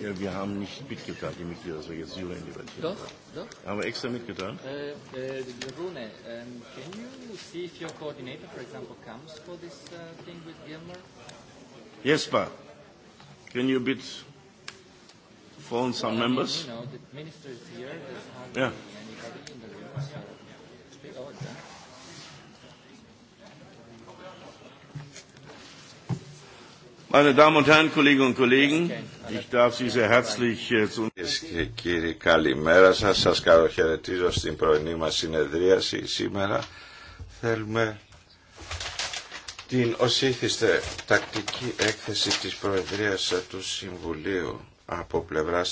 Ja, wir haben nicht mitgeteilt, die Mitglieder, dass wir jetzt Syrien Welt Doch, doch. Haben wir extra mitgeteilt? Uh, uh, Rune, um, can you see if your coordinator, for example, comes for this uh, thing with Gilmer? Yes, but can you bit phone some well, members? you know, the minister is here. There's hardly yeah. anybody in the room. So it's a bit odd, huh? Meine και κύριοι, καλημέρα σας. σα καλοχαιρετίζω στην πρωινή μα συνεδρίαση σήμερα. Θέλουμε την οσήθιστε τακτική έκθεση της προεδρία του Συμβουλίου από πλευρά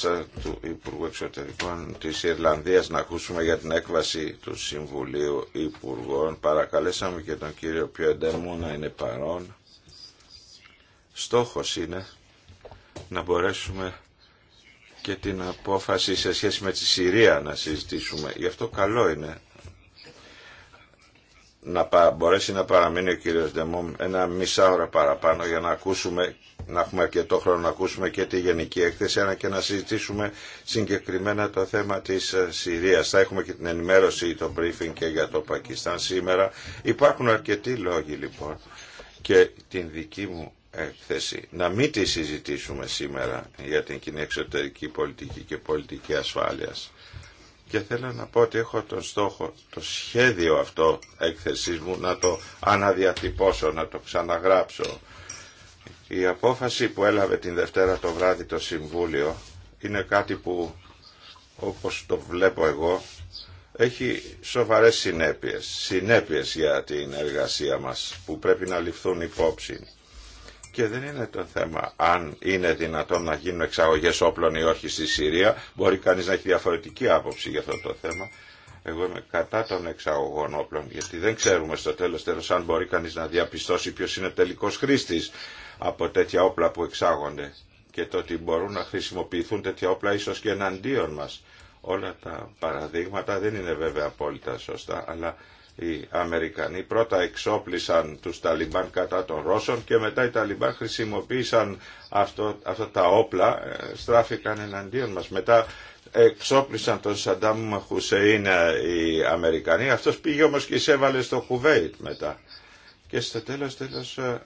του Υπουργού Εξωτερικών τη Ιρλανδία να ακούσουμε για την έκβαση του Συμβουλίου Υπουργών. Παρακαλέσαμε και τον κύριο Πιοντεμού να είναι παρόν Στόχος είναι να μπορέσουμε και την απόφαση σε σχέση με τη Συρία να συζητήσουμε. Γι' αυτό καλό είναι να μπορέσει να παραμείνει ο κύριος Ντεμόμ ένα μισά ώρα παραπάνω για να ακούσουμε να έχουμε αρκετό χρόνο να ακούσουμε και τη γενική έκθεση αλλά και να συζητήσουμε συγκεκριμένα το θέμα της ε, Συρίας. Θα έχουμε και την ενημέρωση, το briefing και για το Πακιστάν σήμερα. Υπάρχουν αρκετοί λόγοι λοιπόν και την δική μου έκθεση, να μην τη συζητήσουμε σήμερα για την κοινή εξωτερική πολιτική και πολιτική ασφάλειας. Και θέλω να πω ότι έχω τον στόχο, το σχέδιο αυτό έκθεσής μου να το αναδιατυπώσω, να το ξαναγράψω. Η απόφαση που έλαβε την Δευτέρα το βράδυ το Συμβούλιο είναι κάτι που όπως το βλέπω εγώ έχει σοβαρές συνέπειες, συνέπειες για την εργασία μας που πρέπει να ληφθούν υπόψη. Και δεν είναι το θέμα αν είναι δυνατόν να γίνουν εξαγωγές όπλων ή όχι στη Συρία. Μπορεί κανείς να έχει διαφορετική άποψη για αυτό το θέμα. Εγώ είμαι κατά των εξαγωγών όπλων, γιατί δεν ξέρουμε στο τέλο τέλο, αν μπορεί κανείς να διαπιστώσει ποιο είναι τελικός χρήστη από τέτοια όπλα που εξάγονται και το ότι μπορούν να χρησιμοποιηθούν τέτοια όπλα ίσως και εναντίον μας. Όλα τα παραδείγματα δεν είναι βέβαια απόλυτα σωστά, αλλά οι Αμερικανοί πρώτα εξόπλισαν τους Ταλιμπάν κατά των Ρώσων και μετά οι Ταλιμπάν χρησιμοποίησαν αυτό, αυτά τα όπλα, ε, στράφηκαν εναντίον μας. Μετά εξόπλισαν τον Σαντάμ Χουσεΐν ε, οι Αμερικανοί, αυτός πήγε όμως και εισέβαλε στο Χουβέιτ μετά. Και στο τέλος τέλος ε,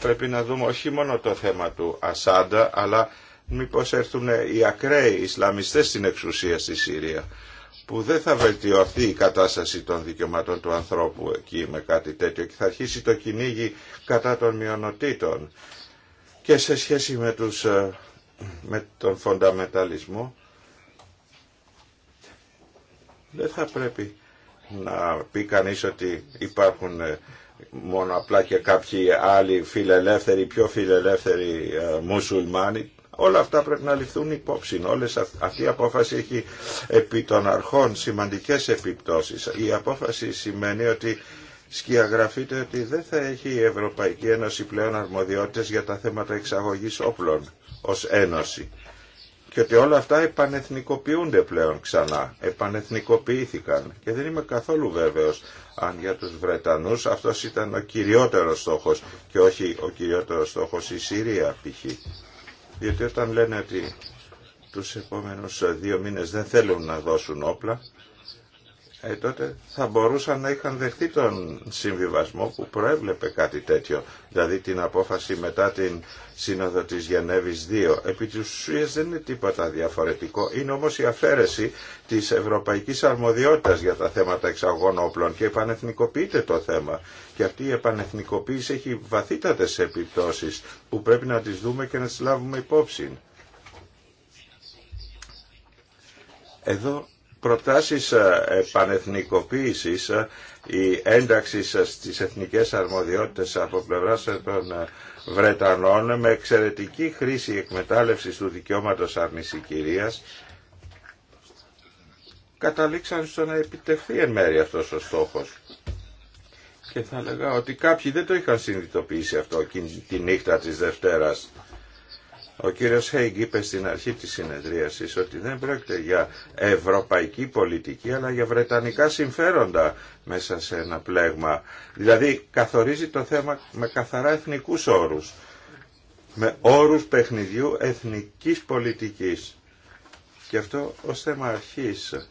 πρέπει να δούμε όχι μόνο το θέμα του Ασάντα, αλλά μήπως έρθουν οι ακραίοι Ισλαμιστές στην εξουσία στη Συρία που δεν θα βελτιωθεί η κατάσταση των δικαιωμάτων του ανθρώπου εκεί με κάτι τέτοιο και θα αρχίσει το κυνήγι κατά των μειονοτήτων. Και σε σχέση με, τους, ε, με τον φονταμεταλισμό δεν θα πρέπει να πει κανείς ότι υπάρχουν ε, μόνο απλά και κάποιοι άλλοι φιλελεύθεροι, πιο φιλελεύθεροι ε, μουσουλμάνοι Όλα αυτά πρέπει να ληφθούν υπόψη. Όλες αυτή η απόφαση έχει επί των αρχών σημαντικές επιπτώσεις. Η απόφαση σημαίνει ότι σκιαγραφείται ότι δεν θα έχει η Ευρωπαϊκή Ένωση πλέον αρμοδιότητες για τα θέματα εξαγωγής όπλων ως Ένωση. Και ότι όλα αυτά επανεθνικοποιούνται πλέον ξανά, επανεθνικοποιήθηκαν. Και δεν είμαι καθόλου βέβαιος αν για τους Βρετανούς αυτός ήταν ο κυριότερος στόχος και όχι ο κυριότερος στόχος η Συρία π.χ διότι όταν λένε ότι τους επόμενους δύο μήνες δεν θέλουν να δώσουν όπλα, ε, τότε θα μπορούσαν να είχαν δεχτεί τον συμβιβασμό που προέβλεπε κάτι τέτοιο, δηλαδή την απόφαση μετά την Σύνοδο της Γενέβης 2. Επί της δεν είναι τίποτα διαφορετικό, είναι όμως η αφαίρεση της ευρωπαϊκής αρμοδιότητας για τα θέματα εξαγών όπλων και επανεθνικοποιείται το θέμα. Και αυτή η επανεθνικοποίηση έχει βαθύτατες επιπτώσεις που πρέπει να τις δούμε και να τις λάβουμε υπόψη. Εδώ προτάσεις ε, πανεθνικοποίησης, ε, η ένταξη στις εθνικές αρμοδιότητες από πλευράς ε, των Βρετανών με εξαιρετική χρήση εκμετάλλευσης του δικαιώματος αρνησικηρίας καταλήξαν στο να επιτευχθεί εν μέρει αυτός ο στόχος. Και θα λέγα ότι κάποιοι δεν το είχαν συνειδητοποιήσει αυτό την νύχτα της Δευτέρας. Ο κύριος Χέιγκ είπε στην αρχή της συνεδρίασης ότι δεν πρόκειται για ευρωπαϊκή πολιτική αλλά για βρετανικά συμφέροντα μέσα σε ένα πλέγμα. Δηλαδή καθορίζει το θέμα με καθαρά εθνικούς όρους, με όρους παιχνιδιού εθνικής πολιτικής. Και αυτό ως θέμα αρχής.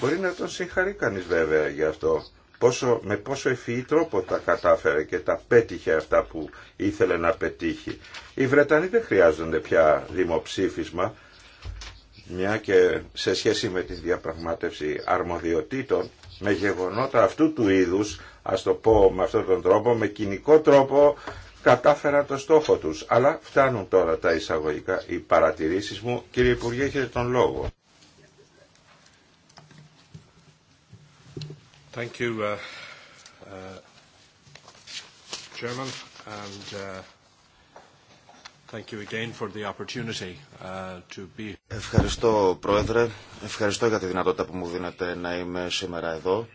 Μπορεί να τον συγχαρεί κανείς βέβαια για αυτό πόσο, με πόσο ευφυή τρόπο τα κατάφερε και τα πέτυχε αυτά που ήθελε να πετύχει. Οι Βρετανοί δεν χρειάζονται πια δημοψήφισμα, μια και σε σχέση με τη διαπραγμάτευση αρμοδιοτήτων, με γεγονότα αυτού του είδους, ας το πω με αυτόν τον τρόπο, με κοινικό τρόπο, κατάφεραν το στόχο τους. Αλλά φτάνουν τώρα τα εισαγωγικά οι παρατηρήσεις μου. Κύριε Υπουργέ, έχετε τον λόγο. Thank you, uh, uh, Chairman, and uh, thank you again for the opportunity uh, to be. Ευχαριστώ, Πρόεδρε. Ευχαριστώ για τη δυνατότητα που μου δίνετε να είμαι σήμερα εδώ.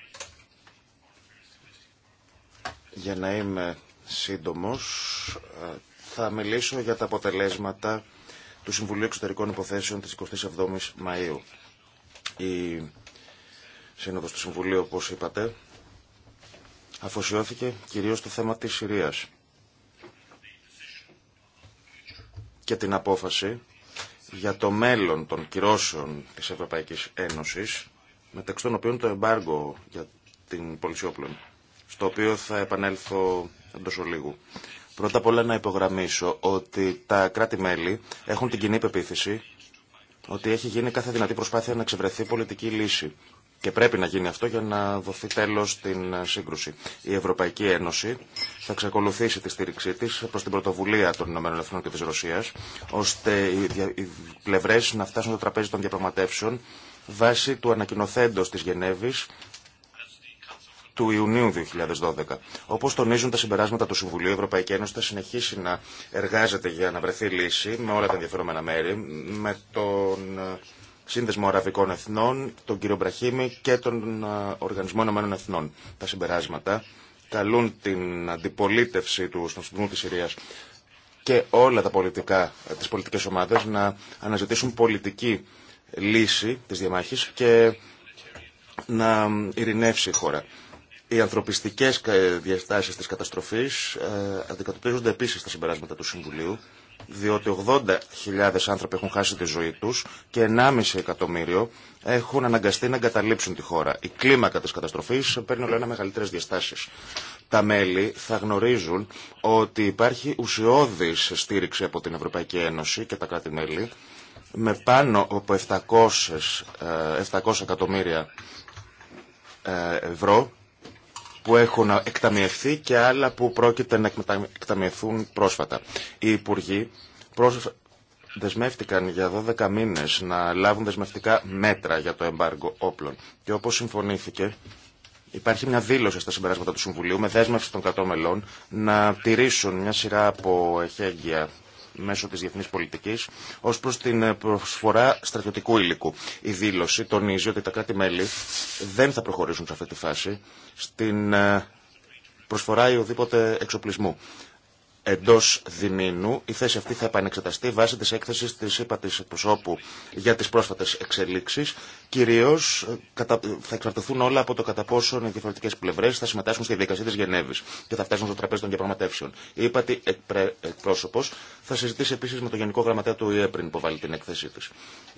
Για να είμαι σύντομος, ε, θα μιλήσω για τα αποτελέσματα του Συμβουλίου Εξωτερικών Υποθέσεων της 27ης Μαΐου. Η Σύνοδο του Συμβουλίου, όπως είπατε, αφοσιώθηκε κυρίως το θέμα της Συρίας και την απόφαση για το μέλλον των κυρώσεων της Ευρωπαϊκής Ένωσης, μεταξύ των οποίων το εμπάργκο για την πολυσιόπλων, στο οποίο θα επανέλθω εντό ολίγου. Πρώτα απ' όλα να υπογραμμίσω ότι τα κράτη-μέλη έχουν την κοινή πεποίθηση ότι έχει γίνει κάθε δυνατή προσπάθεια να εξευρεθεί πολιτική λύση και πρέπει να γίνει αυτό για να δοθεί τέλος στην σύγκρουση. Η Ευρωπαϊκή Ένωση θα εξακολουθήσει τη στήριξή της προς την πρωτοβουλία των ΗΠΑ και της Ρωσίας, ώστε οι πλευρές να φτάσουν στο τραπέζι των διαπραγματεύσεων βάσει του ανακοινοθέντος της Γενέβης του Ιουνίου 2012. Όπω τονίζουν τα συμπεράσματα του Συμβουλίου, η Ευρωπαϊκή Ένωση θα συνεχίσει να εργάζεται για να βρεθεί λύση με όλα τα ενδιαφερόμενα μέρη, με τον Σύνδεσμο Αραβικών Εθνών, τον κύριο Μπραχήμη και τον ε, Οργανισμό Ενωμένων Εθνών. Τα συμπεράσματα καλούν την αντιπολίτευση του Σταυρισμού της Συρίας και όλα τα πολιτικά, τις πολιτικές ομάδες να αναζητήσουν πολιτική λύση της διαμάχης και να ειρηνεύσει η χώρα. Οι ανθρωπιστικές ε, διαστάσεις της καταστροφής ε, αντικατοπίζονται επίσης στα συμπεράσματα του Συμβουλίου διότι 80.000 άνθρωποι έχουν χάσει τη ζωή τους και 1,5 εκατομμύριο έχουν αναγκαστεί να εγκαταλείψουν τη χώρα. Η κλίμακα της καταστροφής παίρνει όλα ένα μεγαλύτερες διαστάσεις. Τα μέλη θα γνωρίζουν ότι υπάρχει ουσιώδης στήριξη από την Ευρωπαϊκή Ένωση και τα κράτη-μέλη με πάνω από 700, 700 ε, εκατομμύρια ε, ευρώ που έχουν εκταμιευθεί και άλλα που πρόκειται να εκταμιευθούν πρόσφατα. Οι Υπουργοί δεσμεύτηκαν για 12 μήνες να λάβουν δεσμευτικά μέτρα για το εμπάργκο όπλων. Και όπως συμφωνήθηκε, υπάρχει μια δήλωση στα συμπεράσματα του Συμβουλίου με δέσμευση των 100 μελών να τηρήσουν μια σειρά από εχέγγυα μέσω της διεθνή πολιτικής ως προς την ε, προσφορά στρατιωτικού υλικού. Η δήλωση τονίζει ότι τα κράτη-μέλη δεν θα προχωρήσουν σε αυτή τη φάση στην ε, προσφορά ή οδήποτε εξοπλισμού εντό διμήνου. Η θέση αυτή θα επανεξεταστεί βάσει τη έκθεση τη τη εκπροσώπου για τι πρόσφατε εξελίξει. Κυρίω ε, θα εξαρτηθούν όλα από το κατά πόσο οι διαφορετικέ πλευρέ θα συμμετάσχουν στη διαδικασία τη Γενέβη και θα φτάσουν στο τραπέζι των διαπραγματεύσεων. Η ύπατη εκπρόσωπο θα συζητήσει επίση με τον Γενικό Γραμματέα του ΟΗΕ πριν υποβάλει την έκθεσή τη.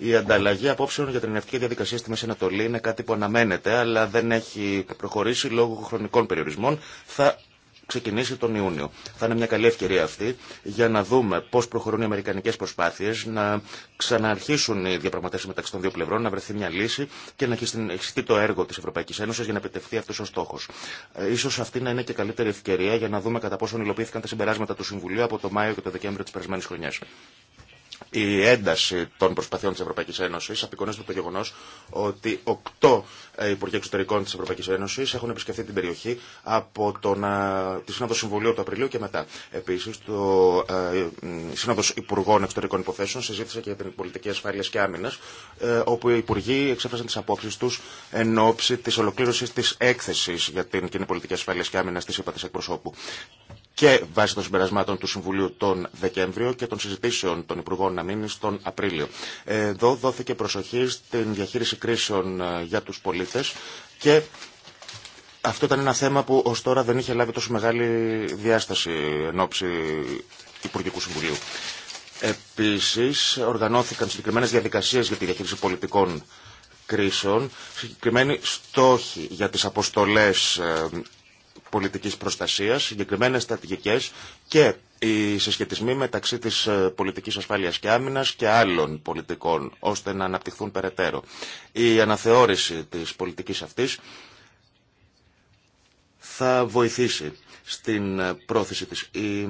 Η ανταλλαγή απόψεων για την ενευτική διαδικασία στη Μέση Ανατολή είναι κάτι που αναμένεται αλλά δεν έχει προχωρήσει λόγω χρονικών περιορισμών. Θα ξεκινήσει τον Ιούνιο. Θα είναι μια καλή ευκαιρία αυτή για να δούμε πώ προχωρούν οι αμερικανικέ προσπάθειε, να ξαναρχίσουν οι διαπραγματεύσει μεταξύ των δύο πλευρών, να βρεθεί μια λύση και να αρχιστεί το έργο τη Ευρωπαϊκή Ένωση για να επιτευχθεί αυτό ο στόχο. Ε, σω αυτή να είναι και καλύτερη ευκαιρία για να δούμε κατά πόσον υλοποιήθηκαν τα συμπεράσματα του Συμβουλίου από το Μάιο και το Δεκέμβριο τη περασμένη χρονιά η ένταση των προσπαθειών της Ευρωπαϊκής Ένωσης απεικονίζεται το γεγονό ότι οκτώ ε, Υπουργοί Εξωτερικών της Ευρωπαϊκής Ένωσης έχουν επισκεφθεί την περιοχή από τον, τη Σύνοδο Συμβουλίου του Απριλίου και μετά. Επίση, το ε, Σύνοδο Υπουργών Εξωτερικών Υποθέσεων συζήτησε και για την πολιτική ασφάλεια και άμυνα, ε, όπου οι Υπουργοί εξέφρασαν τι απόψει του εν ώψη τη ολοκλήρωση τη έκθεση για την κοινή πολιτική ασφάλεια και άμυνα τη ΕΠΑ εκπροσώπου και βάσει των συμπερασμάτων του Συμβουλίου τον Δεκέμβριο και των συζητήσεων των Υπουργών να μείνει τον Απρίλιο. Εδώ δόθηκε προσοχή στην διαχείριση κρίσεων ε, για τους πολίτες και αυτό ήταν ένα θέμα που ως τώρα δεν είχε λάβει τόσο μεγάλη διάσταση εν ώψη Υπουργικού Συμβουλίου. Επίσης, οργανώθηκαν συγκεκριμένες διαδικασίες για τη διαχείριση πολιτικών κρίσεων, συγκεκριμένοι στόχοι για τις αποστολές ε, πολιτικής προστασίας, συγκεκριμένες στρατηγικές και οι συσχετισμοί μεταξύ της ε, πολιτικής ασφάλειας και άμυνας και άλλων πολιτικών, ώστε να αναπτυχθούν περαιτέρω. Η αναθεώρηση της πολιτικής αυτής θα βοηθήσει στην ε, πρόθεση της. Η...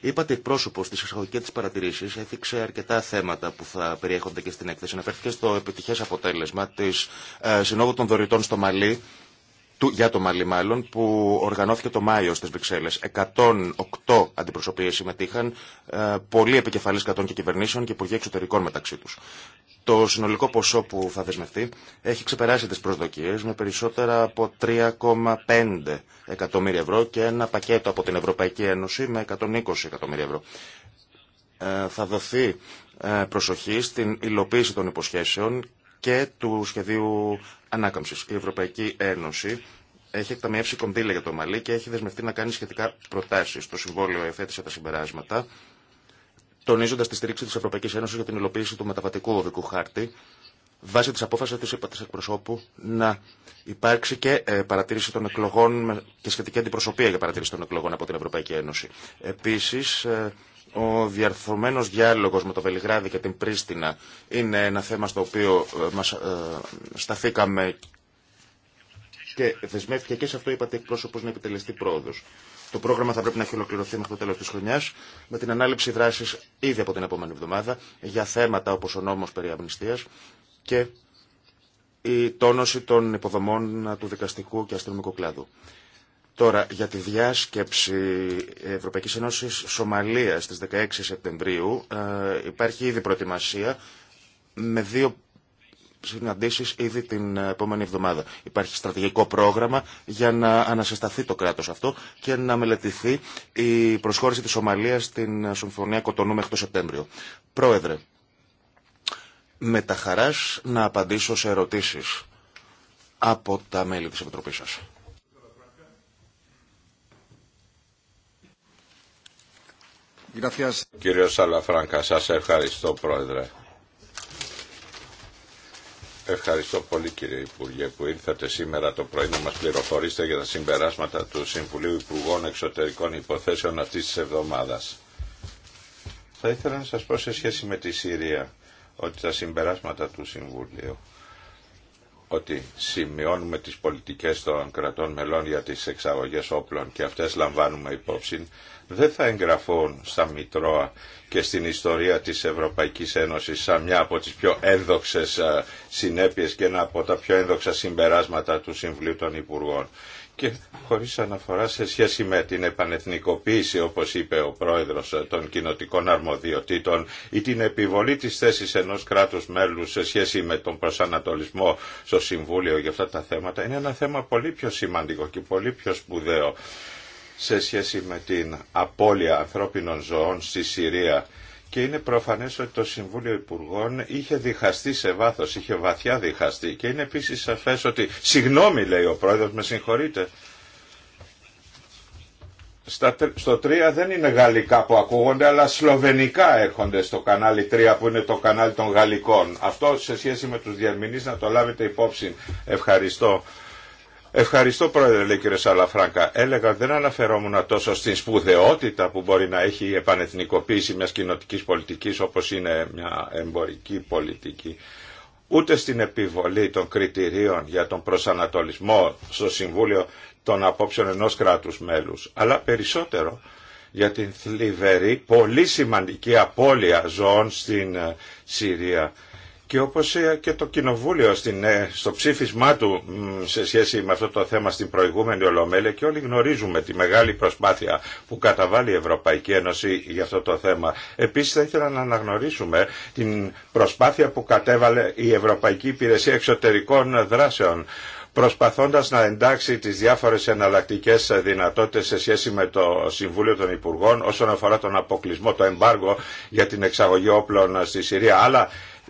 Είπατε εκπρόσωπο τη εισαγωγική τη παρατηρήση έθιξε αρκετά θέματα που θα περιέχονται και στην έκθεση. Αναφέρθηκε στο επιτυχέ αποτέλεσμα τη ε, Συνόδου των Δωρητών στο Μαλί για το Μαλί μάλλον, που οργανώθηκε το Μάιο στις Βρυξέλλες. 108 αντιπροσωπείες συμμετείχαν, ε, πολλοί επικεφαλής κρατών και κυβερνήσεων και υπουργοί εξωτερικών μεταξύ τους. Το συνολικό ποσό που θα δεσμευτεί έχει ξεπεράσει τις προσδοκίες με περισσότερα από 3,5 εκατομμύρια ευρώ και ένα πακέτο από την Ευρωπαϊκή Ένωση με 120 εκατομμύρια ευρώ. Ε, θα δοθεί ε, προσοχή στην υλοποίηση των υποσχέσεων και του σχεδίου ανάκαμψη. Η Ευρωπαϊκή Ένωση έχει εκταμιεύσει κονδύλια για το Μαλί και έχει δεσμευτεί να κάνει σχετικά προτάσει. Το Συμβόλαιο εφέτησε τα συμπεράσματα, τονίζοντα τη στήριξη τη Ευρωπαϊκή Ένωση για την υλοποίηση του μεταβατικού οδικού χάρτη, βάσει τη απόφαση τη εκπροσώπου να υπάρξει και ε, παρατήρηση των εκλογών και σχετική αντιπροσωπεία για παρατήρηση των εκλογών από την Ευρωπαϊκή Ένωση. Επίση, ε, ο διαρθρωμένος διάλογο με το Βελιγράδι και την Πρίστινα είναι ένα θέμα στο οποίο ε, μας ε, σταθήκαμε και δεσμεύτηκε και σε αυτό είπατε εκπρόσωπο να επιτελεστεί πρόοδος. Το πρόγραμμα θα πρέπει να έχει ολοκληρωθεί μέχρι το τέλο τη χρονιά, με την ανάληψη δράση ήδη από την επόμενη εβδομάδα για θέματα όπω ο νόμο περί αμνηστίας και η τόνωση των υποδομών του δικαστικού και αστυνομικού κλάδου. Τώρα, για τη διάσκεψη Ευρωπαϊκής Ένωσης Σομαλίας στις 16 Σεπτεμβρίου ε, υπάρχει ήδη προετοιμασία με δύο συναντήσεις ήδη την επόμενη εβδομάδα. Υπάρχει στρατηγικό πρόγραμμα για να ανασυσταθεί το κράτος αυτό και να μελετηθεί η προσχώρηση της Σομαλίας στην Συμφωνία Κοτονού μέχρι το Σεπτέμβριο. Πρόεδρε, με τα χαράς να απαντήσω σε ερωτήσεις από τα μέλη της Επιτροπής σας. Κύριο Σαλαφράγκα, σα ευχαριστώ πρόεδρε. Ευχαριστώ πολύ κύριε Υπουργέ που ήρθατε σήμερα το πρωί να μας πληροφορήσετε για τα συμπεράσματα του Συμβουλίου Υπουργών Εξωτερικών Υποθέσεων αυτής της εβδομάδας. Θα ήθελα να σας πω σε σχέση με τη Συρία ότι τα συμπεράσματα του Συμβουλίου ότι σημειώνουμε τις πολιτικές των κρατών μελών για τις εξαγωγές όπλων και αυτές λαμβάνουμε υπόψη, δεν θα εγγραφούν στα Μητρώα και στην ιστορία της Ευρωπαϊκής Ένωσης σαν μια από τις πιο ένδοξες συνέπειες και ένα από τα πιο ένδοξα συμπεράσματα του Συμβουλίου των Υπουργών και χωρίς αναφορά σε σχέση με την επανεθνικοποίηση όπως είπε ο πρόεδρος ε, των κοινοτικών αρμοδιοτήτων ή την επιβολή της θέσης ενός κράτους μέλους σε σχέση με τον προσανατολισμό στο Συμβούλιο για αυτά τα θέματα είναι ένα θέμα πολύ πιο σημαντικό και πολύ πιο σπουδαίο σε σχέση με την απώλεια ανθρώπινων ζωών στη Συρία και είναι προφανές ότι το Συμβούλιο Υπουργών είχε διχαστεί σε βάθος, είχε βαθιά διχαστεί και είναι επίσης σαφές ότι συγγνώμη λέει ο πρόεδρος, με συγχωρείτε. Στα, στο 3 δεν είναι γαλλικά που ακούγονται αλλά σλοβενικά έρχονται στο κανάλι 3 που είναι το κανάλι των γαλλικών. Αυτό σε σχέση με τους διερμηνείς να το λάβετε υπόψη. Ευχαριστώ. Ευχαριστώ πρόεδρε, λέει κύριε Σαλαφράγκα. Έλεγα δεν αναφερόμουν τόσο στην σπουδαιότητα που μπορεί να έχει η επανεθνικοποίηση μιας κοινοτικής πολιτικής όπως είναι μια εμπορική πολιτική ούτε στην επιβολή των κριτηρίων για τον προσανατολισμό στο Συμβούλιο των απόψεων ενός κράτους μέλους, αλλά περισσότερο για την θλιβερή, πολύ σημαντική απώλεια ζώων στην ε, Συρία και όπως ε, και το Κοινοβούλιο στην, ε, στο ψήφισμά του σε σχέση με αυτό το θέμα στην προηγούμενη Ολομέλεια και όλοι γνωρίζουμε τη μεγάλη προσπάθεια που καταβάλει η Ευρωπαϊκή Ένωση για αυτό το θέμα. Επίσης θα ήθελα να αναγνωρίσουμε την προσπάθεια που κατέβαλε η Ευρωπαϊκή Υπηρεσία Εξωτερικών Δράσεων προσπαθώντας να εντάξει τις διάφορες εναλλακτικέ δυνατότητες σε σχέση με το Συμβούλιο των Υπουργών όσον αφορά τον αποκλεισμό, το εμπάργο για την εξαγωγή όπλων στη Συρία. Αλλά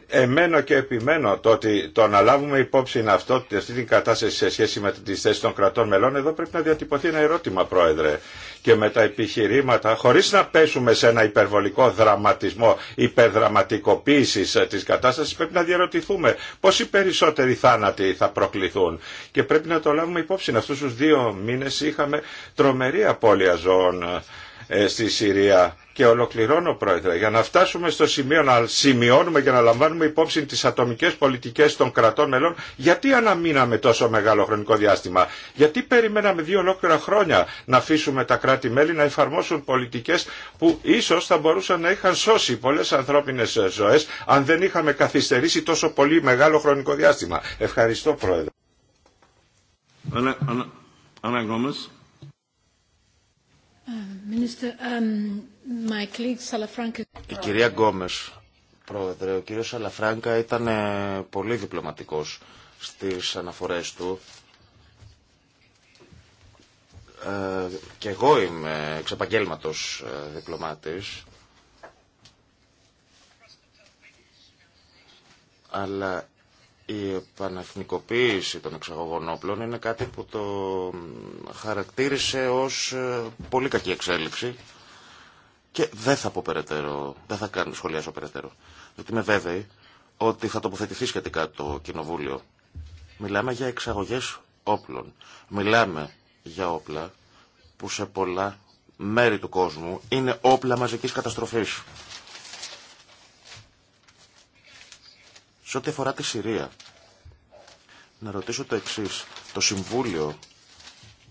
εμένω και επιμένω το ότι το να λάβουμε υπόψη είναι αυτό, αυτή την κατάσταση σε σχέση με τις θέσεις των κρατών μελών, εδώ πρέπει να διατυπωθεί ένα ερώτημα, Πρόεδρε. Και με τα επιχειρήματα, χωρίς να πέσουμε σε ένα υπερβολικό δραματισμό, υπερδραματικοποίησης ε, της κατάστασης, πρέπει να διαρωτηθούμε πόσοι περισσότεροι θάνατοι θα προκληθούν. Και πρέπει να το λάβουμε υπόψη. Αυτούς τους δύο μήνες είχαμε τρομερή απώλεια ζώων ε, στη Συρία και ολοκληρώνω, Πρόεδρε, για να φτάσουμε στο σημείο να σημειώνουμε και να λαμβάνουμε υπόψη τις ατομικές πολιτικές των κρατών μελών, γιατί αναμείναμε τόσο μεγάλο χρονικό διάστημα, γιατί περιμέναμε δύο ολόκληρα χρόνια να αφήσουμε τα κράτη-μέλη να εφαρμόσουν πολιτικές που ίσως θα μπορούσαν να είχαν σώσει πολλές ανθρώπινες ζωές, αν δεν είχαμε καθυστερήσει τόσο πολύ μεγάλο χρονικό διάστημα. Ευχαριστώ, Πρόεδρε. Ανα, ανα, ανα, η κυρία Γκόμες, πρόεδρε, ο κύριος Σαλαφράγκα ήταν πολύ διπλωματικός στις αναφορές του. Ε, και εγώ είμαι εξ επαγγέλματος ε, διπλωμάτης. Αλλά η επανεθνικοποίηση των εξαγωγών όπλων είναι κάτι που το χαρακτήρισε ως ε, πολύ κακή εξέλιξη και δεν θα πω περαιτέρω, δεν θα κάνω σχολιάσω περαιτέρω. Γιατί είμαι βέβαιη ότι θα τοποθετηθεί σχετικά το Κοινοβούλιο. Μιλάμε για εξαγωγές όπλων. Μιλάμε για όπλα που σε πολλά μέρη του κόσμου είναι όπλα μαζικής καταστροφής. Σε ό,τι αφορά τη Συρία, να ρωτήσω το εξής. Το Συμβούλιο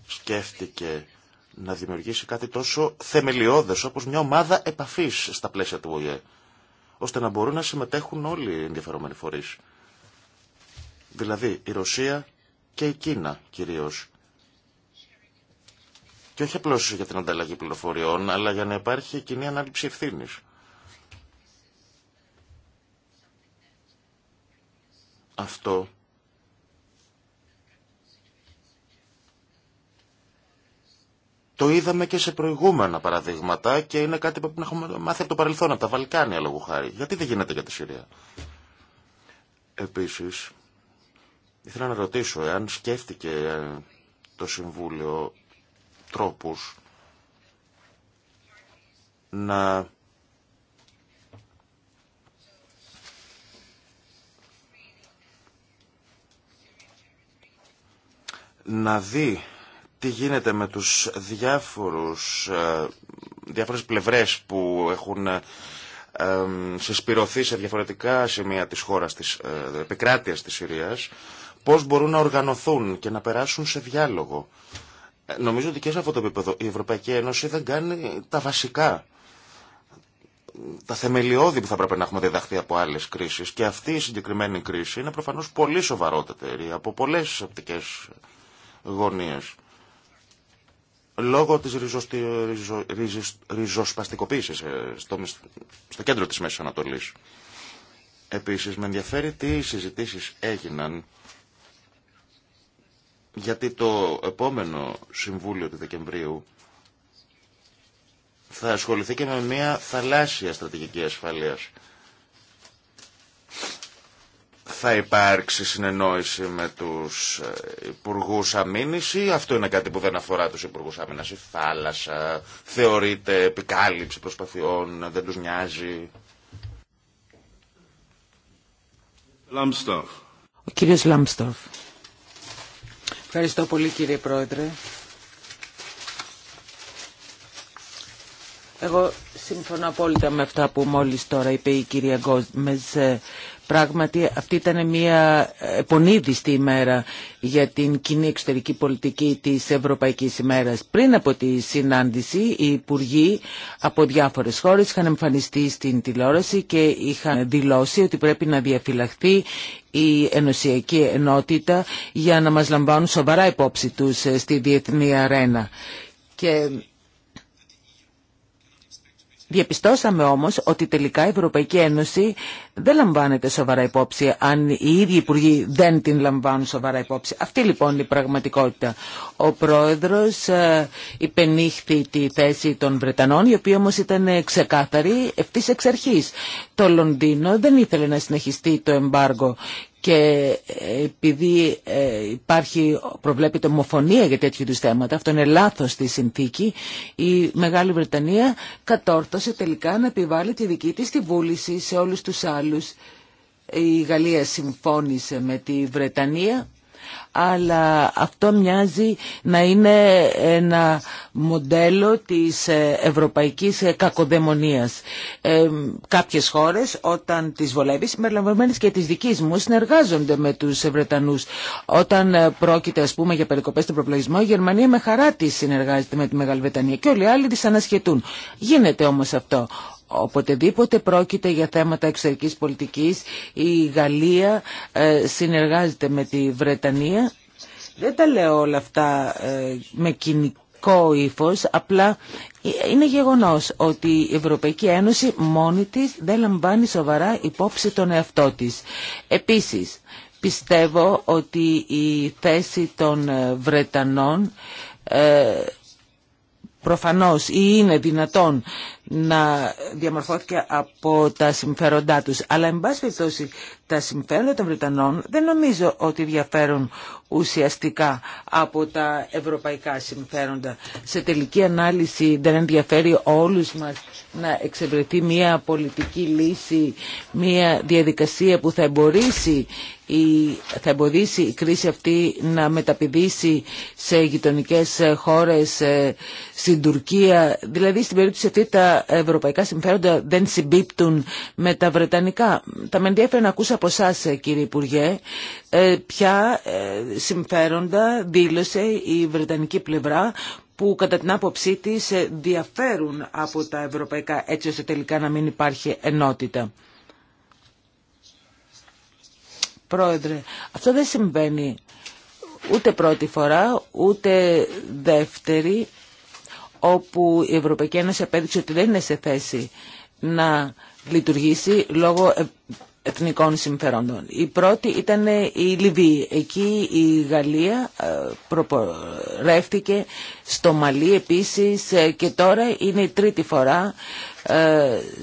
σκέφτηκε να δημιουργήσει κάτι τόσο θεμελιώδες όπως μια ομάδα επαφής στα πλαίσια του ΟΗΕ, ώστε να μπορούν να συμμετέχουν όλοι οι ενδιαφερόμενοι φορείς. Δηλαδή η Ρωσία και η Κίνα κυρίως. Και όχι απλώς για την ανταλλαγή πληροφοριών, αλλά για να υπάρχει κοινή ανάληψη ευθύνης. Αυτό Το είδαμε και σε προηγούμενα παραδείγματα και είναι κάτι που έχουμε μάθει από το παρελθόν, από τα Βαλκάνια λόγω χάρη. Γιατί δεν γίνεται για τη Συρία. Επίσης, ήθελα να ρωτήσω εάν σκέφτηκε ε, το Συμβούλιο τρόπους να να δει τι γίνεται με τους διάφορους, ε, διάφορες πλευρές που έχουν ε, συσπηρωθεί σε διαφορετικά σημεία της χώρας, της ε, επικράτειας της Συρίας, πώς μπορούν να οργανωθούν και να περάσουν σε διάλογο. Νομίζω ότι και σε αυτό το επίπεδο η Ευρωπαϊκή Ένωση δεν κάνει τα βασικά τα θεμελιώδη που θα πρέπει να έχουμε διδαχθεί από άλλες κρίσεις. Και αυτή η συγκεκριμένη κρίση είναι προφανώς πολύ σοβαρότερη από πολλές οπτικέ γωνίες λόγω της ριζοστη... ριζοσπαστικοποίησης ε, στο... στο κέντρο της Μέσης Ανατολής. Επίσης, με ενδιαφέρει τι συζητήσεις έγιναν γιατί το επόμενο Συμβούλιο του Δεκεμβρίου θα ασχοληθεί και με μια θαλάσσια στρατηγική ασφαλείας θα υπάρξει συνεννόηση με τους ε, υπουργού αμήνης ή αυτό είναι κάτι που δεν αφορά τους υπουργού αμήνας ή θάλασσα, θεωρείται επικάλυψη προσπαθειών, δεν τους νοιάζει. Ο κύριος Λάμπστορφ. Ευχαριστώ πολύ κύριε Πρόεδρε. Εγώ συμφωνώ απόλυτα με αυτά που μόλις τώρα είπε η κυρία Γκόζμες ε, Πράγματι αυτή ήταν μια ε, επονίδιστη ημέρα για την κοινή εξωτερική πολιτική της Ευρωπαϊκής ημέρας. Πριν από τη συνάντηση οι υπουργοί από διάφορες χώρες είχαν εμφανιστεί στην τηλεόραση και είχαν δηλώσει ότι πρέπει να διαφυλαχθεί η ενωσιακή ενότητα για να μας λαμβάνουν σοβαρά υπόψη τους ε, στη διεθνή αρένα. Διαπιστώσαμε όμως ότι τελικά η Ευρωπαϊκή Ένωση δεν λαμβάνεται σοβαρά υπόψη αν οι ίδιοι υπουργοί δεν την λαμβάνουν σοβαρά υπόψη. Αυτή λοιπόν είναι η πραγματικότητα. Ο πρόεδρος ε, υπενήχθη τη θέση των Βρετανών, η οποία όμως ήταν ξεκάθαρη ευθύς εξ αρχής. Το Λονδίνο δεν ήθελε να συνεχιστεί το εμπάργο και ε, επειδή ε, υπάρχει, προβλέπεται ομοφωνία για τέτοιου είδου θέματα, αυτό είναι λάθος στη συνθήκη, η Μεγάλη Βρετανία κατόρθωσε τελικά να επιβάλλει τη δική της τη βούληση σε όλους τους άλλους. Η Γαλλία συμφώνησε με τη Βρετανία αλλά αυτό μοιάζει να είναι ένα μοντέλο της ε, ευρωπαϊκής ε, κακοδαιμονίας. Ε, κάποιες χώρες όταν τις βολεύει, συμπεριλαμβανομένες και τις δικής μου, συνεργάζονται με τους Βρετανούς. Όταν ε, πρόκειται ας πούμε για περικοπές στον προπλογισμό, η Γερμανία με χαρά τη συνεργάζεται με τη Μεγάλη Βρετανία και όλοι οι άλλοι τις ανασχετούν. Γίνεται όμως αυτό. Οποτεδήποτε πρόκειται για θέματα εξωτερικής πολιτικής, η Γαλλία ε, συνεργάζεται με τη Βρετανία. Δεν τα λέω όλα αυτά ε, με κοινικό ύφος, απλά είναι γεγονός ότι η Ευρωπαϊκή Ένωση μόνη της δεν λαμβάνει σοβαρά υπόψη τον εαυτό της. Επίσης, πιστεύω ότι η θέση των ε, Βρετανών προφανώς ή είναι δυνατόν να διαμορφώθηκε από τα συμφέροντά τους. Αλλά, εν πάση περιπτώσει, τα συμφέροντα των Βρετανών δεν νομίζω ότι διαφέρουν ουσιαστικά από τα ευρωπαϊκά συμφέροντα. Σε τελική ανάλυση δεν ενδιαφέρει όλους μας να εξευρεθεί μια πολιτική λύση, μια διαδικασία που θα εμπορίσει ή θα εμποδίσει η κρίση αυτή να μεταπηδήσει σε γειτονικέ χώρες, ε, στην Τουρκία. Δηλαδή στην περίπτωση αυτή τα ευρωπαϊκά συμφέροντα δεν συμπίπτουν με τα βρετανικά. Θα με ενδιαφέρει να ακούσω από εσά, κύριε Υπουργέ, ε, ποια ε, συμφέροντα δήλωσε η βρετανική πλευρά που κατά την άποψή της ε, διαφέρουν από τα ευρωπαϊκά έτσι ώστε τελικά να μην υπάρχει ενότητα. Πρόεδρε, αυτό δεν συμβαίνει ούτε πρώτη φορά, ούτε δεύτερη όπου η Ευρωπαϊκή Ένωση απέδειξε ότι δεν είναι σε θέση να λειτουργήσει λόγω ε, εθνικών συμφερόντων. Η πρώτη ήταν η Λιβύη. Εκεί η Γαλλία ε, προπορεύτηκε στο Μαλί επίσης ε, και τώρα είναι η τρίτη φορά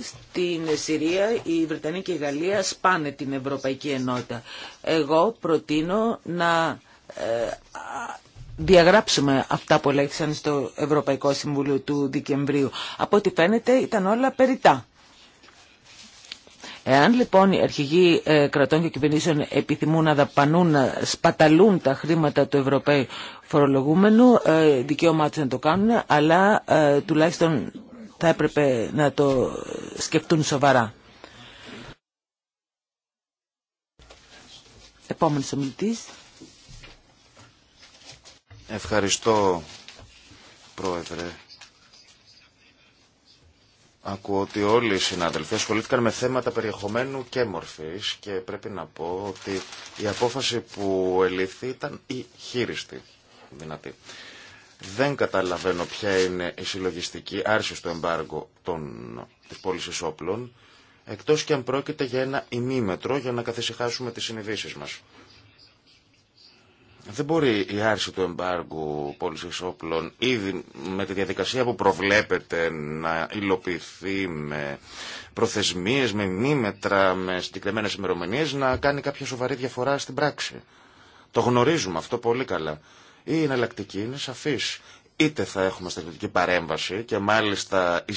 στην Συρία η Βρετανία και η Γαλλία σπάνε την Ευρωπαϊκή Ενότητα. Εγώ προτείνω να διαγράψουμε αυτά που ελέγξαν στο Ευρωπαϊκό Συμβούλιο του Δεκεμβρίου. Από ό,τι φαίνεται ήταν όλα περιτά. Εάν λοιπόν οι αρχηγοί ε, κρατών και κυβερνήσεων επιθυμούν να δαπανούν, να σπαταλούν τα χρήματα του Ευρωπαίου φορολογούμενου, ε, δικαίωμά του να το κάνουν, αλλά ε, τουλάχιστον θα έπρεπε να το σκεφτούν σοβαρά. Επόμενος ομιλητής. Ευχαριστώ, Πρόεδρε. Ακούω ότι όλοι οι συνάδελφοι ασχολήθηκαν με θέματα περιεχομένου και μορφής και πρέπει να πω ότι η απόφαση που ελήφθη ήταν η χείριστη δυνατή. Δεν καταλαβαίνω ποια είναι η συλλογιστική άρση στο εμπάργκο των, της πώληση όπλων, εκτός και αν πρόκειται για ένα ημίμετρο για να καθησυχάσουμε τις συνειδήσεις μας. Δεν μπορεί η άρση του εμπάργου πώληση όπλων ήδη με τη διαδικασία που προβλέπεται να υλοποιηθεί με προθεσμίες, με μήμετρα, με συγκεκριμένε ημερομηνίε να κάνει κάποια σοβαρή διαφορά στην πράξη. Το γνωρίζουμε αυτό πολύ καλά. Η εναλλακτική είναι σαφής. Είτε θα έχουμε στρατιωτική παρέμβαση και μάλιστα η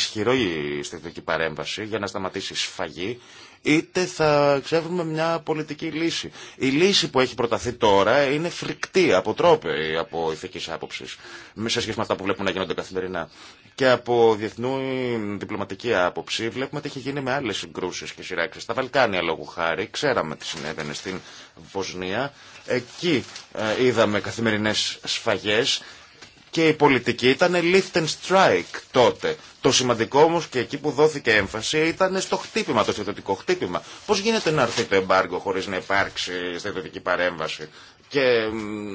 στρατιωτική παρέμβαση για να σταματήσει σφαγή είτε θα ξέρουμε μια πολιτική λύση. Η λύση που έχει προταθεί τώρα είναι φρικτή, αποτρόπαιη από ηθικής άποψη σε σχέση με αυτά που βλέπουμε να γίνονται καθημερινά. Και από διεθνού διπλωματική άποψη βλέπουμε οτι έχει γίνει με άλλες συγκρούσει και σειράξει. Στα Βαλκάνια λόγου χάρη, ξέραμε τι συνέβαινε στην Βοσνία, εκεί ε, είδαμε καθημερινέ σφαγέ και η πολιτική ήταν lift and strike τότε. Το σημαντικό όμω και εκεί που δόθηκε έμφαση ήταν στο χτύπημα, το στρατιωτικό χτύπημα. Πώ γίνεται να έρθει το εμπάργκο χωρί να υπάρξει στρατιωτική παρέμβαση και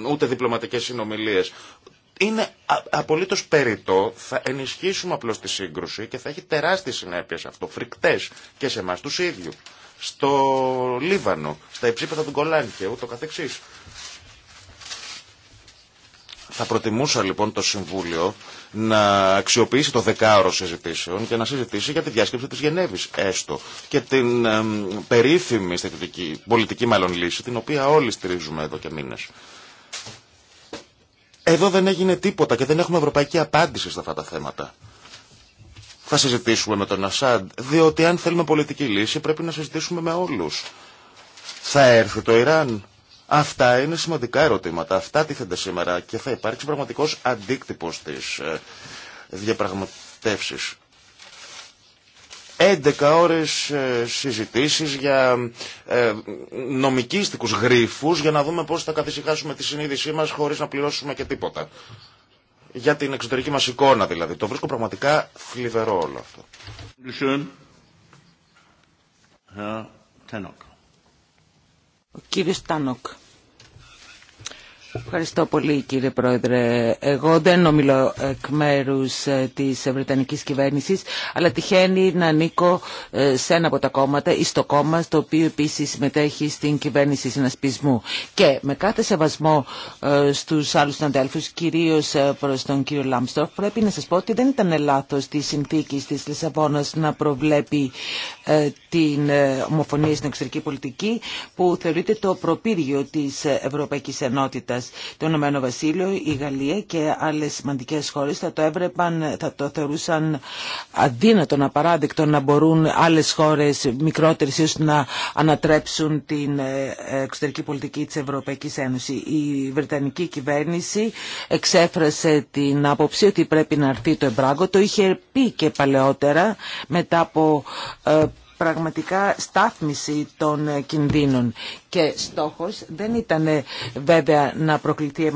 ούτε διπλωματικέ συνομιλίε. Είναι απολύτω περιττό, θα ενισχύσουμε απλώ τη σύγκρουση και θα έχει τεράστιε συνέπειε αυτό, φρικτέ και σε εμά του ίδιου. Στο Λίβανο, στα υψίπεδα του και ούτω καθεξής. Θα προτιμούσα λοιπόν το Συμβούλιο να αξιοποιήσει το δεκάωρο συζητήσεων και να συζητήσει για τη διάσκεψη της Γενέβης έστω και την περίφημη πολιτική μάλλον λύση την οποία όλοι στηρίζουμε εδώ και μήνες. Εδώ δεν έγινε τίποτα και δεν έχουμε ευρωπαϊκή απάντηση στα αυτά τα θέματα. Θα συζητήσουμε με τον Ασάντ, διότι αν θέλουμε πολιτική λύση πρέπει να συζητήσουμε με όλους. Θα έρθει το Ιράν, Αυτά είναι σημαντικά ερωτήματα. Αυτά τίθενται σήμερα και θα υπάρξει πραγματικός αντίκτυπος της ε, διαπραγματεύσεις. 11 ώρες ε, συζητήσεις για ε, νομικίστικους γρίφους για να δούμε πώς θα καθησυχάσουμε τη συνείδησή μας χωρίς να πληρώσουμε και τίποτα. Για την εξωτερική μας εικόνα δηλαδή. Το βρίσκω πραγματικά θλιβερό όλο αυτό. Ο κύριος Ευχαριστώ πολύ κύριε Πρόεδρε. Εγώ δεν ομιλώ εκ μέρου ε, τη Βρετανική κυβέρνηση, αλλά τυχαίνει να ανήκω ε, σε ένα από τα κόμματα ή στο κόμμα, το οποίο επίση συμμετέχει στην κυβέρνηση συνασπισμού. Και με κάθε σεβασμό ε, στου άλλου συναδέλφου, κυρίω προ τον κύριο Λάμπστορφ, πρέπει να σα πω ότι δεν ήταν λάθο τη συνθήκη τη Λισαβόνα να προβλέπει την ομοφωνία στην εξωτερική πολιτική, που θεωρείται το προπύργιο τη Ευρωπαϊκή Ενότητα. Το Ηνωμένο Βασίλειο, η Γαλλία και άλλες σημαντικές χώρες θα το, έβρεπαν, θα το θεωρούσαν αδύνατον, απαράδεκτο να μπορούν άλλες χώρες μικρότερες ίσως να ανατρέψουν την ε, εξωτερική πολιτική της Ευρωπαϊκής Ένωσης. Η Βρετανική κυβέρνηση εξέφρασε την άποψη ότι πρέπει να αρθεί το εμπράγκο. Το είχε πει και παλαιότερα μετά από ε, πραγματικά στάθμιση των κινδύνων και στόχος δεν ήταν ε, βέβαια να προκληθεί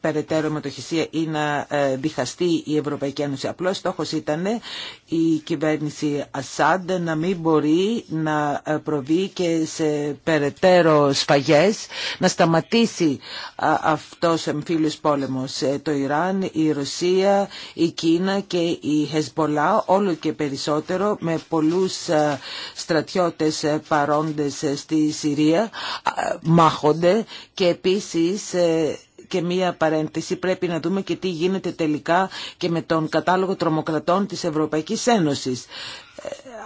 περαιτέρω αιματοχυσία ή να ε, διχαστεί η Ευρωπαϊκή Ένωση. Απλώς στόχος ήταν ε, η κυβέρνηση Ασάντ να μην μπορεί να προβεί και σε περαιτέρω σφαγές, να σταματήσει αυτός ο εμφύλιος πόλεμος. Το Ιράν, η Ρωσία, η Κίνα και η Χεσμολά όλο και περισσότερο με πολλούς στρατιώτες παρόντες στη Συρία μάχονται και επίσης ε, και μία παρένθεση πρέπει να δούμε και τι γίνεται τελικά και με τον κατάλογο τρομοκρατών της Ευρωπαϊκής Ένωσης.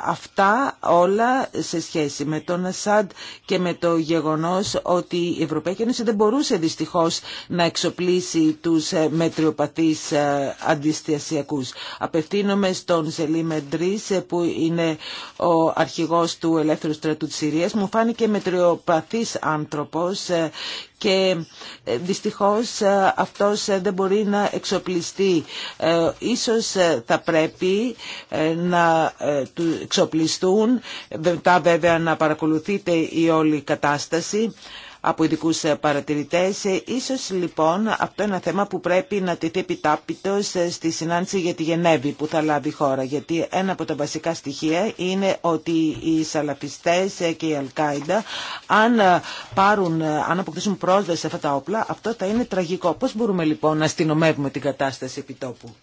Αυτά όλα σε σχέση με τον Ασάντ και με το γεγονός ότι η Ευρωπαϊκή Ένωση δεν μπορούσε δυστυχώς να εξοπλίσει τους ε, μετριοπαθείς ε, αντιστασιακούς. Απευθύνομαι στον Ζελί Μεντρίς ε, που είναι ο αρχηγός του Ελεύθερου Στρατού της Συρίας. Μου φάνηκε μετριοπαθής άνθρωπος και δυστυχώς αυτός δεν μπορεί να εξοπλιστεί. Ίσως θα πρέπει να του εξοπλιστούν, μετά βέβαια να παρακολουθείτε η όλη κατάσταση από ειδικού ε, παρατηρητές. Ε, ίσως λοιπόν αυτό είναι ένα θέμα που πρέπει να τεθεί επιτάπητος ε, στη συνάντηση για τη Γενέβη που θα λάβει η χώρα. Γιατί ένα από τα βασικά στοιχεία είναι ότι οι σαλαφιστές και η Αλκάιντα αν, πάρουν, αν αποκτήσουν πρόσβαση σε αυτά τα όπλα αυτό θα είναι τραγικό. Πώς μπορούμε λοιπόν να αστυνομεύουμε την κατάσταση επιτόπου.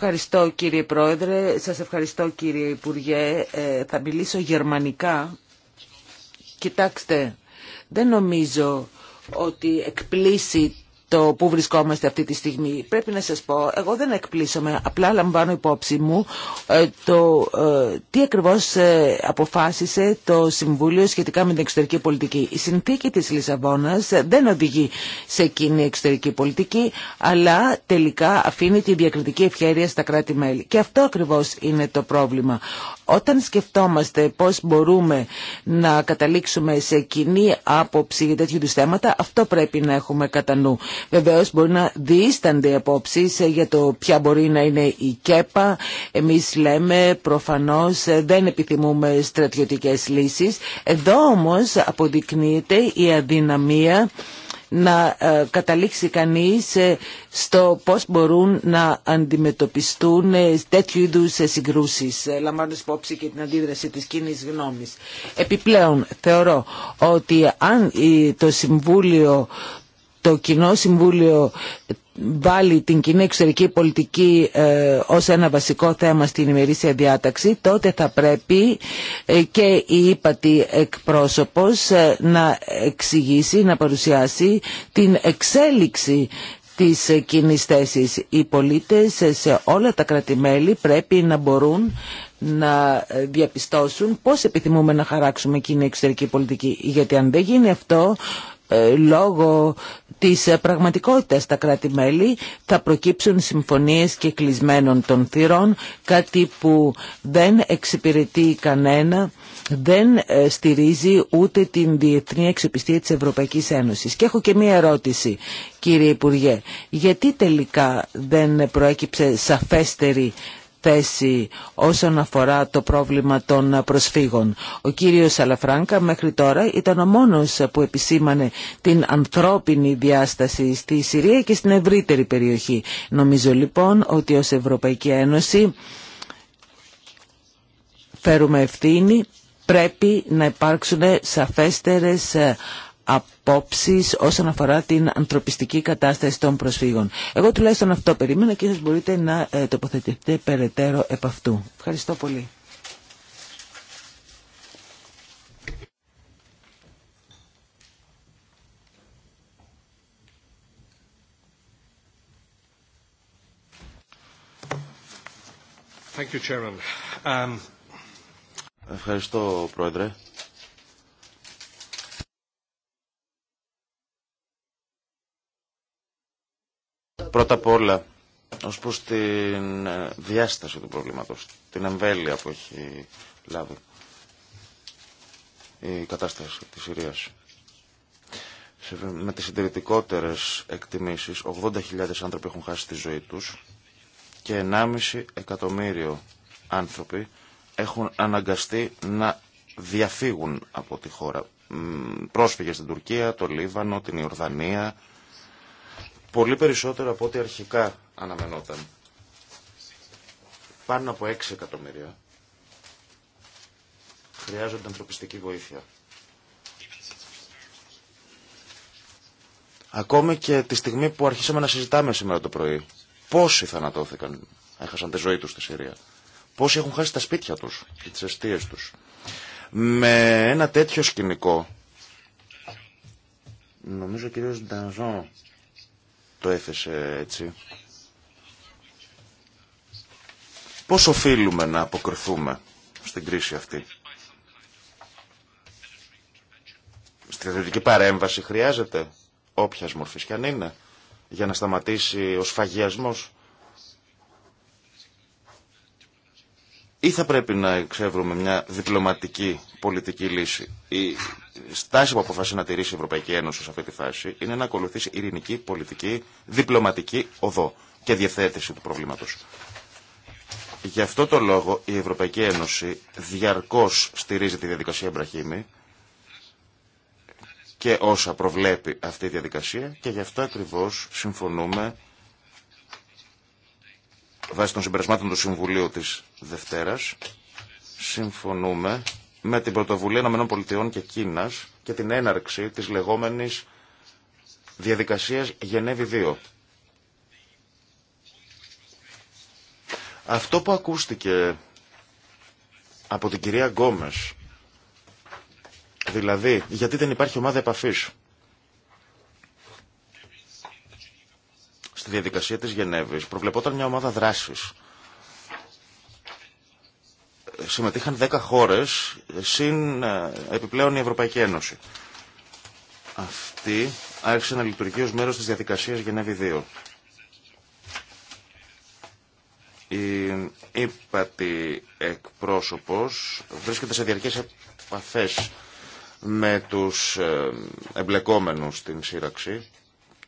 Ευχαριστώ κύριε Πρόεδρε, σας ευχαριστώ κύριε Υπουργέ. Ε, θα μιλήσω γερμανικά. Κοιτάξτε, δεν νομίζω ότι εκπλήσει το που βρισκόμαστε αυτή τη στιγμή. Πρέπει να σας πω, εγώ δεν εκπλήσωμαι, απλά λαμβάνω υπόψη μου ε, το ε, τι ακριβώς ε, αποφάσισε το Συμβούλιο σχετικά με την εξωτερική πολιτική. Η συνθήκη της Λισαβόνας δεν οδηγεί σε κοινή εξωτερική πολιτική, αλλά τελικά αφήνει τη διακριτική ευχαίρεια στα κράτη-μέλη. Και αυτό ακριβώς είναι το πρόβλημα. Όταν σκεφτόμαστε πώς μπορούμε να καταλήξουμε σε κοινή άποψη για τέτοιου θέματα, αυτό πρέπει να έχουμε κατά νου. Βεβαίως μπορεί να διήστανται απόψεις ε, για το ποια μπορεί να είναι η ΚΕΠΑ. Εμείς λέμε προφανώς ε, δεν επιθυμούμε στρατιωτικές λύσεις. Εδώ όμως αποδεικνύεται η αδυναμία να ε, καταλήξει κανείς στο πώς μπορούν να αντιμετωπιστούν τέτοιου είδους συγκρούσεις, λαμβάνοντας υπόψη και την αντίδραση της κοινή γνώμης. Επιπλέον, θεωρώ ότι αν το Συμβούλιο το Κοινό Συμβούλιο βάλει την κοινή εξωτερική πολιτική ε, ως ένα βασικό θέμα στην ημερήσια διάταξη, τότε θα πρέπει ε, και η ύπατη εκπρόσωπος ε, να εξηγήσει, να παρουσιάσει την εξέλιξη της κοινή θέση. Οι πολίτες ε, σε όλα τα κρατημέλη πρέπει να μπορούν να διαπιστώσουν πώς επιθυμούμε να χαράξουμε κοινή εξωτερική πολιτική. Γιατί αν δεν γίνει αυτό, ε, λόγω της ε, πραγματικότητας στα κράτη-μέλη θα προκύψουν συμφωνίες και κλεισμένων των θυρών, κάτι που δεν εξυπηρετεί κανένα, δεν ε, στηρίζει ούτε την διεθνή εξοπιστία της Ευρωπαϊκής Ένωσης. Και έχω και μία ερώτηση, κύριε Υπουργέ. Γιατί τελικά δεν προέκυψε σαφέστερη θέση όσον αφορά το πρόβλημα των προσφύγων. Ο κύριος Αλαφράνκα μέχρι τώρα ήταν ο μόνος που επισήμανε την ανθρώπινη διάσταση στη Συρία και στην ευρύτερη περιοχή. Νομίζω λοιπόν ότι ως Ευρωπαϊκή Ένωση φέρουμε ευθύνη πρέπει να υπάρξουν σαφέστερες απόψεις όσον αφορά την ανθρωπιστική κατάσταση των προσφύγων. Εγώ τουλάχιστον αυτό περίμενα και σας μπορείτε να ε, τοποθετηθείτε περαιτέρω επ' αυτού. Ευχαριστώ πολύ. Thank you, Chairman. Um... Ευχαριστώ, Πρόεδρε. Πρώτα απ' όλα, ως προς την ε, διάσταση του προβλήματος, την εμβέλεια που έχει λάβει η κατάσταση της Συρίας. Με τις συντηρητικότερες εκτιμήσεις, 80.000 άνθρωποι έχουν χάσει τη ζωή τους και 1,5 εκατομμύριο άνθρωποι έχουν αναγκαστεί να διαφύγουν από τη χώρα. Πρόσφυγες στην Τουρκία, το Λίβανο, την Ιορδανία, πολύ περισσότερο από ό,τι αρχικά αναμενόταν. Πάνω από 6 εκατομμύρια χρειάζονται ανθρωπιστική βοήθεια. Ακόμη και τη στιγμή που αρχίσαμε να συζητάμε σήμερα το πρωί, πόσοι θανατώθηκαν, έχασαν τη ζωή τους στη Συρία. Πόσοι έχουν χάσει τα σπίτια τους και τις αιστείες τους. Με ένα τέτοιο σκηνικό, νομίζω ο κύριος Νταζό το έθεσε έτσι. Πώς οφείλουμε να αποκριθούμε στην κρίση αυτή. Στρατιωτική παρέμβαση χρειάζεται, όποιας μορφής και αν είναι, για να σταματήσει ο σφαγιασμός. ή θα πρέπει να εξεύρουμε μια διπλωματική πολιτική λύση. Η στάση που αποφάσισε να τηρήσει η Ευρωπαϊκή Ένωση σε αυτή τη φάση είναι να ακολουθήσει ειρηνική πολιτική διπλωματική οδό και διευθέτηση του προβλήματος. Γι' αυτό το λόγο η Ευρωπαϊκή Ένωση διαρκώς στηρίζει τη διαδικασία Μπραχήμη και όσα προβλέπει αυτή η ευρωπαικη ενωση διαρκως στηριζει τη διαδικασια εμπραχημη και οσα προβλεπει αυτη η διαδικασια και γι' αυτό ακριβώς συμφωνούμε βάσει των συμπερισμάτων του Συμβουλίου της Δευτέρας, συμφωνούμε με την πρωτοβουλία Πολιτείων και Κίνας και την έναρξη της λεγόμενης διαδικασίας Γενέβη 2. Αυτό που ακούστηκε από την κυρία Γκόμες, δηλαδή γιατί δεν υπάρχει ομάδα επαφής στη διαδικασία της Γενέβης προβλεπόταν μια ομάδα δράσης. Συμμετείχαν 10 χώρες, συν ε, επιπλέον η Ευρωπαϊκή Ένωση. Αυτή άρχισε να λειτουργεί ως μέρος της διαδικασίας Γενέβη 2. Η ύπατη εκπρόσωπος βρίσκεται σε διαρκές επαφέ με τους ε, εμπλεκόμενους στην σύραξη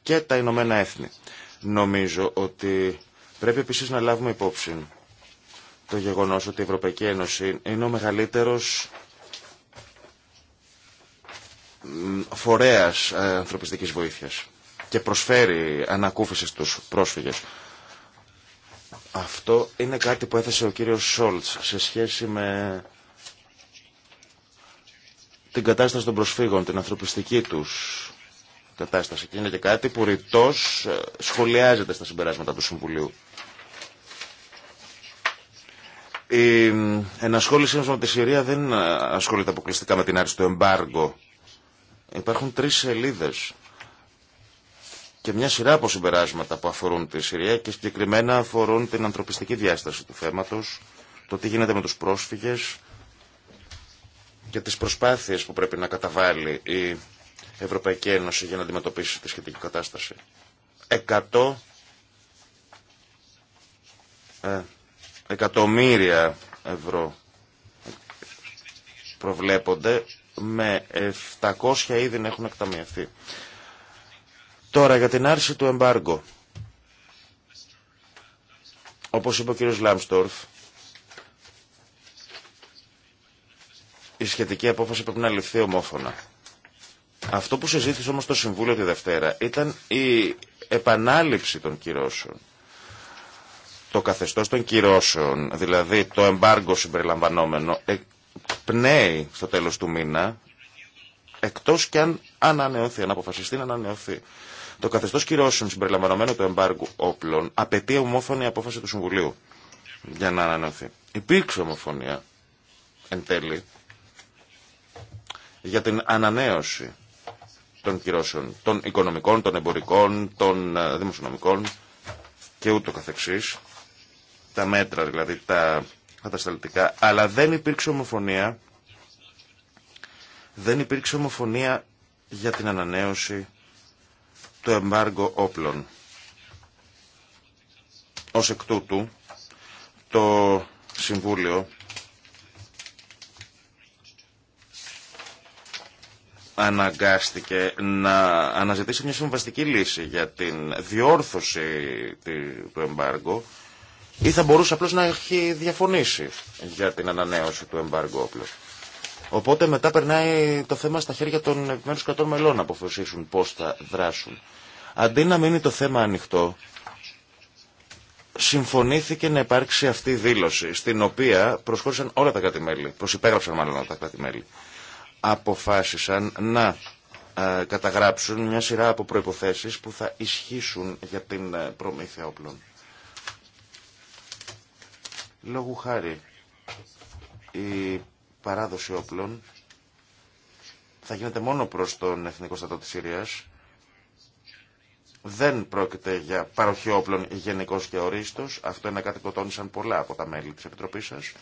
και τα Ηνωμένα Έθνη. Νομίζω ότι πρέπει επίσης να λάβουμε υπόψη το γεγονός ότι η Ευρωπαϊκή Ένωση είναι ο μεγαλύτερος φορέας ε, ανθρωπιστικής βοήθειας και προσφέρει ανακούφιση στους πρόσφυγες. Αυτό είναι κάτι που έθεσε ο κύριος Σόλτς σε σχέση με την κατάσταση των προσφύγων, την ανθρωπιστική τους κατάσταση και είναι και κάτι που ρητός ε, σχολιάζεται στα συμπεράσματα του Συμβουλίου. Η ενασχόλησή μας με τη Συρία δεν ε, ασχολείται αποκλειστικά με την άρση του εμπάργου. Υπάρχουν τρεις σελίδες και μια σειρά από συμπεράσματα που αφορούν τη Συρία και συγκεκριμένα αφορούν την ανθρωπιστική διάσταση του θέματος, το τι γίνεται με τους πρόσφυγες και τις προσπάθειες που πρέπει να καταβάλει η Ευρωπαϊκή Ένωση για να αντιμετωπίσει τη σχετική κατάσταση. 100 ε, εκατομμύρια ευρώ προβλέπονται με 700 ήδη να έχουν εκταμιευθεί. Τώρα για την άρση του εμπάργου. Όπως είπε ο κύριος Λάμστορφ, η σχετική απόφαση πρέπει να ληφθεί ομόφωνα. Αυτό που συζήτησε όμως το Συμβούλιο τη Δευτέρα ήταν η επανάληψη των κυρώσεων. Το καθεστώς των κυρώσεων, δηλαδή το εμπάργκο συμπεριλαμβανόμενο, πνέει στο τέλος του μήνα, εκτός και αν ανανεωθεί, αν αποφασιστεί να ανανεωθεί. Το καθεστώς κυρώσεων συμπεριλαμβανομένου του εμπάργου όπλων απαιτεί ομόφωνη απόφαση του Συμβουλίου για να ανανεωθεί. Υπήρξε ομοφωνία εν τέλει για την ανανέωση των κυρώσεων, των οικονομικών, των εμπορικών, των ε, δημοσιονομικών και ούτω καθεξής. Τα μέτρα δηλαδή, τα κατασταλτικά. Αλλά δεν υπήρξε ομοφωνία, δεν υπήρξε ομοφωνία για την ανανέωση του εμπάργου όπλων. Ως εκ τούτου, το Συμβούλιο αναγκάστηκε να αναζητήσει μια συμβαστική λύση για την διόρθωση του εμπάργου ή θα μπορούσε απλώς να έχει διαφωνήσει για την ανανέωση του εμπάργου όπλου. Οπότε μετά περνάει το θέμα στα χέρια των επιμέρους κρατών μελών να αποφασίσουν πώς θα δράσουν. Αντί να μείνει το θέμα ανοιχτό, συμφωνήθηκε να υπάρξει αυτή η δήλωση, στην οποία προσχώρησαν όλα τα κράτη-μέλη, προσυπέγραψαν μάλλον όλα τα κράτη-μέλη αποφάσισαν να ε, καταγράψουν μια σειρά από προϋποθέσεις που θα ισχύσουν για την ε, προμήθεια όπλων. Λόγου χάρη, η παράδοση όπλων θα γίνεται μόνο προς τον Εθνικό Στατό της Συρίας. Δεν πρόκειται για παροχή όπλων γενικώ και ορίστος. Αυτό είναι κάτι που τόνισαν πολλά από τα μέλη της Επιτροπής σας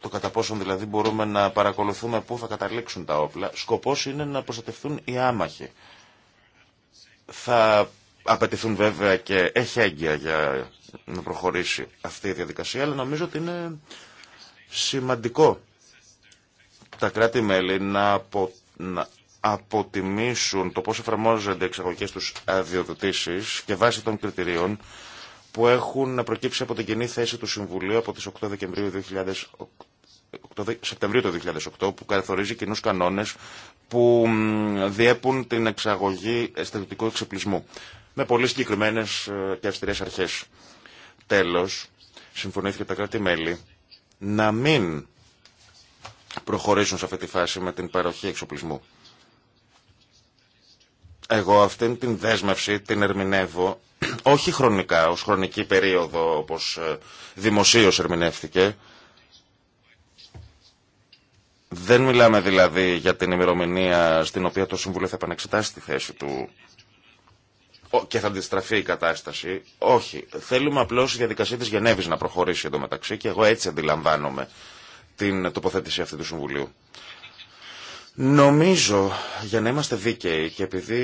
το κατά πόσον δηλαδή μπορούμε να παρακολουθούμε πού θα καταλήξουν τα όπλα, σκοπός είναι να προστατευτούν οι άμαχοι. Θα απαιτηθούν βέβαια και έχει έγκυα για να προχωρήσει αυτή η διαδικασία, αλλά νομίζω ότι είναι σημαντικό τα κράτη-μέλη να, αποτιμήσουν το πώς εφαρμόζονται οι εξαγωγές τους αδειοδοτήσεις και βάσει των κριτηρίων που έχουν προκύψει από την κοινή θέση του Συμβουλίου από τις 8 Δεκεμβρίου Σεπτεμβρίου του 2008 που καθορίζει κοινού κανόνε που διέπουν την εξαγωγή αισθητικού εξοπλισμού με πολύ συγκεκριμένε ε, και αυστηρέ αρχέ. Τέλο, συμφωνήθηκε τα κράτη-μέλη να μην προχωρήσουν σε αυτή τη φάση με την παροχή εξοπλισμού. Εγώ αυτήν την δέσμευση την ερμηνεύω όχι χρονικά, ως χρονική περίοδο όπως ε, δημοσίως ερμηνεύτηκε, δεν μιλάμε δηλαδή για την ημερομηνία στην οποία το Συμβούλιο θα επανεξετάσει τη θέση του και θα αντιστραφεί η κατάσταση. Όχι. Θέλουμε απλώ η διαδικασία τη Γενέβη να προχωρήσει εντωμεταξύ και εγώ έτσι αντιλαμβάνομαι την τοποθέτηση αυτή του Συμβουλίου. Νομίζω, για να είμαστε δίκαιοι και επειδή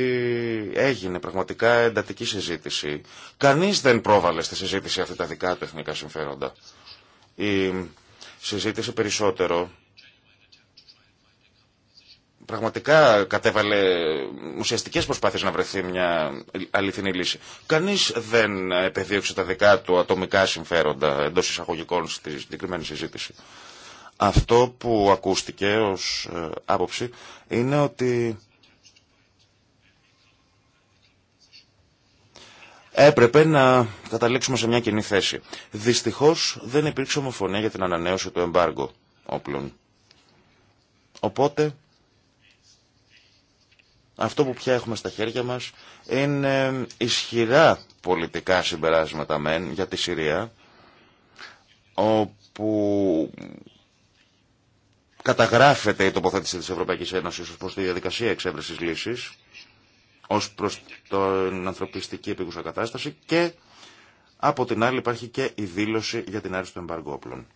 έγινε πραγματικά εντατική συζήτηση, κανείς δεν πρόβαλε στη συζήτηση αυτή τα δικά του εθνικά συμφέροντα. Η συζήτηση περισσότερο πραγματικά κατέβαλε ουσιαστικέ προσπάθειες να βρεθεί μια αληθινή λύση. Κανείς δεν επεδίωξε τα δικά του ατομικά συμφέροντα εντό εισαγωγικών στη συγκεκριμένη συζήτηση. Αυτό που ακούστηκε ως ε, άποψη είναι ότι έπρεπε να καταλήξουμε σε μια κοινή θέση. Δυστυχώς δεν υπήρξε ομοφωνία για την ανανέωση του εμπάργου όπλων. Οπότε αυτό που πια έχουμε στα χέρια μας είναι ισχυρά πολιτικά συμπεράσματα μεν για τη Συρία, όπου καταγράφεται η τοποθέτηση της Ευρωπαϊκής Ένωσης ως προς τη διαδικασία εξέβρεσης λύσης, ως προς την ανθρωπιστική επίγουσα κατάσταση και από την άλλη υπάρχει και η δήλωση για την άρση των εμπαργόπλων.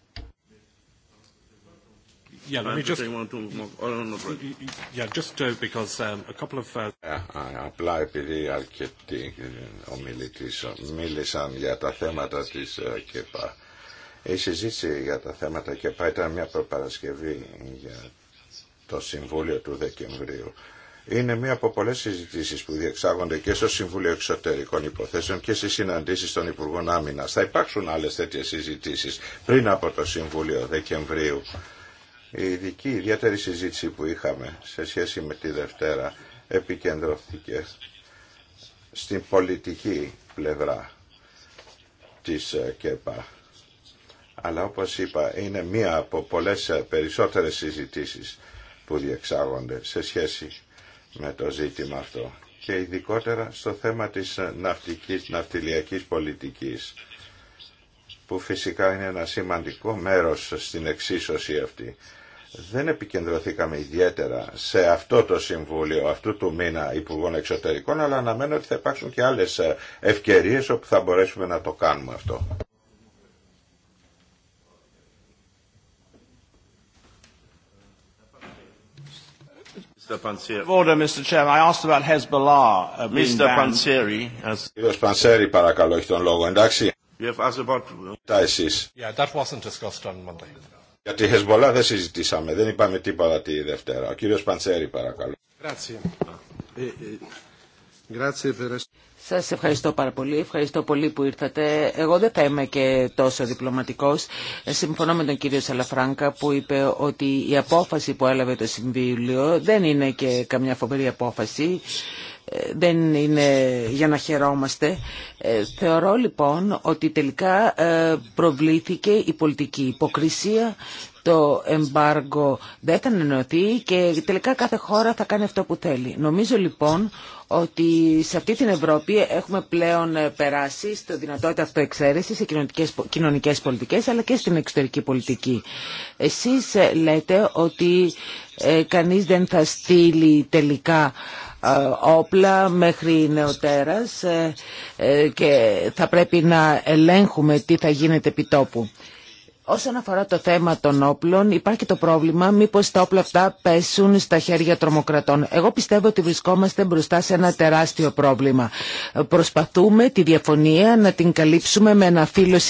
Απλά επειδή αρκετοί ομιλητής μίλησαν για τα θέματα τη ε, ΚΕΠΑ. Η συζήτηση για τα θέματα ΚΕΠΑ ήταν μια προπαρασκευή για το Συμβούλιο του Δεκεμβρίου. Είναι μία από πολλές συζητήσεις που διεξάγονται και στο Συμβούλιο Εξωτερικών Υποθέσεων και στις συναντήσεις των Υπουργών Άμυνας. Θα υπάρξουν άλλες τέτοιες συζητήσεις πριν από το Συμβούλιο Δεκεμβρίου η ειδική ιδιαίτερη συζήτηση που είχαμε σε σχέση με τη Δευτέρα επικεντρωθήκε στην πολιτική πλευρά της ε, ΚΕΠΑ. Αλλά όπως είπα είναι μία από πολλές ε, περισσότερες συζητήσεις που διεξάγονται σε σχέση με το ζήτημα αυτό και ειδικότερα στο θέμα της ε, ναυτικής, ναυτιλιακής πολιτικής που φυσικά είναι ένα σημαντικό μέρος στην εξίσωση αυτή δεν επικεντρωθήκαμε ιδιαίτερα σε αυτό το Συμβούλιο αυτού του μήνα Υπουργών Εξωτερικών, αλλά αναμένω ότι θα υπάρξουν και άλλες ε, ευκαιρίες όπου θα μπορέσουμε να το κάνουμε αυτό. Κύριος Πανσέρη, uh, παρακαλώ, έχει τον λόγο, εντάξει. have asked about... Τα εσείς. Yeah, that wasn't discussed on Monday. Για τη Χεσμολά δεν συζητήσαμε, δεν είπαμε τίποτα τη Δευτέρα. Ο κύριος Παντσέρη παρακαλώ. Ε, ε, Σας ευχαριστώ πάρα πολύ. Ευχαριστώ πολύ που ήρθατε. Εγώ δεν θα είμαι και τόσο διπλωματικός. Ε, συμφωνώ με τον κύριο Σαλαφράγκα που είπε ότι η απόφαση που έλαβε το συμβίλιο δεν είναι και καμιά φοβερή απόφαση δεν είναι για να χαιρόμαστε. Ε, θεωρώ λοιπόν ότι τελικά ε, προβλήθηκε η πολιτική υποκρισία, το εμπάργκο δεν θα εννοηθεί και τελικά κάθε χώρα θα κάνει αυτό που θέλει. Νομίζω λοιπόν ότι σε αυτή την Ευρώπη έχουμε πλέον ε, περάσει στο δυνατότητα αυτοεξαίρεση σε κοινωνικές, κοινωνικές πολιτικές αλλά και στην εξωτερική πολιτική. Εσείς λέτε ότι κανείς δεν θα στείλει τελικά όπλα μέχρι νεοτέρας ε, ε, και θα πρέπει να ελέγχουμε τι θα γίνεται επί Όσον αφορά το θέμα των όπλων, υπάρχει το πρόβλημα μήπως τα όπλα αυτά πέσουν στα χέρια τρομοκρατών. Εγώ πιστεύω ότι βρισκόμαστε μπροστά σε ένα τεράστιο πρόβλημα. Προσπαθούμε τη διαφωνία να την καλύψουμε με ένα φύλλο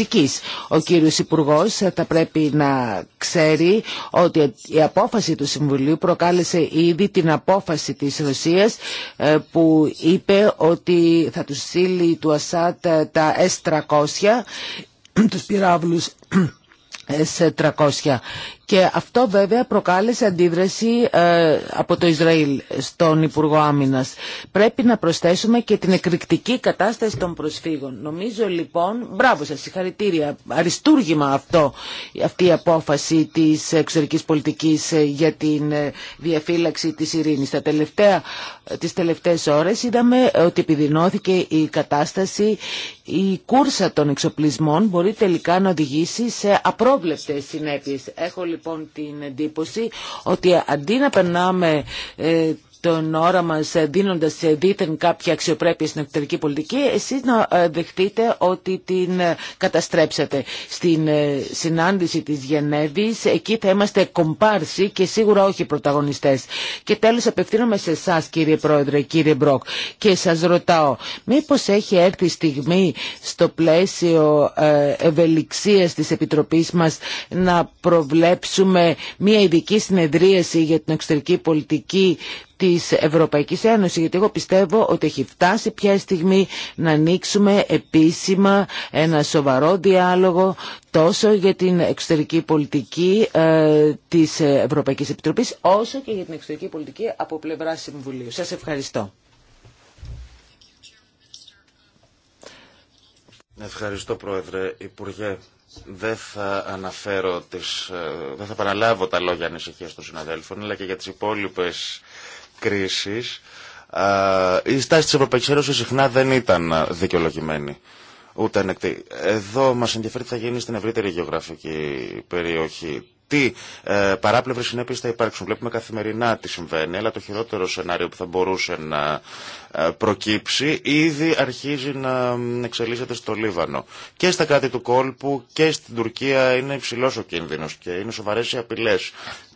Ο κύριος Υπουργό θα πρέπει να ξέρει ότι η απόφαση του Συμβουλίου προκάλεσε ήδη την απόφαση της Ρωσίας ε, που είπε ότι θα του στείλει του Ασάτ ε, τα S300 τους πυράβλους ε, σε τρακόσια... Και αυτό βέβαια προκάλεσε αντίδραση ε, από το Ισραήλ στον Υπουργό Άμυνας. Πρέπει να προσθέσουμε και την εκρηκτική κατάσταση των προσφύγων. Νομίζω λοιπόν, μπράβο σας, συγχαρητήρια, αριστούργημα αυτό, αυτή η απόφαση της εξωτερικής πολιτικής ε, για την ε, διαφύλαξη της ειρήνης. Τα τελευταία, τις τελευταίες ώρες είδαμε ότι επιδεινώθηκε η κατάσταση η κούρσα των εξοπλισμών μπορεί τελικά να οδηγήσει σε απρόβλεπτες συνέπειες. Λοιπόν, λοιπόν την εντύπωση ότι αντί να περνάμε ε, τον ώρα μας ε, δίνοντας ε, δίθεν κάποια αξιοπρέπεια στην εξωτερική πολιτική, εσείς να ε, δεχτείτε ότι την καταστρέψατε. Στην συνάντηση της Γενέβης, εκεί θα είμαστε κομπάρσοι και σίγουρα όχι πρωταγωνιστές. Και τέλος απευθύνομαι σε εσά κύριε Πρόεδρε, κύριε Μπρόκ και σας ρωτάω, μήπως έχει έρθει η στιγμή στο πλαίσιο ευελιξίας της Επιτροπής μας να προβλέψουμε μια ειδική συνεδρίαση για την εξωτερική πολιτική της Ευρωπαϊκής Ένωσης γιατί εγώ πιστεύω ότι έχει φτάσει πια η στιγμή να ανοίξουμε επίσημα ένα σοβαρό διάλογο τόσο για την εξωτερική πολιτική ε, της Ευρωπαϊκής Επιτροπής όσο και για την εξωτερική πολιτική από πλευρά Συμβουλίου. Σας ευχαριστώ. Ευχαριστώ Πρόεδρε. Υπουργέ, δεν θα αναφέρω τις, ε, δεν θα παραλάβω τα λόγια ανησυχίας των συναδέλφων, αλλά και για τις υπόλοιπες κρίσης, η στάση τη Ευρωπαϊκή Ένωση συχνά δεν ήταν δικαιολογημένη. Ούτε ανεκτή. Εδώ μας ενδιαφέρει τι θα γίνει στην ευρύτερη γεωγραφική περιοχή. Τι ε, παράπλευρε συνέπειε θα υπάρξουν. Βλέπουμε καθημερινά τι συμβαίνει, αλλά το χειρότερο σενάριο που θα μπορούσε να ε, προκύψει ήδη αρχίζει να εξελίσσεται στο Λίβανο. Και στα κράτη του κόλπου και στην Τουρκία είναι υψηλό ο κίνδυνο και είναι σοβαρέ οι απειλέ.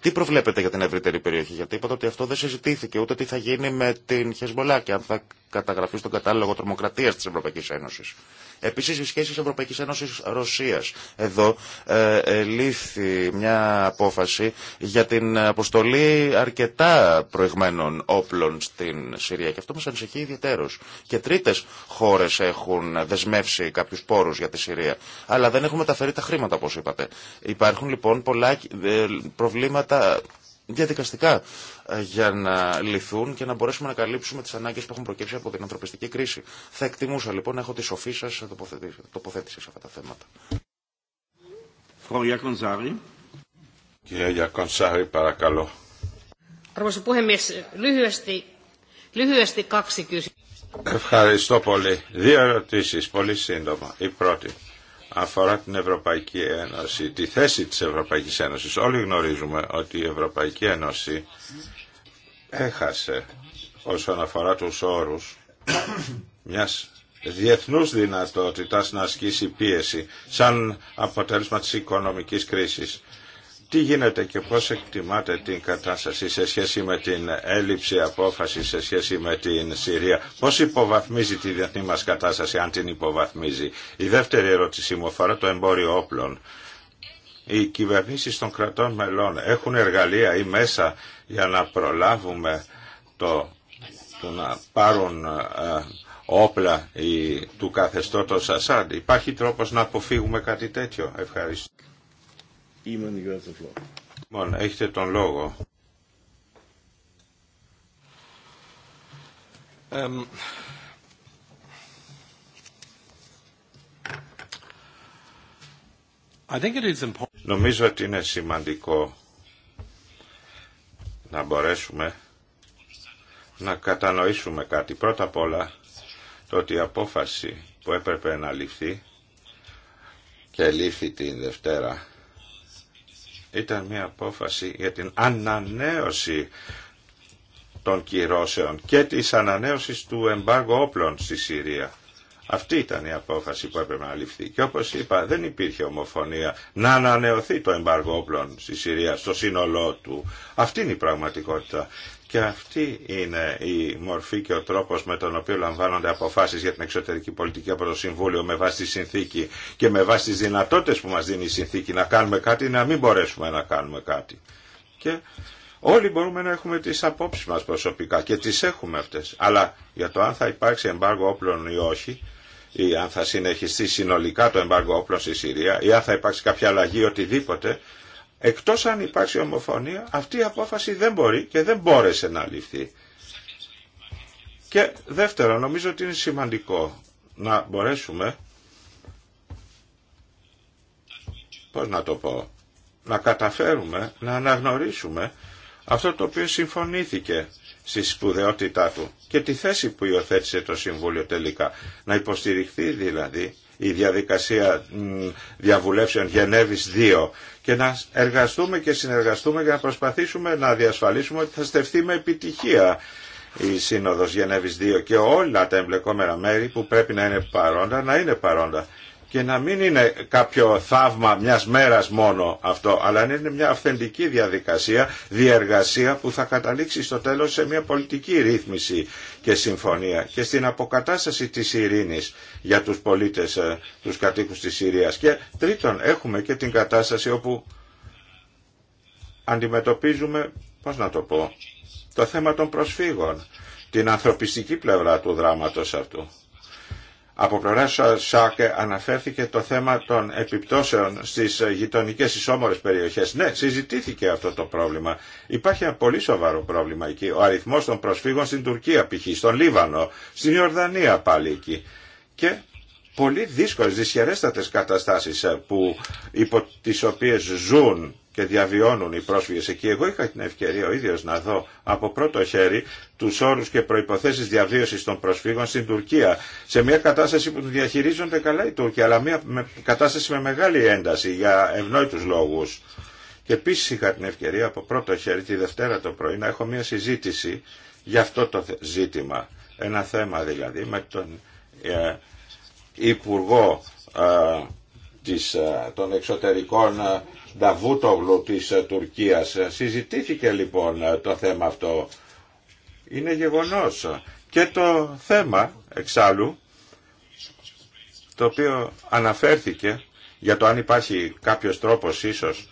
Τι προβλέπετε για την ευρύτερη περιοχή, γιατί είπατε ότι αυτό δεν συζητήθηκε ούτε τι θα γίνει με την Χεσμολά αν θα καταγραφεί στον κατάλογο τρομοκρατία τη Ευρωπαϊκή Ένωση. Επίση, οι σχέσει Ευρωπαϊκή Ένωση-Ρωσία. Εδώ ε, ε, λήφθη μια απόφαση για την αποστολή αρκετά προηγμένων όπλων στην Συρία και αυτό μα ανησυχεί ιδιαίτερω. Και τρίτε χώρε έχουν δεσμεύσει κάποιου πόρου για τη Συρία, αλλά δεν έχουν μεταφέρει τα χρήματα, όπω είπατε. Υπάρχουν λοιπόν πολλά ε, προβλήματα διαδικαστικά ε, για να λυθούν και να μπορέσουμε να καλύψουμε τις ανάγκες που έχουν προκύψει από την ανθρωπιστική κρίση. Θα εκτιμούσα λοιπόν να έχω τη σοφή σας τοποθέτηση σε αυτά τα θέματα. Κυρία παρακαλώ. Ευχαριστώ πολύ. Δύο ερωτήσεις, πολύ σύντομα. Η πρώτη αφορά την Ευρωπαϊκή Ένωση, τη θέση της Ευρωπαϊκής Ένωσης. Όλοι γνωρίζουμε ότι η Ευρωπαϊκή Ένωση έχασε όσον αφορά τους όρους μιας διεθνούς δυνατότητας να ασκήσει πίεση σαν αποτέλεσμα της οικονομικής κρίσης τι γίνεται και πώς εκτιμάτε την κατάσταση σε σχέση με την έλλειψη απόφαση σε σχέση με την Συρία. Πώς υποβαθμίζει τη διεθνή μας κατάσταση, αν την υποβαθμίζει. Η δεύτερη ερώτησή μου αφορά το εμπόριο όπλων. Οι κυβερνήσεις των κρατών μελών έχουν εργαλεία ή μέσα για να προλάβουμε το, να πάρουν ε, όπλα του καθεστώτος Ασάντ. Υπάρχει τρόπος να αποφύγουμε κάτι τέτοιο. Ευχαριστώ είμαι Λοιπόν, έχετε τον λόγο. I think it is important. Νομίζω ότι είναι σημαντικό να μπορέσουμε να κατανοήσουμε κάτι. Πρώτα απ' όλα το ότι η απόφαση που έπρεπε να ληφθεί και λήφθη την Δευτέρα ήταν μια απόφαση για την ανανέωση των κυρώσεων και της ανανέωσης του εμπάργου όπλων στη Συρία. Αυτή ήταν η απόφαση που έπρεπε να ληφθεί. Και όπως είπα δεν υπήρχε ομοφωνία να ανανεωθεί το εμπάργο όπλων στη Συρία στο σύνολό του. Αυτή είναι η πραγματικότητα. Και αυτή είναι η μορφή και ο τρόπος με τον οποίο λαμβάνονται αποφάσεις για την εξωτερική πολιτική από το Συμβούλιο με βάση τη συνθήκη και με βάση τις δυνατότητες που μας δίνει η συνθήκη να κάνουμε κάτι ή να μην μπορέσουμε να κάνουμε κάτι. Και όλοι μπορούμε να έχουμε τις απόψεις μας προσωπικά και τις έχουμε αυτές. Αλλά για το αν θα υπάρξει εμπάργο όπλων ή όχι, ή αν θα συνεχιστεί συνολικά το εμπάργο όπλων στη Συρία, ή αν θα υπάρξει κάποια αλλαγή οτιδήποτε, Εκτός αν υπάρξει ομοφωνία, αυτή η απόφαση δεν μπορεί και δεν μπόρεσε να ληφθεί. Και δεύτερο, νομίζω ότι είναι σημαντικό να μπορέσουμε, πώς να το πω, να καταφέρουμε να αναγνωρίσουμε αυτό το οποίο συμφωνήθηκε στη σπουδαιότητά του και τη θέση που υιοθέτησε το Συμβούλιο τελικά. Να υποστηριχθεί δηλαδή η διαδικασία διαβουλεύσεων Γενέβης 2 και να εργαστούμε και συνεργαστούμε για να προσπαθήσουμε να διασφαλίσουμε ότι θα στεφθεί με επιτυχία η Σύνοδος Γενέβης 2 και όλα τα εμπλεκόμενα μέρη που πρέπει να είναι παρόντα να είναι παρόντα και να μην είναι κάποιο θαύμα μιας μέρας μόνο αυτό, αλλά να είναι μια αυθεντική διαδικασία, διεργασία που θα καταλήξει στο τέλος σε μια πολιτική ρύθμιση και συμφωνία και στην αποκατάσταση της ειρήνης για τους πολίτες, ε, τους κατοίκους της Συρίας. Και τρίτον, έχουμε και την κατάσταση όπου αντιμετωπίζουμε, πώς να το πω, το θέμα των προσφύγων, την ανθρωπιστική πλευρά του δράματος αυτού από πλευρά ΣΑΚ αναφέρθηκε το θέμα των επιπτώσεων στις γειτονικές ισόμορες περιοχές. Ναι, συζητήθηκε αυτό το πρόβλημα. Υπάρχει ένα πολύ σοβαρό πρόβλημα εκεί. Ο αριθμός των προσφύγων στην Τουρκία π.χ., στον Λίβανο, στην Ιορδανία πάλι εκεί. Και πολύ δύσκολες, δυσχερέστατες καταστάσεις που, υπό τις οποίες ζουν και διαβιώνουν οι πρόσφυγες εκεί. Εγώ είχα την ευκαιρία ο ίδιος να δω από πρώτο χέρι τους όρους και προϋποθέσεις διαβίωσης των προσφύγων στην Τουρκία. Σε μια κατάσταση που διαχειρίζονται καλά οι Τούρκοι, αλλά μια κατάσταση με μεγάλη ένταση για ευνόητους λόγους. Και επίση είχα την ευκαιρία από πρώτο χέρι τη Δευτέρα το πρωί να έχω μια συζήτηση για αυτό το ζήτημα. Ένα θέμα δηλαδή με τον ε, Υπουργό ε, ε, των Εξωτερικών ε, Νταβούτογλου της ε, Τουρκίας. Ε, συζητήθηκε λοιπόν ε, το θέμα αυτό. Είναι γεγονός. Και το θέμα εξάλλου το οποίο αναφέρθηκε για το αν υπάρχει κάποιος τρόπος ίσως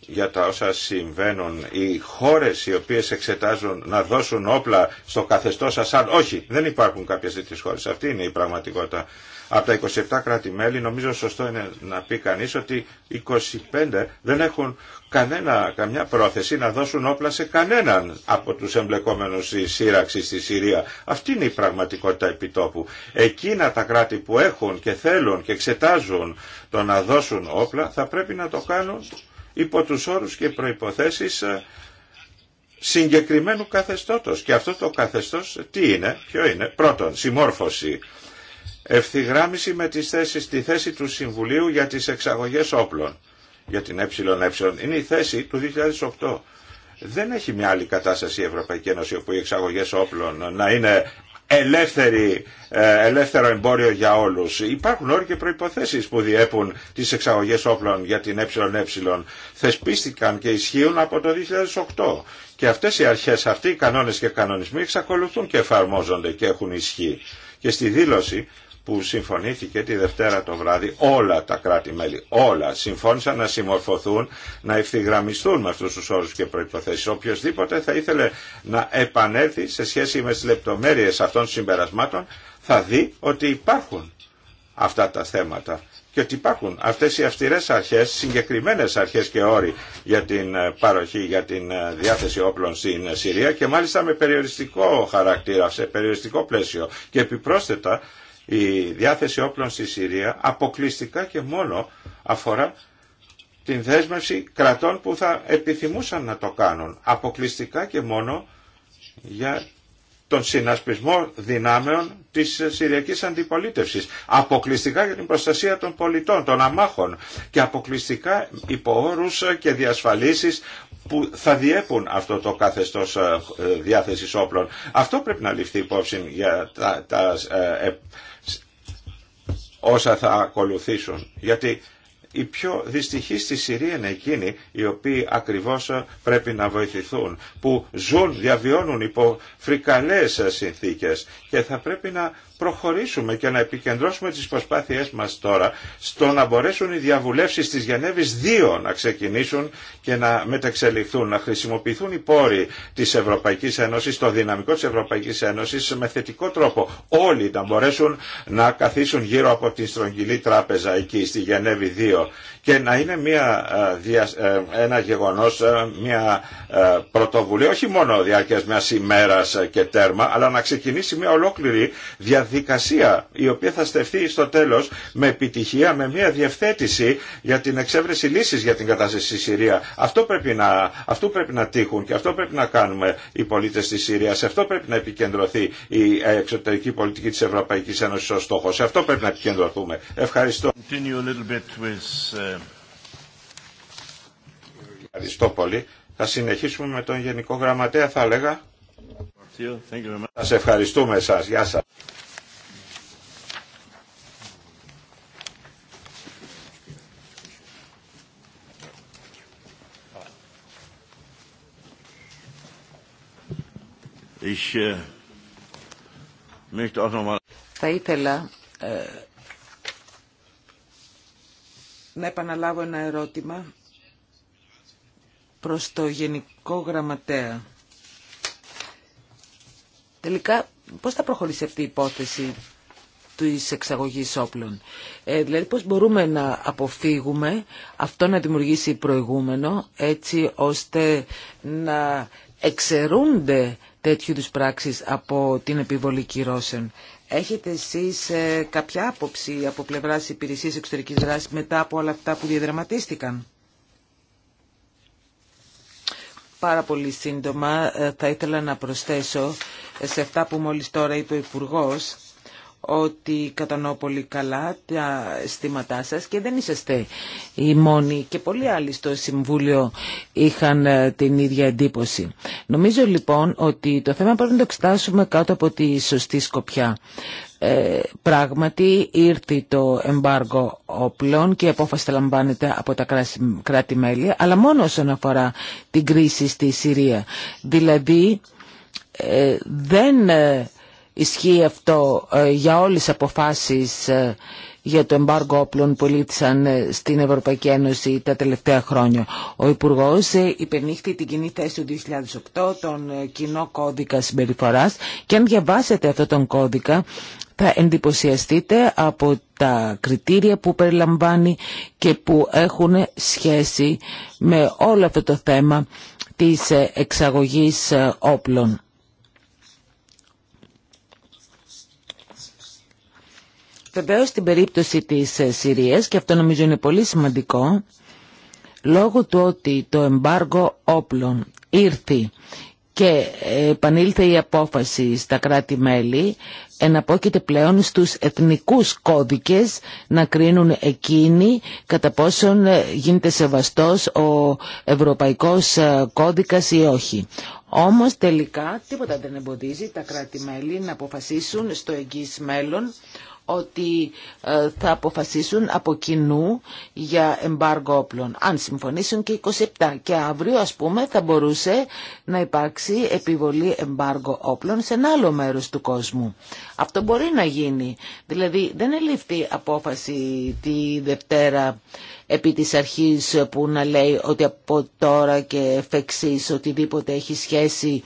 για τα όσα συμβαίνουν οι χώρες οι οποίες εξετάζουν να δώσουν όπλα στο καθεστώς Ασάν. Όχι, δεν υπάρχουν κάποιες τέτοιες χώρες. Αυτή είναι η πραγματικότητα από τα 27 κράτη-μέλη νομίζω σωστό είναι να πει κανείς ότι 25 δεν έχουν κανένα, καμιά πρόθεση να δώσουν όπλα σε κανέναν από τους εμπλεκόμενους στη σύραξη στη Συρία. Αυτή είναι η πραγματικότητα επιτόπου. Εκείνα τα κράτη που έχουν και θέλουν και εξετάζουν το να δώσουν όπλα θα πρέπει να το κάνουν υπό τους όρους και προϋποθέσεις ε, συγκεκριμένου καθεστώτος. Και αυτό το καθεστώς τι είναι, ποιο είναι. Πρώτον, συμμόρφωση Ευθυγράμμιση με τις θέσεις, τη θέση του Συμβουλίου για τις εξαγωγές όπλων για την ΕΕ. Είναι η θέση του 2008. Δεν έχει μια άλλη κατάσταση η Ευρωπαϊκή Ένωση όπου οι εξαγωγές όπλων να είναι ελεύθερη, ε, ελεύθερο εμπόριο για όλους. Υπάρχουν όροι και προϋποθέσεις που διέπουν τις εξαγωγές όπλων για την ΕΕ. Θεσπίστηκαν και ισχύουν από το 2008. Και αυτές οι αρχές, αυτοί οι κανόνες και κανονισμοί εξακολουθούν και εφαρμόζονται και έχουν ισχύ. Και στη δήλωση που συμφωνήθηκε τη Δευτέρα το βράδυ όλα τα κράτη-μέλη, όλα συμφώνησαν να συμμορφωθούν, να ευθυγραμμιστούν με αυτούς τους όρους και προϋποθέσεις. Οποιοςδήποτε θα ήθελε να επανέλθει σε σχέση με τις λεπτομέρειες αυτών των συμπερασμάτων θα δει ότι υπάρχουν αυτά τα θέματα και ότι υπάρχουν αυτές οι αυστηρές αρχές, συγκεκριμένες αρχές και όροι για την ε, παροχή, για την ε, διάθεση όπλων στην ε, Συρία και μάλιστα με περιοριστικό χαρακτήρα, σε περιοριστικό πλαίσιο και επιπρόσθετα η διάθεση όπλων στη Συρία αποκλειστικά και μόνο αφορά την δέσμευση κρατών που θα επιθυμούσαν να το κάνουν. Αποκλειστικά και μόνο για τον συνασπισμό δυνάμεων της Συριακής Αντιπολίτευσης. Αποκλειστικά για την προστασία των πολιτών, των αμάχων και αποκλειστικά υπό και διασφαλίσεις που θα διέπουν αυτό το καθεστώς ε, διάθεσης όπλων. Αυτό πρέπει να ληφθεί υπόψη για τα, ε, ε, όσα θα ακολουθήσουν. Γιατί οι πιο δυστυχή στη Συρία είναι εκείνοι οι οποίοι ακριβώς ε, πρέπει να βοηθηθούν, που ζουν, διαβιώνουν υπό φρικαλές ε, συνθήκες και θα πρέπει να προχωρήσουμε και να επικεντρώσουμε τις προσπάθειές μας τώρα στο να μπορέσουν οι διαβουλεύσεις της Γενέβης 2 να ξεκινήσουν και να μεταξελιχθούν, να χρησιμοποιηθούν οι πόροι της Ευρωπαϊκής Ένωσης, το δυναμικό της Ευρωπαϊκής Ένωσης με θετικό τρόπο. Όλοι να μπορέσουν να καθίσουν γύρω από την στρογγυλή τράπεζα εκεί στη Γενέβη 2 και να είναι μια, ε, ε, ένα γεγονός, ε, μια πρωτοβουλία, όχι μόνο διάρκεια μια ημέρα και τέρμα, αλλά να ξεκινήσει μια ολόκληρη διαδικασία η οποία θα στεφθεί στο τέλος με επιτυχία, με μια διευθέτηση για την εξέβρεση λύσης για την κατάσταση στη Συρία. Αυτό πρέπει να, πρέπει να τύχουν και αυτό πρέπει να κάνουμε οι πολίτες της Συρίας. Σε αυτό πρέπει να επικεντρωθεί η εξωτερική πολιτική της Ευρωπαϊκής Ένωσης ως στόχος. Σε αυτό πρέπει να επικεντρωθούμε. Ευχαριστώ. Uh, Ευχαριστώ πολύ. Θα συνεχίσουμε με τον Γενικό Γραμματέα, θα έλεγα. σα ευχαριστούμε εσά Γεια σα. Äh, θα ήθελα ε, να επαναλάβω ένα ερώτημα προς το Γενικό Γραμματέα. Τελικά, πώς θα προχωρήσει αυτή η υπόθεση της εξαγωγής όπλων. Ε, δηλαδή, πώς μπορούμε να αποφύγουμε αυτό να δημιουργήσει προηγούμενο, έτσι ώστε να εξαιρούνται τέτοιου τους πράξεις από την επιβολή κυρώσεων. Έχετε εσείς ε, κάποια άποψη από πλευράς υπηρεσίας εξωτερικής δράσης μετά από όλα αυτά που διαδραματίστηκαν. Πάρα πολύ σύντομα ε, θα ήθελα να προσθέσω ε, σε αυτά που μόλις τώρα είπε ο υπουργό ότι κατανοώ πολύ καλά τα αισθήματά σας και δεν είσαστε οι μόνοι και πολλοί άλλοι στο Συμβούλιο είχαν ε, την ίδια εντύπωση. Νομίζω λοιπόν ότι το θέμα πρέπει να το εξετάσουμε κάτω από τη σωστή σκοπιά. Ε, πράγματι ήρθε το εμπάργο όπλων και η απόφαση λαμβάνεται από τα κράτη-μέλη, αλλά μόνο όσον αφορά την κρίση στη Συρία. Δηλαδή ε, δεν ε, ισχύει αυτό για όλες τις αποφάσεις για το εμπάργο όπλων που λήθησαν στην Ευρωπαϊκή Ένωση τα τελευταία χρόνια. Ο Υπουργό υπενήχθη την κοινή θέση του 2008, τον κοινό κώδικα Συμπεριφοράς και αν διαβάσετε αυτόν τον κώδικα θα εντυπωσιαστείτε από τα κριτήρια που περιλαμβάνει και που έχουν σχέση με όλο αυτό το θέμα της εξαγωγής όπλων. Βεβαίω στην περίπτωση της Συρίας, και αυτό νομίζω είναι πολύ σημαντικό, λόγω του ότι το εμπάργο όπλων ήρθε και επανήλθε η απόφαση στα κράτη-μέλη, εναπόκειται πλέον στους εθνικούς κώδικες να κρίνουν εκείνοι κατά πόσον ε, γίνεται σεβαστός ο ευρωπαϊκός ε, κώδικας ή όχι. Όμως τελικά τίποτα δεν εμποδίζει τα κράτη-μέλη να αποφασίσουν στο εγγύς μέλλον ότι ε, θα αποφασίσουν από κοινού για εμπάργο όπλων. Αν συμφωνήσουν και 27 και αύριο ας πούμε θα μπορούσε να υπάρξει επιβολή εμπάργο όπλων σε ένα άλλο μέρος του κόσμου. Αυτό μπορεί να γίνει. Δηλαδή δεν ελήφθη απόφαση τη Δευτέρα επί της αρχής που να λέει ότι από τώρα και εφεξής οτιδήποτε έχει σχέση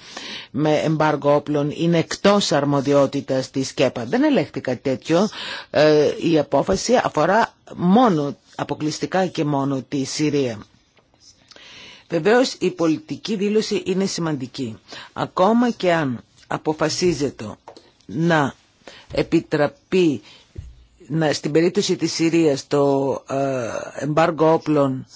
με εμπάργο όπλων είναι εκτός αρμοδιότητας της ΚΕΠΑ. Δεν ελέγχθη κάτι τέτοιο. Ε, η απόφαση αφορά μόνο, αποκλειστικά και μόνο τη Συρία. Βεβαίως η πολιτική δήλωση είναι σημαντική. Ακόμα και αν αποφασίζεται να επιτραπεί στην περίπτωση της Συρίας το ε, εμπάργκο όπλων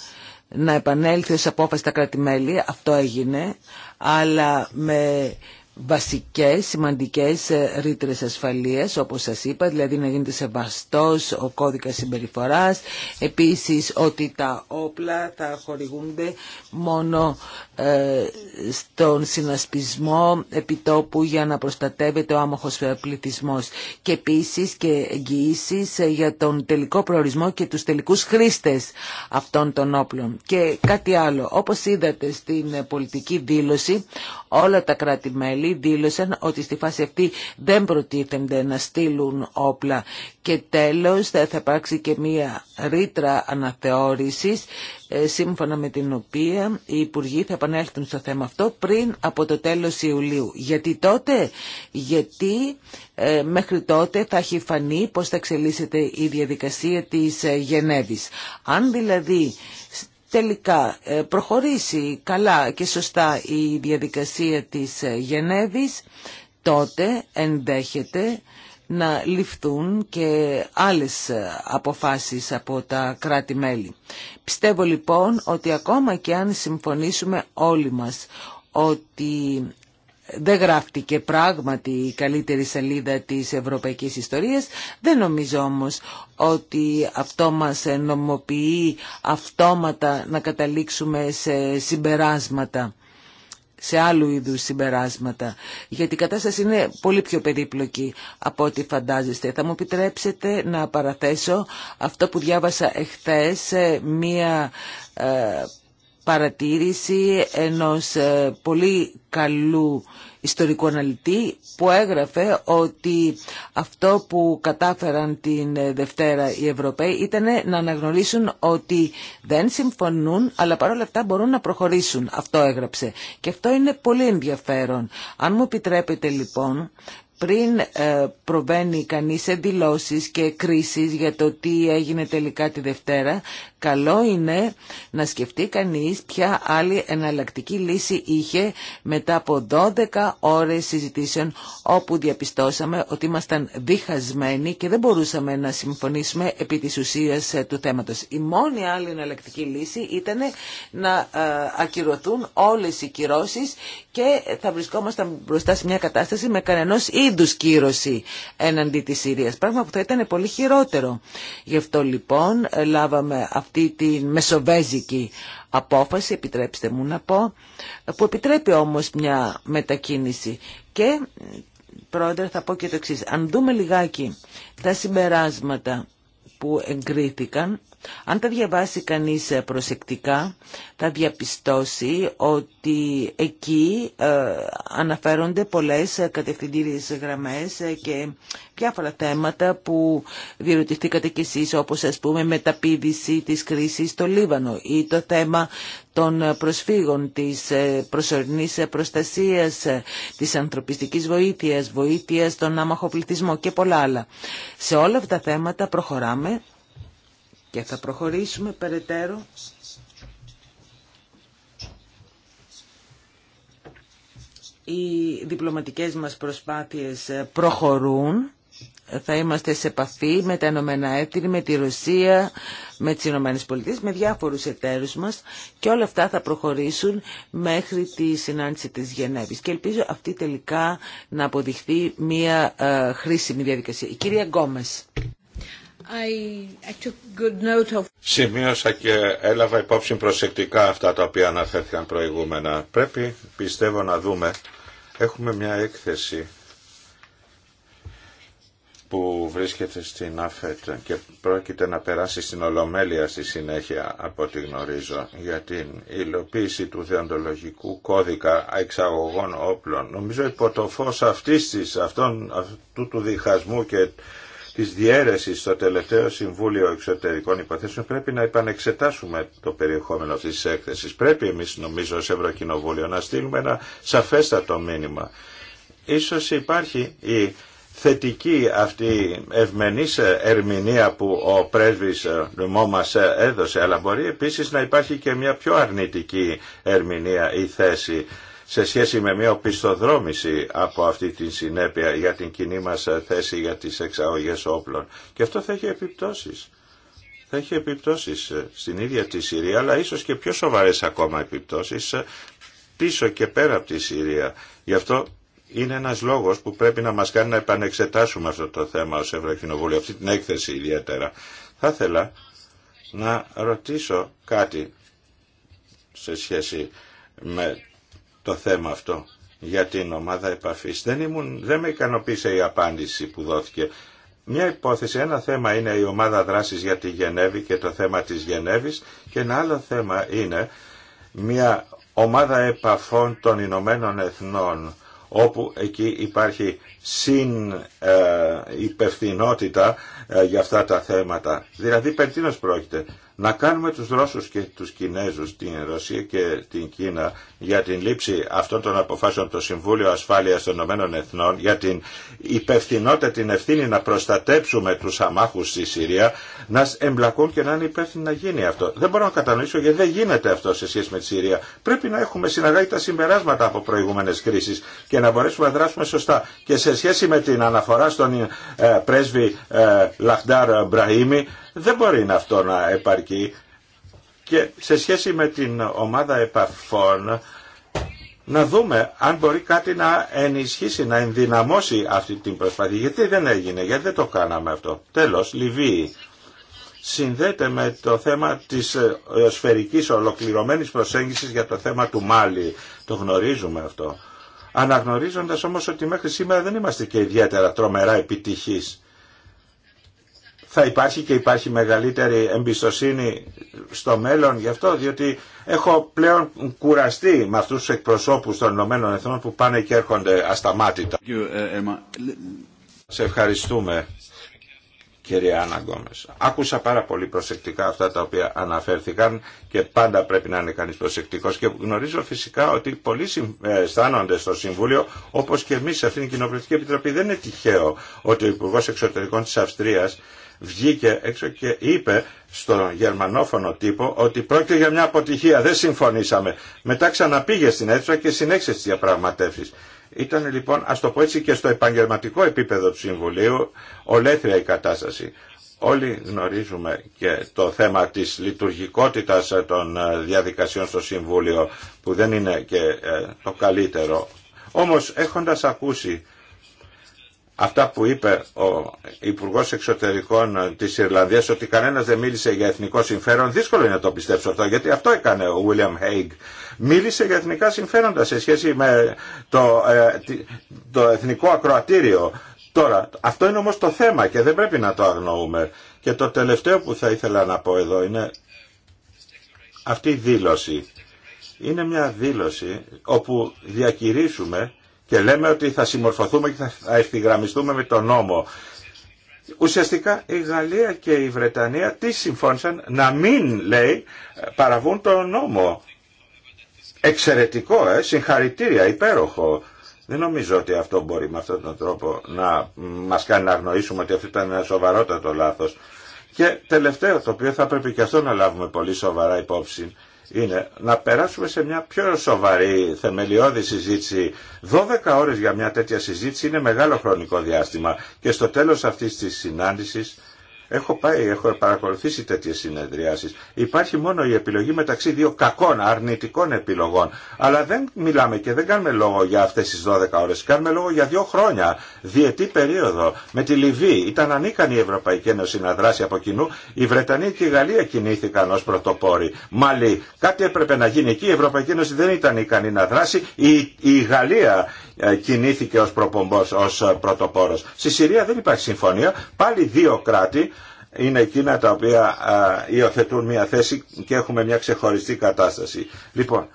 να επανέλθει ως απόφαση τα κράτη-μέλη, αυτό έγινε, αλλά με βασικές, σημαντικές ε, ρήτρες ασφαλείας, όπως σας είπα, δηλαδή να γίνεται σεβαστός ο κώδικας συμπεριφοράς, επίσης ότι τα όπλα θα χορηγούνται μόνο ε, στον συνασπισμό επιτόπου για να προστατεύεται ο άμοχος πληθυσμός και επίσης και εγγυήσει ε, για τον τελικό προορισμό και τους τελικούς χρήστες αυτών των όπλων. Και κάτι άλλο, όπως είδατε στην πολιτική δήλωση, όλα τα κράτη-μέλη Ισραηλοί δήλωσαν ότι στη φάση αυτή δεν προτίθενται να στείλουν όπλα. Και τέλος θα υπάρξει και μία ρήτρα αναθεώρησης ε, σύμφωνα με την οποία οι Υπουργοί θα επανέλθουν στο θέμα αυτό πριν από το τέλος Ιουλίου. Γιατί τότε, γιατί ε, μέχρι τότε θα έχει φανεί πώς θα εξελίσσεται η διαδικασία της ε, Γενέβης. Αν δηλαδή τελικά ε, προχωρήσει καλά και σωστά η διαδικασία της ε, Γενέβης, τότε ενδέχεται να ληφθούν και άλλες ε, αποφάσεις από τα κράτη-μέλη. Πιστεύω λοιπόν ότι ακόμα και αν συμφωνήσουμε όλοι μας ότι δεν γράφτηκε πράγματι η καλύτερη σελίδα της ευρωπαϊκής ιστορίας. Δεν νομίζω όμως ότι αυτό μας νομοποιεί αυτόματα να καταλήξουμε σε συμπεράσματα σε άλλου είδους συμπεράσματα, γιατί η κατάσταση είναι πολύ πιο περίπλοκη από ό,τι φαντάζεστε. Θα μου επιτρέψετε να παραθέσω αυτό που διάβασα εχθές, μία ε, παρατήρηση ενός ε, πολύ καλού ιστορικού αναλυτή που έγραφε ότι αυτό που κατάφεραν την ε, Δευτέρα οι Ευρωπαίοι ήταν να αναγνωρίσουν ότι δεν συμφωνούν αλλά παρόλα αυτά μπορούν να προχωρήσουν. Αυτό έγραψε. Και αυτό είναι πολύ ενδιαφέρον. Αν μου επιτρέπετε λοιπόν πριν ε, προβαίνει κανείς σε και κρίσεις για το τι έγινε τελικά τη Δευτέρα, καλό είναι να σκεφτεί κανείς ποια άλλη εναλλακτική λύση είχε μετά από 12 ώρες συζητήσεων όπου διαπιστώσαμε ότι ήμασταν διχασμένοι και δεν μπορούσαμε να συμφωνήσουμε επί της ουσίας ε, του θέματος. Η μόνη άλλη εναλλακτική λύση ήταν να ε, ακυρωθούν όλες οι κυρώσεις και θα βρισκόμασταν μπροστά σε μια κατάσταση με κανένα είδου κύρωση έναντι της Συρίας, πράγμα που θα ήταν πολύ χειρότερο. Γι' αυτό λοιπόν λάβαμε αυτή τη μεσοβέζικη απόφαση, επιτρέψτε μου να πω, που επιτρέπει όμως μια μετακίνηση. Και πρόεδρε θα πω και το εξή: αν δούμε λιγάκι τα συμπεράσματα που εγκρίθηκαν, αν τα διαβάσει κανείς ε, προσεκτικά θα διαπιστώσει ότι εκεί ε, αναφέρονται πολλές ε, κατευθυντήριες γραμμές και διάφορα θέματα που διερωτηθήκατε κι εσείς όπως ας πούμε μεταπίδηση της κρίσης στο Λίβανο ή το θέμα των προσφύγων, της προσωρινής προστασίας, της ανθρωπιστικής βοήθειας, βοήθειας στον άμαχο πληθυσμό και πολλά άλλα. Σε όλα αυτά τα θέματα προχωράμε και θα προχωρήσουμε περαιτέρω οι διπλωματικές μας προσπάθειες προχωρούν. Θα είμαστε σε επαφή με τα Ηνωμένα Έθνη, με τη Ρωσία, με τις Ηνωμένε Πολιτείες, με διάφορους εταίρους μας και όλα αυτά θα προχωρήσουν μέχρι τη συνάντηση της Γενέβης. Και ελπίζω αυτή τελικά να αποδειχθεί μια ε, χρήσιμη διαδικασία. Η κυρία Γκόμες. Σημείωσα και έλαβα υπόψη προσεκτικά αυτά τα οποία αναφέρθηκαν προηγούμενα. Πρέπει, πιστεύω, να δούμε. Έχουμε μια έκθεση που βρίσκεται στην ΑΦΕΤ και πρόκειται να περάσει στην Ολομέλεια στη συνέχεια από ό,τι γνωρίζω για την υλοποίηση του Διοντολογικού κώδικα εξαγωγών όπλων. Νομίζω υπό το φως αυτής της, αυτών, αυτού του διχασμού και Τη διαίρεση στο τελευταίο Συμβούλιο Εξωτερικών Υποθέσεων πρέπει να επανεξετάσουμε το περιεχόμενο αυτή της έκθεσης. Πρέπει εμεί νομίζω ω Ευρωκοινοβούλιο να στείλουμε ένα σαφέστατο μήνυμα. Ίσως υπάρχει η θετική αυτή ευμενής ερμηνεία που ο πρέσβης Λουμό μα έδωσε, αλλά μπορεί επίσης να υπάρχει και μια πιο αρνητική ερμηνεία ή θέση σε σχέση με μια οπισθοδρόμηση από αυτή τη συνέπεια για την κοινή μας θέση για τις εξαγωγές όπλων. Και αυτό θα έχει επιπτώσεις. Θα έχει επιπτώσεις στην ίδια τη Συρία, αλλά ίσως και πιο σοβαρές ακόμα επιπτώσεις πίσω και πέρα από τη Συρία. Γι' αυτό είναι ένας λόγος που πρέπει να μας κάνει να επανεξετάσουμε αυτό το θέμα ως Ευρωκοινοβούλιο, αυτή την έκθεση ιδιαίτερα. Θα ήθελα να ρωτήσω κάτι σε σχέση με το θέμα αυτό για την ομάδα επαφής. Δεν, δεν με ικανοποίησε η απάντηση που δόθηκε. Μια υπόθεση, ένα θέμα είναι η ομάδα δράσης για τη Γενέβη και το θέμα της Γενέβης και ένα άλλο θέμα είναι μια ομάδα επαφών των Ηνωμένων Εθνών όπου εκεί υπάρχει συν ε, υπευθυνότητα ε, για αυτά τα θέματα. Δηλαδή περί πρόκειται να κάνουμε τους Ρώσους και τους Κινέζους, την Ρωσία και την Κίνα για την λήψη αυτών των αποφάσεων το Συμβούλιο Ασφάλειας των Ηνωμένων Εθνών για την υπευθυνότητα, την ευθύνη να προστατέψουμε τους αμάχους στη Συρία να εμπλακούν και να είναι υπεύθυνοι να γίνει αυτό. Δεν μπορώ να κατανοήσω γιατί δεν γίνεται αυτό σε σχέση με τη Συρία. Πρέπει να έχουμε συναγάγει τα συμπεράσματα από προηγούμενες κρίσεις και να μπορέσουμε να δράσουμε σωστά. Και σε σχέση με την αναφορά στον ε, πρέσβη ε, Λαχντάρ Μπραήμι δεν μπορεί να αυτό να επαρκεί και σε σχέση με την ομάδα επαφών να δούμε αν μπορεί κάτι να ενισχύσει, να ενδυναμώσει αυτή την προσπάθεια. Γιατί δεν έγινε, γιατί δεν το κάναμε αυτό. Τέλος, Λιβύη συνδέεται με το θέμα της ε, σφαιρικής ολοκληρωμένης προσέγγισης για το θέμα του Μάλι. Το γνωρίζουμε αυτό. Αναγνωρίζοντας όμως ότι μέχρι σήμερα δεν είμαστε και ιδιαίτερα τρομερά επιτυχείς θα υπάρχει και υπάρχει μεγαλύτερη εμπιστοσύνη στο μέλλον γι' αυτό, διότι έχω πλέον κουραστεί με αυτούς τους εκπροσώπους των Ηνωμένων Εθνών που πάνε και έρχονται ασταμάτητα. Ε, σε ευχαριστούμε κυρία Άννα Γκόμες. Άκουσα πάρα πολύ προσεκτικά αυτά τα οποία αναφέρθηκαν και πάντα πρέπει να είναι κανείς προσεκτικός και γνωρίζω φυσικά ότι πολλοί ε, αισθάνονται στο Συμβούλιο όπως και εμείς σε αυτήν την Κοινοβουλευτική Επιτροπή. Δεν είναι τυχαίο ότι ο Υπουργό Εξωτερικών τη Αυστρία βγήκε έξω και είπε στον γερμανόφωνο τύπο ότι πρόκειται για μια αποτυχία, δεν συμφωνήσαμε. Μετά ξαναπήγε στην αίθουσα και συνέχισε τις διαπραγματεύσεις. Ήταν λοιπόν, ας το πω έτσι και στο επαγγελματικό επίπεδο του Συμβουλίου, ολέθρια η κατάσταση. Όλοι γνωρίζουμε και το θέμα της λειτουργικότητας των ε, διαδικασιών στο Συμβούλιο που δεν είναι και ε, το καλύτερο. Όμως έχοντας ακούσει αυτά που είπε ο Υπουργό Εξωτερικών τη Ιρλανδία ότι κανένα δεν μίλησε για εθνικό συμφέρον, δύσκολο είναι να το πιστέψω αυτό, γιατί αυτό έκανε ο Βίλιαμ Hague. Μίλησε για εθνικά συμφέροντα σε σχέση με το, ε, το εθνικό ακροατήριο. Τώρα, αυτό είναι όμως το θέμα και δεν πρέπει να το αγνοούμε. Και το τελευταίο που θα ήθελα να πω εδώ είναι αυτή η δήλωση. Είναι μια δήλωση όπου διακηρύσουμε και λέμε ότι θα συμμορφωθούμε και θα ευθυγραμμιστούμε με τον νόμο. Ουσιαστικά η Γαλλία και η Βρετανία τι συμφώνησαν να μην λέει παραβούν τον νόμο. Εξαιρετικό, ε, συγχαρητήρια, υπέροχο. Δεν νομίζω ότι αυτό μπορεί με αυτόν τον τρόπο να μας κάνει να αγνοήσουμε ότι αυτό ήταν ένα σοβαρότατο λάθος. Και τελευταίο, το οποίο θα πρέπει και αυτό να λάβουμε πολύ σοβαρά υπόψη, είναι να περάσουμε σε μια πιο σοβαρή θεμελιώδη συζήτηση. 12 ώρες για μια τέτοια συζήτηση είναι μεγάλο χρονικό διάστημα και στο τέλος αυτής της συνάντησης Έχω πάει, έχω παρακολουθήσει τέτοιες συνεδριάσεις. Υπάρχει μόνο η επιλογή μεταξύ δύο κακών, αρνητικών επιλογών. Αλλά δεν μιλάμε και δεν κάνουμε λόγο για αυτές τις 12 ώρες. Κάνουμε λόγο για δύο χρόνια, διετή περίοδο. Με τη Λιβύη ήταν ανίκανη η Ευρωπαϊκή Ένωση να δράσει από κοινού. Η Βρετανία και η Γαλλία κινήθηκαν ως πρωτοπόροι. Μαλή, κάτι έπρεπε να γίνει εκεί. Η Ευρωπαϊκή Ένωση δεν ήταν ικανή να δράσει. Η, η Γαλλία ε, κινήθηκε ως προπομπός, ως πρωτοπόρος. Στη Συρία δεν υπάρχει συμφωνία. Πάλι δύο κράτη είναι εκείνα τα οποία υιοθετούν μια θέση και έχουμε μια ξεχωριστή κατάσταση. Λοιπόν,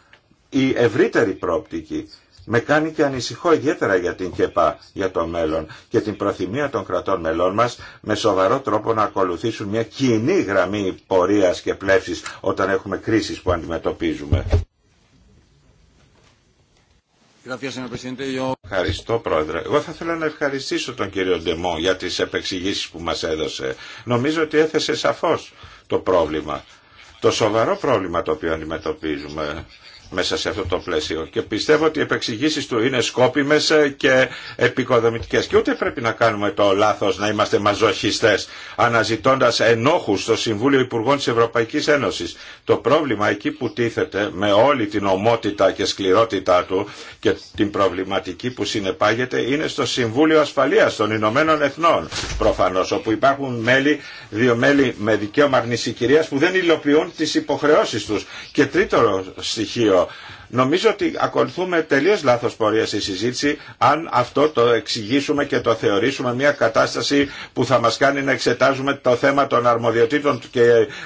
η ευρύτερη πρόπτικη με κάνει και ανησυχώ ιδιαίτερα για την ΚΕΠΑ για το μέλλον και την προθυμία των κρατών μελών μας με σοβαρό τρόπο να ακολουθήσουν μια κοινή γραμμή πορείας και πλεύσης όταν έχουμε κρίσεις που αντιμετωπίζουμε. Ευχαριστώ Πρόεδρε. Εγώ θα ήθελα να ευχαριστήσω τον κύριο Ντεμό για τις επεξηγήσεις που μας έδωσε. Νομίζω ότι έθεσε σαφώς το πρόβλημα. Το σοβαρό πρόβλημα το οποίο αντιμετωπίζουμε μέσα σε αυτό το πλαίσιο. Και πιστεύω ότι οι επεξηγήσει του είναι σκόπιμες και επικοδομητικέ. Και ούτε πρέπει να κάνουμε το λάθο να είμαστε μαζοχιστέ, αναζητώντα ενόχου στο Συμβούλιο Υπουργών τη Ευρωπαϊκή Ένωση. Το πρόβλημα εκεί που τίθεται με όλη την ομότητα και σκληρότητά του και την προβληματική που συνεπάγεται είναι στο Συμβούλιο ασφαλεία των Ηνωμένων Εθνών προφανώ όπου υπάρχουν μέλη, δύο μέλη με δικαίωμα αγνησικηρίας που δεν υλοποιούν τι υποχρεώσει του. Και τρίτο στοιχείο Νομίζω ότι ακολουθούμε τελείω λάθος πορεία στη συζήτηση αν αυτό το εξηγήσουμε και το θεωρήσουμε μια κατάσταση που θα μα κάνει να εξετάζουμε το θέμα των αρμοδιοτήτων και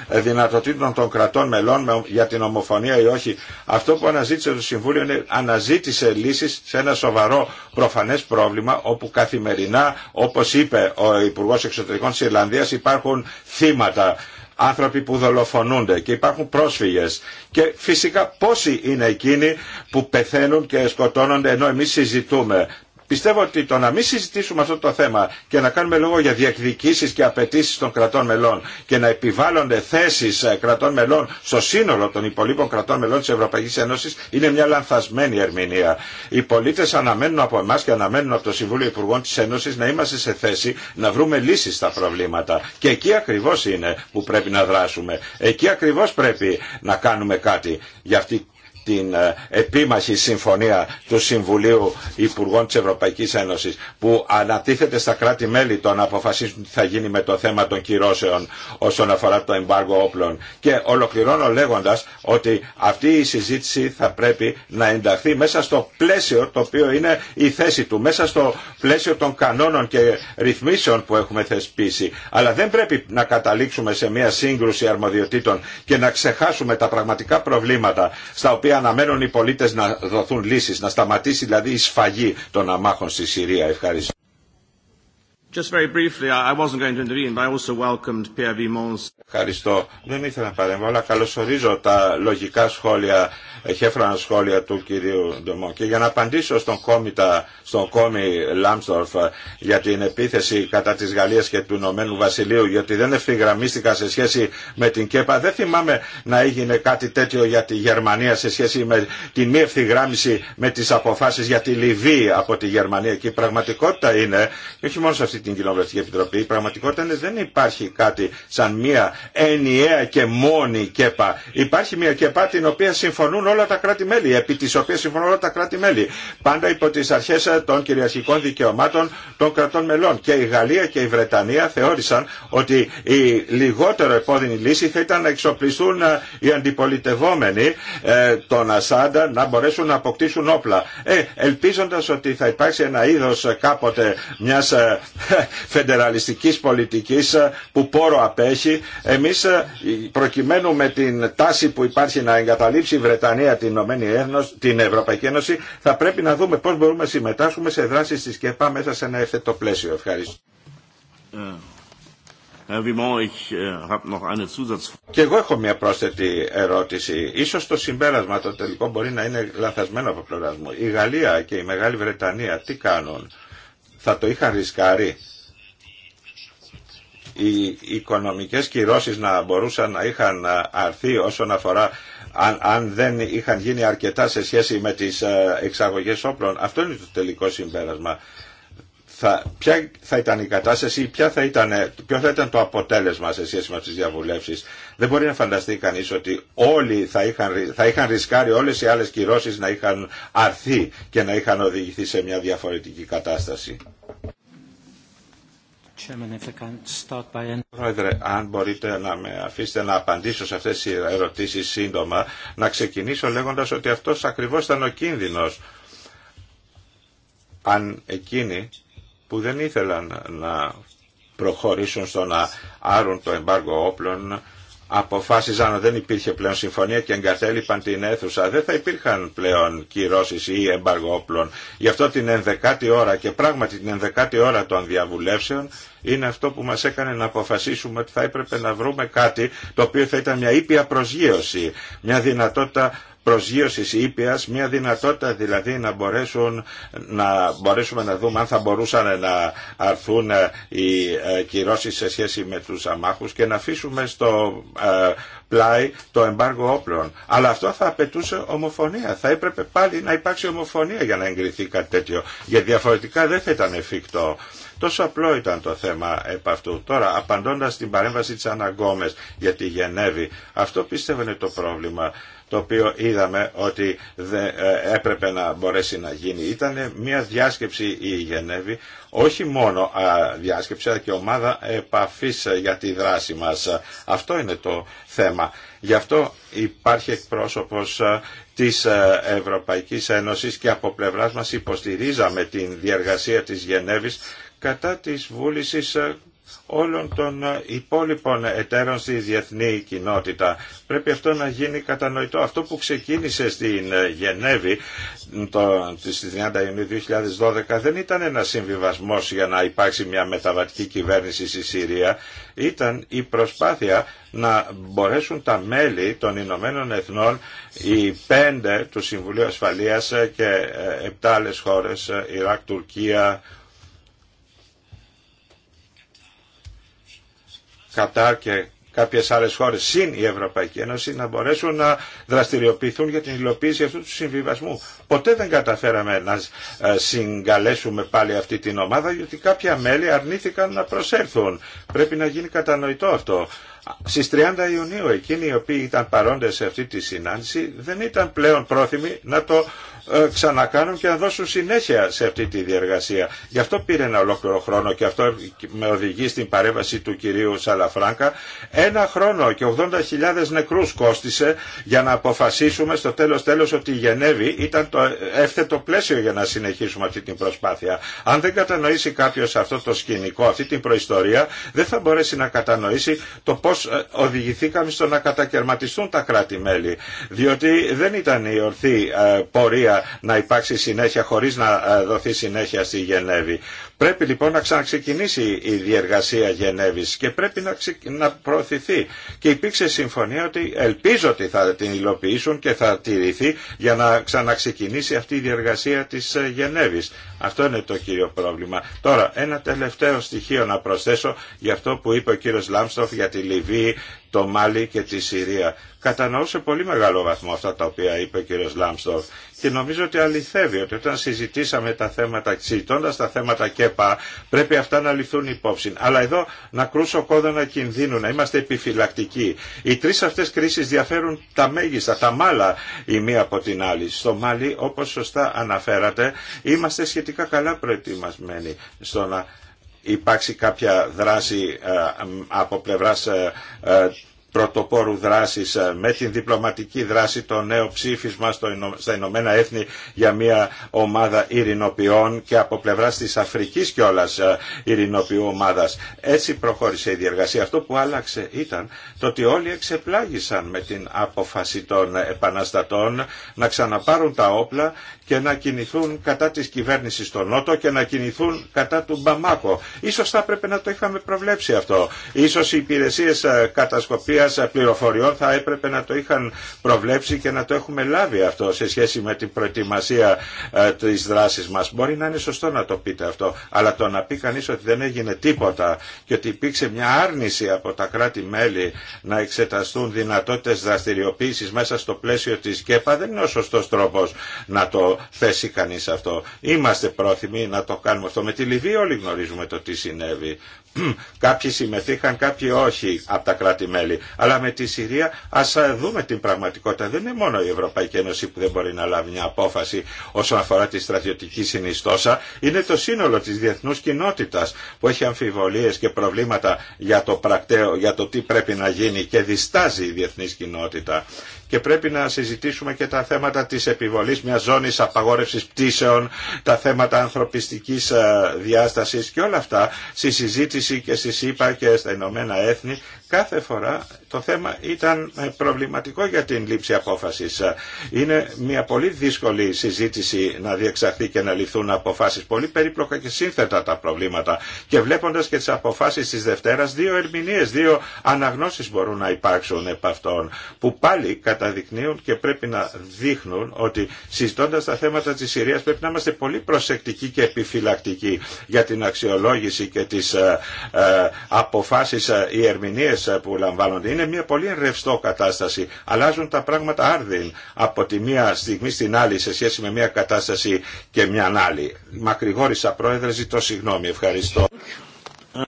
δυνατοτήτων των κρατών μελών για την ομοφωνία ή όχι. Αυτό που αναζήτησε το Συμβούλιο είναι αναζήτησε λύσεις σε ένα σοβαρό προφανές πρόβλημα όπου καθημερινά όπω είπε ο Υπουργό Εξωτερικών τη Ιρλανδία, υπάρχουν θύματα άνθρωποι που δολοφονούνται και υπάρχουν πρόσφυγες και φυσικά πόσοι είναι εκείνοι που πεθαίνουν και σκοτώνονται ενώ εμείς συζητούμε Πιστεύω ότι το να μην συζητήσουμε αυτό το θέμα και να κάνουμε λόγο για διεκδικήσεις και απαιτήσει των κρατών μελών και να επιβάλλονται θέσεις ε, κρατών μελών στο σύνολο των υπολείπων κρατών μελών της Ευρωπαϊκής Ένωσης είναι μια λανθασμένη ερμηνεία. Οι πολίτες αναμένουν από εμά και αναμένουν από το Συμβούλιο Υπουργών της Ένωσης να είμαστε σε θέση να βρούμε λύσεις στα προβλήματα. Και εκεί ακριβώς είναι που πρέπει να δράσουμε. Εκεί ακριβώς πρέπει να κάνουμε κάτι για την ε, επίμαχη συμφωνία του Συμβουλίου Υπουργών της Ευρωπαϊκής Ένωσης που ανατίθεται στα κράτη-μέλη το να αποφασίσουν τι θα γίνει με το θέμα των κυρώσεων όσον αφορά το εμπάργο όπλων. Και ολοκληρώνω λέγοντας ότι αυτή η συζήτηση θα πρέπει να ενταχθεί μέσα στο πλαίσιο το οποίο είναι η θέση του, μέσα στο πλαίσιο των κανόνων και ρυθμίσεων που έχουμε θεσπίσει. Αλλά δεν πρέπει να καταλήξουμε σε μια σύγκρουση αρμοδιοτήτων και να ξεχάσουμε τα πραγματικά προβλήματα στα αναμένουν οι πολίτες να δοθούν λύσεις, να σταματήσει δηλαδή η σφαγή των αμάχων στη Συρία. Ευχαριστώ. Ευχαριστώ. Δεν ήθελα να παρέμβω, αλλά καλωσορίζω τα λογικά σχόλια, εχέφρανα σχόλια του κυρίου Ντομό. Και για να απαντήσω στον κόμιτα, στον κόμι Λάμστορφ για την επίθεση κατά της Γαλλίας και του Ηνωμένου Βασιλείου, γιατί δεν ευθυγραμμίστηκα σε σχέση με την ΚΕΠΑ. Δεν θυμάμαι να έγινε κάτι τέτοιο για τη Γερμανία σε σχέση με τη μη ευθυγράμμιση με τις αποφάσεις για τη Λιβύη από τη Γερμανία. Και η πραγματικότητα είναι, όχι μόνο σε αυτή την Κοινοβουλευτική Επιτροπή, η πραγματικότητα είναι δεν υπάρχει κάτι σαν μία ενιαία και μόνη ΚΕΠΑ. Υπάρχει μία ΚΕΠΑ την οποία συμφωνούν όλα τα κράτη-μέλη, επί τη οποία συμφωνούν όλα τα κράτη-μέλη. Πάντα υπό τι αρχέ των κυριαρχικών δικαιωμάτων των κρατών μελών. Και η Γαλλία και η Βρετανία θεώρησαν ότι η λιγότερο επώδυνη λύση θα ήταν να εξοπλιστούν ε, οι αντιπολιτευόμενοι ε, των Ασάντα να μπορέσουν να αποκτήσουν όπλα. Ε, ελπίζοντα ότι θα υπάρξει ένα είδο ε, κάποτε μια ε, φεντεραλιστικής πολιτικής ε, που πόρο απέχει. Εμείς ε, προκειμένου με την τάση που υπάρχει να εγκαταλείψει η Βρετανία την, Ένωση, την Ευρωπαϊκή Ένωση θα πρέπει να δούμε πώς μπορούμε να συμμετάσχουμε σε δράσεις της ΚΕΠΑ μέσα σε ένα ευθετό πλαίσιο. Ευχαριστώ. Ε, και εγώ έχω μια πρόσθετη ερώτηση. Ίσως το συμπέρασμα το τελικό μπορεί να είναι λαθασμένο από πλευρά μου. Η Γαλλία και η Μεγάλη Βρετανία τι κάνουν θα το είχαν ρισκάρει οι οικονομικές κυρώσεις να μπορούσαν να είχαν ε, αρθεί όσον αφορά αν, αν δεν είχαν γίνει αρκετά σε σχέση με τις ε, εξαγωγές όπλων. Αυτό είναι το τελικό συμπέρασμα ποια θα ήταν η κατάσταση ή ποια θα ήταν, ποιο θα ήταν το αποτέλεσμα σε σχέση με τις διαβουλεύσεις. Δεν μπορεί να φανταστεί κανείς ότι όλοι θα είχαν, θα ρισκάρει όλες οι άλλες κυρώσεις να είχαν αρθεί και να είχαν οδηγηθεί σε μια διαφορετική κατάσταση. Πρόεδρε, αν μπορείτε να με αφήσετε να απαντήσω σε αυτές τις ερωτήσεις σύντομα, να ξεκινήσω λέγοντας ότι αυτός ακριβώς ήταν ο κίνδυνος. Αν εκείνοι που δεν ήθελαν να προχωρήσουν στο να άρουν το εμπάργο όπλων αποφάσιζαν ότι δεν υπήρχε πλέον συμφωνία και εγκατέλειπαν την αίθουσα. Δεν θα υπήρχαν πλέον κυρώσει ή εμπάργο όπλων. Γι' αυτό την 11η ώρα και πράγματι την 11η ώρα των διαβουλεύσεων είναι αυτό που μας έκανε να αποφασίσουμε ότι θα έπρεπε να βρούμε κάτι το οποίο θα ήταν μια ήπια προσγείωση, μια δυνατότητα προσγείωσης ήπιας, μια δυνατότητα δηλαδή να, μπορέσουν, να μπορέσουμε να δούμε αν θα μπορούσαν να αρθούν ε, οι ε, κυρώσεις σε σχέση με τους αμάχους και να αφήσουμε στο ε, πλάι το εμπάργο όπλων. Αλλά αυτό θα απαιτούσε ομοφωνία. Θα έπρεπε πάλι να υπάρξει ομοφωνία για να εγκριθεί κάτι τέτοιο. Γιατί διαφορετικά δεν θα ήταν εφικτό. Τόσο απλό ήταν το θέμα επ' αυτού. Τώρα, απαντώντα στην παρέμβαση τη Αναγκόμες για τη Γενέβη, αυτό πίστευε είναι το πρόβλημα το οποίο είδαμε ότι ε, έπρεπε να μπορέσει να γίνει. Ήταν μια διάσκεψη η Γενέβη, όχι μόνο διάσκεψη, αλλά και ομάδα επαφής για τη δράση μας. Αυτό είναι το θέμα. Γι' αυτό υπάρχει εκπρόσωπος της ε, Ευρωπαϊκής Ένωσης και από πλευράς μας υποστηρίζαμε την διεργασία της Γενέβης κατά της βούλησης όλων των ε, υπόλοιπων εταίρων στη διεθνή κοινότητα. Πρέπει αυτό να γίνει κατανοητό. Αυτό που ξεκίνησε στην ε, Γενέβη το, στις 30 Ιουνίου 2012 δεν ήταν ένα συμβιβασμός για να υπάρξει μια μεταβατική κυβέρνηση στη Συρία. Ήταν η προσπάθεια να μπορέσουν τα μέλη των Ηνωμένων Εθνών, οι πέντε του Συμβουλίου Ασφαλείας ε, και επτά άλλες χώρες, Ιράκ, Τουρκία, Κατάρ και κάποιε άλλε χώρες συν η Ευρωπαϊκή Ένωση να μπορέσουν να δραστηριοποιηθούν για την υλοποίηση αυτού του συμβιβασμού. Ποτέ δεν καταφέραμε να ε, συγκαλέσουμε πάλι αυτή την ομάδα γιατί κάποια μέλη αρνήθηκαν να προσέλθουν. Πρέπει να γίνει κατανοητό αυτό. Στι 30 Ιουνίου εκείνοι οι οποίοι ήταν παρόντε σε αυτή τη συνάντηση δεν ήταν πλέον πρόθυμοι να το ε, ξανακάνουν και να δώσουν συνέχεια σε αυτή τη διεργασία. Γι' αυτό πήρε ένα ολόκληρο χρόνο και αυτό με οδηγεί στην παρέμβαση του κυρίου Σαλαφράγκα. Ένα χρόνο και 80.000 νεκρούς κόστησε για να αποφασίσουμε στο τέλος τέλος ότι η Γενέβη ήταν το εύθετο πλαίσιο για να συνεχίσουμε αυτή την προσπάθεια. Αν δεν κατανοήσει κάποιος αυτό το σκηνικό, αυτή την προϊστορία, δεν θα μπορέσει να κατανοήσει το πώς ε, οδηγηθήκαμε στο να κατακαιρματιστούν τα κράτη-μέλη. Διότι δεν ήταν η ορθή ε, πορεία να υπάρξει συνέχεια χωρίς να ε, δοθεί συνέχεια στη Γενέβη. Πρέπει λοιπόν να ξαναξεκινήσει η διεργασία Γενέβης και πρέπει να, ξε... να προωθηθεί. Και υπήρξε συμφωνία ότι ελπίζω ότι θα την υλοποιήσουν και θα τηρηθεί για να ξαναξεκινήσει αυτή η διεργασία της ε, Γενέβης. Αυτό είναι το κύριο πρόβλημα. Τώρα ένα τελευταίο στοιχείο να προσθέσω για αυτό που είπε ο κύριος Λάμστοφ για τη Λιβύη, το Μάλι και τη Συρία. Κατανοούσε πολύ μεγάλο βαθμό αυτά τα οποία είπε ο κύριος Λάμστοφ και νομίζω ότι αληθεύει ότι όταν συζητήσαμε τα θέματα, συζητώντα τα θέματα και πρέπει αυτά να ληφθούν υπόψη. Αλλά εδώ να κρούσω κόδωνα κινδύνου, να είμαστε επιφυλακτικοί. Οι τρει αυτέ κρίσει διαφέρουν τα μέγιστα, τα μάλα η μία από την άλλη. Στο Μάλι, όπω σωστά αναφέρατε, είμαστε σχετικά καλά προετοιμασμένοι στο να υπάρξει κάποια δράση ε, από πλευράς ε, ε, πρωτοπόρου δράσης ε, με την διπλωματική δράση το νέο ψήφισμα στα Ηνωμένα Έθνη για μια ομάδα ειρηνοποιών και από πλευρά της Αφρικής κιόλας ε, ειρηνοποιού ομάδας. Έτσι προχώρησε η διεργασία. Αυτό που άλλαξε ήταν το ότι όλοι εξεπλάγησαν με την απόφαση των επαναστατών να ξαναπάρουν τα όπλα και να κινηθούν κατά της κυβέρνησης στο Νότο και να κινηθούν κατά του Μπαμάκο. Ίσως θα έπρεπε να το είχαμε προβλέψει αυτό. Ίσως οι υπηρεσίες ε, κατασκοπία σε πληροφοριών θα έπρεπε να το είχαν προβλέψει και να το έχουμε λάβει αυτό σε σχέση με την προετοιμασία ε, της δράσης μας. Μπορεί να είναι σωστό να το πείτε αυτό, αλλά το να πει κανείς ότι δεν έγινε τίποτα και ότι υπήρξε μια άρνηση από τα κράτη-μέλη να εξεταστούν δυνατότητες δραστηριοποίησης μέσα στο πλαίσιο της ΚΕΠΑ δεν είναι ο σωστός τρόπος να το θέσει κανείς αυτό. Είμαστε πρόθυμοι να το κάνουμε αυτό. Με τη Λιβύη όλοι γνωρίζουμε το τι συνέβη. Κάποιοι συμμετείχαν, κάποιοι όχι από τα κράτη-μέλη. Αλλά με τη Συρία ας δούμε την πραγματικότητα. Δεν είναι μόνο η Ευρωπαϊκή Ένωση που δεν μπορεί να λάβει μια απόφαση όσον αφορά τη στρατιωτική συνιστόσα. Είναι το σύνολο της διεθνούς κοινότητας που έχει αμφιβολίες και προβλήματα για το πρακτέο, για το τι πρέπει να γίνει και διστάζει η διεθνής κοινότητα και πρέπει να συζητήσουμε και τα θέματα της επιβολής μιας ζώνης απαγόρευσης πτήσεων, τα θέματα ανθρωπιστικής ε, διάστασης και όλα αυτά στη συζήτηση και στη ΣΥΠΑ και στα Ηνωμένα Έθνη κάθε φορά το θέμα ήταν ε, προβληματικό για την λήψη απόφασης. Είναι μια πολύ δύσκολη συζήτηση να διεξαχθεί και να ληφθούν αποφάσεις. Πολύ περίπλοκα και σύνθετα τα προβλήματα. Και βλέποντας και τις αποφάσεις της Δευτέρας, δύο ερμηνείες, δύο αναγνώσεις μπορούν να υπάρξουν επ' αυτών, που πάλι καταδεικνύουν και πρέπει να δείχνουν ότι συζητώντα τα θέματα της Συρίας πρέπει να είμαστε πολύ προσεκτικοί και επιφυλακτικοί για την αξιολόγηση και τις ε, ε, αποφάσεις, οι ερμηνείε. Ε, που λαμβάνονται. Είναι μια πολύ ρευστό κατάσταση. Αλλάζουν τα πράγματα άρδιν από τη μία στιγμή στην άλλη σε σχέση με μια κατάσταση και μια άλλη. Μακρηγόρησα πρόεδρε, ζητώ συγγνώμη. Ευχαριστώ.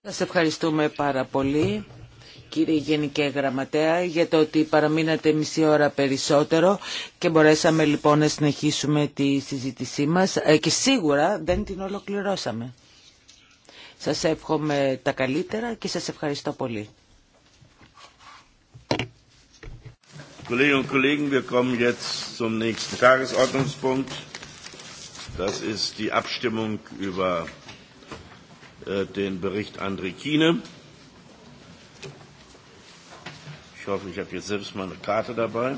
Σα ευχαριστούμε πάρα πολύ κύριε Γενικέ Γραμματέα για το ότι παραμείνατε μισή ώρα περισσότερο και μπορέσαμε λοιπόν να συνεχίσουμε τη συζήτησή μας ε, και σίγουρα δεν την ολοκληρώσαμε. Σας εύχομαι τα καλύτερα και σας ευχαριστώ πολύ. Kolleginnen und Kollegen, wir kommen jetzt zum nächsten Tagesordnungspunkt. Das ist die Abstimmung über den Bericht André Kiene. Ich hoffe, ich habe jetzt selbst meine Karte dabei.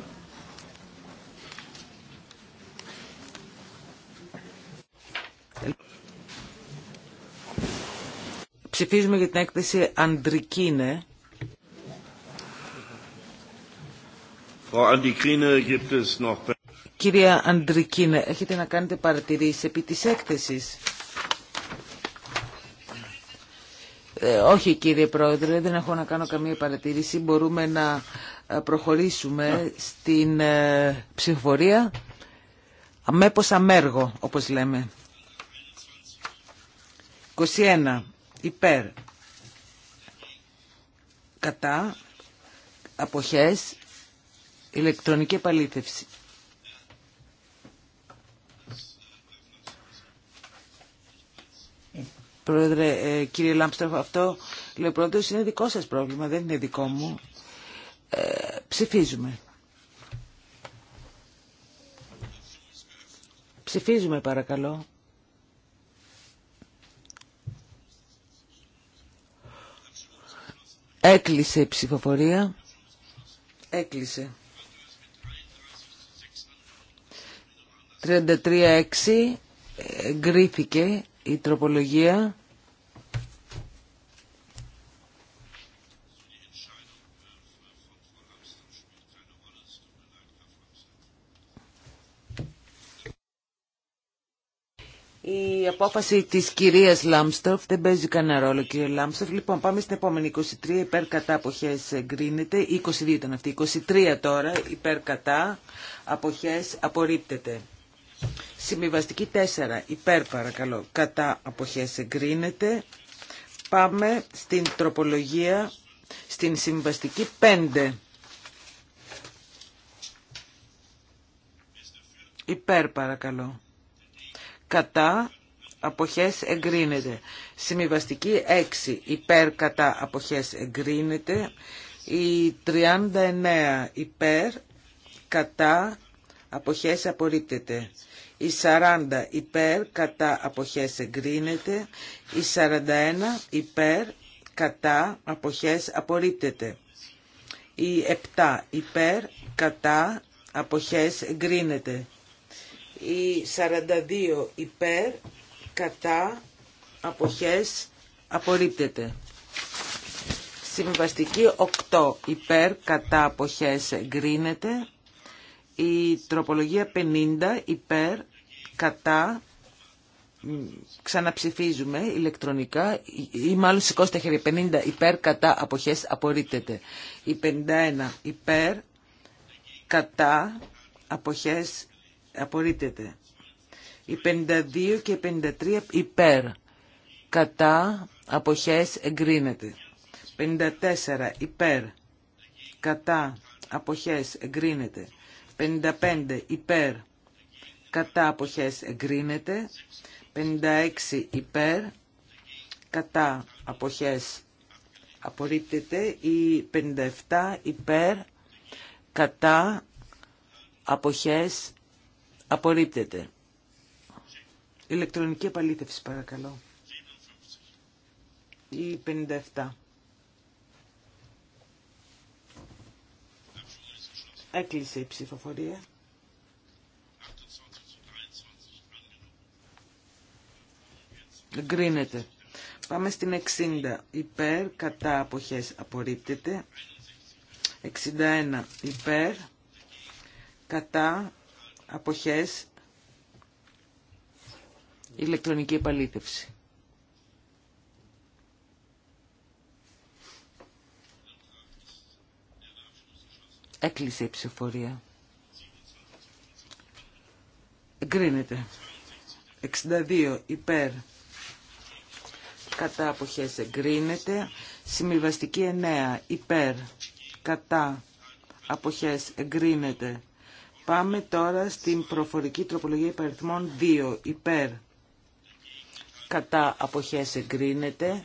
Ψηφίζουμε για την έκθεση Κυρία Αντρικίνε, έχετε να κάνετε παρατηρήσεις επί της έκθεσης. Ε, όχι κύριε Πρόεδρε, δεν έχω να κάνω καμία παρατηρήση. Μπορούμε να ε, προχωρήσουμε στην ε, ψηφοφορία αμέπως αμέργο, όπως λέμε. 21. Υπέρ. Κατά. Αποχές ηλεκτρονική επαλήθευση. Πρόεδρε, ε, κύριε Λάμπστροφ, αυτό λέει πρώτος είναι δικό σας πρόβλημα, δεν είναι δικό μου. Ε, ψηφίζουμε. Ψηφίζουμε παρακαλώ. Έκλεισε η ψηφοφορία. Έκλεισε. 33-6 εγκρίθηκε η τροπολογία. Η απόφαση της κυρίας Λάμστοφ δεν παίζει κανένα ρόλο κύριε Λάμστοφ. Λοιπόν πάμε στην επόμενη 23 υπέρ κατά αποχές εγκρίνεται. 22 ήταν αυτή. 23 τώρα υπέρ κατά αποχές απορρίπτεται. Συμβιβαστική 4. Υπέρ παρακαλώ. Κατά αποχές εγκρίνεται. Πάμε στην τροπολογία, στην συμβαστική 5. Υπέρ παρακαλώ. Κατά αποχές εγκρίνεται. Συμβιβαστική 6. Υπέρ κατά αποχές εγκρίνεται. Η 39 υπέρ κατά αποχές απορρίπτεται. Η 40 υπέρ κατά αποχές εγκρίνεται. Η 41 υπέρ κατά αποχές απορρίπτεται. Η 7 υπέρ κατά αποχές εγκρίνεται. Η 42 υπέρ κατά αποχές απορρίπτεται. Συμβαστική 8 υπέρ κατά αποχές εγκρίνεται η τροπολογία 50 υπέρ κατά ξαναψηφίζουμε ηλεκτρονικά ή μάλλον σηκώστε χέρι 50 υπέρ κατά αποχές απορρίπτεται η 51 υπέρ κατά αποχές απορρίπτεται η 52 και η 53 υπέρ κατά αποχές εγκρίνεται 54 υπέρ κατά αποχές εγκρίνεται 55 υπέρ κατά αποχές εγκρίνεται, 56 υπέρ κατά αποχές απορρίπτεται ή 57 υπέρ κατά αποχές απορρίπτεται. Ηλεκτρονική επαλήθευση παρακαλώ. Ή 57. Έκλεισε η ψηφοφορία. Εγκρίνεται. Πάμε στην 60. Υπέρ, κατά αποχές απορρίπτεται. 61. Υπέρ, κατά αποχές ηλεκτρονική επαλήθευση. Έκλεισε η ψηφορία. Εγκρίνεται. 62 υπέρ κατά αποχές εγκρίνεται. Συμβιβαστική 9 υπέρ κατά αποχές εγκρίνεται. Πάμε τώρα στην προφορική τροπολογία υπαριθμών 2 υπέρ κατά αποχές εγκρίνεται.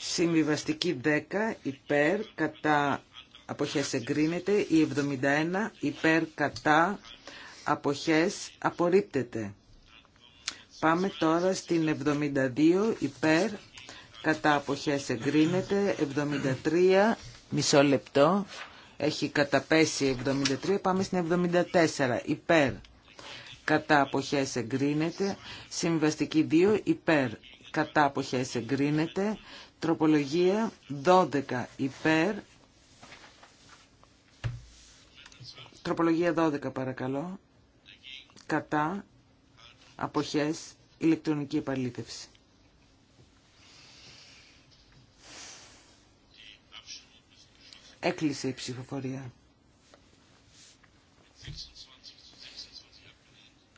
Συμβιβαστική 10 υπέρ κατά αποχές εγκρίνεται, η 71 υπέρ κατά αποχές απορρίπτεται. Πάμε τώρα στην 72 υπέρ κατά αποχές εγκρίνεται, 73 μισό λεπτό, έχει καταπέσει 73, πάμε στην 74 υπέρ κατά αποχές εγκρίνεται, συμβαστική 2 υπέρ κατά αποχές εγκρίνεται, τροπολογία 12 υπέρ Τροπολογία 12 παρακαλώ. Κατά αποχές ηλεκτρονική επαλήθευση. Έκλεισε η ψηφοφορία.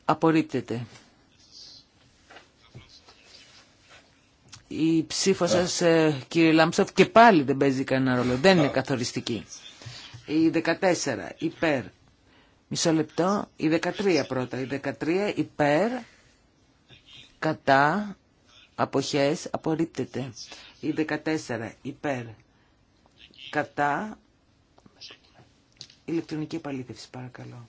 Απορρίπτεται. Η ψήφο σας, ε, κύριε Λάμψοφ, και πάλι δεν παίζει κανένα ρόλο. Δεν είναι καθοριστική. Η 14 υπέρ Μισό λεπτό. Η 13 πρώτα. Η 13 υπέρ, κατά, αποχές, απορρίπτεται. Η 14 υπέρ, κατά, ηλεκτρονική επαλήθευση παρακαλώ.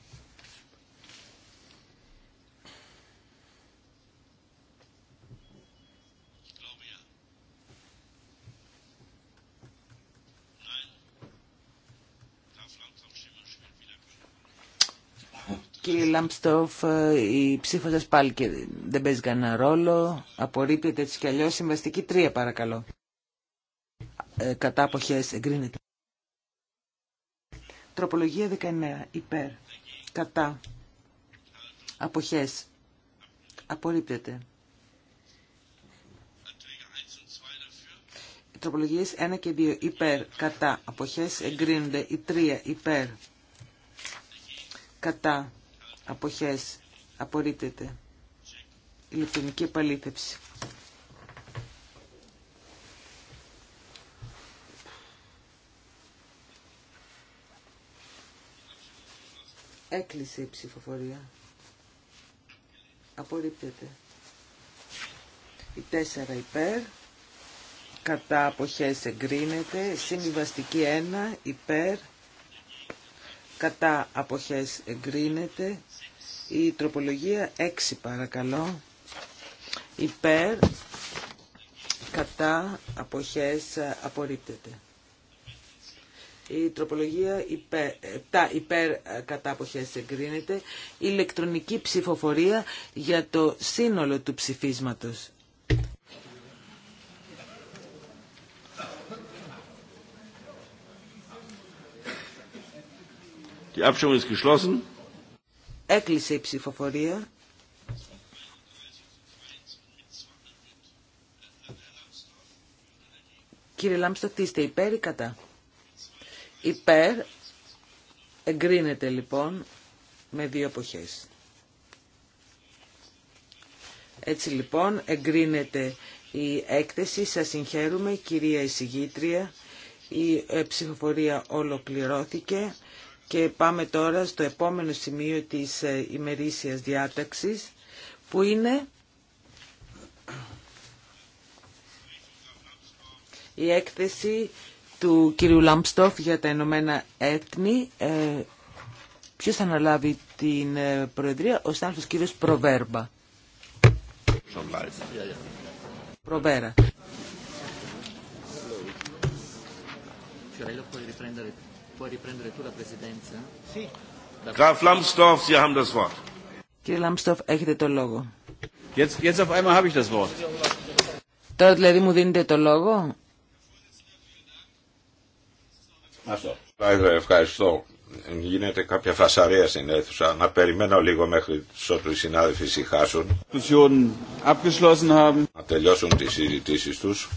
Κύριε Λαμπστόφ, ε, η ψήφο σα πάλι και δεν παίζει κανένα ρόλο. Απορρίπτεται έτσι κι αλλιώ. Συμβαστική 3 παρακαλώ. Ε, κατά αποχές εγκρίνεται. Τροπολογία 19. Υπέρ. Κατά. Αποχέ. Απορρίπτεται. Τροπολογίε 1 και 2 υπέρ, κατά, απόχέ εγκρίνονται, η 3 υπέρ, κατά, αποχές απορρίπτεται ηλεκτρονική επαλήθευση έκλεισε η ψηφοφορία απορρίπτεται η τέσσερα υπέρ κατά αποχές εγκρίνεται συμβιβαστική ένα υπέρ κατά αποχές εγκρίνεται. Η τροπολογία 6 παρακαλώ. Υπέρ κατά αποχές απορρίπτεται. Η τροπολογία υπέρ, τα ε, υπέρ κατά αποχές εγκρίνεται. Η ηλεκτρονική ψηφοφορία για το σύνολο του ψηφίσματος. Die Abstimmung ist geschlossen. Έκλεισε η ψηφοφορία. Κύριε Λάμπστο, τι είστε υπέρ ή κατά. Υπέρ εγκρίνεται λοιπόν με δύο εποχές. Έτσι λοιπόν εγκρίνεται η έκθεση. Σας συγχαίρουμε κυρία εισηγήτρια. Η ε, ψηφοφορία ολοκληρώθηκε. Και πάμε τώρα στο επόμενο σημείο της ε, ημερήσιας διάταξης που είναι η έκθεση του κυρίου Λαμπστόφ για τα Ηνωμένα Έθνη. Ε, ποιος θα αναλάβει την ε, Προεδρία, ο Στάνθος κύριος Προβέρμπα. Προβέρα. Graf Lambsdorff, Sie haben das Wort. Κύριε Λάμπστοφ, έχετε το λόγο. Jetzt, jetzt auf einmal habe ich das Wort. Τώρα δηλαδή μου δίνετε το λόγο. Αυτό. ευχαριστώ. Γίνεται κάποια φασαρία στην αίθουσα. Να περιμένω λίγο μέχρι ότου οι συνάδελφοι συγχάσουν Να τελειώσουν τις συζητήσεις τους.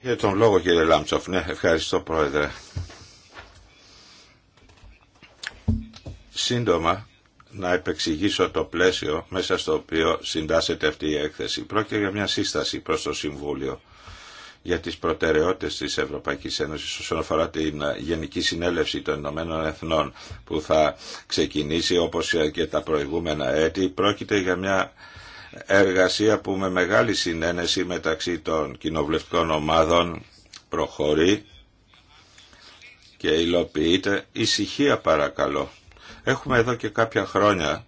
Για τον λόγο κύριε ναι, ευχαριστώ πρόεδρε. Σύντομα, να επεξηγήσω το πλαίσιο μέσα στο οποίο συντάσσεται αυτή η έκθεση. Πρόκειται για μια σύσταση προ το Συμβούλιο για τι προτεραιότητε τη Ευρωπαϊκή Ένωση, όσον αφορά την Γενική Συνέλευση των Ηνωμένων Εθνών που θα ξεκινήσει όπω και τα προηγούμενα έτη. Πρόκειται για μια εργασία που με μεγάλη συνένεση μεταξύ των κοινοβουλευτικών ομάδων προχωρεί και υλοποιείται. Ησυχία παρακαλώ. Έχουμε εδώ και κάποια χρόνια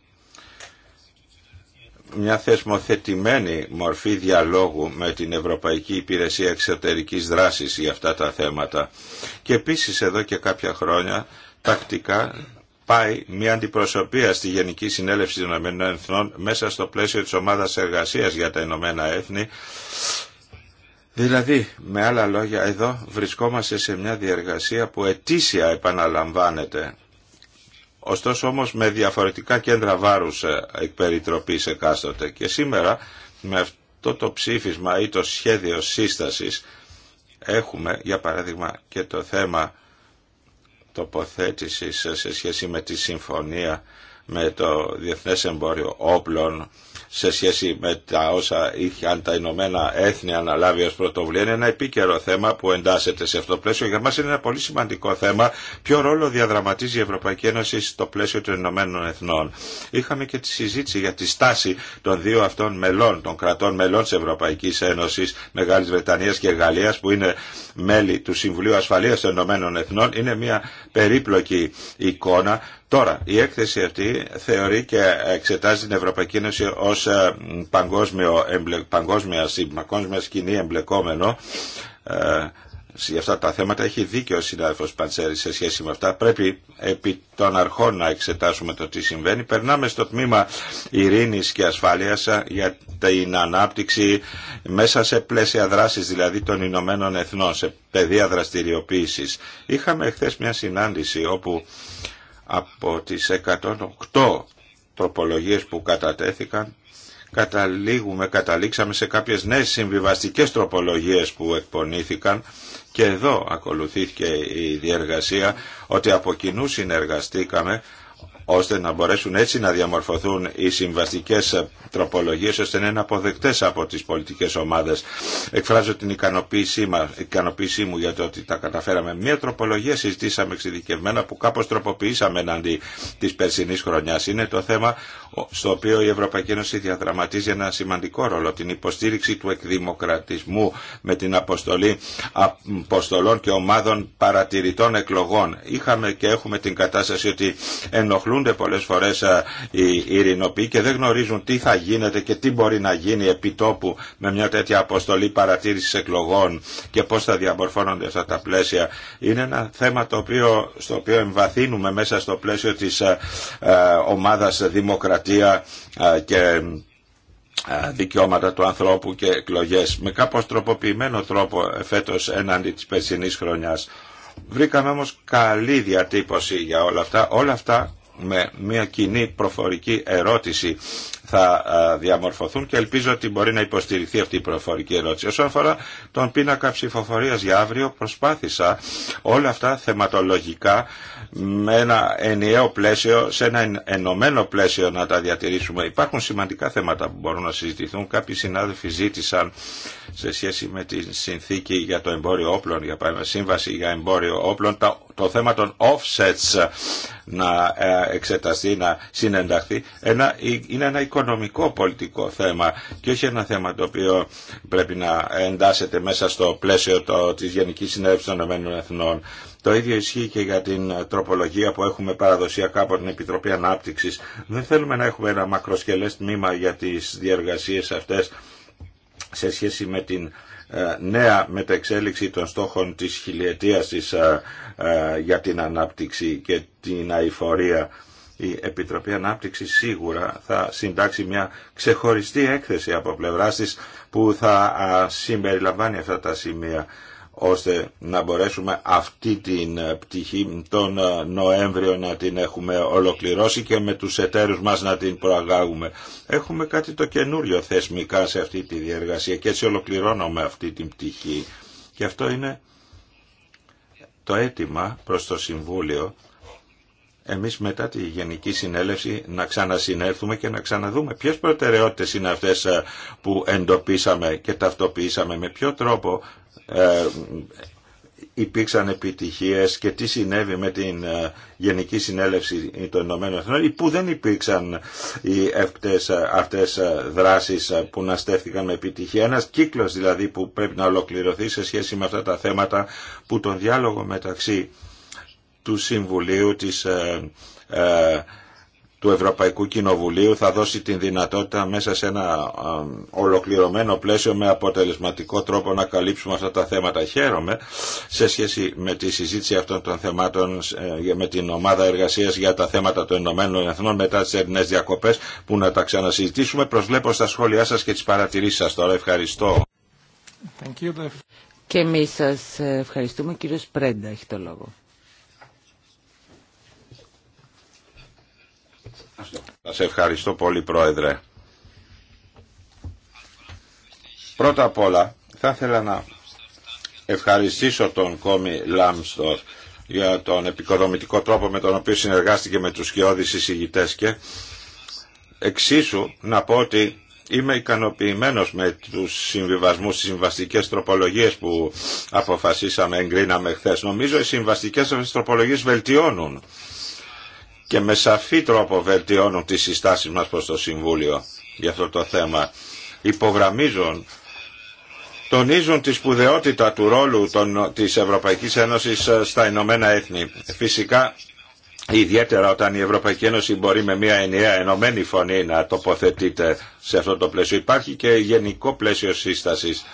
μια θεσμοθετημένη μορφή διαλόγου με την Ευρωπαϊκή Υπηρεσία Εξωτερικής Δράσης για αυτά τα θέματα. Και επίσης εδώ και κάποια χρόνια τακτικά πάει μια αντιπροσωπεία στη Γενική Συνέλευση των Ηνωμένων Εθνών μέσα στο πλαίσιο της ομάδας εργασίας για τα Ηνωμένα Έθνη. Δηλαδή, με άλλα λόγια, εδώ βρισκόμαστε σε μια διεργασία που ετήσια επαναλαμβάνεται. Ωστόσο όμως με διαφορετικά κέντρα βάρους ε, εκπεριτροπής εκάστοτε. Και σήμερα με αυτό το ψήφισμα ή το σχέδιο σύστασης έχουμε για παράδειγμα και το θέμα τοποθέτησης σε σχέση με τη συμφωνία με το Διεθνές Εμπόριο Όπλων σε σχέση με τα όσα είχαν τα Ηνωμένα Έθνη αναλάβει ως πρωτοβουλία. Είναι ένα επίκαιρο θέμα που εντάσσεται σε αυτό το πλαίσιο. Για μας είναι ένα πολύ σημαντικό θέμα ποιο ρόλο διαδραματίζει η Ευρωπαϊκή Ένωση στο πλαίσιο των Ηνωμένων Εθνών. Είχαμε και τη συζήτηση για τη στάση των δύο αυτών μελών, των κρατών μελών της Ευρωπαϊκής Ένωσης, Μεγάλης Βρετανίας και Γαλλίας που είναι μέλη του Συμβουλίου Ασφαλείας των Ηνωμένων Εθνών. Είναι μια περίπλοκη εικόνα Τώρα, η έκθεση αυτή θεωρεί και εξετάζει την Ευρωπαϊκή Ένωση ως ε, παγκόσμιο, παγκόσμια, σκηνή εμπλεκόμενο για ε, αυτά τα θέματα έχει δίκιο ο συνάδελφο Παντσέρη σε σχέση με αυτά. Πρέπει επί των αρχών να εξετάσουμε το τι συμβαίνει. Περνάμε στο τμήμα ειρήνη και ασφάλειας ε, για την ανάπτυξη μέσα σε πλαίσια δράσης, δηλαδή των Ηνωμένων Εθνών, σε πεδία δραστηριοποίηση. Είχαμε χθε μια συνάντηση όπου από τις 108 τροπολογίες που κατατέθηκαν καταλήγουμε, καταλήξαμε σε κάποιες νέες συμβιβαστικές τροπολογίες που εκπονήθηκαν και εδώ ακολουθήθηκε η διεργασία ότι από κοινού συνεργαστήκαμε ώστε να μπορέσουν έτσι να διαμορφωθούν οι συμβαστικές τροπολογίες ώστε να είναι αποδεκτές από τις πολιτικές ομάδες. Εκφράζω την ικανοποίησή, μου για το ότι τα καταφέραμε. Μία τροπολογία συζητήσαμε εξειδικευμένα που κάπως τροποποιήσαμε εναντί της περσινής χρονιάς. Είναι το θέμα στο οποίο η Ευρωπαϊκή Ένωση διαδραματίζει ένα σημαντικό ρόλο, την υποστήριξη του εκδημοκρατισμού με την αποστολή αποστολών και ομάδων παρατηρητών εκλογών. Είχαμε και έχουμε την κατάσταση ότι ενοχλούν δεν πολλές φορές οι ειρηνοποιοί και δεν γνωρίζουν τι θα γίνεται και τι μπορεί να γίνει επί τόπου με μια τέτοια αποστολή παρατήρησης εκλογών και πώς θα διαμορφώνονται αυτά τα πλαίσια. Είναι ένα θέμα το οποίο, στο οποίο εμβαθύνουμε μέσα στο πλαίσιο της ομάδας Δημοκρατία και δικαιώματα του ανθρώπου και εκλογές με κάπως τροποποιημένο τρόπο φέτος έναντι της περσινής χρονιάς. Βρήκαμε όμως καλή διατύπωση για όλα αυτά. Όλα αυτά με μια κοινή προφορική ερώτηση θα διαμορφωθούν και ελπίζω ότι μπορεί να υποστηριχθεί αυτή η προφορική ερώτηση. Όσον αφορά τον πίνακα ψηφοφορία για αύριο, προσπάθησα όλα αυτά θεματολογικά με ένα ενιαίο πλαίσιο, σε ένα ενωμένο πλαίσιο να τα διατηρήσουμε. Υπάρχουν σημαντικά θέματα που μπορούν να συζητηθούν. Κάποιοι συνάδελφοι ζήτησαν σε σχέση με τη συνθήκη για το εμπόριο όπλων, για παράδειγμα, σύμβαση για εμπόριο όπλων, το θέμα των offsets να ε, εξεταστεί, να συνενταχθεί. Ένα, είναι ένα οικονομικό πολιτικό θέμα και όχι ένα θέμα το οποίο πρέπει να εντάσσεται μέσα στο πλαίσιο το, της Γενικής Συνέλευσης των Ηνωμένων Εθνών. Το ίδιο ισχύει και για την τροπολογία που έχουμε παραδοσιακά από την Επιτροπή Ανάπτυξης. Δεν θέλουμε να έχουμε ένα μακροσκελές τμήμα για τις διεργασίες αυτές σε σχέση με την ε, νέα μεταξέλιξη των στόχων της χιλιετίας της, ε, ε, για την ανάπτυξη και την αηφορία. Η Επιτροπή Ανάπτυξη σίγουρα θα συντάξει μια ξεχωριστή έκθεση από πλευράς της που θα συμπεριλαμβάνει αυτά τα σημεία ώστε να μπορέσουμε αυτή την ε, πτυχή τον ε, Νοέμβριο να την έχουμε ολοκληρώσει και με τους εταίρους μας να την προαγάγουμε. Έχουμε κάτι το καινούριο θεσμικά σε αυτή τη διεργασία και έτσι ολοκληρώνουμε αυτή την πτυχή. Και αυτό είναι το αίτημα προς το Συμβούλιο εμείς μετά τη Γενική Συνέλευση να ξανασυνέλθουμε και να ξαναδούμε ποιες προτεραιότητες είναι αυτές ε, που εντοπίσαμε και ταυτοποιήσαμε, με ποιο τρόπο ε, υπήρξαν επιτυχίες και τι συνέβη με την ε, Γενική Συνέλευση των Ηνωμένων Εθνών ή που δεν υπήρξαν οι ε, αυτές, αυτές ε, δράσεις που να στέφθηκαν με επιτυχία. Ένας κύκλος δηλαδή που πρέπει να ολοκληρωθεί σε σχέση με αυτά τα θέματα που τον διάλογο μεταξύ του Συμβουλίου της του Ευρωπαϊκού Κοινοβουλίου θα δώσει την δυνατότητα μέσα σε ένα ολοκληρωμένο πλαίσιο με αποτελεσματικό τρόπο να καλύψουμε αυτά τα θέματα. Χαίρομαι σε σχέση με τη συζήτηση αυτών των θεμάτων ε, με την ομάδα εργασίας για τα θέματα των Ηνωμένων Εθνών μετά τις ερνές διακοπές που να τα ξανασυζητήσουμε. Προσβλέπω στα σχόλιά σας και τις παρατηρήσεις σας τώρα. Ευχαριστώ. Και εμείς σας ευχαριστούμε. Κύριος Πρέντα έχει το λόγο. Σας ευχαριστώ πολύ Πρόεδρε. Πρώτα απ' όλα θα ήθελα να ευχαριστήσω τον Κόμι Λάμστορ για τον επικοδομητικό τρόπο με τον οποίο συνεργάστηκε με τους σκιώδεις εισηγητές και εξίσου να πω ότι είμαι ικανοποιημένος με τους συμβιβασμούς, τις συμβαστικές τροπολογίες που αποφασίσαμε, εγκρίναμε χθες. Νομίζω οι συμβαστικές τροπολογίες βελτιώνουν και με σαφή τρόπο βελτιώνουν τις συστάσεις μας προς το Συμβούλιο για αυτό το θέμα. Υπογραμμίζουν, τονίζουν τη σπουδαιότητα του ρόλου των, της Ευρωπαϊκής Ένωσης ε, στα Ηνωμένα Έθνη. Φυσικά Ιδιαίτερα όταν η Ευρωπαϊκή Ένωση μπορεί με μια ενιαία ενωμένη φωνή να τοποθετείται σε αυτό το πλαίσιο. Υπάρχει και γενικό πλαίσιο σύστασης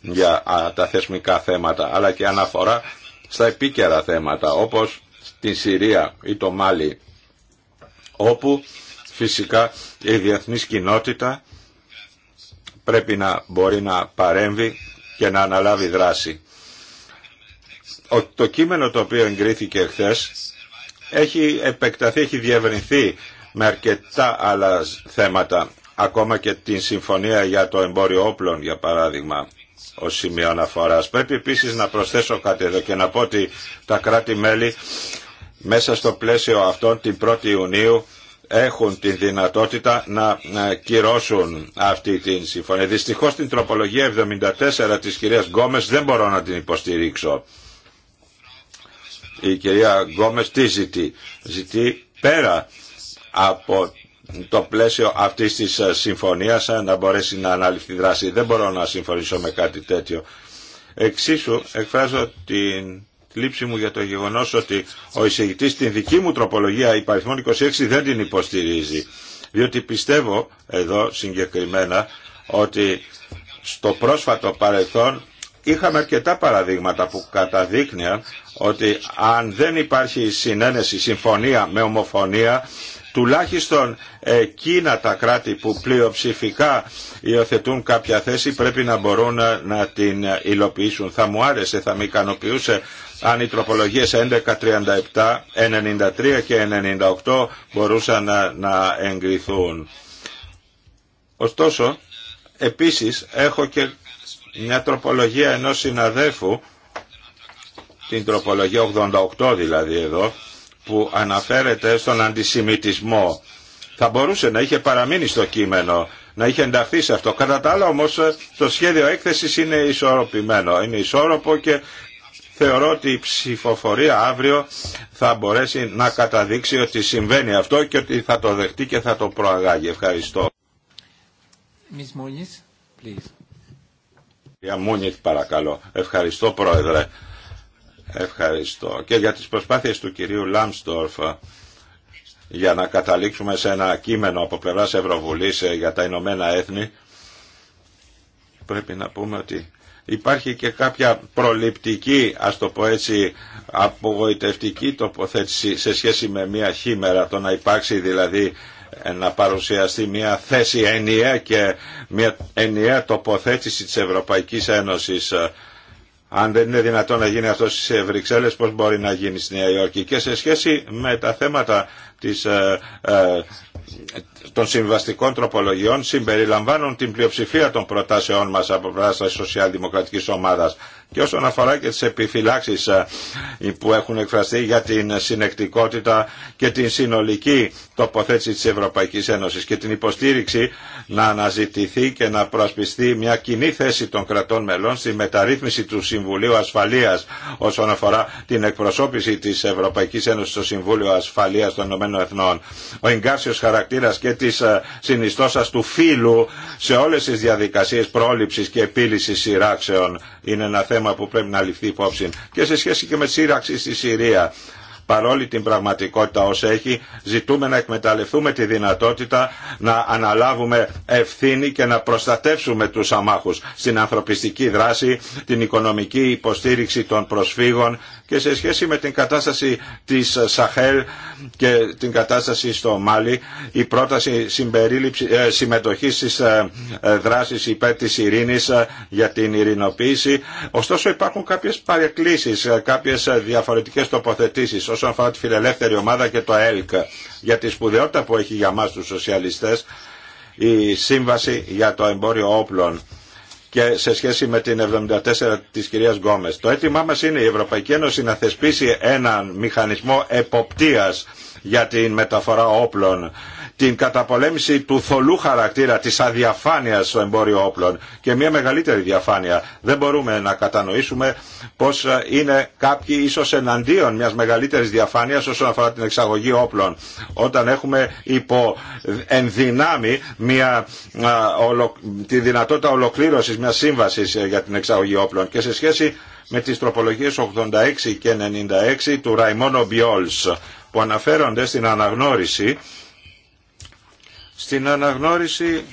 για τα θεσμικά θέματα, αλλά και αναφορά στα επίκαιρα θέματα, όπως την Συρία ή το Μάλι όπου φυσικά η διεθνής κοινότητα πρέπει να μπορεί να παρέμβει και να αναλάβει δράση. Το κείμενο το οποίο εγκρίθηκε χθε έχει επεκταθεί, έχει διευρυνθεί με αρκετά άλλα θέματα, ακόμα και την συμφωνία για το εμπόριο όπλων, για παράδειγμα, ως σημείο αναφορά. Πρέπει επίσης να προσθέσω κάτι εδώ και να πω ότι τα κράτη-μέλη μέσα στο πλαίσιο αυτών την 1η Ιουνίου έχουν τη δυνατότητα να κυρώσουν αυτή την συμφωνία. Δυστυχώς την τροπολογία 74 της κυρίας Γκόμες δεν μπορώ να την υποστηρίξω. Η κυρία Γκόμες τι ζητεί. Ζητεί πέρα από το πλαίσιο αυτής της ε, συμφωνίας ε, να μπορέσει να αναλυφθεί δράση. Δεν μπορώ να συμφωνήσω με κάτι τέτοιο. Εξίσου εκφράζω την λήψη μου για το γεγονός ότι ο εισηγητής στην δική μου τροπολογία υπαριθμών 26 δεν την υποστηρίζει. Διότι πιστεύω εδώ συγκεκριμένα ότι στο πρόσφατο παρελθόν είχαμε αρκετά παραδείγματα που καταδείκνυαν ότι αν δεν υπάρχει συνένεση, συμφωνία με ομοφωνία τουλάχιστον εκείνα τα κράτη που πλειοψηφικά υιοθετούν κάποια θέση πρέπει να μπορούν να, να την υλοποιήσουν. Θα μου άρεσε, θα με ικανοποιούσε αν οι τροπολογίες 1137, 93 και 98 μπορούσαν να, να εγκριθούν. Ωστόσο, επίσης έχω και μια τροπολογία ενός συναδέφου, την τροπολογία 88 δηλαδή εδώ, που αναφέρεται στον αντισημιτισμό. Θα μπορούσε να είχε παραμείνει στο κείμενο, να είχε ενταχθεί σε αυτό. Κατά τα άλλα όμως το σχέδιο έκθεσης είναι ισορροπημένο, είναι ισόρροπο και Θεωρώ ότι η ψηφοφορία αύριο θα μπορέσει να καταδείξει ότι συμβαίνει αυτό και ότι θα το δεχτεί και θα το προαγάγει. Ευχαριστώ. Για παρακαλώ. Ευχαριστώ Πρόεδρε. Ευχαριστώ. Και για τις προσπάθειες του κυρίου Λάμστορφ ε, για να καταλήξουμε σε ένα κείμενο από πλευράς Ευρωβουλής ε, για τα Ηνωμένα Έθνη πρέπει να πούμε ότι υπάρχει και κάποια προληπτική, ας το πω έτσι, απογοητευτική τοποθέτηση σε σχέση με μια χήμερα, το να υπάρξει δηλαδή ε, να παρουσιαστεί μια θέση ενιαία και μια ενιαία τοποθέτηση της Ευρωπαϊκής Ένωσης. Ε, αν δεν είναι δυνατόν να γίνει αυτό στις Βρυξέλλες, πώς μπορεί να γίνει στη Νέα Υόρκη. Και σε σχέση με τα θέματα της ε, των συμβαστικών τροπολογιών συμπεριλαμβάνουν την πλειοψηφία των προτάσεών μας από της σοσιαλδημοκρατικής ομάδας και όσον αφορά και τις επιφυλάξεις ε, που έχουν εκφραστεί για την συνεκτικότητα και την συνολική τοποθέτηση της Ευρωπαϊκής Ένωσης και την υποστήριξη να αναζητηθεί και να προασπιστεί μια κοινή θέση των κρατών μελών στη μεταρρύθμιση του Συμβουλίου Ασφαλείας όσον αφορά την εκπροσώπηση της Ευρωπαϊκής Ένωσης στο Συμβούλιο Ασφαλείας των ΗΠΑ Ο εγκάρσιος χαρακτήρας της ε, συνιστώσας του φίλου σε όλες τις διαδικασίες πρόληψης και επίλυσης σειράξεων είναι ένα θέμα που πρέπει να ληφθεί υπόψη και σε σχέση και με τη σύραξη στη Συρία παρόλη την πραγματικότητα ως έχει, ζητούμε να εκμεταλλευτούμε τη δυνατότητα να αναλάβουμε ευθύνη και να προστατεύσουμε τους αμάχους στην ανθρωπιστική δράση, την οικονομική υποστήριξη των προσφύγων και σε σχέση με την κατάσταση της Σαχέλ και την κατάσταση στο Μάλι η πρόταση συμμετοχή ε, συμμετοχής στις ε, ε, δράσεις υπέρ της ειρήνης για την ειρηνοποίηση. Ωστόσο υπάρχουν κάποιες παρεκκλήσεις, κάποιες διαφορετικές τοποθετήσεις όσον αφορά τη φιλελεύθερη ομάδα και το ΕΛΚ για τη σπουδαιότητα που έχει για μας τους σοσιαλιστές η σύμβαση για το εμπόριο όπλων και σε σχέση με την 74 της κυρίας Γκόμες. Το αίτημά μας είναι η Ευρωπαϊκή Ένωση να θεσπίσει έναν μηχανισμό εποπτείας για την μεταφορά όπλων την καταπολέμηση του θολού χαρακτήρα της αδιαφάνειας στο εμπόριο όπλων και μια μεγαλύτερη διαφάνεια. Δεν μπορούμε να κατανοήσουμε πως ε, είναι κάποιοι ίσως εναντίον μιας μεγαλύτερης διαφάνειας όσον αφορά την εξαγωγή όπλων. Όταν έχουμε υπό ενδυνάμει μια, ε, τη δυνατότητα ολοκλήρωσης μιας σύμβασης ε, για την εξαγωγή όπλων και σε σχέση με τις τροπολογίες 86 και 96 του Ραϊμόνο Μπιόλς που αναφέρονται στην αναγνώριση στην αναγνώριση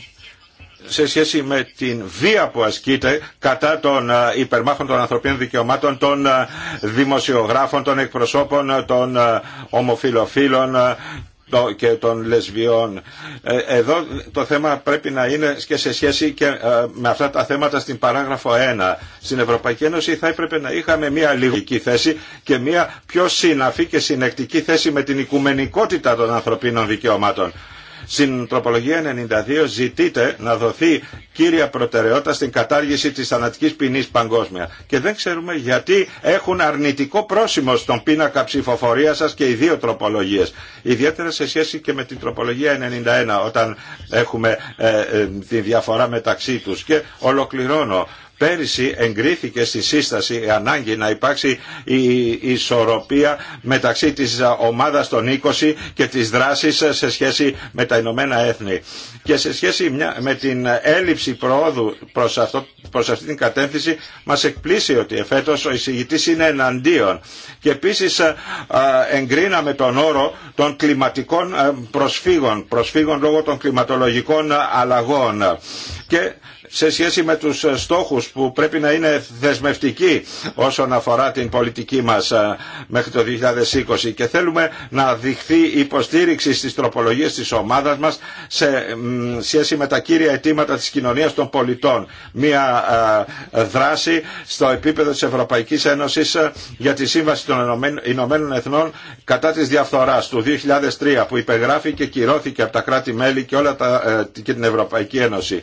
σε σχέση με την βία που ασκείται κατά των υπερμάχων των ανθρωπίνων δικαιωμάτων, των δημοσιογράφων, των εκπροσώπων, των ομοφιλοφίλων και των λεσβιών. Ε, εδώ το θέμα πρέπει να είναι και σε σχέση και με αυτά τα θέματα στην παράγραφο 1. Στην Ευρωπαϊκή Ένωση θα έπρεπε να είχαμε μια λιγική θέση και μια πιο συναφή και συνεκτική θέση με την οικουμενικότητα των ανθρωπίνων δικαιωμάτων. Στην τροπολογία 92 ζητείτε να δοθεί κύρια προτεραιότητα στην κατάργηση της θανατικής ποινή παγκόσμια. Και δεν ξέρουμε γιατί έχουν αρνητικό πρόσημο στον πίνακα ψηφοφορία σας και οι δύο τροπολογίες. Ιδιαίτερα σε σχέση και με την τροπολογία 91 όταν έχουμε ε, ε, τη διαφορά μεταξύ τους. Και ολοκληρώνω Πέρυσι εγκρίθηκε στη σύσταση η ανάγκη να υπάρξει η ισορροπία μεταξύ της ομάδας των 20 και της δράσης σε σχέση με τα Ηνωμένα Έθνη. Και σε σχέση με την έλλειψη προόδου προς, αυτό, αυτή την κατεύθυνση μας εκπλήσει ότι εφέτος ο εισηγητής είναι εναντίον. Και επίσης εγκρίναμε τον όρο των κλιματικών προσφύγων, προσφύγων λόγω των κλιματολογικών αλλαγών. Και σε σχέση με τους ε, στόχους που πρέπει να είναι δεσμευτικοί όσον αφορά την πολιτική μας ε, μέχρι το 2020 και θέλουμε να δειχθεί υποστήριξη στις τροπολογίες της ομάδας μας σε σχέση με τα κύρια αιτήματα της κοινωνίας των πολιτών. Μία ε, δράση στο επίπεδο της Ευρωπαϊκής Ένωσης για τη Σύμβαση των Ηνωμένων Εθνών κατά της διαφθοράς του 2003 που υπεγράφει και κυρώθηκε από τα κράτη-μέλη και, όλα τα, και την Ευρωπαϊκή Ένωση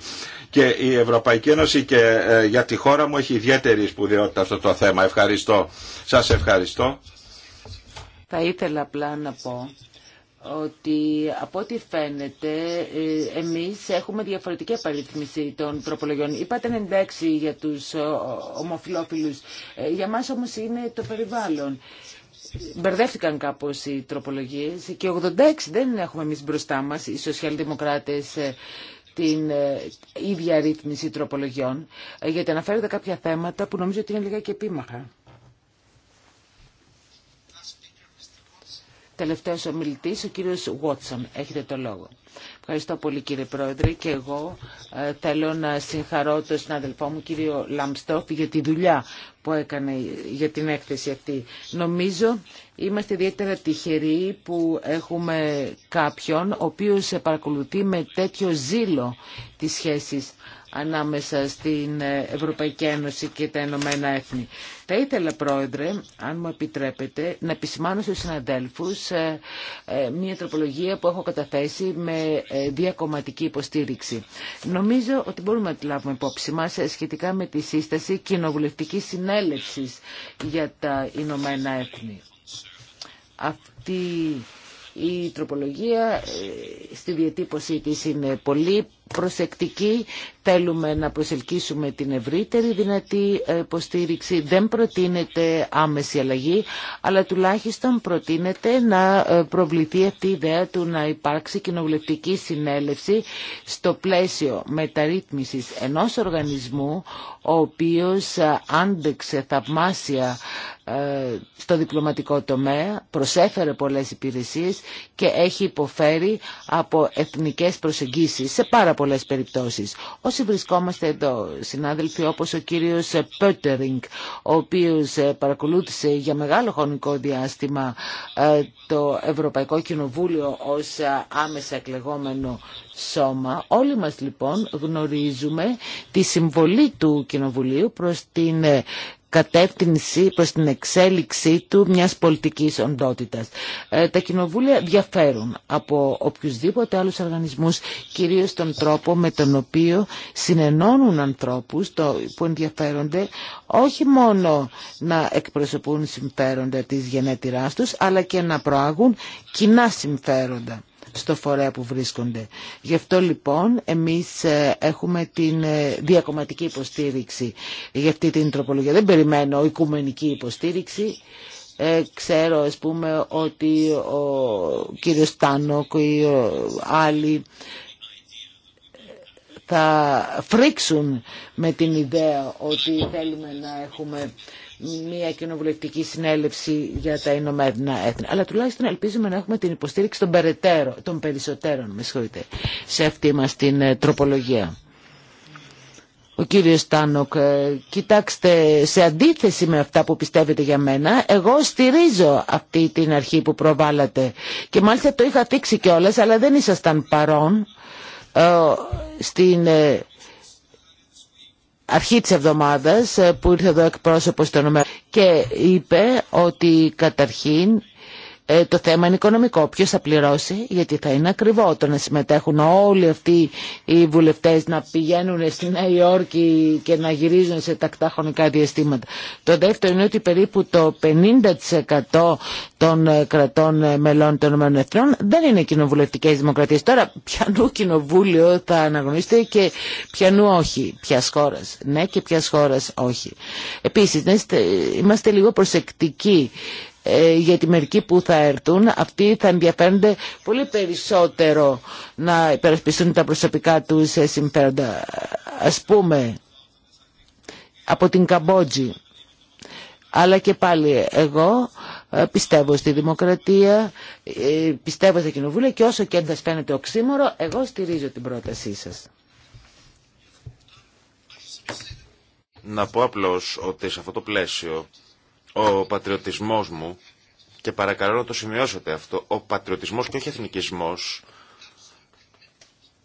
και η Ευρωπαϊκή Ένωση και ε, για τη χώρα μου έχει ιδιαίτερη σπουδαιότητα αυτό το θέμα. Ευχαριστώ. Σας ευχαριστώ. Θα ήθελα απλά να πω ότι από ό,τι φαίνεται ε, εμείς έχουμε διαφορετική απαριθμίση των τροπολογιών. Είπατε 96 για τους ε, ομοφιλόφιλους. Για μας όμως είναι το περιβάλλον. Μπερδεύτηκαν κάπως οι τροπολογίες και 86 δεν έχουμε εμείς μπροστά μας οι σοσιαλδημοκράτες την ε, ίδια ρύθμιση τροπολογιών, ε, γιατί αναφέρονται κάποια θέματα που νομίζω ότι είναι λίγα και επίμαχα. Τελευταίος ομιλητής, ο κύριος Βότσον. Έχετε το λόγο. Ευχαριστώ πολύ κύριε Πρόεδρε και εγώ ε, θέλω να συγχαρώ τον συνάδελφό μου κύριο Λαμπστόφ για τη δουλειά που έκανε για την έκθεση αυτή. Νομίζω είμαστε ιδιαίτερα τυχεροί που έχουμε κάποιον ο οποίος παρακολουθεί με τέτοιο ζήλο τις σχέσεις ανάμεσα στην ε, Ευρωπαϊκή Ένωση και τα Ηνωμένα Έθνη. Θα ήθελα, Πρόεδρε, αν μου επιτρέπετε, να επισημάνω στους συναδέλφους ε, ε, μια τροπολογία που έχω καταθέσει με διακομματική υποστήριξη. Νομίζω ότι μπορούμε να τη λάβουμε υπόψη μας σχετικά με τη σύσταση κοινοβουλευτικής συνέλευσης για τα Ηνωμένα Έθνη. Αυτή η τροπολογία στη διατύπωσή της είναι πολύ προσεκτικοί, θέλουμε να προσελκύσουμε την ευρύτερη δυνατή υποστήριξη. Δεν προτείνεται άμεση αλλαγή, αλλά τουλάχιστον προτείνεται να ε, προβληθεί αυτή η ιδέα του να υπάρξει κοινοβουλευτική συνέλευση στο πλαίσιο μεταρρύθμισης ενός οργανισμού, ο οποίος ε, άντεξε θαυμάσια ε, στο διπλωματικό τομέα, προσέφερε πολλές υπηρεσίες και έχει υποφέρει από εθνικές προσεγγίσεις σε πάρα πολλές περιπτώσεις. Όσοι βρισκόμαστε εδώ, συνάδελφοι όπως ο κύριος Πέτερινγκ, ο οποίος ε, παρακολούθησε για μεγάλο χρονικό διάστημα ε, το Ευρωπαϊκό Κοινοβούλιο ως άμεσα εκλεγόμενο σώμα. Όλοι μας λοιπόν γνωρίζουμε τη συμβολή του Κοινοβουλίου προς την κατεύθυνση προς την εξέλιξή του μιας πολιτικής οντότητας. Ε, τα κοινοβούλια διαφέρουν από οποιουσδήποτε άλλους οργανισμούς, κυρίως τον τρόπο με τον οποίο συνενώνουν ανθρώπους που ενδιαφέρονται όχι μόνο να εκπροσωπούν συμφέροντα της γενέτηράς τους, αλλά και να προάγουν κοινά συμφέροντα στο φορέα που βρίσκονται. Γι' αυτό λοιπόν εμείς ε, έχουμε την ε, διακομματική υποστήριξη για αυτή την τροπολογία. Δεν περιμένω οικουμενική υποστήριξη. Ε, ξέρω ας πούμε ότι ο κύριος Τάνοκ ή άλλοι θα φρίξουν με την ιδέα ότι θέλουμε να έχουμε μια κοινοβουλευτική συνέλευση για τα Ηνωμένα Έθνη. Αλλά τουλάχιστον ελπίζουμε να έχουμε την υποστήριξη των, περαιτέρω, των περισσότερων με σε αυτή μας την ε, τροπολογία. Ο κύριος Τάνοκ, ε, κοιτάξτε, σε αντίθεση με αυτά που πιστεύετε για μένα, εγώ στηρίζω αυτή την αρχή που προβάλλατε. Και μάλιστα το είχα δείξει κιόλας, αλλά δεν ήσασταν παρόν ε, στην αρχή της εβδομάδας ε, που ήρθε εδώ εκπρόσωπος των ΟΜΕ και είπε ότι καταρχήν ε, το θέμα είναι οικονομικό. Ποιο θα πληρώσει, γιατί θα είναι ακριβό το να συμμετέχουν όλοι αυτοί οι βουλευτές να πηγαίνουν στη Νέα Υόρκη και να γυρίζουν σε τακτά χρονικά διαστήματα. Το δεύτερο είναι ότι περίπου το 50% των ε, κρατών ε, μελών των ΗΠΑ δεν είναι κοινοβουλευτικέ δημοκρατίες. Τώρα πιανού κοινοβούλιο θα αναγνωρίσετε και πιανού όχι. Ποια χώρα ναι και ποια χώρα όχι. Επίσης, ναι, είμαστε λίγο προσεκτικοί ε, για τη μερικοί που θα έρθουν αυτοί θα ενδιαφέρονται πολύ περισσότερο να υπερασπιστούν τα προσωπικά τους ε, συμφέροντα. Ας πούμε, από την Καμπότζη. Αλλά και πάλι εγώ ε, πιστεύω στη δημοκρατία, πιστεύω στα κοινοβούλια και όσο και αν σας φαίνεται οξύμορο, εγώ στηρίζω την πρότασή σας. Να πω απλώς ότι σε αυτό το πλαίσιο ο πατριωτισμός μου, και παρακαλώ να το σημειώσετε αυτό, ο πατριωτισμός και όχι εθνικισμός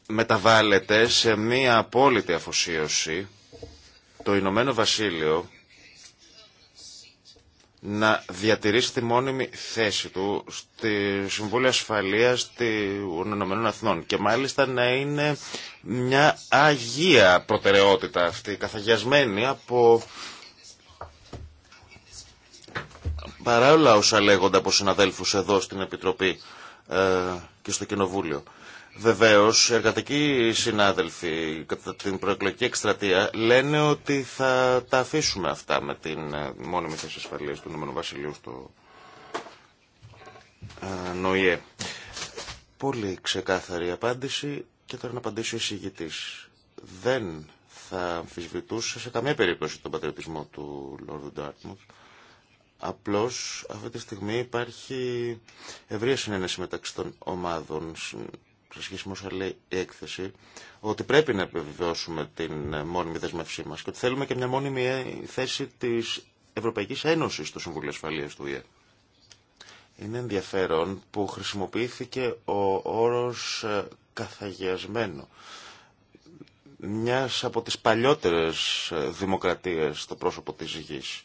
μεταβάλλεται σε μία απόλυτη αφοσίωση το Ηνωμένο Βασίλειο να διατηρήσει τη μόνιμη θέση του στη Συμβούλια Ασφαλείας των Ηνωμένων Αθνών και μάλιστα να είναι μια αγία προτεραιότητα αυτή, καθαγιασμένη από παρά όλα όσα λέγονται από συναδέλφους εδώ στην Επιτροπή ε, και στο Κοινοβούλιο. Βεβαίως, οι εργατικοί συνάδελφοι κατά την προεκλογική εκστρατεία λένε ότι θα τα αφήσουμε αυτά με την ε, μόνιμη θέση ασφαλείας του Ηνωμένου Βασιλείου στο ε, ΝΟΙΕ. Πολύ ξεκάθαρη απάντηση και τώρα να απαντήσει ο εισηγητή. Δεν θα αμφισβητούσε σε καμία περίπτωση τον πατριωτισμό του Λόρδου Ντάρτμουθ Απλώς αυτή τη στιγμή υπάρχει ευρεία συνένεση μεταξύ των ομάδων σε σχέση με όσα λέει η έκθεση, ότι πρέπει να επιβεβαιώσουμε την μόνιμη δεσμευσή μας και ότι θέλουμε και μια μόνιμη θέση της Ευρωπαϊκής Ένωσης στο Συμβούλιο Ασφαλείας του ΙΕ. Είναι ενδιαφέρον που χρησιμοποιήθηκε ο όρος ε, καθαγιασμένο μιας από τις παλιότερες ε, δημοκρατίες στο πρόσωπο της γης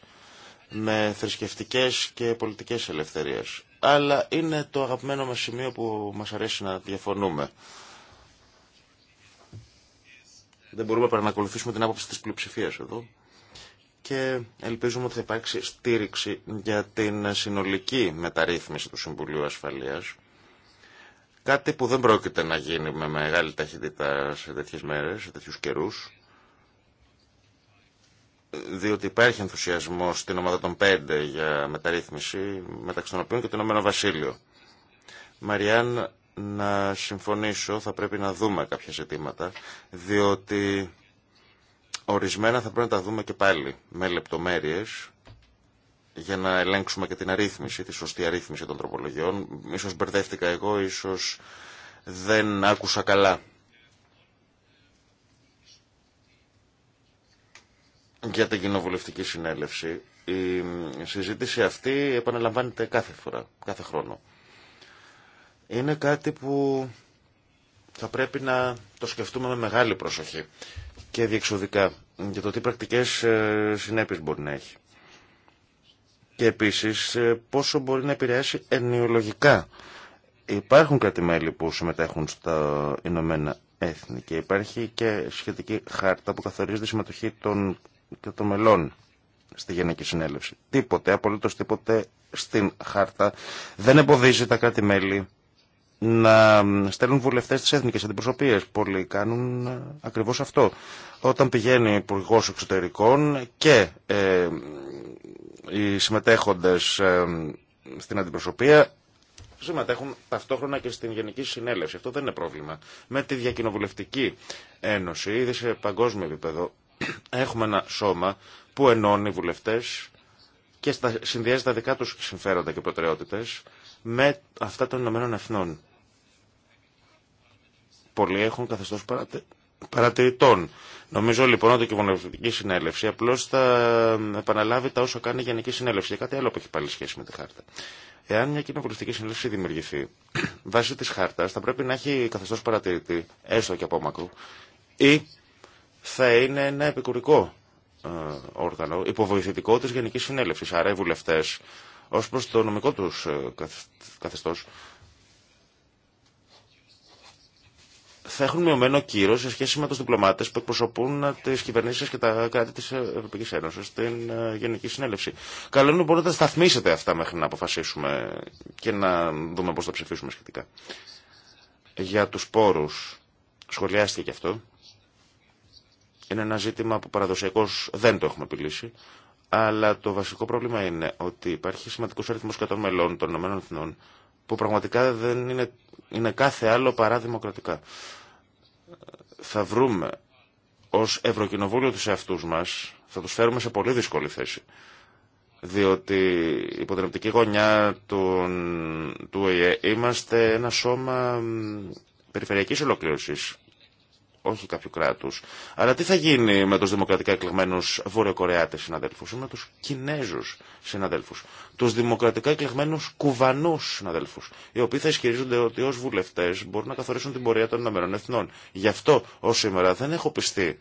με θρησκευτικές και πολιτικές ελευθερίες. Αλλά είναι το αγαπημένο μας σημείο που μας αρέσει να διαφωνούμε. Δεν μπορούμε παρά να ακολουθήσουμε την άποψη της πλειοψηφίας εδώ και ελπίζουμε ότι θα υπάρξει στήριξη για την συνολική μεταρρύθμιση του Συμβουλίου Ασφαλείας. Κάτι που δεν πρόκειται να γίνει με μεγάλη ταχύτητα σε τέτοιες μέρες, σε τέτοιους καιρούς διότι υπάρχει ενθουσιασμό στην ομάδα των πέντε για μεταρρύθμιση, μεταξύ των οποίων και το Ηνωμένο Βασίλειο. Μαριάν, να συμφωνήσω, θα πρέπει να δούμε κάποια ζητήματα, διότι ορισμένα θα πρέπει να τα δούμε και πάλι με λεπτομέρειες, για να ελέγξουμε και την αρρύθμιση, τη σωστή αρρύθμιση των τροπολογιών. Ίσως μπερδεύτηκα εγώ, ίσως δεν άκουσα καλά για την κοινοβουλευτική συνέλευση. Η συζήτηση αυτή επαναλαμβάνεται κάθε φορά, κάθε χρόνο. Είναι κάτι που θα πρέπει να το σκεφτούμε με μεγάλη προσοχή και διεξοδικά για το τι πρακτικές ε, συνέπειες μπορεί να έχει. Και επίσης ε, πόσο μπορεί να επηρεάσει ενοιολογικά. Υπάρχουν κάτι μέλη που συμμετέχουν στα Ηνωμένα Έθνη και υπάρχει και σχετική χάρτα που καθορίζει τη συμμετοχή των και των μελών στη Γενική Συνέλευση. Τίποτε, απολύτως τίποτε στην χάρτα δεν εμποδίζει τα κράτη-μέλη να στέλνουν βουλευτές στις εθνικές αντιπροσωπίες. Πολλοί κάνουν ε, ακριβώς αυτό. Όταν πηγαίνει υπουργό εξωτερικών και ε, οι συμμετέχοντες ε, στην αντιπροσωπεία συμμετέχουν ταυτόχρονα και στην Γενική Συνέλευση. Αυτό δεν είναι πρόβλημα. Με τη Διακοινοβουλευτική Ένωση, ήδη σε παγκόσμιο επίπεδο, έχουμε ένα σώμα που ενώνει βουλευτές και συνδυάζει τα δικά τους συμφέροντα και προτεραιότητες με αυτά των Ηνωμένων Εθνών. Πολλοί έχουν καθεστώς παρατηρητών. Νομίζω λοιπόν ότι η Κοινοβουλευτική Συνέλευση απλώ θα επαναλάβει τα όσα κάνει η Γενική Συνέλευση και κάτι άλλο που έχει πάλι σχέση με τη Χάρτα. Εάν μια Κοινοβουλευτική Συνέλευση δημιουργηθεί βάσει τη Χάρτα, θα πρέπει να έχει καθεστώ παρατηρητή, έστω και από μακρού, ή θα είναι ένα επικουρικό ε, όργανο, υποβοηθητικό της Γενικής Συνέλευσης. Άρα οι βουλευτές, ως προς το νομικό τους ε, καθεστώς, θα έχουν μειωμένο κύρο σε σχέση με τους διπλωμάτες που εκπροσωπούν ε, τις κυβερνήσεις και τα κράτη τη Ευρωπαϊκή Ένωση στην Γενική Συνέλευση. Καλό είναι μπορείτε να σταθμίσετε αυτά μέχρι να αποφασίσουμε και να δούμε πώς θα ψηφίσουμε σχετικά. Για τους πόρους, σχολιάστηκε και αυτό. Είναι ένα ζήτημα που παραδοσιακώς δεν το έχουμε επιλύσει, αλλά το βασικό πρόβλημα είναι ότι υπάρχει σημαντικός αριθμός καταμελών μελών των ΗΠΑ που πραγματικά δεν είναι, είναι κάθε άλλο παρά δημοκρατικά. Θα βρούμε ως Ευρωκοινοβούλιο τους εαυτού μας, θα τους φέρουμε σε πολύ δύσκολη θέση διότι υπό την οπτική γωνιά του, ΟΗΕ είμαστε ένα σώμα περιφερειακής ολοκλήρωσης όχι κάποιου κράτου. Αλλά τι θα γίνει με του δημοκρατικά εκλεγμένου Βορειοκορεάτε συναδέλφου ή με του Κινέζου συναδέλφου, του δημοκρατικά εκλεγμένου Κουβανού συναδέλφου, οι οποίοι θα ισχυρίζονται ότι ω βουλευτέ μπορούν να καθορίσουν την πορεία των Ηνωμένων Εθνών. Γι' αυτό ω σήμερα δεν έχω πιστεί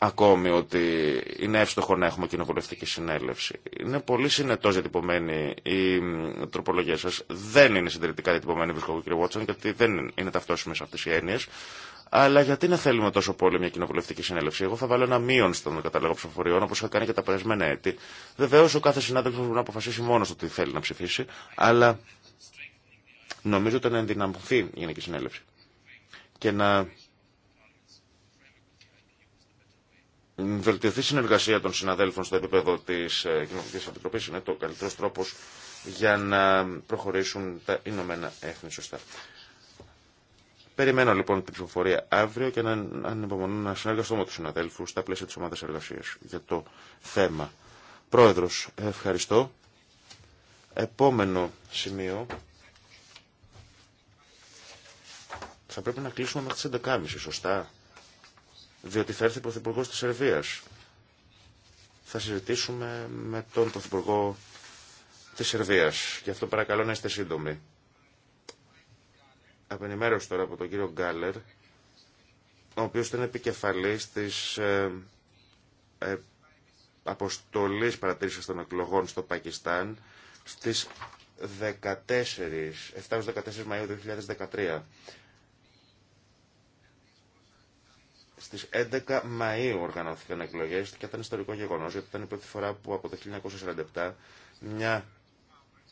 ακόμη ότι είναι εύστοχο να έχουμε κοινοβουλευτική συνέλευση. Είναι πολύ συνετό διατυπωμένη η τροπολογία σα. Δεν είναι συντηρητικά διατυπωμένη, βρίσκω κύριε Βότσον, γιατί δεν είναι ταυτόσιμε αυτέ οι έννοιε. Αλλά γιατί να θέλουμε τόσο πολύ μια κοινοβουλευτική συνέλευση. Εγώ θα βάλω ένα μείον στον κατάλογο ψηφοφοριών, όπω είχα κάνει και τα περασμένα έτη. Βεβαίω ο κάθε συνάδελφο μπορεί να αποφασίσει μόνο του τι θέλει να ψηφίσει, αλλά νομίζω ότι να ενδυναμωθεί η Γενική Συνέλευση και να βελτιωθεί η συνεργασία των συναδέλφων στο επίπεδο τη ε, Κοινοβουλευτική Επιτροπή είναι το καλύτερο τρόπο για να προχωρήσουν τα Ηνωμένα Έθνη σωστά. Περιμένω λοιπόν την ψηφοφορία αύριο και να ανυπομονώ να συνεργαστώ με του συναδέλφου στα πλαίσια τη ομάδα εργασία για το θέμα. Πρόεδρο, ευχαριστώ. Επόμενο σημείο. Θα πρέπει να κλείσουμε μέχρι τι 11.30, σωστά. Διότι θα έρθει ο Πρωθυπουργό τη Σερβία. Θα συζητήσουμε με τον Πρωθυπουργό τη Σερβία. Γι' αυτό παρακαλώ να είστε σύντομοι από τώρα από τον κύριο Γκάλερ, ο οποίος ήταν επικεφαλής της ε, ε, αποστολής παρατήρησης των εκλογών στο Πακιστάν στις 14, 7-14 Μαΐου 2013. Στις 11 Μαΐου οργανώθηκαν εκλογές και ήταν ιστορικό γεγονός, γιατί ήταν η πρώτη φορά που από το 1947 μια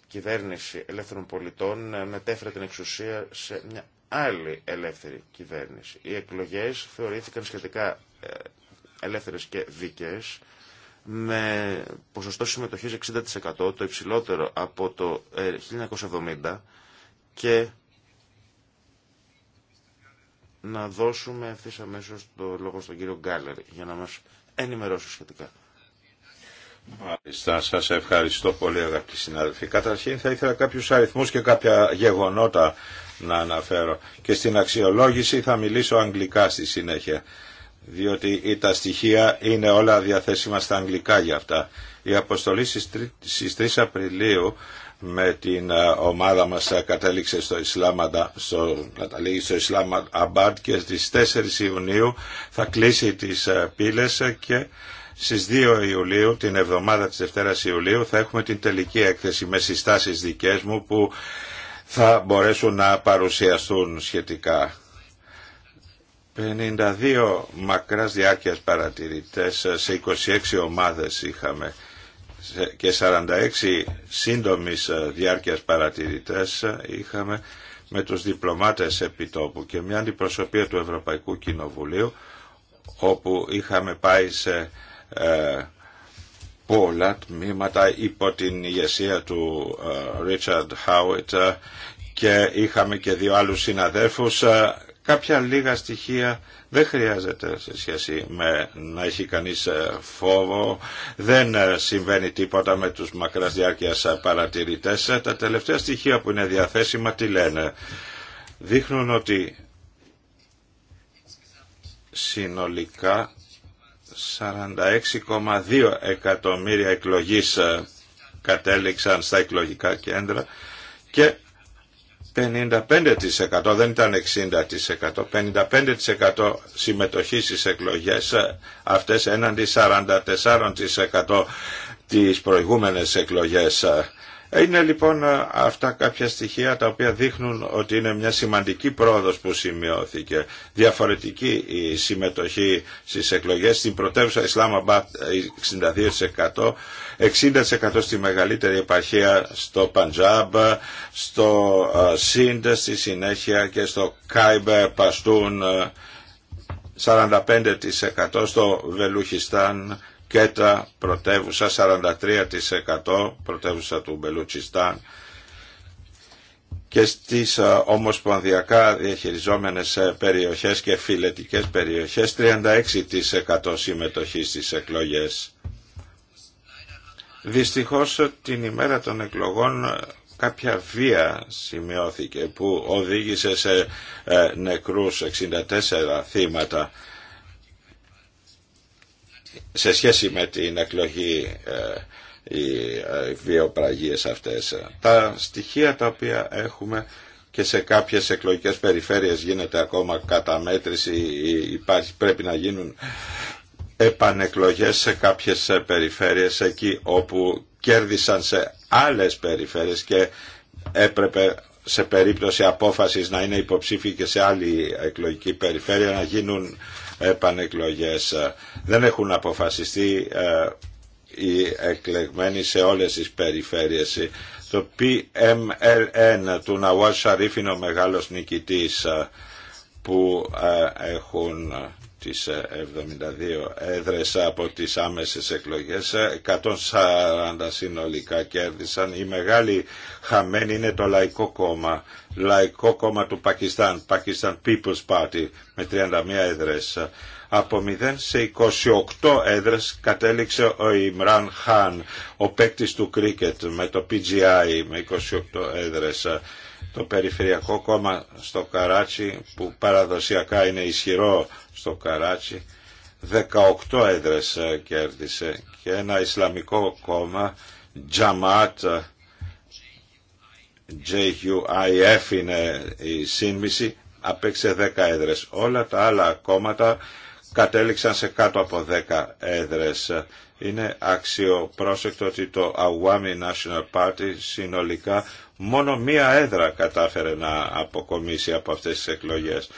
κυβέρνηση ελεύθερων πολιτών ε, μετέφερε την εξουσία σε μια άλλη ελεύθερη κυβέρνηση. Οι εκλογές θεωρήθηκαν σχετικά ε, ελεύθερες και δίκαιες με ποσοστό συμμετοχής 60% το υψηλότερο από το 1970 ε, και να δώσουμε ευθύ αμέσω το λόγο στον κύριο Γκάλερ για να μας ενημερώσει σχετικά. Μάλιστα, σας ευχαριστώ πολύ αγαπητοί συνάδελφοι. Καταρχήν θα ήθελα κάποιου αριθμού και κάποια γεγονότα να αναφέρω. Και στην αξιολόγηση θα μιλήσω αγγλικά στη συνέχεια, διότι τα στοιχεία είναι όλα διαθέσιμα στα αγγλικά για αυτά. Η αποστολή στις 3 Απριλίου με την ε, ομάδα μας κατέληξε στο Ισλάμ, στο, στο και στις 4 Ιουνίου θα κλείσει τις ε, πύλες και στις 2 Ιουλίου, την εβδομάδα της Δευτέρας Ιουλίου, θα έχουμε την τελική έκθεση με συστάσεις δικές μου που θα μπορέσουν να παρουσιαστούν σχετικά. 52 μακράς διάρκειας παρατηρητές σε 26 ομάδες είχαμε και 46 σύντομης ε, διάρκειας παρατηρητές ε, είχαμε με τους διπλωμάτες επιτόπου και μια αντιπροσωπεία του Ευρωπαϊκού Κοινοβουλίου όπου είχαμε πάει σε ε, πολλά τμήματα υπό την ηγεσία του Ρίτσαρντ ε, Χάουιτ ε, και είχαμε και δύο άλλους συναδέλφους. Κάποια λίγα στοιχεία δεν χρειάζεται σε σχέση με να έχει κανείς φόβο. Δεν συμβαίνει τίποτα με τους μακράς διάρκειας παρατηρητές. Τα τελευταία στοιχεία που είναι διαθέσιμα τι λένε. Δείχνουν ότι συνολικά 46,2 εκατομμύρια εκλογής ε, κατέληξαν στα εκλογικά κέντρα και 55% δεν ήταν 60% 55% συμμετοχή στις εκλογές ε, αυτές έναντι 44% τις προηγούμενες εκλογές ε. Είναι λοιπόν ε, αυτά κάποια στοιχεία τα οποία δείχνουν ότι είναι μια σημαντική πρόοδος που σημειώθηκε. Διαφορετική η συμμετοχή στις εκλογές στην πρωτεύουσα Ισλάμαμπατ 62%, 60% στη μεγαλύτερη επαρχία στο Παντζάμπ, στο ε, Σίντ στη συνέχεια και στο Κάιμπερ Παστούν 45% ε, στο Βελουχιστάν Κέτα πρωτεύουσα 43% πρωτεύουσα του Μπελουτσιστάν και στις ομοσπονδιακά διαχειριζόμενες ε, περιοχές και φιλετικές περιοχές 36% συμμετοχή στις εκλογές. Δυστυχώς την ημέρα των εκλογών ε, κάποια βία σημειώθηκε που οδήγησε σε ε, νεκρούς 64 θύματα σε σχέση με την εκλογή ε, ε, οι βιοπραγίες αυτές. Τα στοιχεία τα οποία έχουμε και σε κάποιες εκλογικές περιφέρειες γίνεται ακόμα καταμέτρηση, υπάρχει, πρέπει να γίνουν επανεκλογές σε κάποιες περιφέρειες εκεί όπου κέρδισαν σε άλλες περιφέρειες και έπρεπε σε περίπτωση απόφασης να είναι υποψήφιοι και σε άλλη εκλογική περιφέρεια να γίνουν επανεκλογές. Δεν έχουν αποφασιστεί ε, οι εκλεγμένοι σε όλες τις περιφέρειες. Το PMLN του Ναουάζ Σαρίφ είναι ο μεγάλος νικητής ε, που ε, έχουν τις 72 ε, έδρες από τις άμεσες εκλογές 140 ε, συνολικά κέρδισαν η μεγάλη χαμένη είναι το Λαϊκό Κόμμα Λαϊκό Κόμμα του Πακιστάν Pakistan People's Party με 31 έδρες από 0 σε 28 έδρες κατέληξε ο Ιμραν Χάν ο παίκτη του κρίκετ με το PGI με 28 έδρες το Περιφερειακό Κόμμα στο Καράτσι που παραδοσιακά είναι ισχυρό στο Καράτσι 18 έδρες ε, κέρδισε και ένα Ισλαμικό κόμμα Τζαμάτ JUIF ε, είναι η σύνμηση απέξε 10 έδρες όλα τα άλλα κόμματα κατέληξαν σε κάτω από 10 έδρες είναι αξιοπρόσεκτο ότι το Awami National Party συνολικά μόνο μία έδρα κατάφερε να αποκομίσει από αυτές τις εκλογές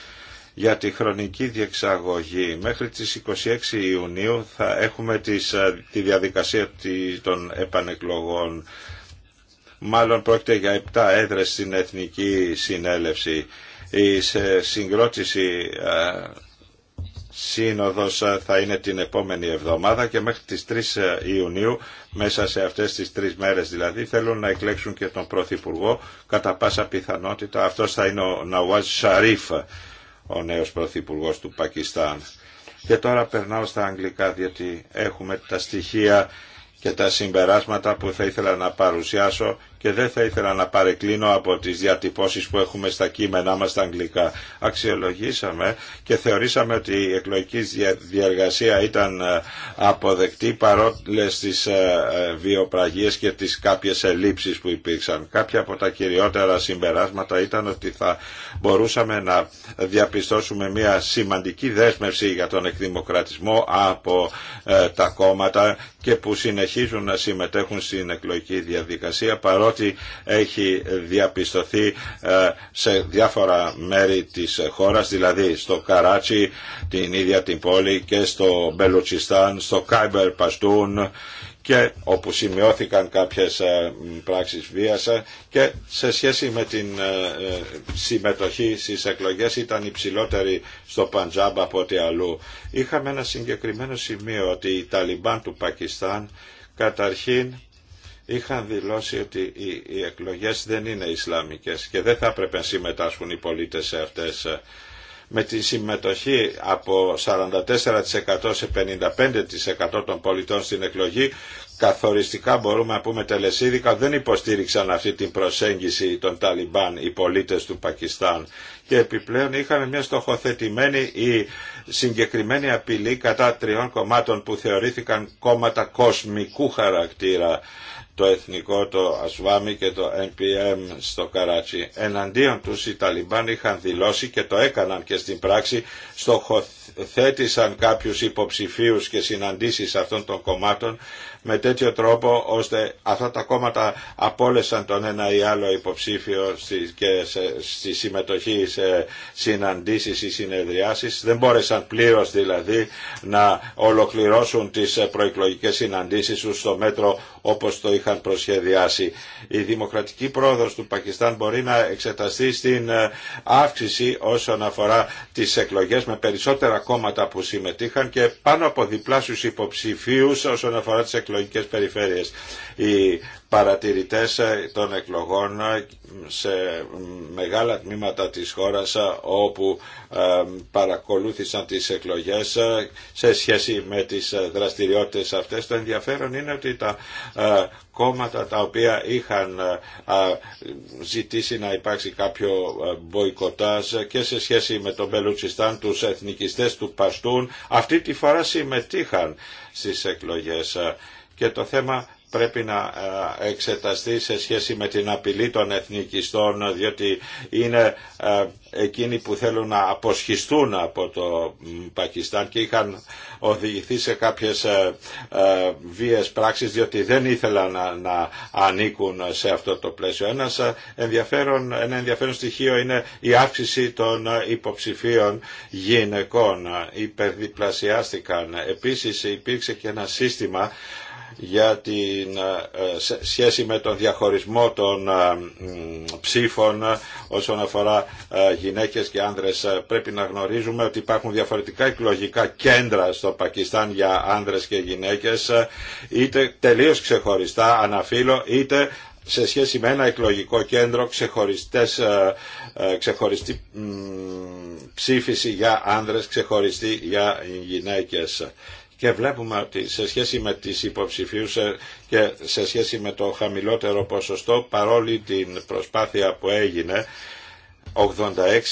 για τη χρονική διεξαγωγή. Μέχρι τις 26 Ιουνίου θα έχουμε τις, τη διαδικασία των επανεκλογών. Μάλλον πρόκειται για 7 έδρες στην Εθνική Συνέλευση. Η συγκρότηση σύνοδος θα είναι την επόμενη εβδομάδα και μέχρι τις 3 Ιουνίου, μέσα σε αυτές τις 3 μέρες δηλαδή, θέλουν να εκλέξουν και τον Πρωθυπουργό. Κατά πάσα πιθανότητα αυτός θα είναι ο Ναουάζ Σαρίφ ο νέος πρωθυπουργός του Πακιστάν. Και τώρα περνάω στα αγγλικά διότι έχουμε τα στοιχεία και τα συμπεράσματα που θα ήθελα να παρουσιάσω και δεν θα ήθελα να παρεκκλίνω από τις διατυπώσεις που έχουμε στα κείμενά μας στα αγγλικά. Αξιολογήσαμε και θεωρήσαμε ότι η εκλογική διαργασία ήταν ε, αποδεκτή παρόλες τις ε, ε, βιοπραγίες και τις κάποιες ελλείψεις που υπήρξαν. Κάποια από τα κυριότερα συμπεράσματα ήταν ότι θα μπορούσαμε να διαπιστώσουμε μια σημαντική δέσμευση για τον εκδημοκρατισμό από τα κόμματα και που συνεχίζουν να συμμετέχουν στην εκλογική διαδικασία ότι έχει διαπιστωθεί ε, σε διάφορα μέρη της χώρας, δηλαδή στο Καράτσι, την ίδια την πόλη και στο Μπελουτσιστάν, στο Κάιμπερ Παστούν και όπου σημειώθηκαν κάποιες ε, πράξεις βίας ε, και σε σχέση με την συμμετοχή στις εκλογές ήταν υψηλότερη στο Παντζάμπ από ό,τι αλλού. Είχαμε ένα συγκεκριμένο σημείο ότι οι Ταλιμπάν του Πακιστάν καταρχήν είχαν δηλώσει ότι οι εκλογές δεν είναι Ισλαμικές και δεν θα έπρεπε να συμμετάσχουν οι πολίτες σε αυτές με τη συμμετοχή από 44% σε 55% των πολιτών στην εκλογή καθοριστικά μπορούμε να πούμε τελεσίδικα δεν υποστήριξαν αυτή την προσέγγιση των Ταλιμπάν οι πολίτες του Πακιστάν και επιπλέον είχαμε μια στοχοθετημένη ή συγκεκριμένη απειλή κατά τριών κομμάτων που θεωρήθηκαν κόμματα κοσμικού χαρακτήρα το εθνικό το Ασβάμι και το NPM στο Καράτσι. Εναντίον τους οι Ταλιμπάν είχαν δηλώσει και το έκαναν και στην πράξη στο θέτησαν κάποιους υποψηφίους και συναντήσεις αυτών των κομμάτων με τέτοιο τρόπο ώστε αυτά τα κόμματα απόλεσαν τον ένα ή άλλο υποψήφιο και στη συμμετοχή σε συναντήσεις ή συνεδριάσεις. Δεν μπόρεσαν πλήρως δηλαδή να ολοκληρώσουν τις προεκλογικές συναντήσεις τους στο μέτρο όπως το είχαν προσχεδιάσει. Η δημοκρατική πρόοδος του Πακιστάν μπορεί να εξεταστεί στην ε, αύξηση όσον αφορά τις εκλογές με περισσότερα κόμματα που συμμετείχαν και πάνω από διπλάσιους υποψηφίους όσον αφορά τις εκλογικές περιφέρειες. Η παρατηρητές ε, των εκλογών ε, σε μεγάλα τμήματα της χώρας ε, όπου παρακολούθησαν τις εκλογές σε σχέση με τις δραστηριότητες αυτές. Το ενδιαφέρον είναι ότι τα κόμματα τα οποία είχαν ζητήσει να υπάρξει κάποιο μποϊκοτάζ και σε σχέση με τον Μπελουτσιστάν, τους εθνικιστές του Παστούν, αυτή τη φορά συμμετείχαν στις εκλογές. Και το θέμα πρέπει να ε, εξεταστεί σε σχέση με την απειλή των εθνικιστών διότι είναι ε, εκείνοι που θέλουν να αποσχιστούν από το Πακιστάν και είχαν οδηγηθεί σε κάποιες ε, βίες πράξεις διότι δεν ήθελαν να, να ανήκουν σε αυτό το πλαίσιο. Ένας ενδιαφέρον, ένα ενδιαφέρον στοιχείο είναι η αύξηση των υποψηφίων γυναικών. Υπερδιπλασιάστηκαν. Επίσης υπήρξε και ένα σύστημα για την ε, σχέση με τον διαχωρισμό των ε, ψήφων όσον αφορά ε, γυναίκες και άνδρες. Πρέπει να γνωρίζουμε ότι υπάρχουν διαφορετικά εκλογικά κέντρα στο Πακιστάν για άνδρες και γυναίκες είτε τελείως ξεχωριστά αναφύλλω, είτε σε σχέση με ένα εκλογικό κέντρο ξεχωριστές, ξεχωριστή ψήφιση για άνδρες, ξεχωριστή για γυναίκες και βλέπουμε ότι σε σχέση με τις υποψηφίους ε, και σε σχέση με το χαμηλότερο ποσοστό παρόλη την προσπάθεια που έγινε 86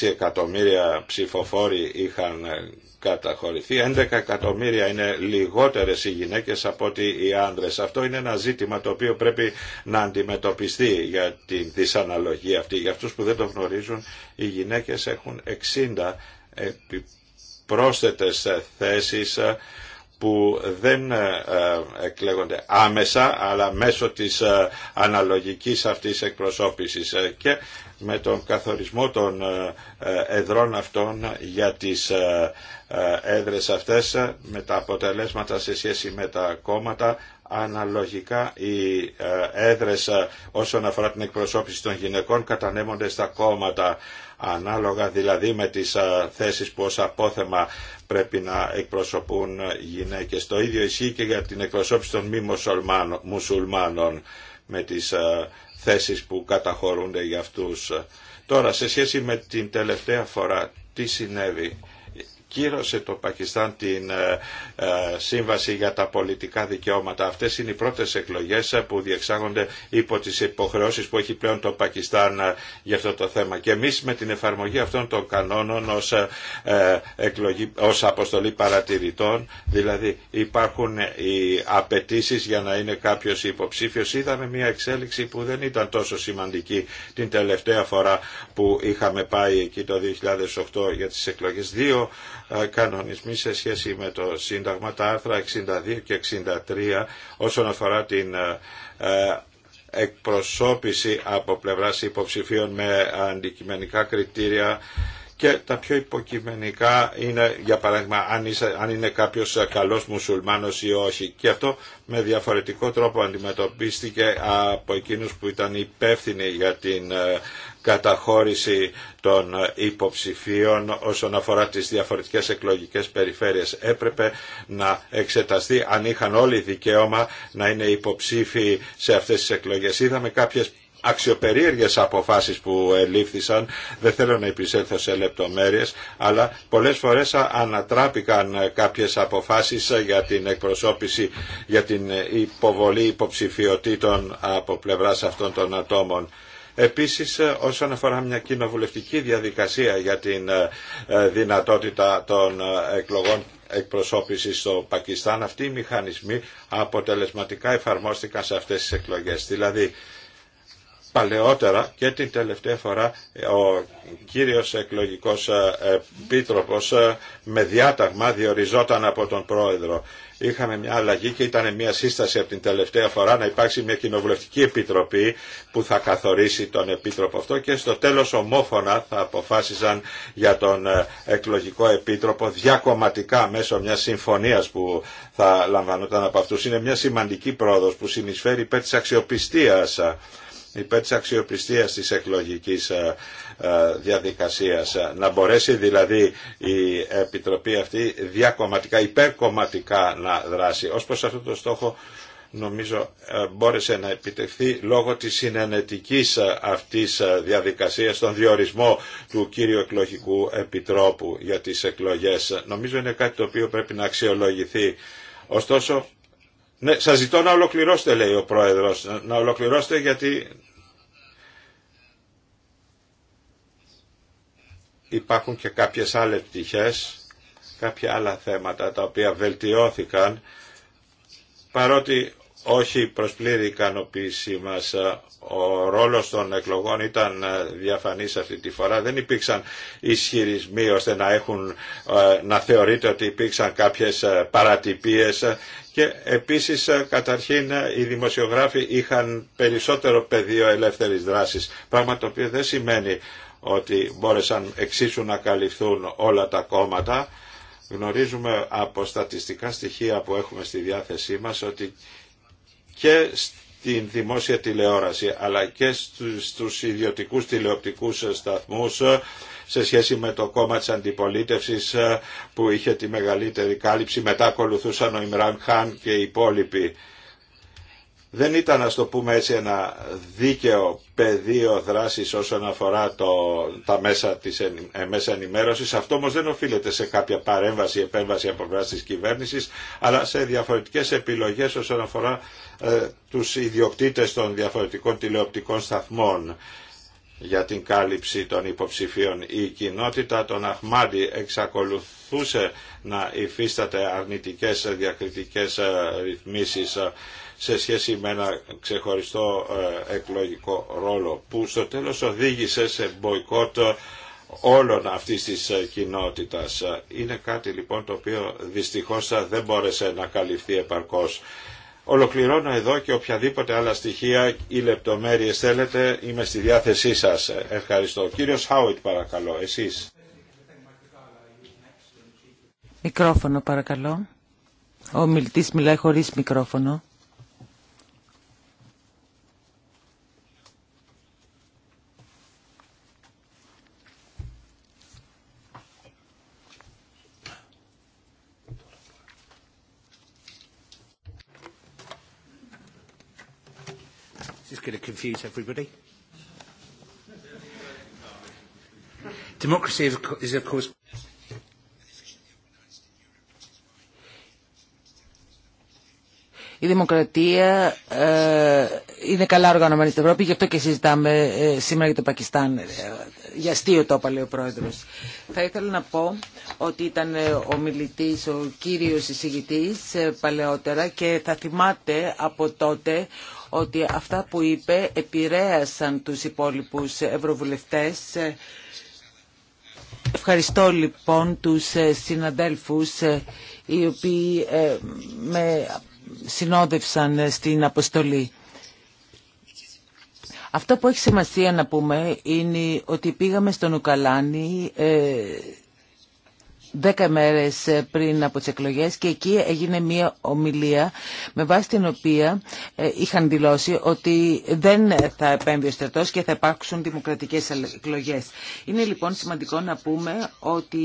εκατομμύρια ψηφοφόροι είχαν ε, καταχωρηθεί. 11 εκατομμύρια είναι λιγότερες οι γυναίκες από ότι οι άνδρες. Αυτό είναι ένα ζήτημα το οποίο πρέπει να αντιμετωπιστεί για την δυσαναλογία αυτή. Για αυτούς που δεν το γνωρίζουν, οι γυναίκες έχουν 60 πρόσθετες θέσεις ε, που δεν ε, ε, εκλέγονται άμεσα αλλά μέσω της ε, αναλογικής αυτής εκπροσώπησης και με τον καθορισμό των εδρών αυτών για τις έδρες αυτές με τα αποτελέσματα σε σχέση με τα κόμματα αναλογικά οι έδρες όσον αφορά την εκπροσώπηση των γυναικών κατανέμονται στα κόμματα ανάλογα δηλαδή με τις θέσεις που ως απόθεμα πρέπει να εκπροσωπούν γυναίκες. Το ίδιο ισχύει και για την εκπροσώπηση των μη μουσουλμάνων με τις ε, θέσεις που καταχωρούνται για αυτούς. Τώρα, σε σχέση με την τελευταία φορά, τι συνέβη κύρωσε το Πακιστάν την ε, ε, σύμβαση για τα πολιτικά δικαιώματα. Αυτές είναι οι πρώτες εκλογές ε, που διεξάγονται υπό τις υποχρεώσεις που έχει πλέον το Πακιστάν για αυτό το θέμα. Και εμείς με την εφαρμογή αυτών των κανόνων ως, εκλογή, ως αποστολή παρατηρητών, δηλαδή υπάρχουν οι απαιτήσει για να είναι κάποιο υποψήφιο. είδαμε μια εξέλιξη που δεν ήταν τόσο σημαντική την τελευταία φορά που είχαμε πάει εκεί το 2008 για τις εκλογές. Δύο ε, κανονισμοί σε σχέση με το Σύνταγμα, τα άρθρα 62 και 63 όσον αφορά την ε, ε, εκπροσώπηση από πλευράς υποψηφίων με αντικειμενικά κριτήρια και τα πιο υποκειμενικά είναι για παράδειγμα αν, αν είναι κάποιος καλός μουσουλμάνος ή όχι και αυτό με διαφορετικό τρόπο αντιμετωπίστηκε από εκείνους που ήταν υπεύθυνοι για την καταχώρηση των υποψηφίων όσον αφορά τις διαφορετικές εκλογικές περιφέρειες. Έπρεπε να εξεταστεί αν είχαν όλοι δικαίωμα να είναι υποψήφοι σε αυτές τις εκλογές. Είδαμε κάποιες αξιοπερίεργες αποφάσεις που ελήφθησαν, δεν θέλω να επισέλθω σε λεπτομέρειες, αλλά πολλές φορές ανατράπηκαν κάποιες αποφάσεις για την εκπροσώπηση, για την υποβολή υποψηφιωτήτων από πλευράς αυτών των ατόμων. Επίσης ε, όσον αφορά μια κοινοβουλευτική διαδικασία για την ε, ε, δυνατότητα των εκλογών εκπροσώπηση στο Πακιστάν, αυτοί οι μηχανισμοί αποτελεσματικά εφαρμόστηκαν σε αυτές τις εκλογές. Δηλαδή, παλαιότερα και την τελευταία φορά ο κύριος εκλογικός επίτροπος με διάταγμα διοριζόταν από τον πρόεδρο είχαμε μια αλλαγή και ήταν μια σύσταση από την τελευταία φορά να υπάρξει μια κοινοβουλευτική επιτροπή που θα καθορίσει τον επίτροπο αυτό και στο τέλος ομόφωνα θα αποφάσιζαν για τον ε, εκλογικό επίτροπο διακομματικά μέσω μιας συμφωνίας που θα λαμβανόταν από αυτούς. Είναι μια σημαντική πρόοδος που συνεισφέρει υπέρ της αξιοπιστίας υπέρ της αξιοπιστίας της εκλογικής ε, ε, διαδικασίας. Να μπορέσει δηλαδή η Επιτροπή αυτή διακομματικά, υπερκομματικά να δράσει. Ως προς αυτό το στόχο νομίζω ε, μπόρεσε να επιτευχθεί λόγω της συνενετικής αυτής διαδικασίας τον διορισμό του κύριου εκλογικού επιτρόπου για τις εκλογές. Νομίζω είναι κάτι το οποίο πρέπει να αξιολογηθεί. Ωστόσο ναι, σας ζητώ να ολοκληρώσετε λέει ο Πρόεδρος, να ολοκληρώσετε γιατί υπάρχουν και κάποιες άλλες πτυχές, κάποια άλλα θέματα τα οποία βελτιώθηκαν παρότι όχι προ πλήρη ικανοποίησή μας ε, ο ρόλος των εκλογών ήταν ε, διαφανής αυτή τη φορά. Δεν υπήρξαν ισχυρισμοί ώστε να, έχουν, ε, να θεωρείται ότι υπήρξαν κάποιες παρατυπίες και επίσης ε, καταρχήν ε, οι δημοσιογράφοι είχαν περισσότερο πεδίο ελεύθερης δράσης, πράγμα το οποίο δεν σημαίνει ότι μπόρεσαν εξίσου να καλυφθούν όλα τα κόμματα. Γνωρίζουμε από στατιστικά στοιχεία που έχουμε στη διάθεσή μας ότι και στην δημόσια τηλεόραση αλλά και στους ιδιωτικούς τηλεοπτικούς σταθμούς σε σχέση με το κόμμα της αντιπολίτευσης ε, που είχε τη μεγαλύτερη κάλυψη. Μετά ακολουθούσαν ο Ιμραν Χάν και οι υπόλοιποι. Δεν ήταν, α το πούμε έτσι, ένα δίκαιο πεδίο δράσης όσον αφορά το, τα μέσα, της, ε, μέσα ενημέρωσης. Αυτό όμως δεν οφείλεται σε κάποια παρέμβαση, επέμβαση από πλευρά της κυβέρνησης, αλλά σε διαφορετικές επιλογές όσον αφορά ε, τους ιδιοκτήτες των διαφορετικών τηλεοπτικών σταθμών για την κάλυψη των υποψηφίων. Η κοινότητα των Αχμάντι εξακολουθούσε να υφίσταται αρνητικές διακριτικές ε, ρυθμίσεις ε, σε σχέση με ένα ξεχωριστό ε, εκλογικό ρόλο που στο τέλος οδήγησε σε μποϊκότ όλων αυτής της κοινότητας. Είναι κάτι λοιπόν το οποίο δυστυχώς δεν μπόρεσε να καλυφθεί επαρκώς. Ολοκληρώνω εδώ και οποιαδήποτε άλλα στοιχεία ή λεπτομέρειες θέλετε είμαι στη διάθεσή σας. Ευχαριστώ. Κύριος Χάουιτ παρακαλώ, εσείς. Μικρόφωνο παρακαλώ. Ο μιλητής μιλάει χωρίς μικρόφωνο. everybody. Democracy is, of course. Η δημοκρατία ε, είναι καλά οργανωμένη στην Ευρώπη, γι' αυτό και συζητάμε ε, σήμερα για το Πακιστάν. Ε, για αστείο το είπα, ο Πρόεδρος. Θα ήθελα να πω ότι ήταν ο μιλητή ο κύριος εισηγητής παλαιότερα και θα θυμάται από τότε ότι αυτά που είπε επηρέασαν τους υπόλοιπους ευρωβουλευτές. Ευχαριστώ λοιπόν τους ε, συναδέλφους ε, οι οποίοι ε, με συνόδευσαν στην αποστολή. Αυτό που έχει σημασία να πούμε είναι ότι πήγαμε στον Ουκαλάνη δέκα μέρες πριν από τις εκλογές και εκεί έγινε μία ομιλία με βάση την οποία ε, είχαν δηλώσει ότι δεν θα επέμβει ο στρατός και θα υπάρξουν δημοκρατικές εκλογές. Είναι λοιπόν σημαντικό να πούμε ότι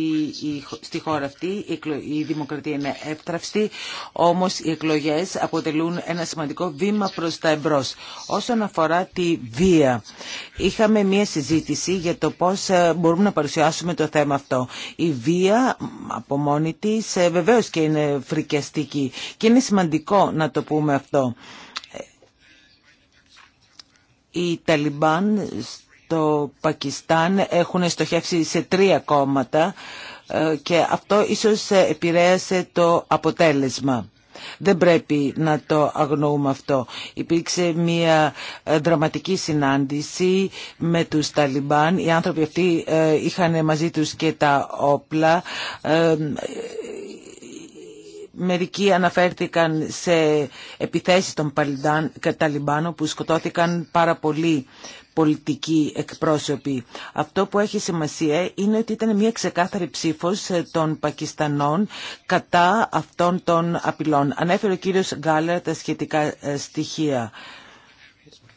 στη χώρα αυτή η δημοκρατία είναι εύτραυστη, όμως οι εκλογές αποτελούν ένα σημαντικό βήμα προς τα εμπρός. Όσον αφορά τη βία, είχαμε μία συζήτηση για το πώς ε, μπορούμε να παρουσιάσουμε το θέμα αυτό. Η βία από μόνη της ε, βεβαίως και είναι φρικιαστική και είναι σημαντικό να το πούμε αυτό. Ε, οι Ταλιμπάν στο Πακιστάν έχουν στοχεύσει σε τρία κόμματα ε, και αυτό ίσως επηρέασε το αποτέλεσμα. Δεν πρέπει να το αγνοούμε αυτό. Υπήρξε μια ε, δραματική συνάντηση με τους Ταλιμπάν. Οι άνθρωποι αυτοί ε, είχαν μαζί τους και τα όπλα. Ε, μερικοί αναφέρθηκαν σε επιθέσεις των Ταλιμπάνων που σκοτώθηκαν πάρα πολλοί πολιτικοί εκπρόσωποι. Αυτό που έχει σημασία είναι ότι ήταν μια ξεκάθαρη ψήφος ε, των Πακιστανών κατά αυτών των απειλών. Ανέφερε ο κύριος Γκάλερ τα σχετικά ε, στοιχεία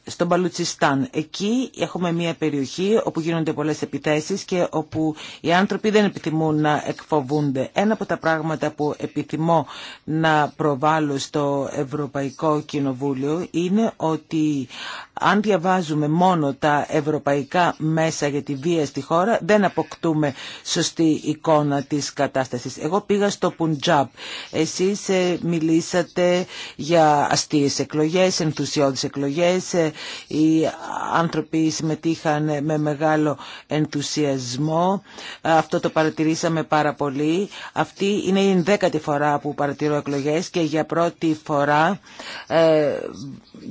στον Παλουτσιστάν. Εκεί έχουμε μια περιοχή όπου γίνονται πολλές επιθέσεις και όπου οι άνθρωποι δεν επιθυμούν να εκφοβούνται. Ένα από τα πράγματα που επιθυμώ να προβάλλω στο Ευρωπαϊκό Κοινοβούλιο είναι ότι αν διαβάζουμε μόνο τα ευρωπαϊκά μέσα για τη βία στη χώρα δεν αποκτούμε σωστή εικόνα της κατάστασης. Εγώ πήγα στο Πουντζάπ. Εσείς ε, μιλήσατε για αστείες εκλογές, ενθουσιώδεις εκλογές, ε, οι άνθρωποι συμμετείχαν με μεγάλο ενθουσιασμό. Αυτό το παρατηρήσαμε πάρα πολύ. Αυτή είναι η δέκατη φορά που παρατηρώ εκλογές και για πρώτη φορά ε,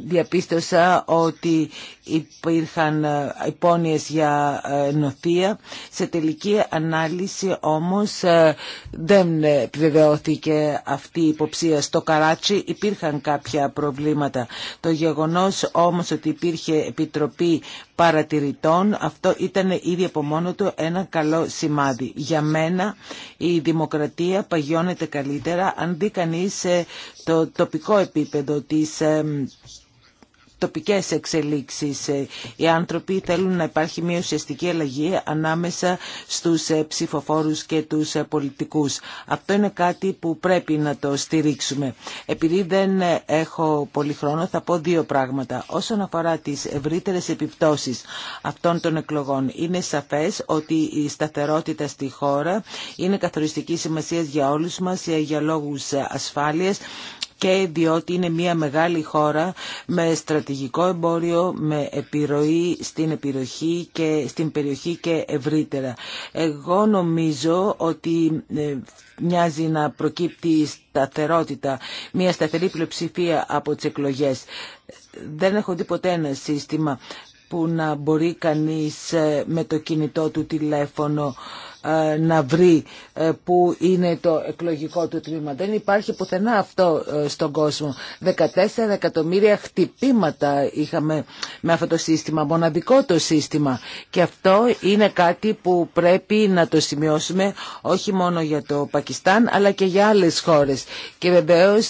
διαπίστωσα ότι υπήρχαν ε, υπόνοιες για ε, νοθεία. Σε τελική ανάλυση όμως ε, δεν επιβεβαιώθηκε αυτή η υποψία. Στο Καράτσι υπήρχαν κάποια προβλήματα. Το γεγονός όμως ότι υπήρχε επιτροπή παρατηρητών, αυτό ήταν ήδη από μόνο του ένα καλό σημάδι. Για μένα η δημοκρατία παγιώνεται καλύτερα αν δει κανείς το τοπικό επίπεδο της τοπικές εξελίξεις. Ε, οι άνθρωποι θέλουν να υπάρχει μια ουσιαστική αλλαγή ανάμεσα στους ε, ψηφοφόρους και τους ε, πολιτικούς. Αυτό είναι κάτι που πρέπει να το στηρίξουμε. Επειδή δεν έχω πολύ χρόνο θα πω δύο πράγματα. Όσον αφορά τις ευρύτερες επιπτώσεις αυτών των εκλογών είναι σαφές ότι η σταθερότητα στη χώρα είναι καθοριστική σημασία για όλους μας για λόγους ασφάλειας και διότι είναι μια μεγάλη χώρα με στρατηγικό εμπόριο, με επιρροή στην επιροχή και στην περιοχή και ευρύτερα. Εγώ νομίζω ότι ε, μοιάζει να προκύπτει σταθερότητα, μια σταθερή πλειοψηφία από τις εκλογές. Δεν έχω δει ποτέ ένα σύστημα που να μπορεί κανείς ε, με το κινητό του τηλέφωνο ε, να βρει ε, που είναι το εκλογικό του τμήμα. Δεν υπάρχει πουθενά αυτό ε, στον κόσμο. 14 εκατομμύρια χτυπήματα είχαμε με αυτό το σύστημα, μοναδικό το σύστημα. Και αυτό είναι κάτι που πρέπει να το σημειώσουμε όχι μόνο για το Πακιστάν αλλά και για άλλες χώρες. Και βεβαίως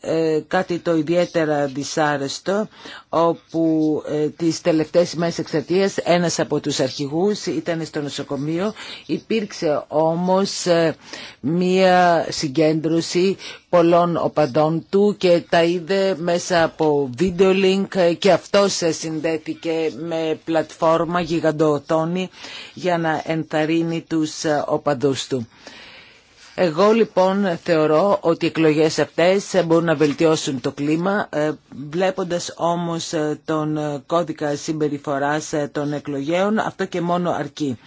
ε, κάτι το ιδιαίτερα δυσάρεστο όπου ε, τις τελευταίες μέρες εξαρτίας ένας από τους αρχηγούς ήταν στο νοσοκομείο υπήρξε όμως ε, μία συγκέντρωση πολλών οπαδών του και τα είδε μέσα από βίντεο link και αυτός συνδέθηκε με πλατφόρμα γιγαντοοτόνη για να ενθαρρύνει τους οπαδούς του. Εγώ λοιπόν θεωρώ ότι οι εκλογές αυτές μπορούν να βελτιώσουν το κλίμα, ε, βλέποντας όμως ε, τον ε, κώδικα συμπεριφοράς των εκλογέων, αυτό και μόνο αρκεί.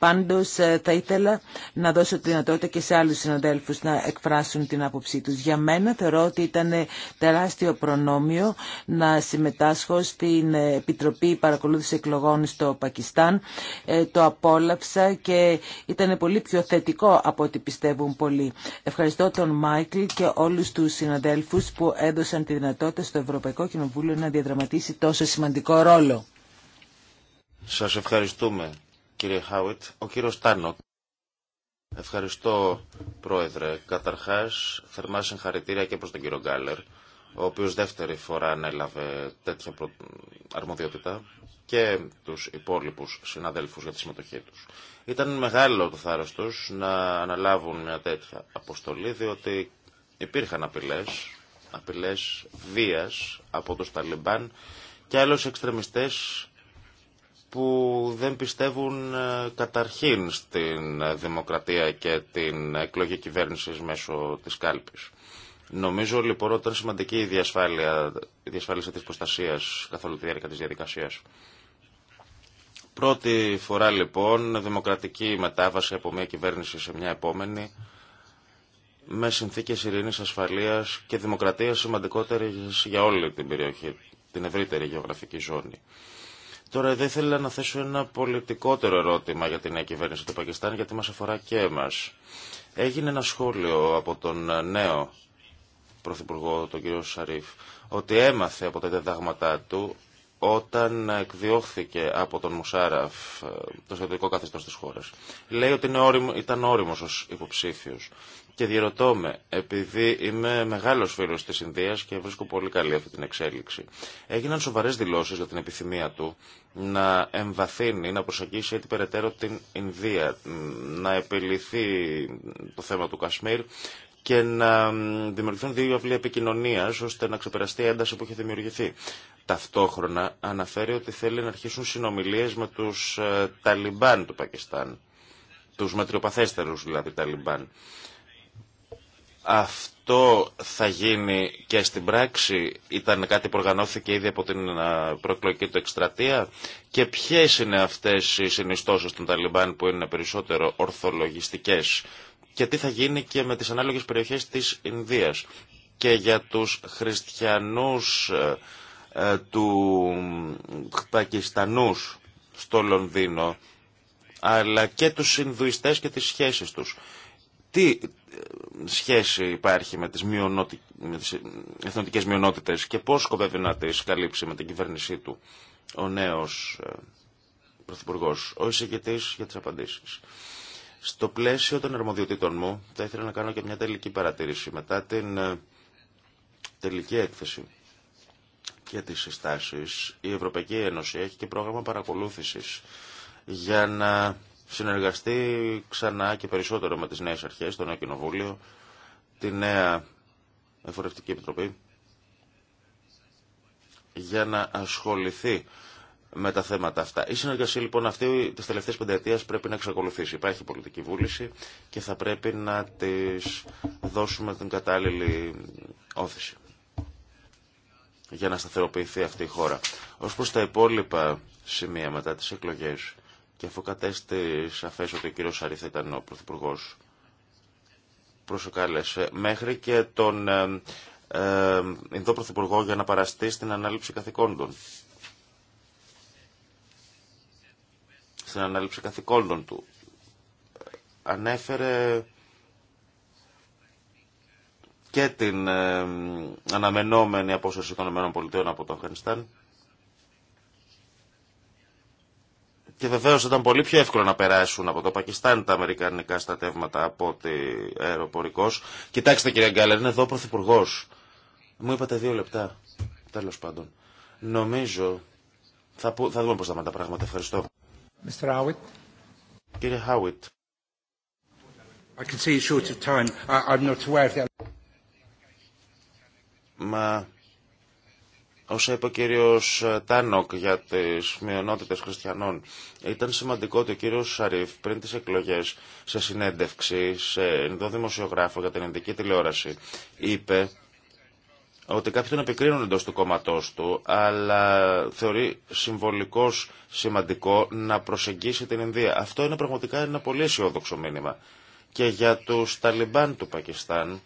Πάντως ε, θα ήθελα να δώσω τη δυνατότητα και σε άλλους συναδέλφους να εκφράσουν την άποψή τους. Για μένα θεωρώ ότι ήταν τεράστιο προνόμιο να συμμετάσχω στην ε, Επιτροπή Παρακολούθησης Εκλογών στο Πακιστάν. Ε, το απόλαυσα και ήταν πολύ πιο θετικό από ό,τι πιστεύουν πολλοί. Ευχαριστώ τον Μάικλ και όλους τους συναδέλφους που έδωσαν τη δυνατότητα στο Ευρωπαϊκό Κοινοβούλιο να διαδραματίσει τόσο σημαντικό ρόλο. Σας ευχαριστούμε κύριε Χάουιτ. Ο κύριος Τάνοκ. Ευχαριστώ, Πρόεδρε. Καταρχάς, θερμά συγχαρητήρια και προς τον κύριο Γκάλερ, ο οποίος δεύτερη φορά ανέλαβε τέτοια αρμοδιότητα και τους υπόλοιπους συναδέλφους για τη συμμετοχή τους. Ήταν μεγάλο το θάρρος τους να αναλάβουν μια τέτοια αποστολή, διότι υπήρχαν απειλές, απειλές βίας από τους Ταλιμπάν και άλλους εξτρεμιστές που δεν πιστεύουν ε, καταρχήν στην ε, δημοκρατία και την εκλογή κυβέρνηση μέσω της κάλπης. Νομίζω λοιπόν ότι ήταν σημαντική η, διασφάλεια, διασφάλιση της προστασίας καθ' όλη τη διάρκεια της διαδικασίας. Πρώτη φορά λοιπόν δημοκρατική μετάβαση από μια κυβέρνηση σε μια επόμενη με συνθήκες ειρήνης, ασφαλείας και δημοκρατίας σημαντικότερες για όλη την περιοχή, την ευρύτερη γεωγραφική ζώνη. Τώρα δεν ήθελα να θέσω ένα πολιτικότερο ερώτημα για την νέα κυβέρνηση του Πακιστάν, γιατί μας αφορά και εμάς. Έγινε ένα σχόλιο από τον νέο Πρωθυπουργό, τον κύριο Σαρίφ, ότι έμαθε από τα διδάγματά του όταν εκδιώχθηκε από τον Μουσάραφ ε, το στρατιωτικό καθεστώ της χώρας. Λέει ότι ήταν όριμος ω υποψήφιο. Και διερωτώ με, επειδή είμαι μεγάλο φίλο τη Ινδία και βρίσκω πολύ καλή αυτή την εξέλιξη. Έγιναν σοβαρέ δηλώσει για την επιθυμία του να εμβαθύνει, να προσεγγίσει έτσι περαιτέρω την Ινδία, να επιληθεί το θέμα του Κασμίρ και να δημιουργηθούν δύο βιβλία επικοινωνία ώστε να ξεπεραστεί η ένταση που έχει δημιουργηθεί. Ταυτόχρονα αναφέρει ότι θέλει να αρχίσουν συνομιλίε με του ε, Ταλιμπάν του Πακιστάν. Του μετριοπαθέστερου δηλαδή Ταλιμπάν αυτό θα γίνει και στην πράξη. Ήταν κάτι που οργανώθηκε ήδη από την προεκλογική του εκστρατεία. Και ποιες είναι αυτές οι συνιστώσεις των Ταλιμπάν που είναι περισσότερο ορθολογιστικές. Και τι θα γίνει και με τις ανάλογες περιοχές της Ινδίας. Και για τους χριστιανούς ε, ε, του Πακιστανούς στο Λονδίνο αλλά και τους Ινδουιστές και τις σχέσεις τους τι ε, σχέση υπάρχει με τις, μειονότη... με τις μειονότητες και πώς σκοπεύει να τις καλύψει με την κυβέρνησή του ο νέος ε, πρωθυπουργός, ο εισηγητής για τις απαντήσεις. Στο πλαίσιο των αρμοδιοτήτων μου θα ήθελα να κάνω και μια τελική παρατήρηση μετά την ε, τελική έκθεση και τις συστάσεις. Η Ευρωπαϊκή Ένωση έχει και πρόγραμμα παρακολούθησης για να συνεργαστεί ξανά και περισσότερο με τις νέες αρχές, το νέο κοινοβούλιο, τη νέα εφορευτική επιτροπή, για να ασχοληθεί με τα θέματα αυτά. Η συνεργασία λοιπόν αυτή τη τελευταία πενταετία πρέπει να εξακολουθήσει. Υπάρχει πολιτική βούληση και θα πρέπει να τη δώσουμε την κατάλληλη όθηση για να σταθεροποιηθεί αυτή η χώρα. Ω προ τα υπόλοιπα σημεία μετά τι εκλογέ, και αφού κατέστη σαφές ότι ο κύριο Σαρίθα ήταν ο Πρωθυπουργό, προσεκάλεσε μέχρι και τον ε, ε, Ινδό για να παραστεί στην ανάληψη καθηκόντων. Στην ανάληψη καθηκόντων του. Ανέφερε και την ε, αναμενόμενη απόσταση των ΗΠΑ από το Αφγανιστάν Και βεβαίω ήταν πολύ πιο εύκολο να περάσουν από το Πακιστάν τα αμερικανικά στατεύματα από ότι αεροπορικό. Κοιτάξτε κύριε Γκάλερ, είναι εδώ ο Πρωθυπουργό. Μου είπατε δύο λεπτά. Τέλο πάντων. Νομίζω. Θα, δούμε πώ θα πάνε τα πράγματα. Ευχαριστώ. Mr. Κύριε Χάουιτ. Μα Όσα είπε ο κύριο Τάνοκ για τι μειονότητε χριστιανών, ήταν σημαντικό ότι ο κύριο Σαρίφ πριν τι εκλογέ, σε συνέντευξη, σε ενδό δημοσιογράφο για την ειδική τηλεόραση, είπε ότι κάποιοι τον επικρίνουν εντό του κόμματό του, αλλά θεωρεί συμβολικό σημαντικό να προσεγγίσει την Ινδία. Αυτό είναι πραγματικά ένα πολύ αισιόδοξο μήνυμα. Και για του Ταλιμπάν του Πακιστάν,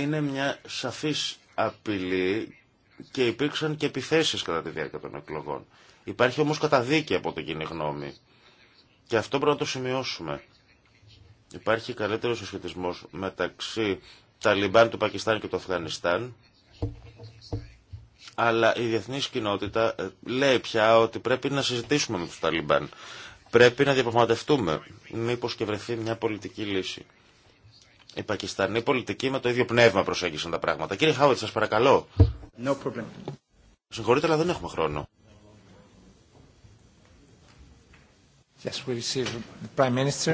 είναι μια σαφής απειλή και υπήρξαν και επιθέσεις κατά τη διάρκεια των εκλογών. Υπάρχει όμως καταδίκη από την κοινή γνώμη και αυτό πρέπει να το σημειώσουμε. Υπάρχει καλύτερος συσχετισμός μεταξύ Ταλιμπάν του Πακιστάν και του Αφγανιστάν αλλά η διεθνή κοινότητα ε, λέει πια ότι πρέπει να συζητήσουμε με τους Ταλιμπάν. Πρέπει να διαπραγματευτούμε μήπως και βρεθεί μια πολιτική λύση. Οι Πακιστανοί πολιτικοί με το ίδιο πνεύμα προσέγγισαν τα πράγματα. Κύριε Χάουιτ, σας παρακαλώ. No problem. Συγχωρείτε, αλλά δεν έχουμε χρόνο. Yes, we receive the Prime Minister.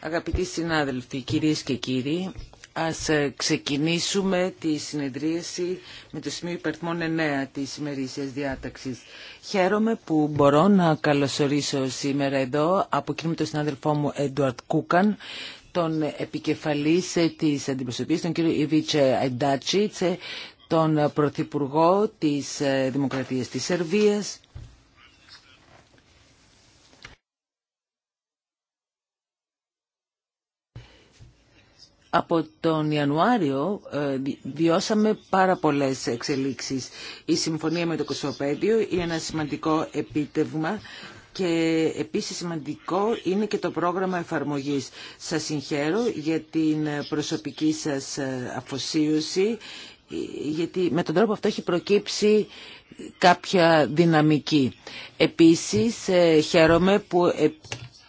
Αγαπητοί συνάδελφοι, κυρίες και κύριοι, ας ε, ξεκινήσουμε τη συνεδρίαση με το σημείο υπερθμών 9 της ημερήσιας διάταξης. Χαίρομαι που μπορώ να καλωσορίσω σήμερα εδώ από κοινού τον συνάδελφό μου Έντουαρτ Κούκαν, τον επικεφαλής ε, της αντιπροσωπείας, τον κύριο Ιβίτσε Αιντάτσιτσε, τον Πρωθυπουργό της ε, Δημοκρατίας της Σερβίας, από τον Ιανουάριο ε, βιώσαμε πάρα πολλές εξελίξεις. Η συμφωνία με το Κοσμοπέδιο είναι ένα σημαντικό επίτευγμα και επίσης σημαντικό είναι και το πρόγραμμα εφαρμογής. Σας συγχαίρω για την προσωπική σας ε, αφοσίωση, ε, γιατί με τον τρόπο αυτό έχει προκύψει κάποια δυναμική. Επίσης, χαίρομαι που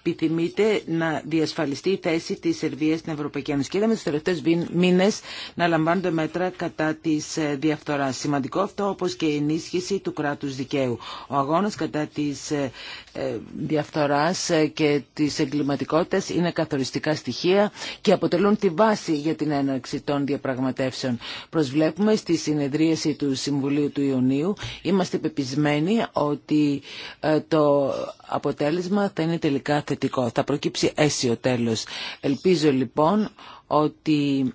επιθυμείτε να διασφαλιστεί η θέση της Σερβίας στην Ευρωπαϊκή Ένωση. με είδαμε τους τελευταίους μήνες να λαμβάνονται μέτρα κατά της ε, διαφθοράς. Σημαντικό αυτό όπως και η ενίσχυση του κράτους δικαίου. Ο αγώνας κατά της ε, ε, διαφθοράς και της εγκληματικότητας είναι καθοριστικά στοιχεία και αποτελούν τη βάση για την έναρξη των διαπραγματεύσεων. Προσβλέπουμε στη συνεδρίαση του Συμβουλίου του Ιουνίου. Είμαστε πεπισμένοι ότι το αποτέλεσμα θα είναι τελικά θετικό θα προκύψει αίσιο τέλος. Ελπίζω λοιπόν ότι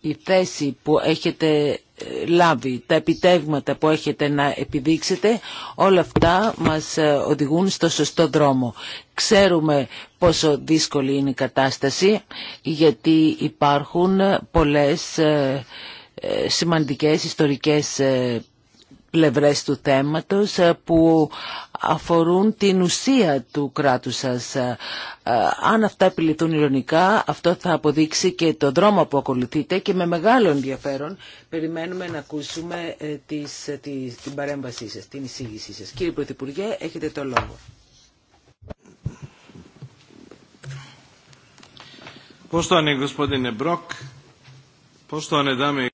η θέση που έχετε ε, λάβει, τα επιτεύγματα που έχετε να επιδείξετε, όλα αυτά μας ε, οδηγούν στο σωστό δρόμο. Ξέρουμε πόσο δύσκολη είναι η κατάσταση, γιατί υπάρχουν πολλές ε, σημαντικές ιστορικές πλευρές του θέματος που αφορούν την ουσία του κράτους σας. Ε, ε, αν αυτά επιληθούν ηρωνικά, αυτό θα αποδείξει και το δρόμο που ακολουθείτε και με μεγάλο ενδιαφέρον περιμένουμε να ακούσουμε ε, τις, τις, την παρέμβασή σας, την εισήγησή σας. Κύριε Πρωθυπουργέ, έχετε το λόγο.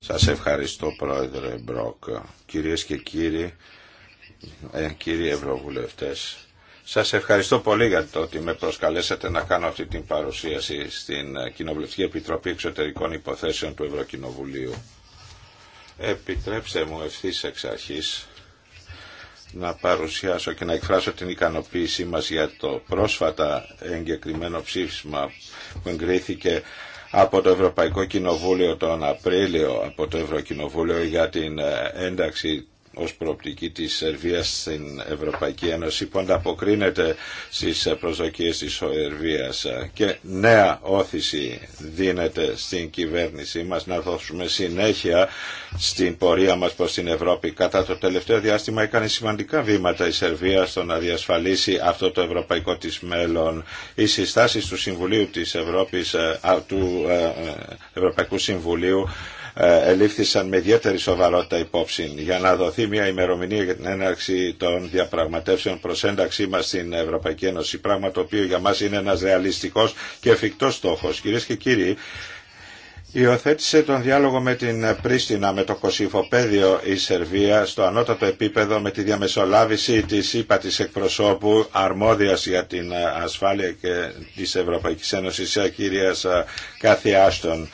Σας ευχαριστώ πρόεδρε Μπρόκ. Κυρίες και κύριοι, ε, κύριοι Ευρωβουλευτές. Σας ευχαριστώ πολύ για το ότι με προσκαλέσατε να κάνω αυτή την παρουσίαση στην Κοινοβουλευτική Επιτροπή Εξωτερικών Υποθέσεων του Ευρωκοινοβουλίου. Επιτρέψτε μου ευθύ εξ αρχής να παρουσιάσω και να εκφράσω την ικανοποίησή μας για το πρόσφατα εγκεκριμένο ψήφισμα που εγκρίθηκε από το Ευρωπαϊκό Κοινοβούλιο τον Απρίλιο, από το Ευρωκοινοβούλιο για την ένταξη ως προοπτική της Σερβίας στην Ευρωπαϊκή Ένωση που ανταποκρίνεται στις προσδοκίες της Σερβίας και νέα όθηση δίνεται στην κυβέρνησή μας να δώσουμε συνέχεια στην πορεία μας προς την Ευρώπη. Κατά το τελευταίο διάστημα έκανε σημαντικά βήματα η Σερβία στο να διασφαλίσει αυτό το ευρωπαϊκό της μέλλον. Οι συστάσεις του Συμβουλίου της Ευρώπης, του ε, ε, Ευρωπαϊκού Συμβουλίου ε, ελήφθησαν με ιδιαίτερη σοβαρότητα υπόψη για να δοθεί μια ημερομηνία για την έναρξη των διαπραγματεύσεων προ ένταξή μα στην Ευρωπαϊκή Ένωση, πράγμα το οποίο για μα είναι ένα ρεαλιστικό και εφικτό στόχο. Κυρίε και κύριοι, Υιοθέτησε τον διάλογο με την Πρίστινα, με το Κωσυφοπαίδιο η Σερβία στο ανώτατο επίπεδο με τη διαμεσολάβηση της ΥΠΑ της εκπροσώπου αρμόδιας για την ασφάλεια και της Ευρωπαϊκής Ένωσης κυρίας Κάθη Άστον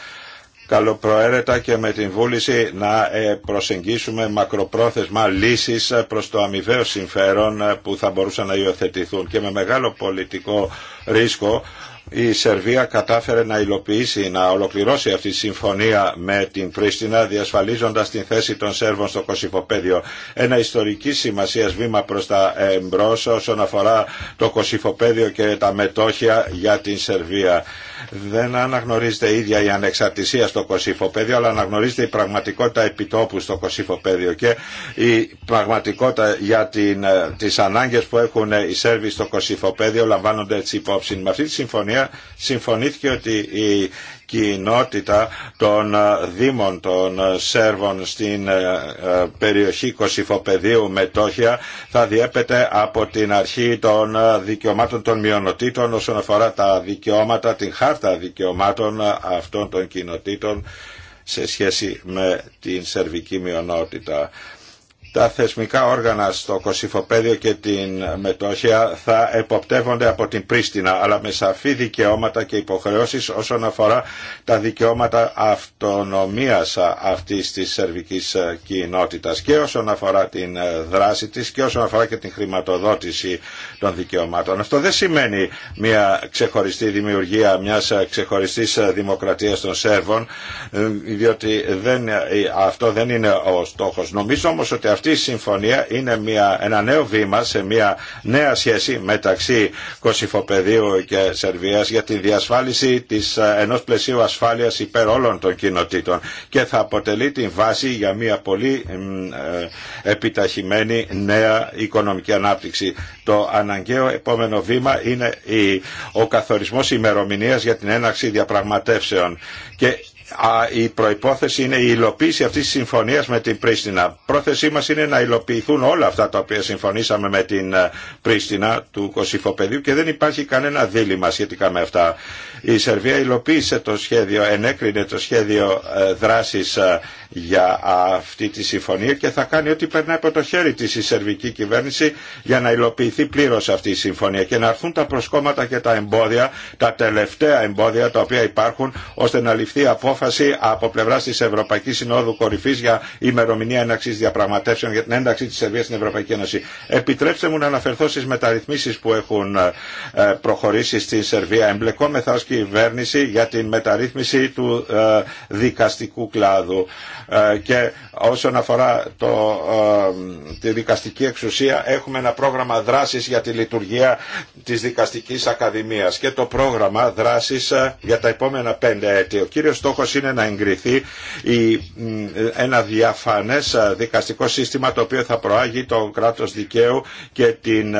καλοπροαίρετα και με την βούληση να ε, προσεγγίσουμε μακροπρόθεσμα λύσεις προς το αμοιβαίο συμφέρον που θα μπορούσαν να υιοθετηθούν και με μεγάλο πολιτικό ρίσκο η Σερβία κατάφερε να υλοποιήσει, να ολοκληρώσει αυτή τη συμφωνία με την Πρίστινα, διασφαλίζοντας την θέση των Σέρβων στο Κωσυφοπαίδιο. Ένα ιστορική σημασία βήμα προς τα εμπρό όσον αφορά το Κωσυφοπαίδιο και τα μετόχια για την Σερβία δεν αναγνωρίζεται η ίδια η ανεξαρτησία στο Πέδιο, αλλά αναγνωρίζεται η πραγματικότητα επιτόπου στο Πέδιο και η πραγματικότητα για την, ε, τις ανάγκες που έχουν οι Σέρβοι στο Πέδιο λαμβάνονται έτσι υπόψη. Με αυτή τη συμφωνία συμφωνήθηκε ότι η κοινότητα των ε, δήμων των ε, Σέρβων στην ε, περιοχή Κωσυφοπεδίου Μετόχια θα διέπεται από την αρχή των δικαιωμάτων των μειονοτήτων όσον αφορά τα δικαιώματα, την χάρτα δικαιωμάτων αυτών των κοινοτήτων σε σχέση με την σερβική μειονότητα τα θεσμικά όργανα στο Κωσυφοπαίδιο και την Μετόχεια θα εποπτεύονται από την Πρίστινα, αλλά με σαφή δικαιώματα και υποχρεώσεις όσον αφορά τα δικαιώματα αυτονομίας αυτής της σερβικής κοινότητας και όσον αφορά την δράση της και όσον αφορά και την χρηματοδότηση των δικαιωμάτων. Αυτό δεν σημαίνει μια ξεχωριστή δημιουργία μιας ξεχωριστής δημοκρατίας των Σέρβων, διότι αυτό δεν είναι ο στόχος. Νομίζω όμως ότι αυτή η συμφωνία είναι μια, ένα νέο βήμα σε μια νέα σχέση μεταξύ Κωσυφοπεδίου και Σερβίας για τη διασφάλιση της, ε, ενός πλαισίου ασφάλειας υπέρ όλων των κοινοτήτων και θα αποτελεί την βάση για μια πολύ ε, επιταχυμένη νέα οικονομική ανάπτυξη. Το αναγκαίο επόμενο βήμα είναι ο καθορισμός ημερομηνία για την έναρξη διαπραγματεύσεων και η προϋπόθεση είναι η υλοποίηση αυτής της συμφωνίας με την Πρίστινα. Πρόθεσή μας είναι να υλοποιηθούν όλα αυτά τα οποία συμφωνήσαμε με την ε, Πρίστινα του Κωσυφοπεδίου και δεν υπάρχει κανένα δίλημα σχετικά με αυτά. Η Σερβία υλοποίησε το σχέδιο, ενέκρινε το σχέδιο ε, δράσης ε, για αυτή τη συμφωνία και θα κάνει ό,τι περνάει από το χέρι της η σερβική κυβέρνηση για να υλοποιηθεί πλήρως αυτή η συμφωνία και να έρθουν τα προσκόμματα και τα εμπόδια, τα τελευταία εμπόδια τα οποία υπάρχουν ώστε να ληφθεί απόφαση από πλευρά της Ευρωπαϊκής Συνόδου Κορυφής για ημερομηνία έναξης διαπραγματεύσεων για την ένταξη της Σερβίας στην Ευρωπαϊκή Ένωση. Επιτρέψτε μου να αναφερθώ στι μεταρρυθμίσεις που έχουν ε, προχωρήσει στην Σερβία. Εμπλεκόμεθα ως κυβέρνηση για την μεταρρύθμιση του ε, δικαστικού κλάδου. Ε, και όσον αφορά το, ε, τη δικαστική εξουσία έχουμε ένα πρόγραμμα δράσης για τη λειτουργία της Δικαστικής Ακαδημίας και το πρόγραμμα δράσης ε, για τα επόμενα πέντε έτη. Ο κύριος στόχος είναι να εγκριθεί ένα διαφανές δικαστικό σύστημα το οποίο θα προάγει το κράτος δικαίου και την,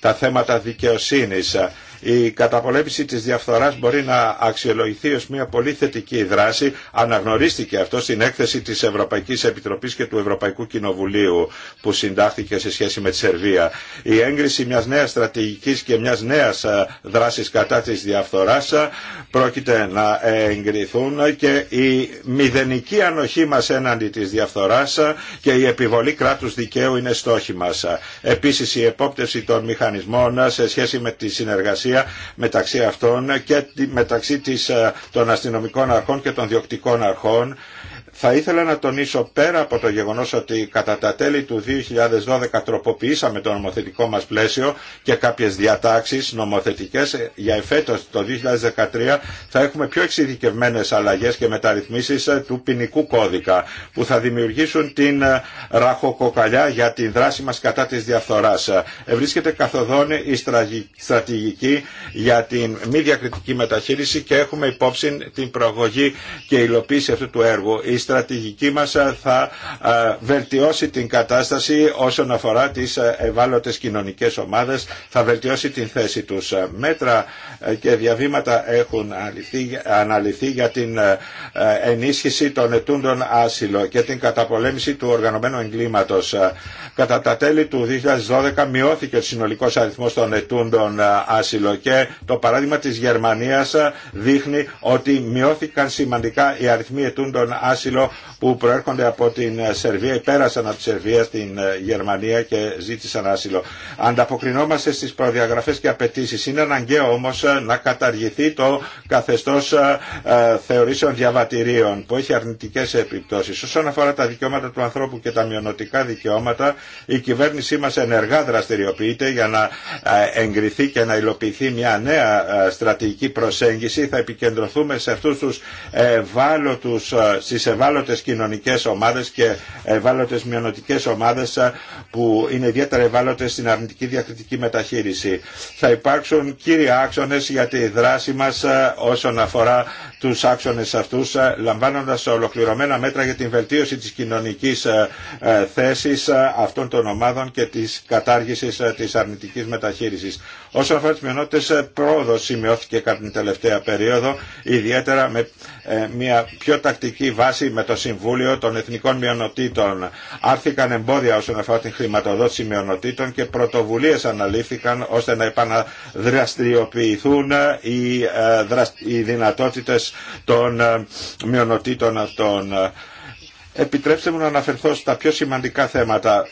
τα θέματα δικαιοσύνης η καταπολέμηση της διαφθοράς μπορεί να αξιολογηθεί ως μια πολύ θετική δράση. Αναγνωρίστηκε αυτό στην έκθεση της Ευρωπαϊκής Επιτροπής και του Ευρωπαϊκού Κοινοβουλίου που συντάχθηκε σε σχέση με τη Σερβία. Η έγκριση μιας νέας στρατηγικής και μιας νέας ε, δράσης κατά της διαφθοράς ε, πρόκειται να εγκριθούν και η μηδενική ανοχή μας έναντι της διαφθοράς ε, και η επιβολή κράτους δικαίου είναι στόχοι μας. Επίσης η επόπτευση των μηχανισμών σε σχέση με τη συνεργασία μεταξύ αυτών και μεταξύ της, ε, των αστυνομικών αρχών και των διοκτικών αρχών θα ήθελα να τονίσω πέρα από το γεγονός ότι κατά τα τέλη του 2012 τροποποιήσαμε το νομοθετικό μας πλαίσιο και κάποιες διατάξεις νομοθετικές. Για εφέτος το 2013 θα έχουμε πιο εξειδικευμένες αλλαγές και μεταρρυθμίσεις ε, του ποινικού κώδικα που θα δημιουργήσουν την ε, ραχοκοκαλιά για τη δράση μας κατά της διαφθοράς. Ευρίσκεται καθοδόν η στρατηγική για την μη διακριτική μεταχείριση και έχουμε υπόψη την προαγωγή και υλοποίηση αυτού του έργου στρατηγική μας ε, θα ε, βελτιώσει την κατάσταση όσον αφορά τις ε, ευάλωτες κοινωνικές ομάδες, θα βελτιώσει την θέση τους. Μέτρα και διαβήματα έχουν αναλυθεί για την ενίσχυση των ετούντων άσυλο και την καταπολέμηση του οργανωμένου εγκλήματος. Κατά τα τέλη του 2012 μειώθηκε ο συνολικός αριθμός των ετούντων άσυλο και το παράδειγμα της Γερμανίας δείχνει ότι μειώθηκαν σημαντικά οι αριθμοί ετούντων άσυλο που προέρχονται από την Σερβία ή πέρασαν από τη Σερβία στην ε, Γερμανία και ζήτησαν άσυλο. Ανταποκρινόμαστε στις προδιαγραφές και απαιτήσει. Είναι αναγκαίο όμως ε, να καταργηθεί το καθεστώς ε, θεωρήσεων διαβατηρίων που έχει αρνητικές επιπτώσεις. Όσον αφορά τα δικαιώματα του ανθρώπου και τα μειονοτικά δικαιώματα, η κυβέρνησή μας ενεργά δραστηριοποιείται για να εγκριθεί και να υλοποιηθεί μια νέα στρατηγική προσέγγιση. Θα επικεντρωθούμε σε αυτούς τους ευάλωτους, στις ευάλωτες κοινωνικές ομάδες και ευάλωτες μειονοτικές ομάδες ε, που είναι ιδιαίτερα ευάλωτες στην αρνητική διακριτική μεταχείριση. Θα υπάρξουν κύρια άξονες για τη δράση μας ε, όσον αφορά τους άξονες αυτούς, ε, λαμβάνοντας ολοκληρωμένα μέτρα για την βελτίωση της κοινωνικής θέσης αυτών των ομάδων και της κατάργησης της αρνητικής μεταχείρισης. Όσον αφορά τις μειονότητες, πρόοδος σημειώθηκε κατά την τελευταία περίοδο, ιδιαίτερα με μια πιο τακτική βάση με το Συμβούλιο των Εθνικών Μειονοτήτων. Άρθηκαν εμπόδια όσον αφορά την χρηματοδότηση μειονοτήτων και πρωτοβουλίε αναλύθηκαν ώστε να επαναδραστηριοποιηθούν οι, ε, οι δυνατότητε των ε, μειονοτήτων αυτών. Επιτρέψτε μου να αναφερθώ στα πιο σημαντικά θέματα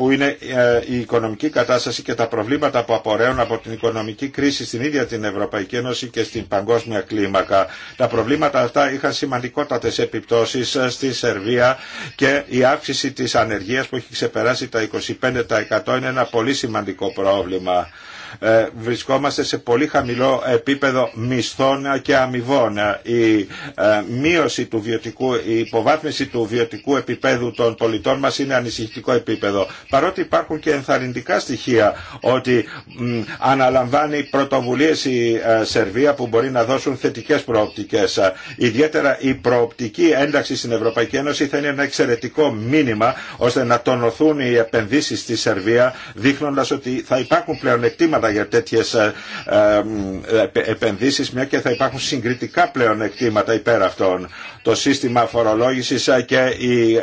που είναι ε, η οικονομική κατάσταση και τα προβλήματα που απορρέουν από την οικονομική κρίση στην ίδια την Ευρωπαϊκή Ένωση και στην παγκόσμια κλίμακα. Τα προβλήματα αυτά είχαν σημαντικότατες επιπτώσεις ε, στη Σερβία και η αύξηση της ανεργίας που έχει ξεπεράσει τα 25% είναι ένα πολύ σημαντικό πρόβλημα. Ε, βρισκόμαστε σε πολύ χαμηλό επίπεδο μισθών και αμοιβών. Ε, η ε, μείωση του βιωτικού, η υποβάθμιση του βιωτικού επίπεδου των πολιτών μας είναι ανησυχητικό επίπεδο. Παρότι υπάρχουν και ενθαρρυντικά στοιχεία ότι αναλαμβάνει πρωτοβουλίες η Σερβία που μπορεί να δώσουν θετικές προοπτικές. Ιδιαίτερα η προοπτική ένταξη στην Ευρωπαϊκή Ένωση θα είναι ένα εξαιρετικό μήνυμα ώστε να τονωθούν οι επενδύσεις στη Σερβία δείχνοντας ότι θα υπάρχουν πλεονεκτήματα για τέτοιες ε, ε, επενδύσεις μια και θα υπάρχουν συγκριτικά πλεονεκτήματα υπέρ αυτών. Το σύστημα φορολόγησης ε, και η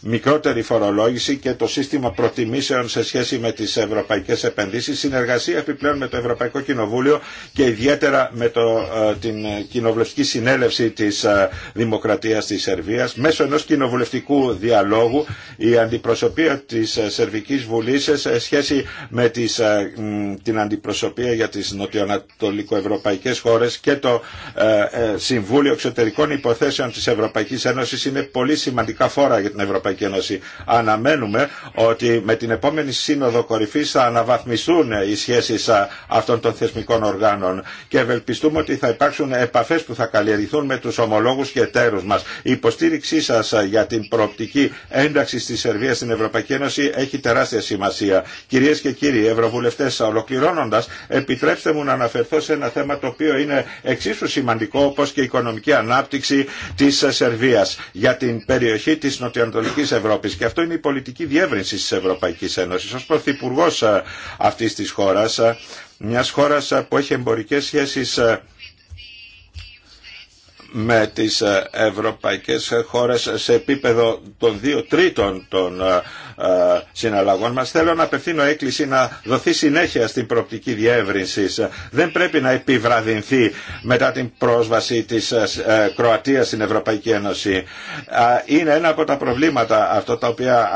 μικρότερη φορολόγηση και το σύστημα προτιμήσεων σε σχέση με τις ευρωπαϊκές επενδύσεις, συνεργασία επιπλέον με το Ευρωπαϊκό Κοινοβούλιο και ιδιαίτερα με το, την κοινοβουλευτική συνέλευση της Δημοκρατίας τη Σερβία, μέσω ενός κοινοβουλευτικού διαλόγου η αντιπροσωπεία της Σερβικής Βουλής σε σχέση με τις την αντιπροσωπεία για τις νοτιοανατολικοευρωπαϊκές χώρες και το ε, ε, Συμβούλιο Εξωτερικών Υποθέσεων της Ευρωπαϊκής Ένωσης είναι πολύ σημαντικά φόρα για την Ευρωπαϊκή Ένωση. Αναμένουμε ότι με την επόμενη σύνοδο κορυφής θα αναβαθμιστούν οι σχέσεις ε, αυτών των θεσμικών οργάνων και ευελπιστούμε ότι θα υπάρξουν επαφές που θα καλλιεργηθούν με τους ομολόγους και εταίρους μας. Η υποστήριξή σας για την προοπτική ένταξη της Σερβίας στην Ευρωπαϊκή Ένωση έχει τεράστια σημασία. Κυρίες και κύριοι Ευρωβουλευτές, επιτρέψτε μου να αναφερθώ σε ένα θέμα το οποίο είναι εξίσου σημαντικό όπω και η οικονομική ανάπτυξη τη Σερβία για την περιοχή τη Νοτιοανατολική Ευρώπη. Και αυτό είναι η πολιτική διεύρυνση τη Ευρωπαϊκή Ένωση. Ω πρωθυπουργό ε, αυτή τη χώρα, ε, μια χώρα ε, που έχει εμπορικέ σχέσει με τις ευρωπαϊκές χώρες σε επίπεδο των δύο τρίτων των ε, συναλλαγών μας. Θέλω να απευθύνω έκκληση να δοθεί συνέχεια στην προοπτική διεύρυνση. Δεν πρέπει να επιβραδυνθεί μετά την πρόσβαση της ε, ε, Κροατίας στην Ευρωπαϊκή Ένωση. Είναι ένα από τα προβλήματα αυτό τα οποία,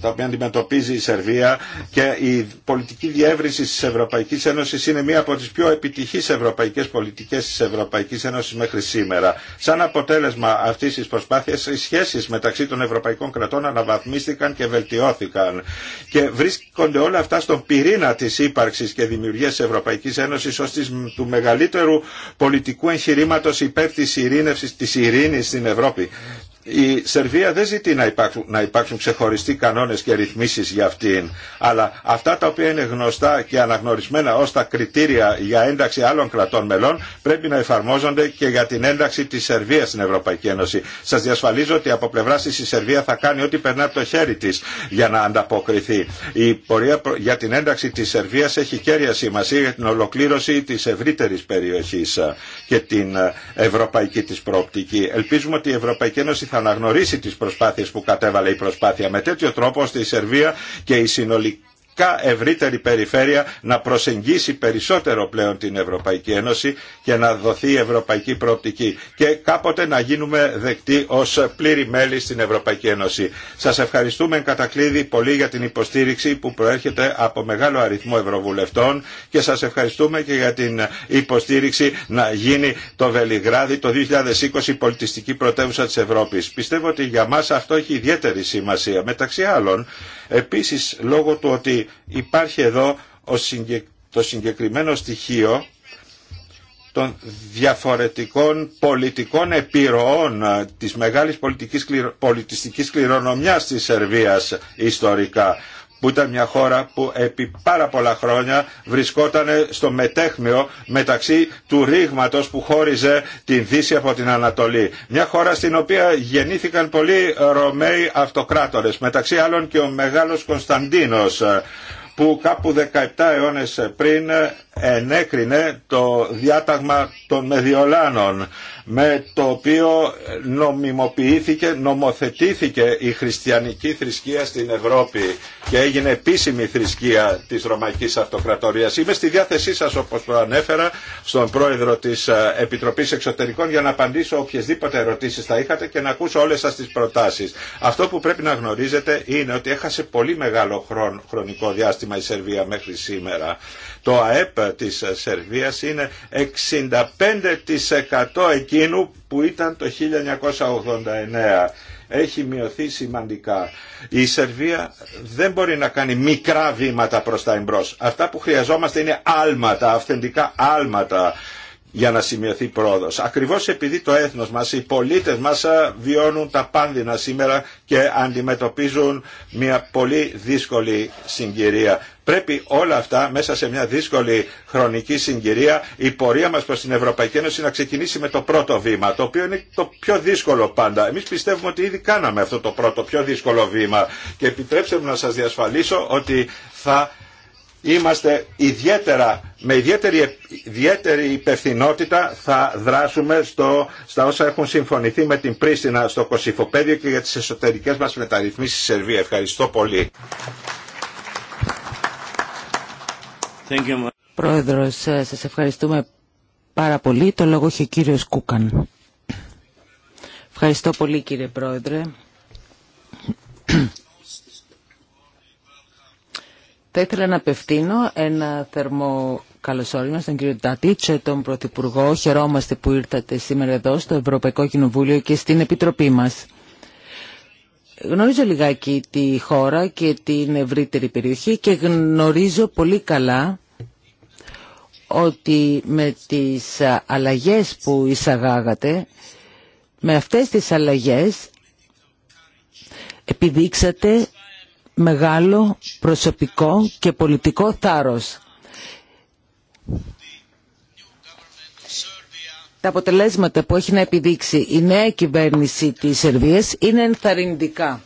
τα οποία αντιμετωπίζει η Σερβία και η πολιτική διεύρυνση της Ευρωπαϊκής Ένωσης είναι μία από τις πιο επιτυχείς ευρωπαϊκές πολιτικές της Ευρωπαϊκής Ένωσης μέχρι σήμερα. Σαν αποτέλεσμα αυτής της προσπάθειας οι σχέσεις μεταξύ των ευρωπαϊκών κρατών αναβαθμίστηκαν και βελτιώθηκαν και βρίσκονται όλα αυτά στον πυρήνα της ύπαρξης και δημιουργίας της Ευρωπαϊκής Ένωσης ως της, του μεγαλύτερου πολιτικού εγχειρήματος υπέρ της, ειρήνευσης, της ειρήνης στην Ευρώπη η Σερβία δεν ζητεί να υπάρξουν, να ξεχωριστοί κανόνες και ρυθμίσεις για αυτήν, αλλά αυτά τα οποία είναι γνωστά και αναγνωρισμένα ως τα κριτήρια για ένταξη άλλων κρατών μελών πρέπει να εφαρμόζονται και για την ένταξη της Σερβίας στην Ευρωπαϊκή Ένωση. Σας διασφαλίζω ότι από πλευρά της η Σερβία θα κάνει ό,τι περνά από το χέρι της για να ανταποκριθεί. Η πορεία για την ένταξη της Σερβίας έχει κέρια σημασία για την ολοκλήρωση της ευρύτερης περιοχής και την ε, ευρωπαϊκή της προοπτική. Ελπίζουμε ότι η Ευρωπαϊκή Ένωση θα αναγνωρίσει τις προσπάθειες που κατέβαλε η προσπάθεια με τέτοιο τρόπο ώστε η Σερβία και η συνολική ευρύτερη περιφέρεια να προσεγγίσει περισσότερο πλέον την Ευρωπαϊκή Ένωση και να δοθεί η ευρωπαϊκή προοπτική και κάποτε να γίνουμε δεκτοί ως πλήρη μέλη στην Ευρωπαϊκή Ένωση. Σας ευχαριστούμε κατακλείδη πολύ για την υποστήριξη που προέρχεται από μεγάλο αριθμό ευρωβουλευτών και σας ευχαριστούμε και για την υποστήριξη να γίνει το Βελιγράδι το 2020 πολιτιστική πρωτεύουσα της Ευρώπης. Πιστεύω ότι για μας αυτό έχει ιδιαίτερη σημασία μεταξύ άλλων Επίσης, λόγω του ότι υπάρχει εδώ το συγκεκριμένο στοιχείο των διαφορετικών πολιτικών επιρροών ε, της μεγάλης πολιτικής, πολιτιστικής κληρονομιάς της Σερβίας ιστορικά που ήταν μια χώρα που επί πάρα πολλά χρόνια βρισκόταν στο μετέχμιο μεταξύ του ρήγματο που χώριζε την Δύση από την Ανατολή. Μια χώρα στην οποία γεννήθηκαν πολλοί Ρωμαίοι αυτοκράτορες, μεταξύ άλλων και ο μεγάλος Κωνσταντίνος που κάπου 17 αιώνες πριν ενέκρινε το διάταγμα των Μεδιολάνων με το οποίο νομιμοποιήθηκε, νομοθετήθηκε η χριστιανική θρησκεία στην Ευρώπη και έγινε επίσημη θρησκεία της Ρωμαϊκής Αυτοκρατορίας. Είμαι στη διάθεσή σας όπως ανέφερα, στον πρόεδρο της ε, Επιτροπής Εξωτερικών για να απαντήσω οποιασδήποτε ερωτήσεις θα είχατε και να ακούσω όλες σας τις προτάσεις. Αυτό που πρέπει να γνωρίζετε είναι ότι έχασε πολύ μεγάλο χρονικό διάστημα η Σερβία μέχρι σήμερα. Το ΑΕΠ της Σερβίας είναι 65% εκείνου που ήταν το 1989 έχει μειωθεί σημαντικά. Η Σερβία δεν μπορεί να κάνει μικρά βήματα προς τα εμπρός. Αυτά που χρειαζόμαστε είναι άλματα, αυθεντικά άλματα για να σημειωθεί πρόοδος. Ακριβώς επειδή το έθνος μας, οι πολίτες μας ε, βιώνουν τα πάνδυνα σήμερα και αντιμετωπίζουν μια πολύ δύσκολη συγκυρία. Πρέπει όλα αυτά μέσα σε μια δύσκολη χρονική συγκυρία η πορεία μας προς την Ευρωπαϊκή Ένωση να ξεκινήσει με το πρώτο βήμα, το οποίο είναι το πιο δύσκολο πάντα. Εμείς πιστεύουμε ότι ήδη κάναμε αυτό το πρώτο πιο δύσκολο βήμα και επιτρέψτε μου να σας διασφαλίσω ότι θα είμαστε ιδιαίτερα, με ιδιαίτερη, ιδιαίτερη υπευθυνότητα θα δράσουμε στο, στα όσα έχουν συμφωνηθεί με την Πρίστινα στο Κωσυφοπέδιο και για τις εσωτερικές μας μεταρρυθμίσεις στη Σερβία. Ευχαριστώ πολύ. Thank you. Πρόεδρος, ε, σας ευχαριστούμε πάρα πολύ. Το λόγο έχει ο κύριος Κούκαν. Ευχαριστώ πολύ κύριε Πρόεδρε. Θα ήθελα να απευθύνω ένα θερμό καλωσόριμα στον κύριο Τάτιτσε, τον Πρωθυπουργό. Χαιρόμαστε που ήρθατε σήμερα εδώ στο Ευρωπαϊκό Κοινοβούλιο και στην Επιτροπή μας. Γνωρίζω λιγάκι τη χώρα και την ευρύτερη περιοχή και γνωρίζω πολύ καλά ότι με τις αλλαγές που εισαγάγατε, με αυτές τις αλλαγές επιδείξατε μεγάλο προσωπικό και πολιτικό θάρρος. Τα αποτελέσματα που έχει να επιδείξει η νέα κυβέρνηση της Σερβίας είναι ενθαρρυντικά.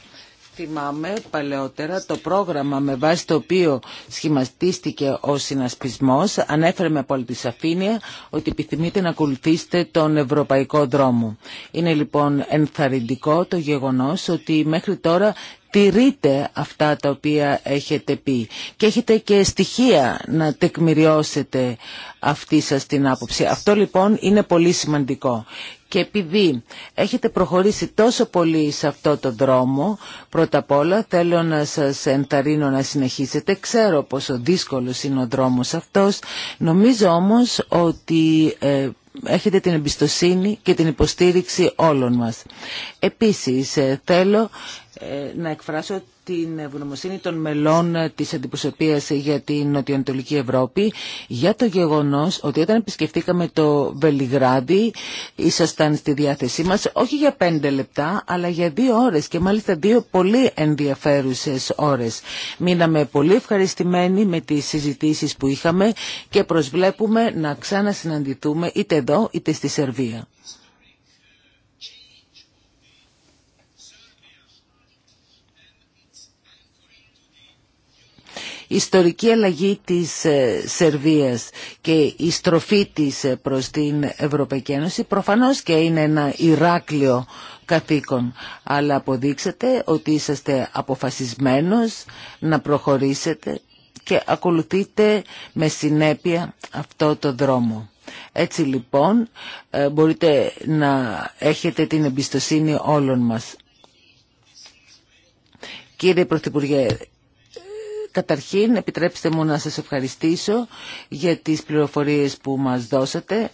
Θυμάμαι παλαιότερα το πρόγραμμα με βάση το οποίο σχηματίστηκε ο συνασπισμός ανέφερε με απόλυτη σαφήνεια ότι επιθυμείτε να ακολουθήσετε τον ευρωπαϊκό δρόμο. Είναι λοιπόν ενθαρρυντικό το γεγονός ότι μέχρι τώρα τηρείτε αυτά τα οποία έχετε πει και έχετε και στοιχεία να τεκμηριώσετε αυτή σας την άποψη. Αυτό λοιπόν είναι πολύ σημαντικό. Και επειδή έχετε προχωρήσει τόσο πολύ σε αυτό το δρόμο, πρώτα απ' όλα θέλω να σας ενθαρρύνω να συνεχίσετε. Ξέρω πόσο δύσκολος είναι ο δρόμος αυτός. Νομίζω όμως ότι ε, έχετε την εμπιστοσύνη και την υποστήριξη όλων μας. Επίσης ε, θέλω ε, να εκφράσω την ευγνωμοσύνη των μελών ε, της αντιπροσωπείας για την Νοτιοανατολική Ευρώπη για το γεγονός ότι όταν επισκεφτήκαμε το Βελιγράδι ήσασταν στη διάθεσή μας όχι για πέντε λεπτά αλλά για δύο ώρες και μάλιστα δύο πολύ ενδιαφέρουσες ώρες. Μείναμε πολύ ευχαριστημένοι με τις συζητήσεις που είχαμε και προσβλέπουμε να ξανασυναντηθούμε είτε εδώ είτε στη Σερβία. Η ιστορική αλλαγή της ε, Σερβίας και η στροφή της ε, προς την Ευρωπαϊκή Ένωση προφανώς και είναι ένα Ηράκλειο καθήκον. Αλλά αποδείξατε ότι είσαστε αποφασισμένος να προχωρήσετε και ακολουθείτε με συνέπεια αυτό το δρόμο. Έτσι λοιπόν ε, μπορείτε να έχετε την εμπιστοσύνη όλων μας. Κύριε Πρωθυπουργέ, Καταρχήν, επιτρέψτε μου να σας ευχαριστήσω για τις πληροφορίες που μας δώσατε.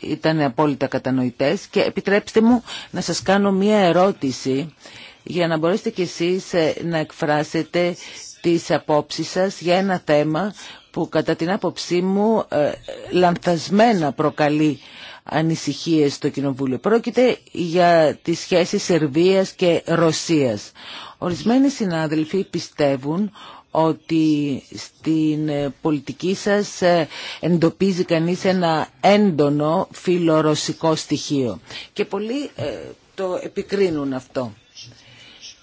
Ήταν απόλυτα κατανοητές και επιτρέψτε μου να σας κάνω μία ερώτηση για να μπορέσετε κι εσείς ε, να εκφράσετε τις απόψεις σας για ένα θέμα που κατά την άποψή μου ε, λανθασμένα προκαλεί ανησυχίες στο Κοινοβούλιο. Πρόκειται για τις σχέσεις Σερβίας και Ρωσίας. Ορισμένοι συνάδελφοι πιστεύουν ότι στην ε, πολιτική σας ε, εντοπίζει κανείς ένα έντονο φιλορωσικό στοιχείο. Και πολλοί ε, το επικρίνουν αυτό.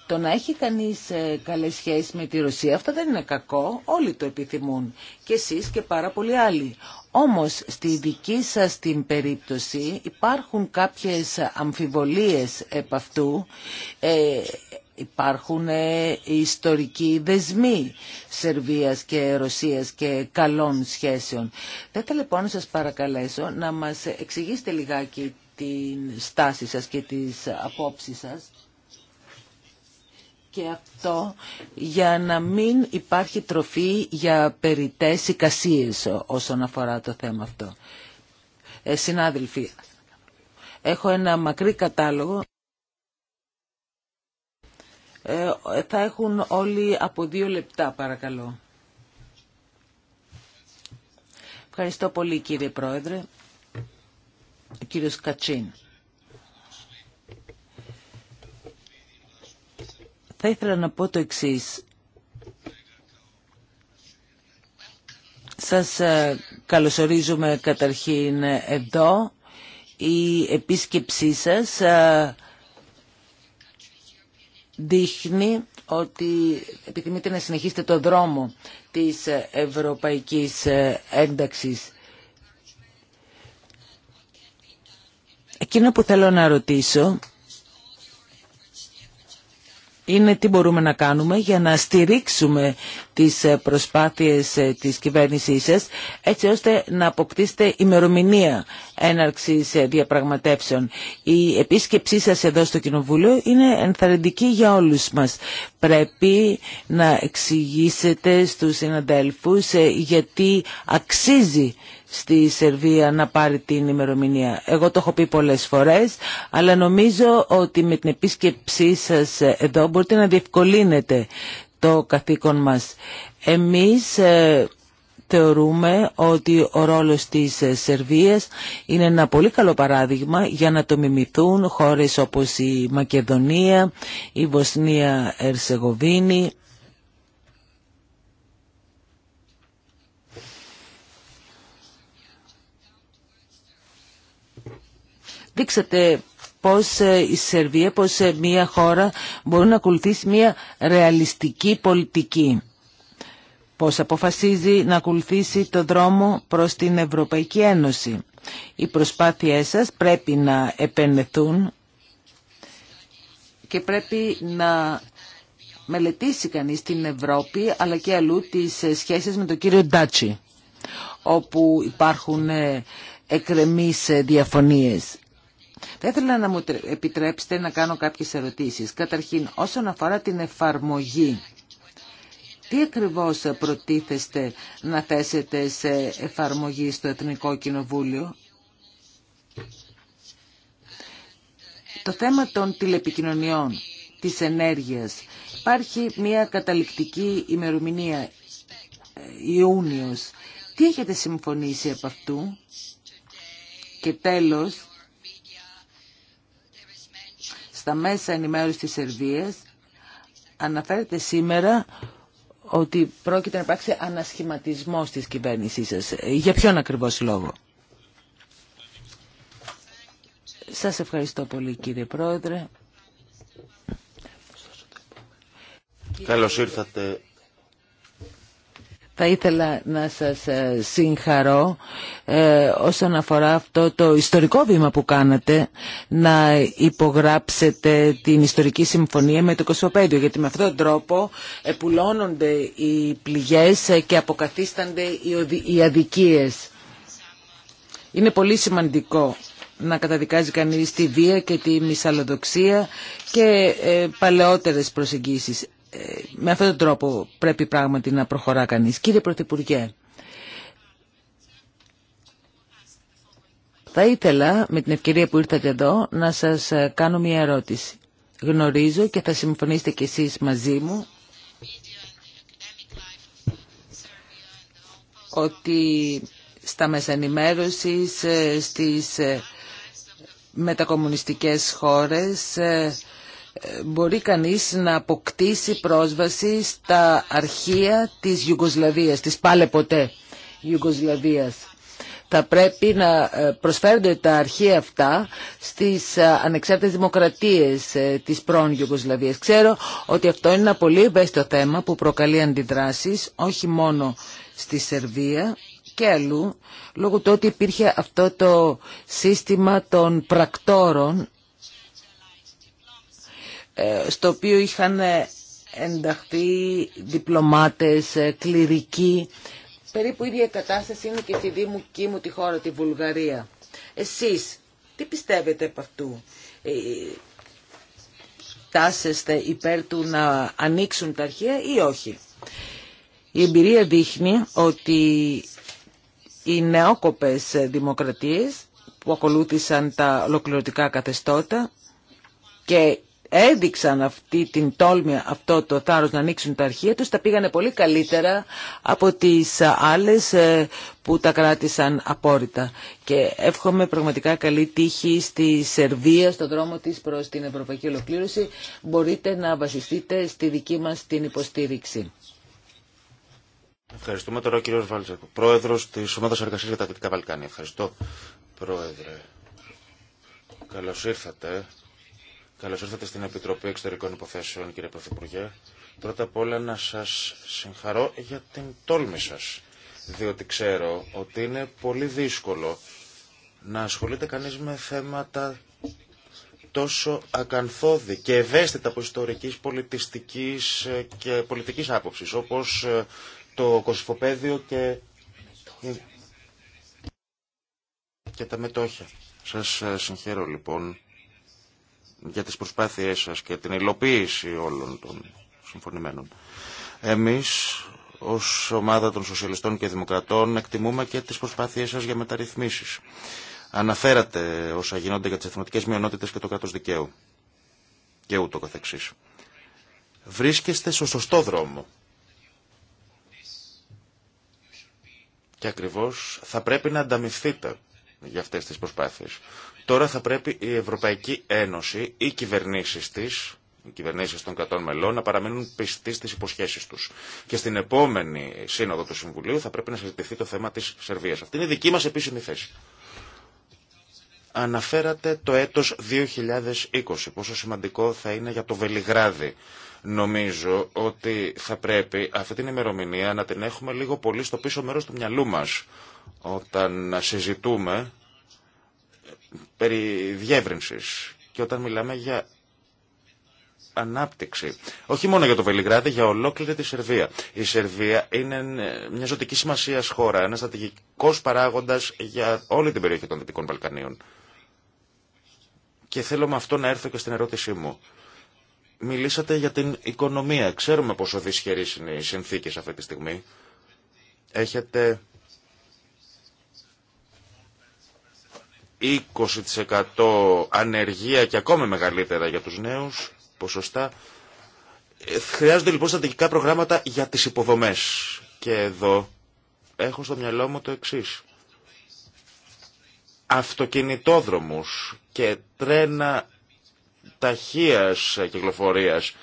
Το να έχει κανείς καλές σχέσεις με τη Ρωσία, αυτό δεν είναι κακό, όλοι το επιθυμούν. Και εσείς και πάρα πολλοί άλλοι. Όμως στη δική σας την περίπτωση υπάρχουν κάποιες αμφιβολίες επ' αυτού. Υπάρχουν ε, ιστορικοί δεσμοί Σερβίας και Ρωσίας και καλών σχέσεων. Θα ήθελα λοιπόν να σας παρακαλέσω να μας εξηγήσετε λιγάκι την στάση σας και τις απόψεις σας και αυτό για να μην υπάρχει τροφή για περιττές εικασίες όσον αφορά το θέμα αυτό. Ε, συνάδελφοι, έχω ένα μακρύ κατάλογο ε, θα έχουν όλοι από δύο λεπτά παρακαλώ. Ευχαριστώ πολύ κύριε Πρόεδρε. κύριος Κατσίν. Θα ήθελα να πω το εξής. Σας ε, καλωσορίζουμε καταρχήν εδώ. Η επίσκεψή σας ε, δείχνει ότι επιθυμείτε να συνεχίσετε το δρόμο της ευρωπαϊκής ένταξης. Εκείνο που θέλω να ρωτήσω είναι τι μπορούμε να κάνουμε για να στηρίξουμε τις ε, προσπάθειες ε, της κυβέρνησής σας έτσι ώστε να αποκτήσετε ημερομηνία έναρξης ε, διαπραγματεύσεων. Η επίσκεψή σας εδώ στο Κοινοβούλιο είναι ενθαρρυντική για όλους μας. Πρέπει να εξηγήσετε στους συναντέλφους γιατί αξίζει στη Σερβία να πάρει την ημερομηνία. Εγώ το έχω πει πολλές φορές, αλλά νομίζω ότι με την επίσκεψή σας εδώ μπορείτε να διευκολύνετε το καθήκον μας. Εμείς ε, θεωρούμε ότι ο ρόλος της ε, Σερβίας είναι ένα πολύ καλό παράδειγμα για να το μιμηθούν χώρες όπως η Μακεδονία, η Βοσνία Ερσεγοβίνη, δείξατε πώς ε, η Σερβία, πώς ε, μια χώρα μπορεί να ακολουθήσει μια ρεαλιστική πολιτική. Πώς αποφασίζει να ακολουθήσει το δρόμο προς την Ευρωπαϊκή Ένωση. Οι προσπάθειές σας πρέπει να επενεθούν και πρέπει να μελετήσει κανείς την Ευρώπη αλλά και αλλού τις ε, σχέσεις με τον κύριο Ντάτσι όπου υπάρχουν εκρεμείς διαφωνίες. Θα ήθελα να μου επιτρέψετε να κάνω κάποιες ερωτήσεις. Καταρχήν, όσον αφορά την εφαρμογή, τι ακριβώς προτίθεστε να θέσετε σε εφαρμογή στο Εθνικό Κοινοβούλιο. Το θέμα των τηλεπικοινωνιών, της ενέργειας. Υπάρχει μια καταληκτική ημερομηνία, ε, Ιούνιος. Τι έχετε συμφωνήσει από αυτού. Και τέλος, στα μέσα ενημέρωση της Σερβίας αναφέρεται σήμερα ότι πρόκειται να υπάρξει ανασχηματισμός της κυβέρνησής σας. Για ποιον ακριβώς λόγο. Σας ευχαριστώ πολύ κύριε Πρόεδρε. Καλώς ήρθατε θα ήθελα να σας ε, συγχαρώ ε, όσον αφορά αυτό το ιστορικό βήμα που κάνατε να υπογράψετε την ιστορική συμφωνία με το Κοσμοπέδιο γιατί με αυτόν τον τρόπο επουλώνονται οι πληγές και αποκαθίστανται οι αδικίες. Είναι πολύ σημαντικό να καταδικάζει κανείς τη βία και τη μυσαλλοδοξία και ε, παλαιότερες προσεγγίσεις με αυτόν τον τρόπο πρέπει πράγματι να προχωρά κανείς. Κύριε Πρωθυπουργέ, θα ήθελα με την ευκαιρία που ήρθατε εδώ να σας ε, κάνω μια ερώτηση. Γνωρίζω και θα συμφωνήσετε κι εσείς μαζί μου ότι στα μέσα ενημέρωσης, ε, στις ε, μετακομμουνιστικές χώρες ε, μπορεί κανείς να αποκτήσει πρόσβαση στα αρχεία της Ιουγκοσλαβίας, της πάλε ποτέ Ιουγκοσλαβίας. Θα πρέπει να ε, προσφέρονται τα αρχεία αυτά στις ε, ανεξάρτητες δημοκρατίες της πρώην Ιουγκοσλαβίας. Ξέρω ότι αυτό είναι ένα πολύ ευαίσθητο θέμα που προκαλεί αντιδράσεις όχι μόνο στη Σερβία και αλλού, λόγω του ότι υπήρχε αυτό το σύστημα των πρακτόρων ε, στο οποίο είχαν ε, ενταχθεί διπλωμάτες, ε, κληρικοί. Περίπου η ίδια κατάσταση είναι και στη και μου τη χώρα, τη Βουλγαρία. Εσείς, τι πιστεύετε από αυτού. Τάσεστε υπέρ του να ανοίξουν τα αρχεία ή όχι. Η εμπειρία δείχνει ότι οι νεόκοπες δημοκρατίες που ακολούθησαν τα ολοκληρωτικά καθεστώτα και έδειξαν αυτή την τόλμη, αυτό το θάρρος να ανοίξουν τα αρχεία τους, τα πήγανε πολύ καλύτερα από τις άλλες ε, που τα κράτησαν απόρριτα. Και εύχομαι πραγματικά καλή τύχη στη Σερβία, στον δρόμο της προς την Ευρωπαϊκή Ολοκλήρωση. Μπορείτε να βασιστείτε στη δική μας την υποστήριξη. Ευχαριστούμε τώρα ο κύριος Βάλτσακ, πρόεδρος της Ομάδα Εργασίας για τα Δυτικά Βαλκάνια. Ευχαριστώ, πρόεδρε. Καλώς ήρθατε Καλώ ήρθατε στην Επιτροπή Εξωτερικών Υποθέσεων, κύριε Πρωθυπουργέ. Πρώτα απ' όλα να σα συγχαρώ για την τόλμη σα. Διότι ξέρω ότι είναι πολύ δύσκολο να ασχολείται κανεί με θέματα τόσο ακαθόδη και ευαίσθητα από ιστορική πολιτιστική και πολιτική άποψη. όπως ε, το κοσφοπέδιο και, και τα μετόχια. Σας ε, συγχαίρω λοιπόν για τις προσπάθειές σας και την υλοποίηση όλων των συμφωνημένων. Εμείς ως ομάδα των Σοσιαλιστών και Δημοκρατών εκτιμούμε και τις προσπάθειές σας για μεταρρυθμίσεις. Αναφέρατε όσα γίνονται για τις εθνοτικές μειονότητες και το κράτος δικαίου και ούτω καθεξής. Βρίσκεστε στο σωστό δρόμο. Και ακριβώς θα πρέπει να ανταμυφθείτε για αυτές τις προσπάθειες. Τώρα θα πρέπει η Ευρωπαϊκή Ένωση, οι κυβερνήσεις της, οι κυβερνήσει των κρατών μελών να παραμείνουν πιστοί στι υποσχέσει του. Και στην επόμενη σύνοδο του Συμβουλίου θα πρέπει να συζητηθεί το θέμα τη Σερβία. Αυτή είναι η δική μα επίσημη θέση. Αναφέρατε το έτος 2020, πόσο σημαντικό θα είναι για το Βελιγράδι. Νομίζω ότι θα πρέπει αυτή την ημερομηνία να την έχουμε λίγο πολύ στο πίσω μέρος του μυαλού μας όταν συζητούμε περί διεύρυνσης και όταν μιλάμε για ανάπτυξη. Όχι μόνο για το Βελιγράδι, για ολόκληρη τη Σερβία. Η Σερβία είναι μια ζωτική σημασία χώρα, ένα στρατηγικό παράγοντα για όλη την περιοχή των Δυτικών Βαλκανίων. Και θέλω με αυτό να έρθω και στην ερώτησή μου. Μιλήσατε για την οικονομία. Ξέρουμε πόσο δυσχερεί είναι οι συνθήκε αυτή τη στιγμή. Έχετε 20% ανεργία και ακόμα μεγαλύτερα για τους νέους ποσοστά. Ε, χρειάζονται λοιπόν στρατηγικά προγράμματα για τις υποδομές. Και εδώ έχω στο μυαλό μου το εξής. Αυτοκινητόδρομους και τρένα ταχείας κυκλοφορίας.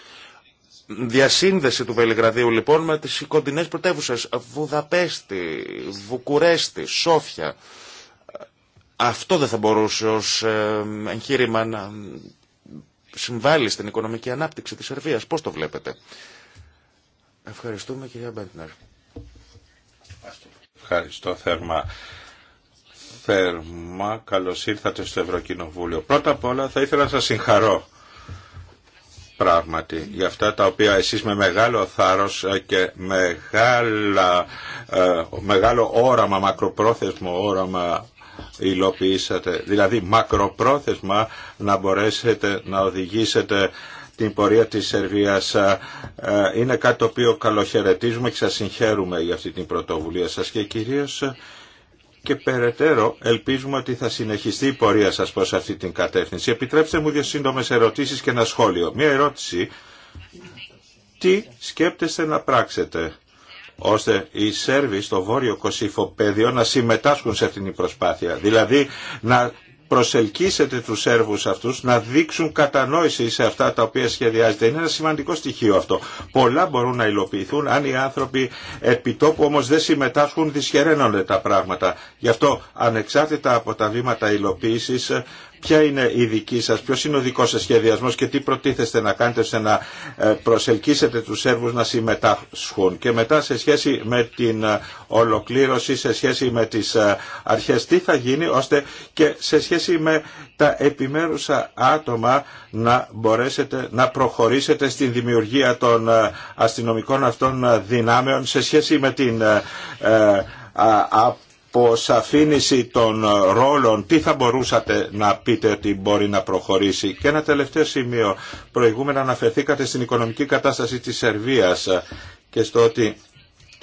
Διασύνδεση του Βελιγραδίου λοιπόν με τις κοντινές πρωτεύουσες Βουδαπέστη, Βουκουρέστη, Σόφια. Αυτό δεν θα μπορούσε ως ε, εγχείρημα να συμβάλλει στην οικονομική ανάπτυξη της Σερβίας. Πώς το βλέπετε. Ευχαριστούμε κυρία Μπέντνερ. Ευχαριστώ θερμά. Θερμά καλώς ήρθατε στο Ευρωκοινοβούλιο. Πρώτα απ' όλα θα ήθελα να σας συγχαρώ πράγματι για αυτά τα οποία εσείς με μεγάλο θάρρος και μεγάλα, ε, μεγάλο όραμα, μακροπρόθεσμο όραμα υλοποιήσατε. Δηλαδή μακροπρόθεσμα να μπορέσετε να οδηγήσετε την πορεία της Σερβίας ε, είναι κάτι το οποίο καλοχαιρετίζουμε και σας συγχαίρουμε για αυτή την πρωτοβουλία σας και κυρίως και περαιτέρω ελπίζουμε ότι θα συνεχιστεί η πορεία σας προς αυτή την κατεύθυνση. Επιτρέψτε μου δύο σύντομε ερωτήσεις και ένα σχόλιο. Μία ερώτηση, τι σκέπτεστε να πράξετε ώστε οι Σέρβοι στο βόρειο Κωσυφοπέδιο να συμμετάσχουν σε αυτήν την προσπάθεια. Δηλαδή να προσελκύσετε τους Σέρβους αυτούς να δείξουν κατανόηση σε αυτά τα οποία σχεδιάζεται. Είναι ένα σημαντικό στοιχείο αυτό. Πολλά μπορούν να υλοποιηθούν αν οι άνθρωποι επιτόπου όμως δεν συμμετάσχουν δυσχεραίνονται τα πράγματα. Γι' αυτό ανεξάρτητα από τα βήματα υλοποίησης Ποια είναι η δική σας, ποιος είναι ο δικός σας σχεδιασμός και τι προτίθεστε να κάνετε ώστε να ε, προσελκύσετε τους Σέρβους να συμμετάσχουν. Και μετά σε σχέση με την ε, ολοκλήρωση, σε σχέση με τις ε, αρχές, τι θα γίνει ώστε και σε σχέση με τα επιμέρουσα άτομα να μπορέσετε να προχωρήσετε στην δημιουργία των αστυνομικών αυτών δυνάμεων σε σχέση με την αφήνιση των ρόλων, τι θα μπορούσατε να πείτε ότι μπορεί να προχωρήσει. Και ένα τελευταίο σημείο. Προηγούμενα αναφερθήκατε στην οικονομική κατάσταση της Σερβίας και στο ότι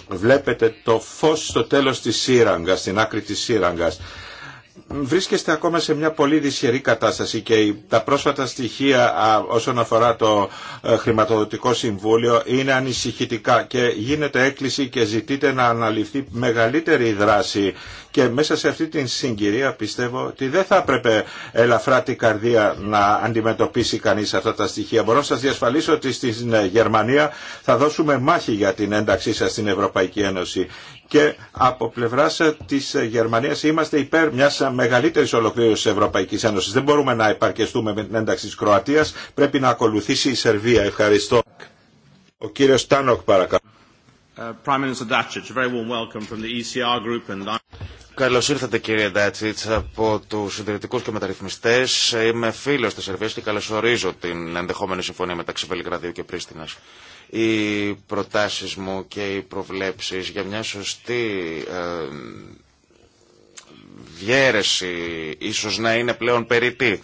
βλέπετε το φως στο τέλος της σύραγγας, στην άκρη της σύραγγας βρίσκεστε ακόμα σε μια πολύ δυσχερή κατάσταση και τα πρόσφατα στοιχεία όσον αφορά το ε, Χρηματοδοτικό Συμβούλιο είναι ανησυχητικά και γίνεται έκκληση και ζητείτε να αναλυθεί μεγαλύτερη δράση και μέσα σε αυτή την συγκυρία πιστεύω ότι δεν θα έπρεπε ελαφρά την καρδία να αντιμετωπίσει κανείς αυτά τα στοιχεία. Μπορώ να σας διασφαλίσω ότι στην ε, Γερμανία θα δώσουμε μάχη για την ένταξή σας στην Ευρωπαϊκή Ένωση και από πλευρά ε, τη ε, Γερμανία είμαστε υπέρ μια ε, μεγαλύτερη ολοκλήρωση τη Ευρωπαϊκή Ένωση. Δεν μπορούμε να υπαρκεστούμε με την ένταξη τη Κροατία. Πρέπει να ακολουθήσει η Σερβία. Ευχαριστώ. Ο κύριο Τάνοκ, παρακαλώ. E Καλώ ήρθατε κύριε Ντάτσιτ από του συντηρητικού και μεταρρυθμιστέ. Είμαι φίλο τη Σερβία και καλωσορίζω την ενδεχόμενη συμφωνία μεταξύ Βελιγραδίου και Πρίστινα. Οι προτάσεις μου και οι προβλέψεις για μια σωστή ε, διέρεση ίσως να είναι πλέον περίτη ε,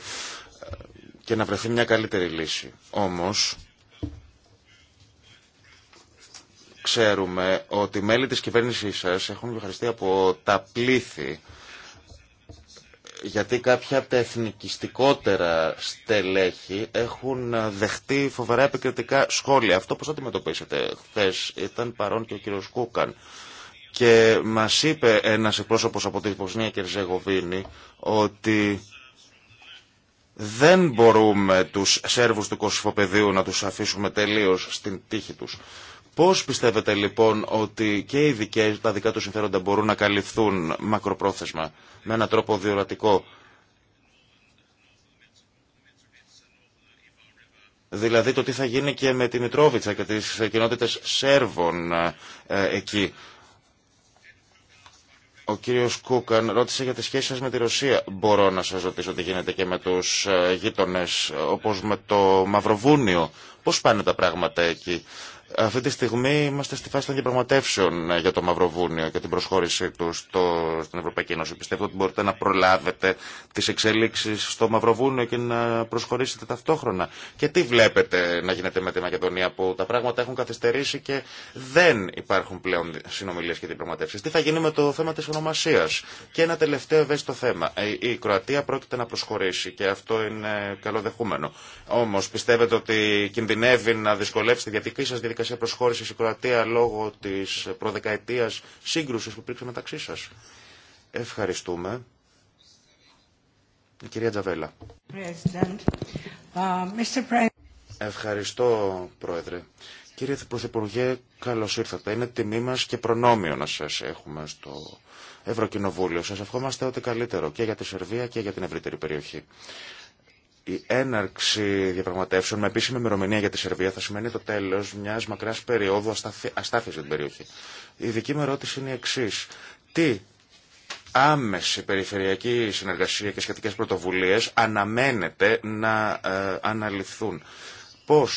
και να βρεθεί μια καλύτερη λύση. Όμως, ξέρουμε ότι μέλη της κυβέρνησής σας έχουν ευχαριστεί από τα πλήθη γιατί κάποια από τα εθνικιστικότερα στελέχη έχουν ε, δεχτεί φοβερά επικριτικά σχόλια. Αυτό πώς αντιμετωπίσετε. Χθε ήταν παρόν και ο κύριος Κούκαν και μας είπε ένας εκπρόσωπος από τη Βοσνία και Ζεγοβίνη, ότι δεν μπορούμε τους Σέρβους του Κωσυφοπεδίου να τους αφήσουμε τελείως στην τύχη τους. Πώς πιστεύετε λοιπόν ότι και οι δικές, τα δικά του συμφέροντα μπορούν να καλυφθούν μακροπρόθεσμα με έναν τρόπο διορατικό. Δηλαδή το τι θα γίνει και με τη Μητρόβιτσα και τις κοινότητες Σέρβων ε, εκεί. Ο κύριος Κούκαν ρώτησε για τις σχέσεις σας με τη Ρωσία. Μπορώ να σας ρωτήσω τι γίνεται και με τους ε, γείτονες, όπως με το Μαυροβούνιο. Πώς πάνε τα πράγματα εκεί. Αυτή τη στιγμή είμαστε στη φάση των διαπραγματεύσεων ε, για το Μαυροβούνιο και την προσχώρησή του στο, στην Ευρωπαϊκή Ένωση. Πιστεύω ότι μπορείτε να προλάβετε τι εξελίξει στο Μαυροβούνιο και να προσχωρήσετε ταυτόχρονα. Και τι βλέπετε να γίνεται με τη Μακεδονία που τα πράγματα έχουν καθυστερήσει και δεν υπάρχουν πλέον συνομιλίε και διαπραγματεύσει. Τι θα γίνει με το θέμα τη ονομασία. Και ένα τελευταίο ευαίσθητο θέμα. Ε, η Κροατία πρόκειται να προσχωρήσει και αυτό είναι καλοδεχούμενο. Όμω πιστεύετε ότι κινδυνεύει να δυσκολεύσει τη σα διαδικασία προσχώρηση η λόγω τη προδεκαετία σύγκρουση που υπήρξε μεταξύ σα. Ευχαριστούμε. Η κυρία Τζαβέλα. Uh, Ευχαριστώ, Πρόεδρε. Κύριε Πρωθυπουργέ, καλώ ήρθατε. Είναι τιμή μα και προνόμιο να σα έχουμε στο Ευρωκοινοβούλιο. Σα ευχόμαστε ό,τι καλύτερο και για τη Σερβία και για την ευρύτερη περιοχή η έναρξη διαπραγματεύσεων με επίσημη ημερομηνία για τη Σερβία θα σημαίνει το τέλο μια μακρά περίοδου αστάθεια για την περιοχή. Η δική μου ερώτηση είναι η εξή. Τι άμεση περιφερειακή συνεργασία και σχετικέ πρωτοβουλίε αναμένεται να ε, αναλυθούν. Πώ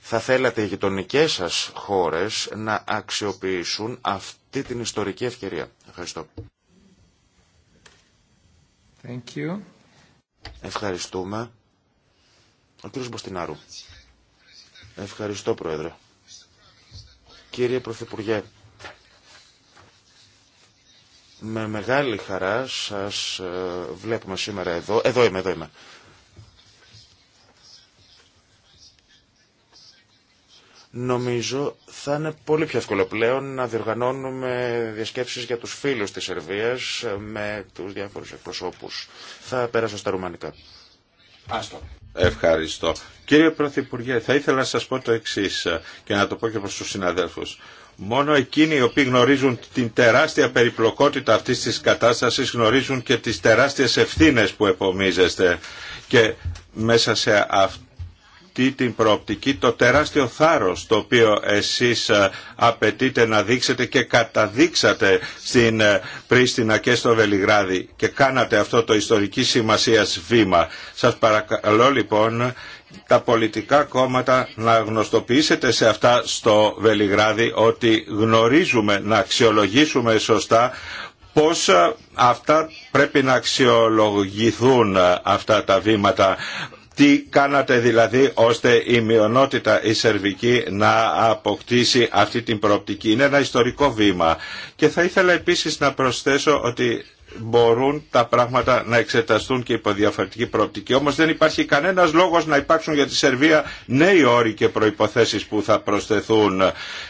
θα θέλατε οι γειτονικέ σα χώρε να αξιοποιήσουν αυτή την ιστορική ευκαιρία. Ευχαριστώ. Thank you. Ευχαριστούμε. Ο κύριος Μποστινάρου. Ευχαριστώ, Πρόεδρε. Κύριε Πρωθυπουργέ, με μεγάλη χαρά σας ε, βλέπουμε σήμερα εδώ. Εδώ είμαι, εδώ είμαι. Νομίζω θα είναι πολύ πιο εύκολο πλέον να διοργανώνουμε διασκέψεις για τους φίλους της Σερβίας ε, με τους διάφορους εκπροσώπους. Θα πέρασω στα ρουμανικά. Άστο. Ευχαριστώ. Κύριε Πρωθυπουργέ, θα ήθελα να σας πω το εξή ε, και να το πω και προς τους συναδέλφους. Μόνο εκείνοι οι οποίοι γνωρίζουν την τεράστια περιπλοκότητα αυτής της κατάστασης γνωρίζουν και τις τεράστιες ευθύνες που επομίζεστε και μέσα σε αυτό αυτή την προοπτική, το τεράστιο θάρρος το οποίο εσείς ε, απαιτείτε να δείξετε και καταδείξατε στην ε, Πρίστινα και στο Βελιγράδι και κάνατε αυτό το ιστορική σημασία βήμα. Σας παρακαλώ λοιπόν τα πολιτικά κόμματα να γνωστοποιήσετε σε αυτά στο Βελιγράδι ότι γνωρίζουμε να αξιολογήσουμε σωστά πώς ε, αυτά πρέπει να αξιολογηθούν αυτά τα βήματα τι κάνατε δηλαδή ώστε η μειονότητα η σερβική να αποκτήσει αυτή την προοπτική. Είναι ένα ιστορικό βήμα. Και θα ήθελα επίσης να προσθέσω ότι μπορούν τα πράγματα να εξεταστούν και υπό διαφορετική προοπτική. Όμως δεν υπάρχει κανένας λόγος να υπάρξουν για τη Σερβία νέοι όροι και προϋποθέσεις που θα προσθεθούν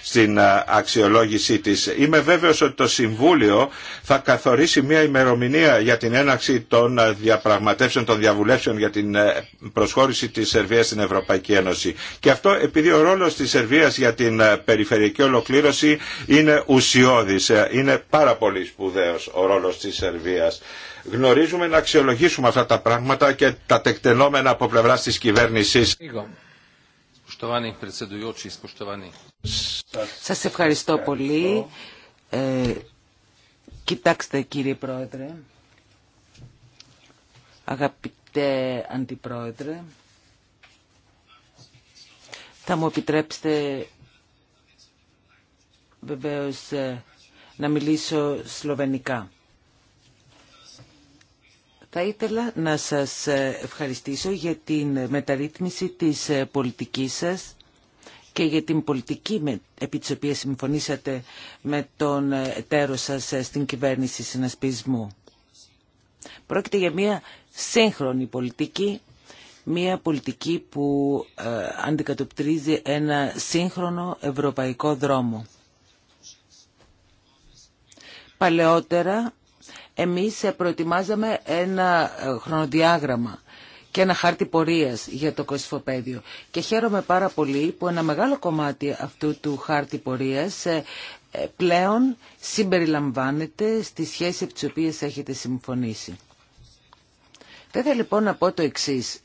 στην ε, αξιολόγησή της. Είμαι βέβαιος ότι το Συμβούλιο θα καθορίσει μια ημερομηνία για την έναξη των ε, διαπραγματεύσεων, των διαβουλεύσεων για την ε, προσχώρηση της Σερβίας στην Ευρωπαϊκή Ένωση. Και αυτό επειδή ο ρόλος της Σερβίας για την περιφερειακή ολοκλήρωση είναι ουσιώδης, είναι πάρα πολύ σπουδαίος ο ρόλος της Σερβίας Γνωρίζουμε να αξιολογήσουμε αυτά τα πράγματα και τα τεκτενόμενα από πλευρά της κυβέρνησης. Σας ευχαριστώ πολύ. Ε, κοιτάξτε κύριε Πρόεδρε, αγαπητέ Αντιπρόεδρε, θα μου επιτρέψετε βεβαίως ε, να μιλήσω σλοβενικά. Θα ήθελα να σας ευχαριστήσω για την μεταρρύθμιση της πολιτικής σας και για την πολιτική επί της οποίας συμφωνήσατε με τον εταίρο σας στην κυβέρνηση συνασπισμού. Πρόκειται για μια σύγχρονη πολιτική, μια πολιτική που ε, αντικατοπτρίζει ένα σύγχρονο ευρωπαϊκό δρόμο. Παλαιότερα εμείς προετοιμάζαμε ένα ε, χρονοδιάγραμμα και ένα χάρτη πορείας για το κοσφοπέδιο. Και χαίρομαι πάρα πολύ που ένα μεγάλο κομμάτι αυτού του χάρτη πορείας ε, ε, πλέον συμπεριλαμβάνεται στις σχέσεις από τις οποίες έχετε συμφωνήσει. Θα ήθελα λοιπόν να πω το εξής.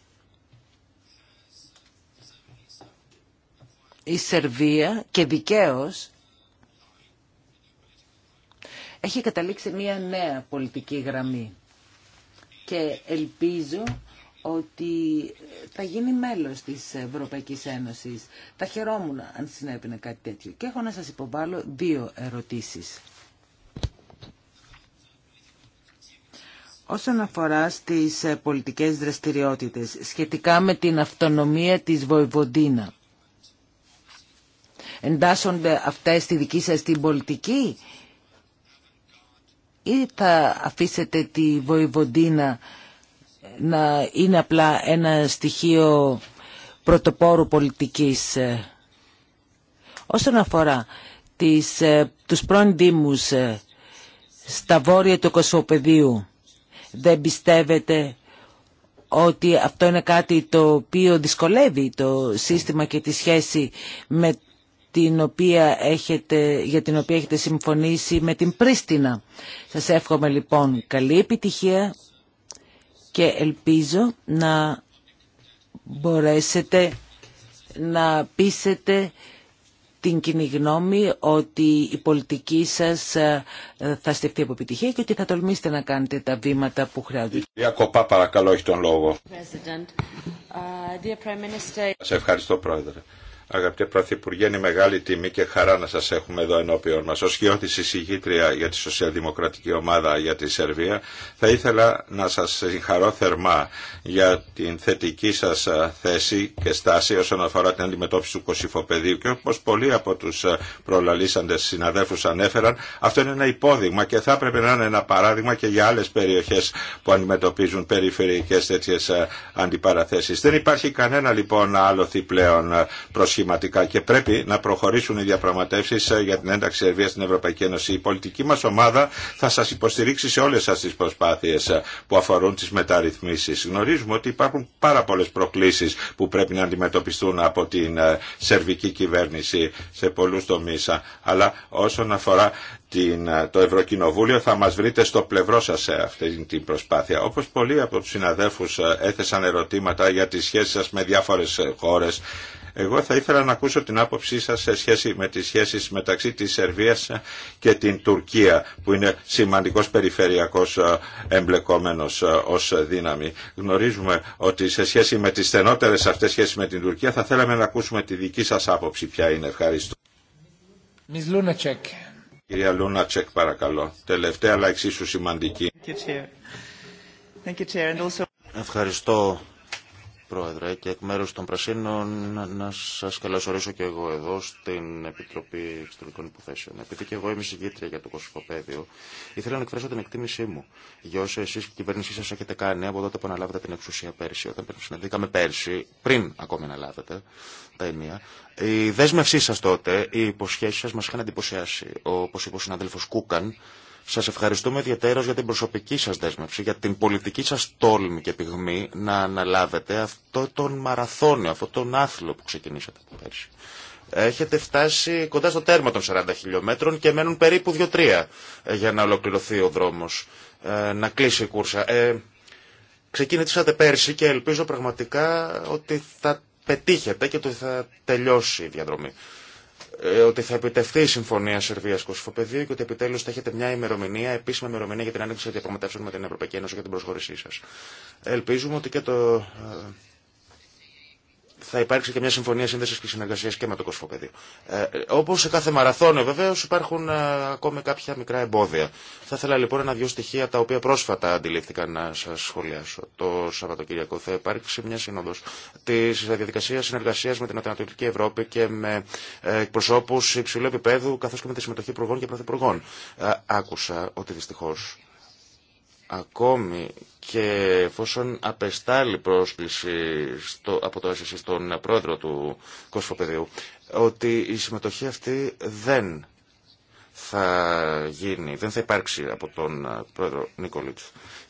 Η Σερβία και δικαίως έχει καταλήξει μια νέα πολιτική γραμμή και ελπίζω ότι θα γίνει μέλος της Ευρωπαϊκής Ένωσης. Θα χαιρόμουν αν συνέβαινε κάτι τέτοιο. Και έχω να σας υποβάλω δύο ερωτήσεις. Όσον αφορά στις πολιτικές δραστηριότητες, σχετικά με την αυτονομία της Βοηβοντίνα, εντάσσονται αυτές στη δική σας την πολιτική ή θα αφήσετε τη Βοηβοντίνα να είναι απλά ένα στοιχείο πρωτοπόρου πολιτικής. Ε, όσον αφορά τις, ε, τους πρώην δήμους ε, στα βόρεια του Κοσμοπεδίου, δεν πιστεύετε ότι αυτό είναι κάτι το οποίο δυσκολεύει το σύστημα και τη σχέση με την οποία έχετε, για την οποία έχετε συμφωνήσει με την Πρίστινα. Σας εύχομαι λοιπόν καλή επιτυχία και ελπίζω να μπορέσετε να πείσετε την κοινή γνώμη ότι η πολιτική σας ε, θα στεφτεί από επιτυχία και ότι θα τολμήσετε να κάνετε τα βήματα που χρειάζονται. Κυρία Κοπά, παρακαλώ, έχει τον λόγο. Uh, σας ευχαριστώ, Πρόεδρε. Αγαπητέ Πρωθυπουργέ, είναι μεγάλη τιμή και χαρά να σας έχουμε εδώ ενώπιον μας. Ως χιώτης εισηγήτρια για τη Σοσιαλδημοκρατική Ομάδα για τη Σερβία, θα ήθελα να σας συγχαρώ θερμά για την θετική σας θέση και στάση όσον αφορά την αντιμετώπιση του κοσυφοπεδίου και όπως πολλοί από τους προλαλήσαντες συναδέλφους ανέφεραν, αυτό είναι ένα υπόδειγμα και θα έπρεπε να είναι ένα παράδειγμα και για άλλες περιοχές που αντιμετωπίζουν περιφερειακές τέτοιες αντιπαραθέσεις. Δεν υπάρχει κανένα λοιπόν άλλο πλέον προς σχηματικά και πρέπει να προχωρήσουν οι διαπραγματεύσει ε, για την ένταξη Σερβία στην Ευρωπαϊκή Ένωση. Η πολιτική μα ομάδα θα σα υποστηρίξει σε όλε σα τι προσπάθειες ε, που αφορούν τι μεταρρυθμίσει. Γνωρίζουμε ότι υπάρχουν πάρα πολλέ προκλήσει που πρέπει να αντιμετωπιστούν από την ε, σερβική κυβέρνηση σε πολλού τομείς. Αλλά όσον αφορά την, το Ευρωκοινοβούλιο θα μας βρείτε στο πλευρό σας σε αυτή την προσπάθεια. Όπως πολλοί από τους συναδέλφους έθεσαν ερωτήματα για τις σχέσεις σας με διάφορες χώρες εγώ θα ήθελα να ακούσω την άποψή σας σε σχέση με τις σχέσεις μεταξύ της Σερβίας και την Τουρκία που είναι σημαντικός περιφερειακός ε, εμπλεκόμενος ε, ως δύναμη. Γνωρίζουμε ότι σε σχέση με τις στενότερες αυτές σχέσεις με την Τουρκία θα θέλαμε να ακούσουμε τη δική σας άποψη ποια είναι. Ευχαριστώ. Κυρία Λούνατσεκ παρακαλώ. Τελευταία αλλά εξίσου σημαντική. Ευχαριστώ Πρόεδρε, και εκ μέρου των Πρασίνων να σα καλωσορίσω και εγώ εδώ στην Επιτροπή Εξωτερικών Υποθέσεων. Επειδή και εγώ είμαι συγκήτρια για το κοσμοπέδιο, ήθελα να εκφράσω την εκτίμησή μου για όσα εσεί, και η κυβέρνησή σα έχετε κάνει από τότε που αναλάβετε την εξουσία πέρσι. Όταν συναντήκαμε πέρσι, πριν ακόμη αναλάβετε τα ενία, η δέσμευσή σα τότε, οι υποσχέσει σα μα είχαν εντυπωσιάσει. Όπω είπε ο συνάδελφο Κούκαν, σας ευχαριστούμε ιδιαίτερα για την προσωπική σας δέσμευση, για την πολιτική σας τόλμη και πυγμή να αναλάβετε αυτό τον μαραθώνιο, αυτό τον άθλο που ξεκινήσατε από πέρσι. Έχετε φτάσει κοντά στο τέρμα των 40 χιλιόμετρων και μένουν περίπου 2-3 ε, για να ολοκληρωθεί ο δρόμος, ε, να κλείσει η κούρσα. Ε, Ξεκίνησατε πέρσι και ελπίζω πραγματικά ότι θα πετύχετε και ότι θα τελειώσει η διαδρομή. Ε, ότι θα επιτευχθεί η συμφωνία Σερβία-Κωσυφοπεδίου και ότι επιτέλου θα έχετε μια ημερομηνία, επίσημη ημερομηνία για την άνοιξη των διαπραγματεύσεων με την Ευρωπαϊκή Ένωση για την προσχώρησή σα. Ελπίζουμε ότι και το ε, θα υπάρξει και μια συμφωνία σύνδεση και συνεργασία και με το κοσμοπεδίο. Ε, Όπω σε κάθε μαραθώνιο βεβαίω υπάρχουν ε, ακόμη κάποια μικρά εμπόδια. Θα ήθελα λοιπόν ένα-δυο στοιχεία τα οποία πρόσφατα αντιλήφθηκα να σα σχολιάσω. Το Σαββατοκυριακό θα υπάρξει μια σύνοδο τη διαδικασία συνεργασία με την Ανατολική Ευρώπη και με ε, εκπροσώπου υψηλού επίπεδου καθώ και με τη συμμετοχή υπουργών και πρωθυπουργών. Ε, άκουσα ότι δυστυχώ Ακόμη και εφόσον απεστάλλει πρόσκληση στο, από το ΕΣΥ στον πρόεδρο του Κοσμοπεδίου, ότι η συμμετοχή αυτή δεν θα γίνει, δεν θα υπάρξει από τον πρόεδρο Νίκολίτ.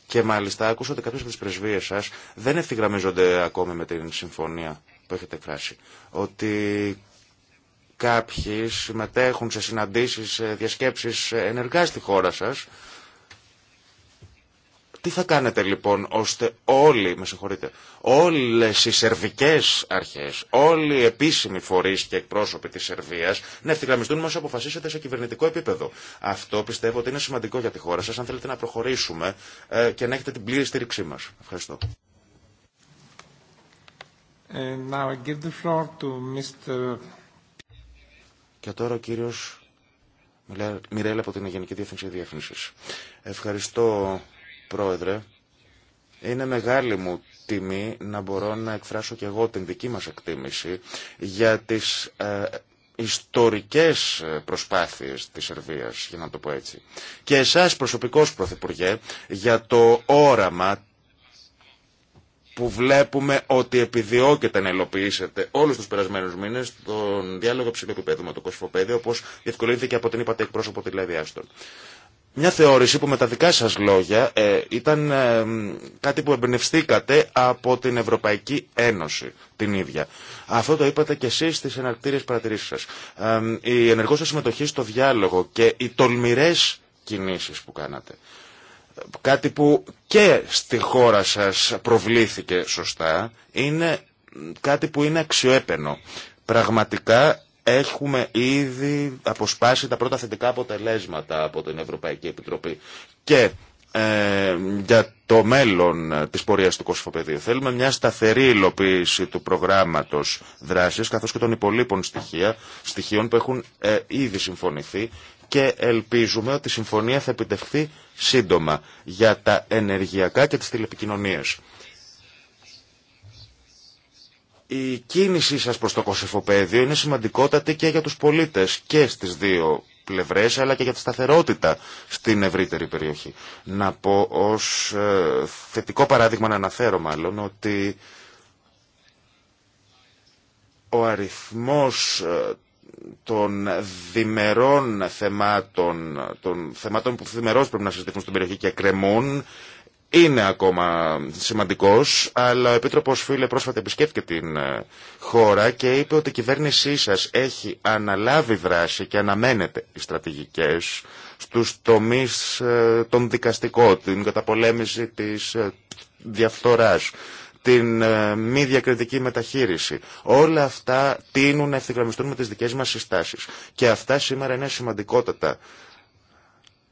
Και μάλιστα άκουσα ότι κάποιες από τις πρεσβείες σας δεν ευθυγραμμίζονται ακόμη με την συμφωνία που έχετε εκφράσει. Ότι κάποιοι συμμετέχουν σε συναντήσεις, σε διασκέψεις ενεργά στη χώρα σας, τι θα κάνετε λοιπόν ώστε όλοι, με συγχωρείτε, όλες οι σερβικές αρχές, όλοι οι επίσημοι φορείς και εκπρόσωποι της Σερβίας να ευθυγραμμιστούν μας αποφασίσετε σε κυβερνητικό επίπεδο. Αυτό πιστεύω ότι είναι σημαντικό για τη χώρα σας αν θέλετε να προχωρήσουμε ε, και να έχετε την πλήρη στήριξή μας. Ευχαριστώ. Ε, και τώρα ο κύριος Μιρέλα από την Γενική Διεύθυνση Διεύθυνσης. Ευχαριστώ Πρόεδρε, είναι μεγάλη μου τιμή να μπορώ να εκφράσω και εγώ την δική μας εκτίμηση για τις ε, ιστορικές προσπάθειες της Σερβίας, για να το πω έτσι. Και εσάς προσωπικός Πρωθυπουργέ, για το όραμα που βλέπουμε ότι επιδιώκεται να υλοποιήσετε όλους τους περασμένους μήνες τον διάλογο ψηλού επίπεδου με το Κοσμοπέδιο, όπω διευκολύνθηκε από την είπατε εκπρόσωπο τη Λέδη Άστον. Μια θεώρηση που με τα δικά σας λόγια ε, ήταν ε, κάτι που εμπνευστήκατε από την Ευρωπαϊκή Ένωση την ίδια. Αυτό το είπατε και εσείς στις εναρκτήριες παρατηρήσεις σας. Ε, η ενεργό σας συμμετοχή στο διάλογο και οι τολμηρές κινήσεις που κάνατε. Κάτι που και στη χώρα σας προβλήθηκε σωστά είναι κάτι που είναι αξιοέπαινο. Πραγματικά Έχουμε ήδη αποσπάσει τα πρώτα θετικά αποτελέσματα από την Ευρωπαϊκή Επιτροπή. Και ε, για το μέλλον της πορείας του κοσφοπεδίου Θέλουμε μια σταθερή υλοποίηση του προγράμματος δράσης καθώς και των υπολείπων στοιχεία, στοιχείων που έχουν ε, ήδη συμφωνηθεί και ελπίζουμε ότι η συμφωνία θα επιτευχθεί σύντομα για τα ενεργειακά και τις τηλεπικοινωνίες η κίνησή σας προς το κοσυφοπαίδιο είναι σημαντικότατη και για τους πολίτες και στις δύο πλευρές αλλά και για τη σταθερότητα στην ευρύτερη περιοχή. Να πω ως ε, θετικό παράδειγμα να αναφέρω μάλλον ότι ο αριθμός ε, των διμερών θεμάτων, των θεμάτων που διμερώς πρέπει να συζητηθούν στην περιοχή και κρεμούν, είναι ακόμα σημαντικός, αλλά ο Επίτροπος Φίλε πρόσφατα επισκέφθηκε την ε, χώρα και είπε ότι η κυβέρνησή σας έχει αναλάβει δράση και αναμένεται οι στρατηγικές στους τομείς ε, των δικαστικών, την καταπολέμηση της ε, διαφθοράς, την μη διακριτική μεταχείριση. Όλα αυτά τείνουν να ευθυγραμμιστούν με τις δικές μας συστάσεις. Και αυτά σήμερα είναι σημαντικότατα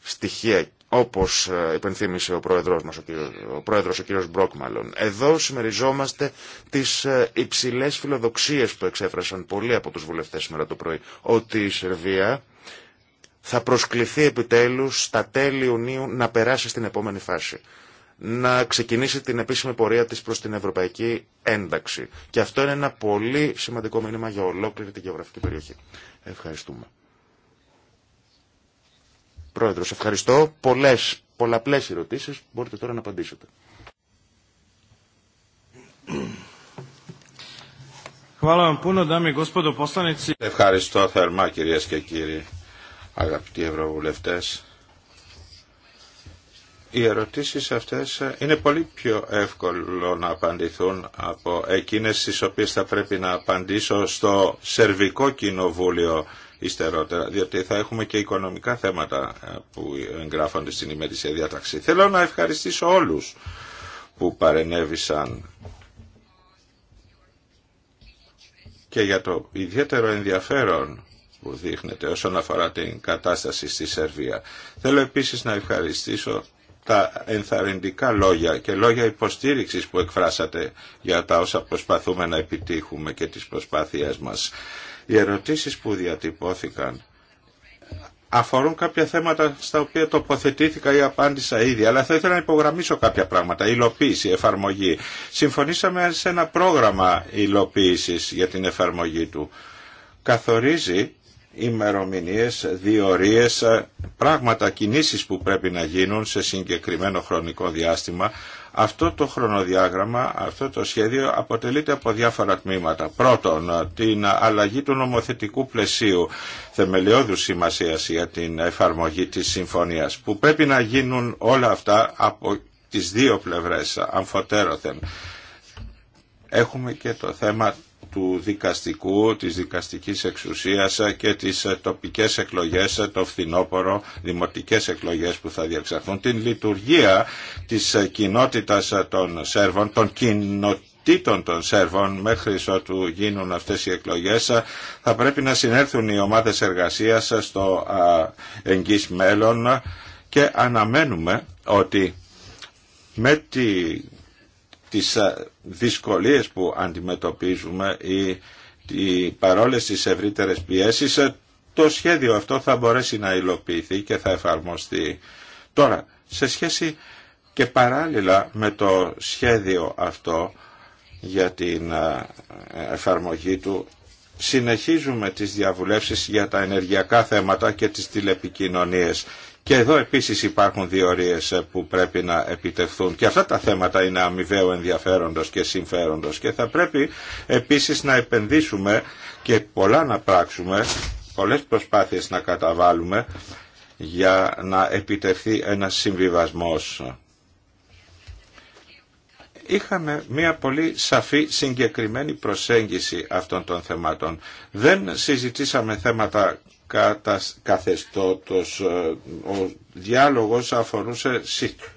στοιχεία όπως ε, υπενθύμησε ο πρόεδρος μας, ο, κύριος, ο πρόεδρος ο κύριος Μπρόκ μάλλον. Εδώ συμμεριζόμαστε τις ε, υψηλές φιλοδοξίες που εξέφρασαν πολλοί από τους βουλευτές σήμερα το πρωί, ότι η Σερβία θα προσκληθεί επιτέλους στα τέλη Ιουνίου να περάσει στην επόμενη φάση να ξεκινήσει την επίσημη πορεία της προς την ευρωπαϊκή ένταξη. Και αυτό είναι ένα πολύ σημαντικό μήνυμα για ολόκληρη την γεωγραφική περιοχή. Ευχαριστούμε. Πρόεδρος, ευχαριστώ. Πολλές, πολλαπλές ερωτήσεις. Μπορείτε τώρα να απαντήσετε. Ευχαριστώ θερμά κυρίες και κύριοι αγαπητοί ευρωβουλευτές. Οι ερωτήσεις αυτές ε, είναι πολύ πιο εύκολο να απαντηθούν από εκείνες τις οποίες θα πρέπει να απαντήσω στο Σερβικό Κοινοβούλιο υστερότερα, διότι θα έχουμε και οικονομικά θέματα ε, που εγγράφονται στην ημερήσια διάταξη. Θέλω να ευχαριστήσω όλους που παρενέβησαν και για το ιδιαίτερο ενδιαφέρον που δείχνεται όσον αφορά την κατάσταση στη Σερβία. Θέλω επίσης να ευχαριστήσω τα ενθαρρυντικά λόγια και λόγια υποστήριξης που εκφράσατε για τα όσα προσπαθούμε να επιτύχουμε και τις προσπάθειές μας. Οι ερωτήσεις που διατυπώθηκαν αφορούν κάποια θέματα στα οποία τοποθετήθηκα ή απάντησα ήδη, αλλά θα ήθελα να υπογραμμίσω κάποια πράγματα. Υλοποίηση, εφαρμογή. Συμφωνήσαμε σε ένα πρόγραμμα υλοποίηση για την εφαρμογή του. Καθορίζει ημερομηνίε, διορίες, ε, πράγματα, κινήσεις που πρέπει να γίνουν σε συγκεκριμένο χρονικό διάστημα, αυτό το χρονοδιάγραμμα, αυτό το σχέδιο αποτελείται από διάφορα τμήματα. Πρώτον, την αλλαγή του νομοθετικού πλαισίου θεμελιώδους σημασίας για την εφαρμογή της συμφωνίας που πρέπει να γίνουν όλα αυτά από τις δύο πλευρές αμφωτέρωθεν. Έχουμε και το θέμα του δικαστικού, της δικαστικής εξουσίας και τις τοπικές εκλογές το φθινόπωρο, δημοτικές εκλογές που θα διεξαχθούν, την λειτουργία της κοινότητας των Σέρβων, των κοινοτήτων των Σέρβων μέχρι ότου γίνουν αυτές οι εκλογές θα πρέπει να συνέλθουν οι ομάδες εργασίας στο εγγύς μέλλον και αναμένουμε ότι με τη, τις δυσκολίες που αντιμετωπίζουμε ή οι παρόλες τις ευρύτερες πιέσεις ε, το σχέδιο αυτό θα μπορέσει να υλοποιηθεί και θα εφαρμοστεί. Τώρα, σε σχέση και παράλληλα με το σχέδιο αυτό για την ε, εφαρμογή του συνεχίζουμε τις διαβουλεύσεις για τα ενεργειακά θέματα και τις τηλεπικοινωνίες. Και εδώ επίσης υπάρχουν διορίες ε, που πρέπει να επιτευχθούν. Και αυτά τα θέματα είναι αμοιβαίου ενδιαφέροντος και συμφέροντος. Και θα πρέπει επίσης να επενδύσουμε και πολλά να πράξουμε, πολλές προσπάθειες να καταβάλουμε για να επιτευχθεί ένα συμβιβασμός είχαμε μια πολύ σαφή συγκεκριμένη προσέγγιση αυτών των θεμάτων. Δεν συζητήσαμε θέματα καθεστώτος. Ε, ο διάλογος αφορούσε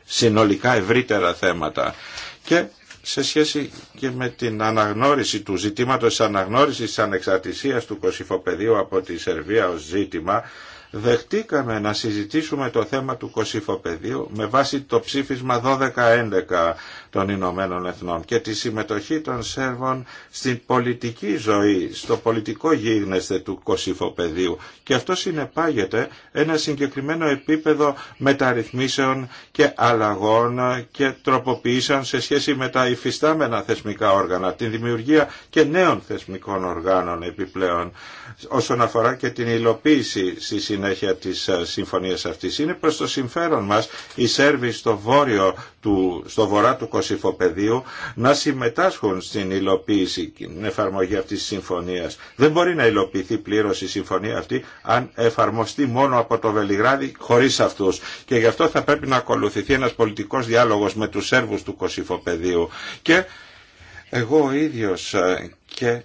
συνολικά ευρύτερα θέματα και σε σχέση και με την αναγνώριση του ζητήματος αναγνώρισης της ανεξαρτησίας του Κωσυφοπεδίου από τη Σερβία ως ζήτημα δεχτήκαμε να συζητήσουμε το θέμα του κοσυφοπεδίου με βάση το ψήφισμα 12-11 των Ηνωμένων Εθνών και τη συμμετοχή των Σέρβων στην πολιτική ζωή, στο πολιτικό γίγνεσθε του κοσυφοπεδίου και αυτό συνεπάγεται ένα συγκεκριμένο επίπεδο μεταρρυθμίσεων και αλλαγών και τροποποιήσεων σε σχέση με τα υφιστάμενα θεσμικά όργανα, την δημιουργία και νέων θεσμικών οργάνων επιπλέον όσον αφορά και την υλοποίηση στη συνέχεια της ε, συμφωνίας αυτής. Είναι προς το συμφέρον μας οι Σέρβοι στο, βόρειο του, στο βορρά του Κωσυφοπεδίου να συμμετάσχουν στην υλοποίηση, την εφαρμογή αυτής της συμφωνίας. Δεν μπορεί να υλοποιηθεί πλήρως η συμφωνία αυτή αν εφαρμοστεί μόνο από το Βελιγράδι χωρίς αυτούς. Και γι' αυτό θα πρέπει να ακολουθηθεί ένας πολιτικός διάλογος με τους Σέρβους του Κωσυφοπεδίου. Και εγώ ο ίδιος ε, και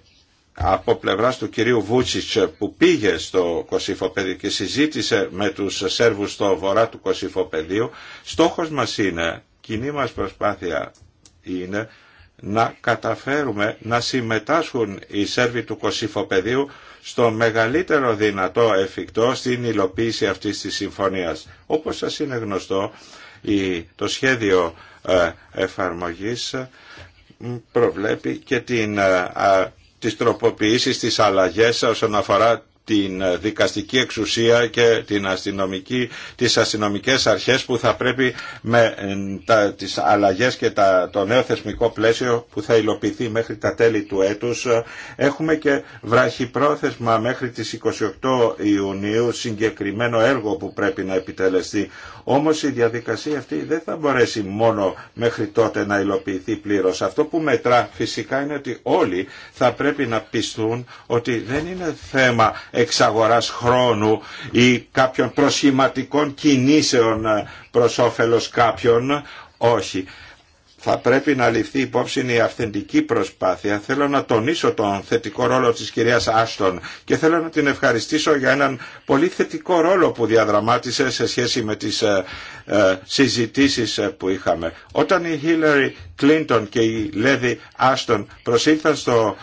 από πλευρά του κυρίου Βούτσιτς που πήγε στο Κωσυφοπέδιο και συζήτησε με τους Σέρβους στο βορρά του Κωσυφοπεδίου, στόχος μας είναι, κοινή μας προσπάθεια είναι να καταφέρουμε να συμμετάσχουν οι Σέρβοι του Κωσυφοπεδίου στο μεγαλύτερο δυνατό εφικτό στην υλοποίηση αυτής της συμφωνίας. Όπως σας είναι γνωστό, το σχέδιο ε, εφαρμογής προβλέπει και την ε, τις τροποποιήσεις, τις αλλαγές όσον αφορά την ε, δικαστική εξουσία και την αστυνομική, τις αστυνομικές αρχές που θα πρέπει με ε, τα, τις αλλαγές και τα, το νέο θεσμικό πλαίσιο που θα υλοποιηθεί μέχρι τα τέλη του έτους. Έχουμε και βραχυπρόθεσμα μέχρι τις 28 Ιουνίου συγκεκριμένο έργο που πρέπει να επιτελεστεί. Όμως η διαδικασία αυτή δεν θα μπορέσει μόνο μέχρι τότε να υλοποιηθεί πλήρως. Αυτό που μετρά φυσικά είναι ότι όλοι θα πρέπει να πιστούν ότι δεν είναι θέμα εξαγοράς χρόνου ή κάποιων προσχηματικών κινήσεων ε, προς όφελος κάποιων. Όχι. Θα πρέπει να ληφθεί υπόψη η αυθεντική προσπάθεια. Θέλω να τονίσω τον θετικό ρόλο της κυρίας Άστον και θέλω να την ευχαριστήσω για έναν πολύ θετικό ρόλο που διαδραμάτισε σε σχέση με τις ε, ε, συζητήσεις που είχαμε. Όταν η Hillary Κλίντον και η Λέδη Άστον προσήλθαν στο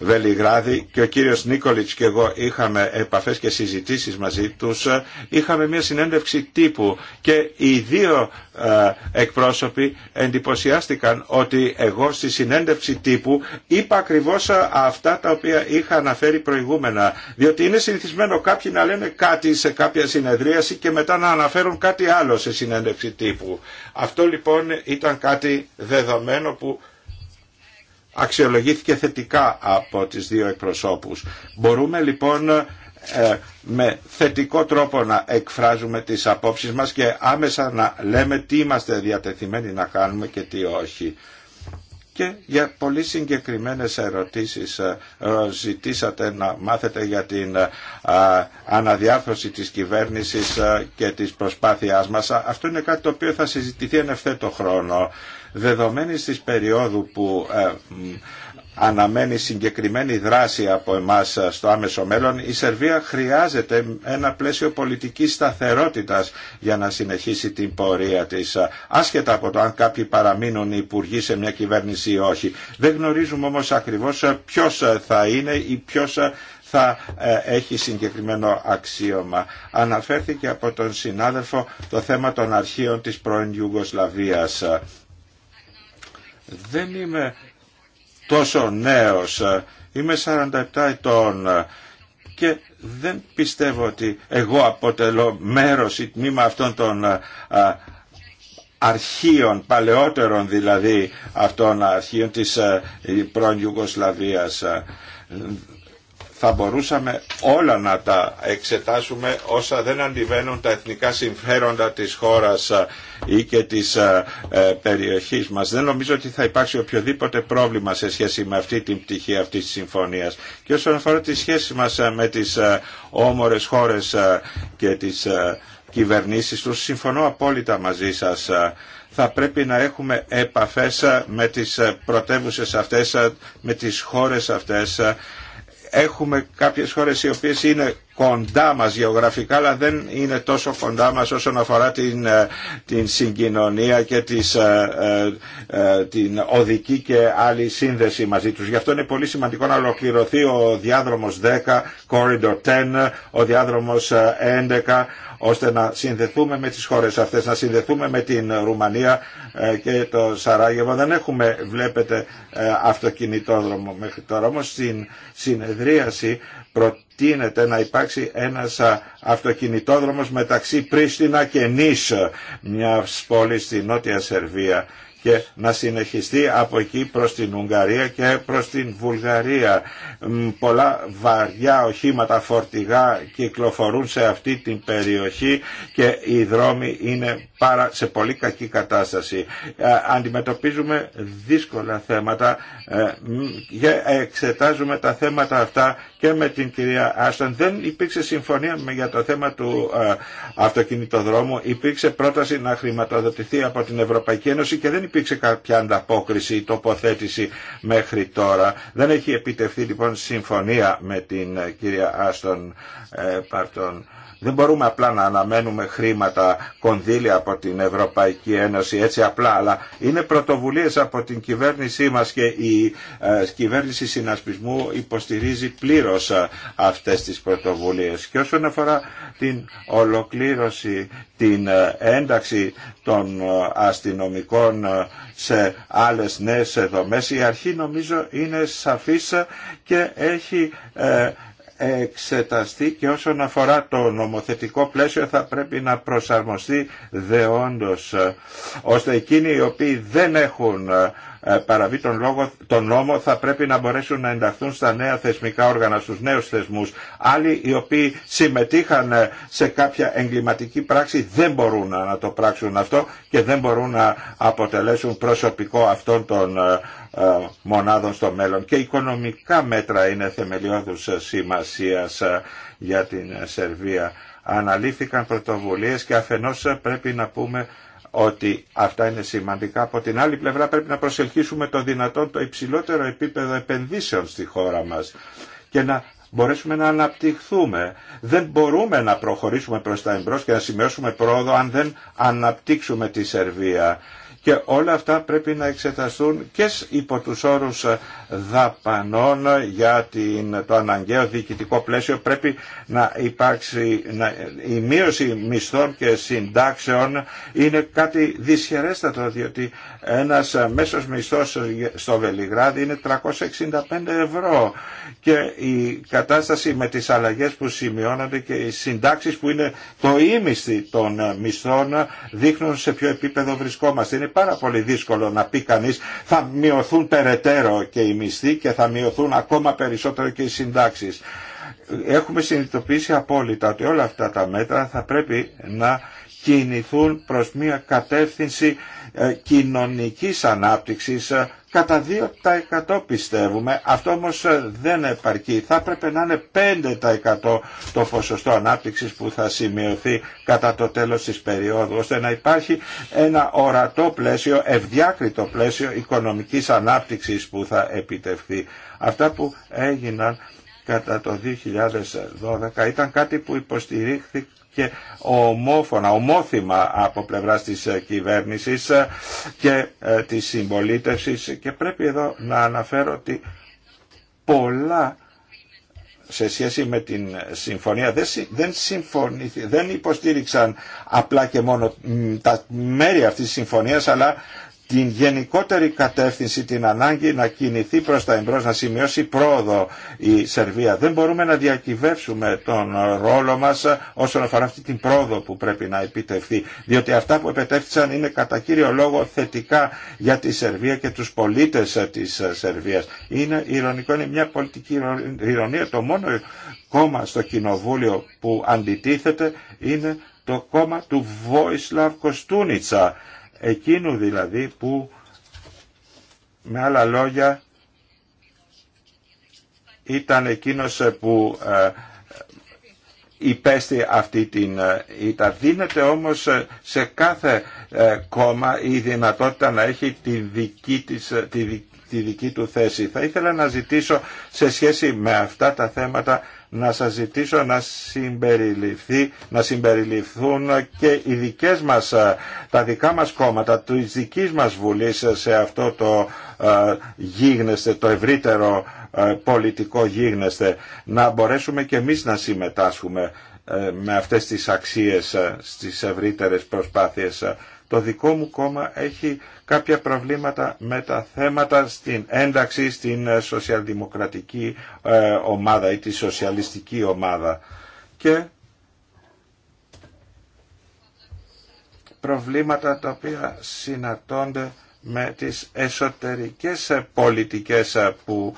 Βελιγράδι και ο κύριος Νίκολιτς και εγώ είχαμε επαφές και συζητήσεις μαζί τους. Είχαμε μια συνέντευξη τύπου και οι δύο εκπρόσωποι εντυπωσιάστηκαν ότι εγώ στη συνέντευξη τύπου είπα ακριβώς αυτά τα οποία είχα αναφέρει προηγούμενα. Διότι είναι συνηθισμένο κάποιοι να λένε κάτι σε κάποια συνεδρίαση και μετά να αναφέρουν κάτι άλλο σε συνέντευξη τύπου. Αυτό λοιπόν ήταν κάτι δεδομένο που αξιολογήθηκε θετικά από τις δύο εκπροσώπους. Μπορούμε λοιπόν ε, με θετικό τρόπο να εκφράζουμε τις απόψεις μας και άμεσα να λέμε τι είμαστε διατεθειμένοι να κάνουμε και τι όχι. Και για πολύ συγκεκριμένες ερωτήσεις ε, ε, ζητήσατε να μάθετε για την αναδιάρθρωση της κυβέρνησης και της προσπάθειάς μας. Αυτό είναι κάτι το οποίο θα συζητηθεί εν ευθέτω χρόνο δεδομένης της περίοδου που ε, αναμένει συγκεκριμένη δράση από εμάς ε, στο άμεσο μέλλον, η Σερβία χρειάζεται ένα πλαίσιο πολιτικής σταθερότητας για να συνεχίσει την πορεία της, ε, άσχετα από το αν κάποιοι παραμείνουν υπουργοί σε μια κυβέρνηση ή όχι. Δεν γνωρίζουμε όμως ακριβώς ποιος θα είναι ή ποιος θα έχει συγκεκριμένο αξίωμα. Αναφέρθηκε από τον συνάδελφο το θέμα των αρχείων της πρώην Ιουγκοσλαβίας δεν είμαι τόσο νέος, είμαι 47 ετών και δεν πιστεύω ότι εγώ αποτελώ μέρος ή τμήμα αυτών των αρχείων, παλαιότερων δηλαδή αυτών αρχείων της πρώην Ιουγκοσλαβίας θα μπορούσαμε όλα να τα εξετάσουμε όσα δεν αντιβαίνουν τα εθνικά συμφέροντα της χώρας ε, ή και της ε, ε, περιοχής μας. Δεν νομίζω ότι θα υπάρξει οποιοδήποτε πρόβλημα σε σχέση με αυτή την πτυχή αυτής της συμφωνίας. Και όσον αφορά τη σχέση μας με τις όμορες χώρες και τις κυβερνήσεις τους, συμφωνώ απόλυτα μαζί σας θα πρέπει να έχουμε επαφές με τις πρωτεύουσες αυτές, με τις χώρες αυτές έχουμε κάποιες χώρες οι οποίες είναι κοντά μας γεωγραφικά αλλά δεν είναι τόσο κοντά μας όσον αφορά την, ε, την συγκοινωνία και τις, ε, ε, την οδική και άλλη σύνδεση μαζί τους. Γι' αυτό είναι πολύ σημαντικό να ολοκληρωθεί ο διάδρομος 10, Corridor 10, ο διάδρομος 11 ώστε να συνδεθούμε με τις χώρες αυτές, να συνδεθούμε με την Ρουμανία και το Σαράγεβο. Δεν έχουμε, βλέπετε, αυτοκινητόδρομο μέχρι τώρα. Όμως στην συνεδρίαση τίνεται να υπάρξει ένας αυτοκινητόδρομος μεταξύ Πρίστινα και Νίσ, μια πόλη στη Νότια Σερβία και να συνεχιστεί από εκεί προς την Ουγγαρία και προς την Βουλγαρία. Πολλά βαριά οχήματα φορτηγά κυκλοφορούν σε αυτή την περιοχή και οι δρόμοι είναι σε πολύ κακή κατάσταση. Ε, αντιμετωπίζουμε δύσκολα θέματα ε, και εξετάζουμε τα θέματα αυτά και με την κυρία Άστον. Δεν υπήρξε συμφωνία για το θέμα του ε, αυτοκινητοδρόμου. Υπήρξε πρόταση να χρηματοδοτηθεί από την Ευρωπαϊκή Ένωση και δεν υπήρξε κάποια ανταπόκριση ή τοποθέτηση μέχρι τώρα. Δεν έχει επιτευχθεί λοιπόν συμφωνία με την ε, κυρία Άστον ε, Παρτών. Δεν μπορούμε απλά να αναμένουμε χρήματα, κονδύλια από την Ευρωπαϊκή Ένωση έτσι απλά, αλλά είναι πρωτοβουλίες από την κυβέρνησή μας και η ε, κυβέρνηση συνασπισμού υποστηρίζει πλήρως ε, αυτές τις πρωτοβουλίες. Και όσον αφορά την ολοκλήρωση, την ε, ένταξη των αστυνομικών σε άλλες νέες δομές, η αρχή νομίζω είναι σαφής και έχει εξεταστεί και όσον αφορά το νομοθετικό πλαίσιο θα πρέπει να προσαρμοστεί δεόντως ώστε εκείνοι οι οποίοι δεν έχουν ε, παραβεί τον, λόγο, τον νόμο θα πρέπει να μπορέσουν να ενταχθούν στα νέα θεσμικά όργανα, στους νέους θεσμούς. Άλλοι οι οποίοι συμμετείχαν ε, σε κάποια εγκληματική πράξη δεν μπορούν να το πράξουν αυτό και δεν μπορούν να αποτελέσουν προσωπικό αυτών των ε, ε, μονάδων στο μέλλον και οικονομικά μέτρα είναι θεμελιώδους σημασίας ε, για την Σερβία. Αναλύθηκαν πρωτοβουλίες και αφενό ε, πρέπει να πούμε ότι αυτά είναι σημαντικά. Από την άλλη πλευρά πρέπει να προσελκύσουμε το δυνατόν το υψηλότερο επίπεδο επενδύσεων στη χώρα μας και να μπορέσουμε να αναπτυχθούμε. Δεν μπορούμε να προχωρήσουμε προς τα εμπρός και να σημειώσουμε πρόοδο αν δεν αναπτύξουμε τη Σερβία και όλα αυτά πρέπει να εξεταστούν και υπό τους όρους ε, δαπανών για την, το αναγκαίο διοικητικό πλαίσιο πρέπει να υπάρξει να, η μείωση μισθών και συντάξεων είναι κάτι δυσχερέστατο διότι ένας ε, μέσος μισθός στο Βελιγράδι είναι 365 ευρώ και η κατάσταση με τις αλλαγές που σημειώνονται και οι συντάξεις που είναι το ίμιστο των ε, μισθών δείχνουν σε ποιο επίπεδο βρισκόμαστε πάρα πολύ δύσκολο να πει κανεί θα μειωθούν περαιτέρω και οι μισθοί και θα μειωθούν ακόμα περισσότερο και οι συντάξει. Έχουμε συνειδητοποιήσει απόλυτα ότι όλα αυτά τα μέτρα θα πρέπει να κινηθούν προς μια κατεύθυνση ε, κοινωνικής ανάπτυξης ε, κατά 2% πιστεύουμε. Αυτό όμως ε, δεν επαρκεί. Θα έπρεπε να είναι 5% το ποσοστό ανάπτυξης που θα σημειωθεί κατά το τέλος της περίοδου, ώστε να υπάρχει ένα ορατό πλαίσιο, ευδιάκριτο πλαίσιο οικονομικής ανάπτυξης που θα επιτευχθεί. Αυτά που έγιναν κατά το 2012 ήταν κάτι που υποστηρίχθηκε και ομόφωνα, ομόθυμα από πλευράς της ε, κυβέρνησης ε, και ε, της συμπολίτευσης και πρέπει εδώ να αναφέρω ότι πολλά σε σχέση με την συμφωνία δεν, δεν υποστήριξαν απλά και μόνο τα μέρη αυτής της συμφωνίας αλλά την γενικότερη κατεύθυνση, την ανάγκη να κινηθεί προς τα εμπρός, να σημειώσει πρόοδο η Σερβία. Δεν μπορούμε να διακυβεύσουμε τον ρόλο μας όσον αφορά αυτή την πρόοδο που πρέπει να επιτευχθεί. Διότι αυτά που επετέφθησαν είναι κατά κύριο λόγο θετικά για τη Σερβία και τους πολίτες της Σερβίας. Είναι ηρωνικό, είναι μια πολιτική ηρωνία. Το μόνο κόμμα στο κοινοβούλιο που αντιτίθεται είναι το κόμμα του Βόισλαβ Κοστούνιτσα εκείνου δηλαδή που με άλλα λόγια ήταν εκείνος ε, που ε, υπέστη αυτή την ε, ήττα. Δίνεται όμως σε κάθε κόμμα η δυνατότητα να έχει τη δική, της, τη δική του θέση. Θα ήθελα να ζητήσω σε σχέση με αυτά τα θέματα να σας ζητήσω να, συμπεριληφθεί, να συμπεριληφθούν και οι δικές μας, ε, τα δικά μας κόμματα, τη δική μας Βουλής σε αυτό το ε, γίγνεσθε, το ευρύτερο ε, πολιτικό γίγνεσθε, να μπορέσουμε και εμείς να συμμετάσχουμε με αυτές τις αξίες στις ευρύτερες προσπάθειες. Το δικό μου κόμμα έχει κάποια προβλήματα με τα θέματα στην ένταξη στην ε, σοσιαλδημοκρατική ε, ομάδα ή τη σοσιαλιστική ομάδα. Και προβλήματα τα οποία συναρτώνται με τις εσωτερικές ε, πολιτικές που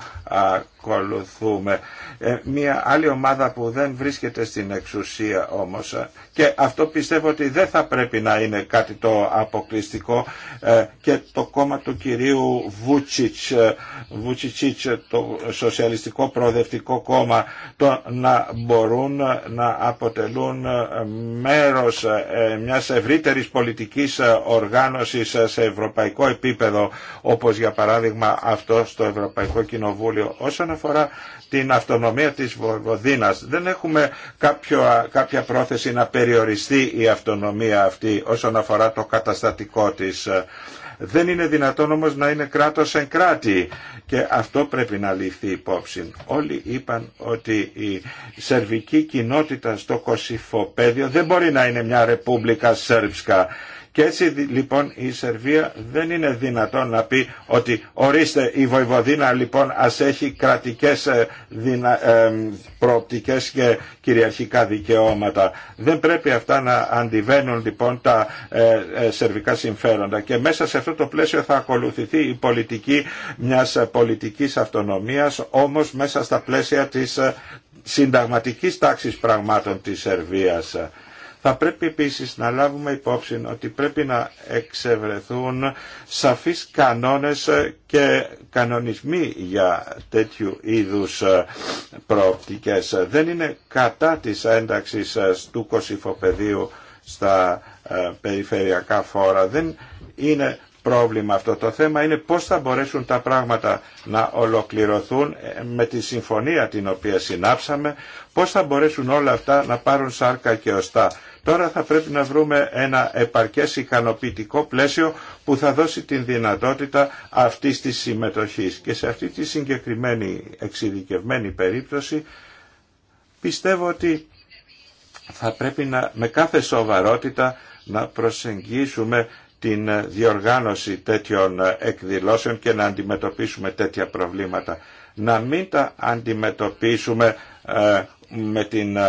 ακολουθούμε. Ε, μία άλλη ομάδα που δεν βρίσκεται στην εξουσία όμως ε, και αυτό πιστεύω ότι δεν θα πρέπει να είναι κάτι το αποκλειστικό ε, και το κόμμα του κυρίου Βούτσιτς, το Σοσιαλιστικό Προοδευτικό Κόμμα το να μπορούν να αποτελούν μέρος μιας ευρύτερης πολιτικής οργάνωσης σε ευρωπαϊκό επίπεδο όπως για παράδειγμα αυτό στο Ευρωπαϊκό Κοινοβούλιο όσον αφορά την αυτονομία της Βορβοδίνας, δεν έχουμε κάποιο, κάποια πρόθεση να περιοριστεί η αυτονομία αυτή όσον αφορά το καταστατικό της. Δεν είναι δυνατόν όμως να είναι κράτος εν κράτη και αυτό πρέπει να ληφθεί υπόψη. Όλοι είπαν ότι η σερβική κοινότητα στο Κωσυφοπέδιο δεν μπορεί να είναι μια ρεπούμπλικα σέρβσκα και έτσι λοιπόν η Σερβία δεν είναι δυνατόν να πει ότι ορίστε η Βοηβοδίνα λοιπόν ας έχει κρατικές ε, ε, προοπτικές και κυριαρχικά δικαιώματα. Δεν πρέπει αυτά να αντιβαίνουν λοιπόν τα ε, σερβικά συμφέροντα και μέσα σε αυτό το πλαίσιο θα ακολουθηθεί η πολιτική μιας πολιτικής αυτονομίας όμως μέσα στα πλαίσια της συνταγματικής τάξης πραγμάτων της Σερβίας. Θα πρέπει επίσης να λάβουμε υπόψη ότι πρέπει να εξευρεθούν σαφείς κανόνες και κανονισμοί για τέτοιου είδους προοπτικές. Δεν είναι κατά της ένταξης του κοσυφοπεδίου στα ε, περιφερειακά φόρα. Δεν είναι πρόβλημα αυτό. Το θέμα είναι πώς θα μπορέσουν τα πράγματα να ολοκληρωθούν ε, με τη συμφωνία την οποία συνάψαμε, πώς θα μπορέσουν όλα αυτά να πάρουν σάρκα και οστά. Τώρα θα πρέπει να βρούμε ένα επαρκές ικανοποιητικό πλαίσιο που θα δώσει την δυνατότητα αυτής της συμμετοχής. Και σε αυτή τη συγκεκριμένη εξειδικευμένη περίπτωση πιστεύω ότι θα πρέπει να, με κάθε σοβαρότητα να προσεγγίσουμε την διοργάνωση τέτοιων εκδηλώσεων και να αντιμετωπίσουμε τέτοια προβλήματα. Να μην τα αντιμετωπίσουμε ε, με την ε,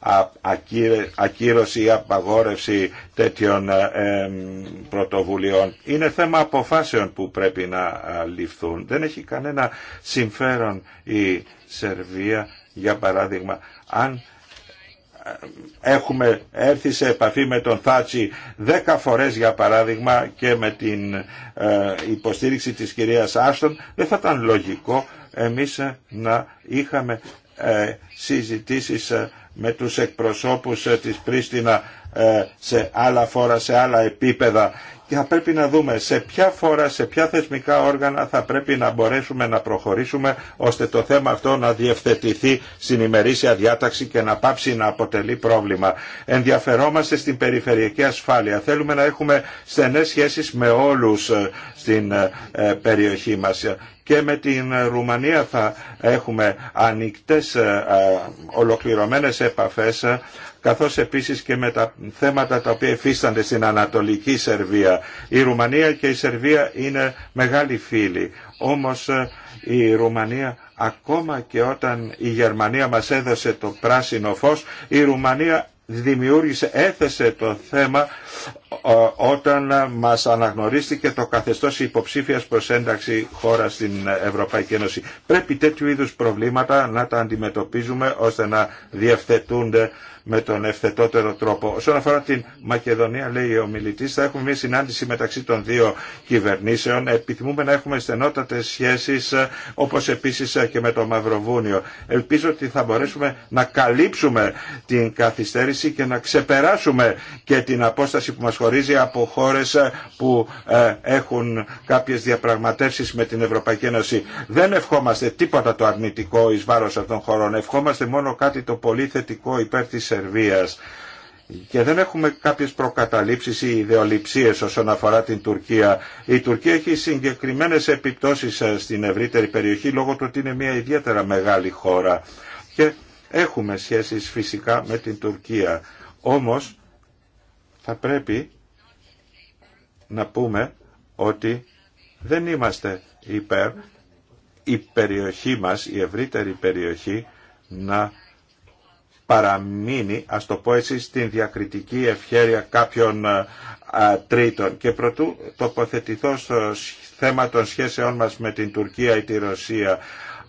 ε, ακύρωση ή απαγόρευση τέτοιων πρωτοβουλειών. Είναι θέμα αποφάσεων που πρέπει να ληφθούν. Δεν έχει κανένα συμφέρον η Σερβία, για παράδειγμα, αν έχουμε έρθει σε επαφή με τον Θάτσι δέκα φορές για παράδειγμα και με την ε, υποστήριξη της κυρίας Άστον δεν θα ήταν λογικό εμείς ε, να είχαμε ε, συζητήσεις με τους εκπροσώπους της Πρίστινα σε άλλα φόρα, σε άλλα επίπεδα και θα πρέπει να δούμε σε ποια φορά, σε ποια θεσμικά όργανα θα πρέπει να μπορέσουμε να προχωρήσουμε ώστε το θέμα αυτό να διευθετηθεί στην ημερήσια διάταξη και να πάψει να αποτελεί πρόβλημα. Ενδιαφερόμαστε στην περιφερειακή ασφάλεια. Θέλουμε να έχουμε στενές σχέσεις με όλους ε, στην ε, ε, περιοχή μας και με την Ρουμανία θα έχουμε ανοιχτές ε, ε, ολοκληρωμένες επαφές ε, καθώς επίσης και με τα θέματα τα οποία εφίστανται στην Ανατολική Σερβία. Η Ρουμανία και η Σερβία είναι μεγάλοι φίλοι, όμως η Ρουμανία ακόμα και όταν η Γερμανία μας έδωσε το πράσινο φως, η Ρουμανία δημιούργησε, έθεσε το θέμα όταν μας αναγνωρίστηκε το καθεστώς υποψήφιας προς ένταξη χώρα στην Ευρωπαϊκή Ένωση. Πρέπει τέτοιου είδους προβλήματα να τα αντιμετωπίζουμε ώστε να διευθετούνται με τον ευθετότερο τρόπο. Όσον αφορά την Μακεδονία, λέει ο μιλητή, θα έχουμε μια συνάντηση μεταξύ των δύο κυβερνήσεων. Επιθυμούμε να έχουμε στενότατε σχέσει, όπω επίση και με το Μαυροβούνιο. Ελπίζω ότι θα μπορέσουμε να καλύψουμε την καθυστέρηση και να ξεπεράσουμε και την απόσταση που μα χωρίζει από χώρε που ε, έχουν κάποιε διαπραγματεύσει με την Ευρωπαϊκή Ένωση. Δεν ευχόμαστε τίποτα το αρνητικό ει βάρο αυτών των χωρών. Ευχόμαστε μόνο κάτι το πολύ θετικό υπέρ τη και δεν έχουμε κάποιες προκαταλήψεις ή ιδεολειψίες όσον αφορά την Τουρκία. Η Τουρκία έχει συγκεκριμένες επιπτώσεις ε, στην ευρύτερη περιοχή λόγω του ότι είναι μια ιδιαίτερα μεγάλη χώρα και έχουμε σχέσεις φυσικά με την Τουρκία. Όμως θα πρέπει να πούμε ότι δεν είμαστε υπέρ η περιοχή μας, η ευρύτερη περιοχή να παραμείνει, ας το πω έτσι, στην διακριτική ευχέρεια κάποιων ε, τρίτων. Και προτού τοποθετηθώ στο θέμα των σχέσεών μας με την Τουρκία ή τη Ρωσία,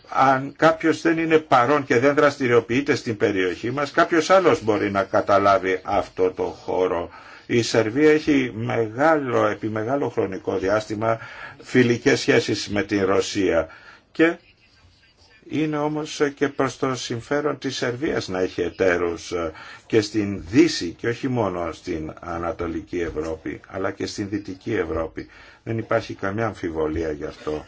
αν κάποιος δεν είναι παρόν και δεν δραστηριοποιείται στην περιοχή μας, κάποιος άλλος μπορεί να καταλάβει αυτό το χώρο. Η Σερβία έχει μεγάλο, επί μεγάλο χρονικό διάστημα φιλικές σχέσεις με την Ρωσία και είναι όμως και προς το συμφέρον της Σερβίας να έχει εταίρους ε, και στην Δύση και όχι μόνο στην Ανατολική Ευρώπη αλλά και στην Δυτική Ευρώπη. Δεν υπάρχει καμιά αμφιβολία γι' αυτό.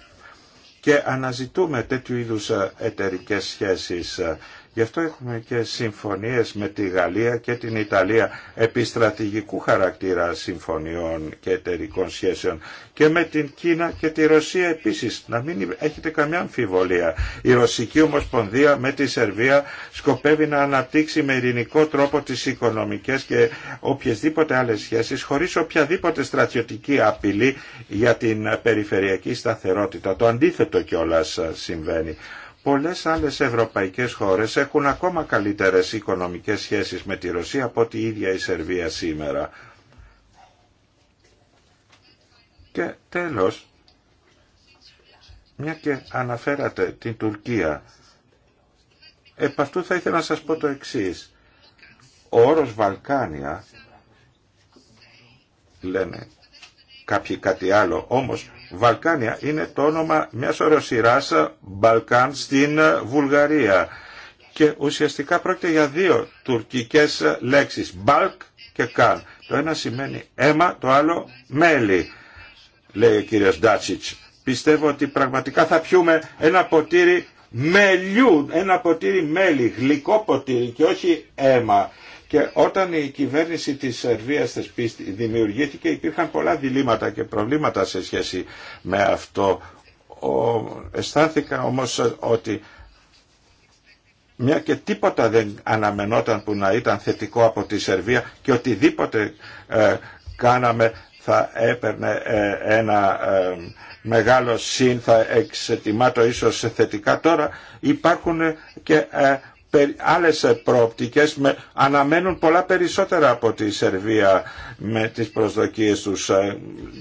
Και αναζητούμε τέτοιου είδους ε, εταιρικές σχέσεις ε, Γι' αυτό έχουμε και συμφωνίες με τη Γαλλία και την Ιταλία επιστρατηγικού χαρακτήρα συμφωνιών και εταιρικών σχέσεων και με την Κίνα και τη Ρωσία επίσης. Να μην έχετε καμιά αμφιβολία. Η Ρωσική Ομοσπονδία με τη Σερβία σκοπεύει να αναπτύξει με ειρηνικό τρόπο τις οικονομικές και οποιασδήποτε άλλες σχέσεις χωρίς οποιαδήποτε στρατιωτική απειλή για την περιφερειακή σταθερότητα. Το αντίθετο κιόλας συμβαίνει. Πολλές άλλες ευρωπαϊκές χώρες έχουν ακόμα καλύτερες οικονομικές σχέσεις με τη Ρωσία από τη ίδια η Σερβία σήμερα. Και τέλος, μια και αναφέρατε την Τουρκία, επ' αυτού θα ήθελα να σας πω το εξής. Ο όρος Βαλκάνια, λένε κάποιοι κάτι άλλο, όμως Βαλκάνια είναι το όνομα μιας οροσυράς Μπαλκάν στην Βουλγαρία και ουσιαστικά πρόκειται για δύο τουρκικές λέξεις Μπαλκ και Καν. Το ένα σημαίνει αίμα, το άλλο μέλι, λέει ο κύριος Ντάτσιτς. Πιστεύω ότι πραγματικά θα πιούμε ένα ποτήρι μελιού, ένα ποτήρι μέλι, γλυκό ποτήρι και όχι αίμα. Και όταν η κυβέρνηση της Σερβίας δημιουργήθηκε υπήρχαν πολλά διλήμματα και προβλήματα σε σχέση με αυτό. Ο, αισθάνθηκα όμως ότι μια και τίποτα δεν αναμενόταν που να ήταν θετικό από τη Σερβία και οτιδήποτε ε, κάναμε θα έπαιρνε ε, ένα ε, μεγάλο συν, θα εξετιμά ίσως θετικά. Τώρα υπάρχουν και ε, άλλες προοπτικές αναμένουν πολλά περισσότερα από τη Σερβία με τις προσδοκίες τους. Ε,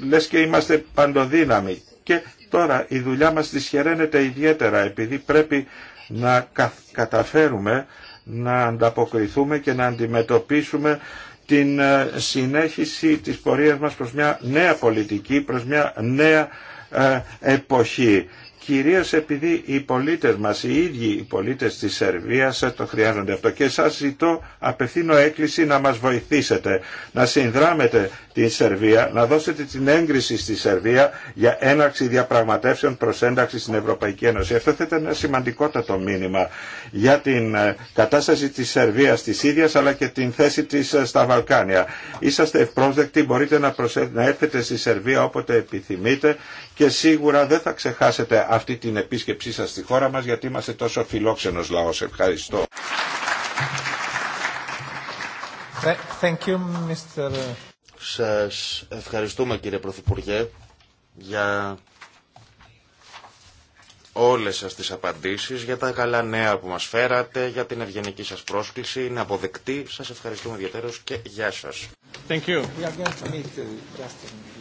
λες και είμαστε παντοδύναμοι. Και τώρα η δουλειά μας δυσχεραίνεται ιδιαίτερα επειδή πρέπει να καταφέρουμε να ανταποκριθούμε και να αντιμετωπίσουμε την ε, συνέχιση της πορείας μας προς μια νέα πολιτική, προς μια νέα ε, εποχή κυρίως επειδή οι πολίτες μας, οι ίδιοι οι πολίτες της Σερβίας το χρειάζονται αυτό και σας ζητώ απευθύνω έκκληση να μας βοηθήσετε, να συνδράμετε την Σερβία, να δώσετε την έγκριση στη Σερβία για έναρξη διαπραγματεύσεων προς ένταξη στην Ευρωπαϊκή Ένωση. Αυτό θα ήταν ένα σημαντικότατο μήνυμα για την ε, κατάσταση της Σερβίας της ίδιας αλλά και την θέση της ε, στα Βαλκάνια. Είσαστε ευπρόσδεκτοι, μπορείτε να, να έρθετε στη Σερβία όποτε επιθυμείτε και σίγουρα δεν θα ξεχάσετε αυτή την επίσκεψή σας στη χώρα μας γιατί είμαστε τόσο φιλόξενος λαός. Ευχαριστώ. Thank you, Mr. Σας ευχαριστούμε κύριε Πρωθυπουργέ για όλες σας τις απαντήσεις, για τα καλά νέα που μας φέρατε, για την ευγενική σας πρόσκληση. Είναι αποδεκτή. Σας ευχαριστούμε ιδιαίτερως και γεια σας. Thank you. We are uh,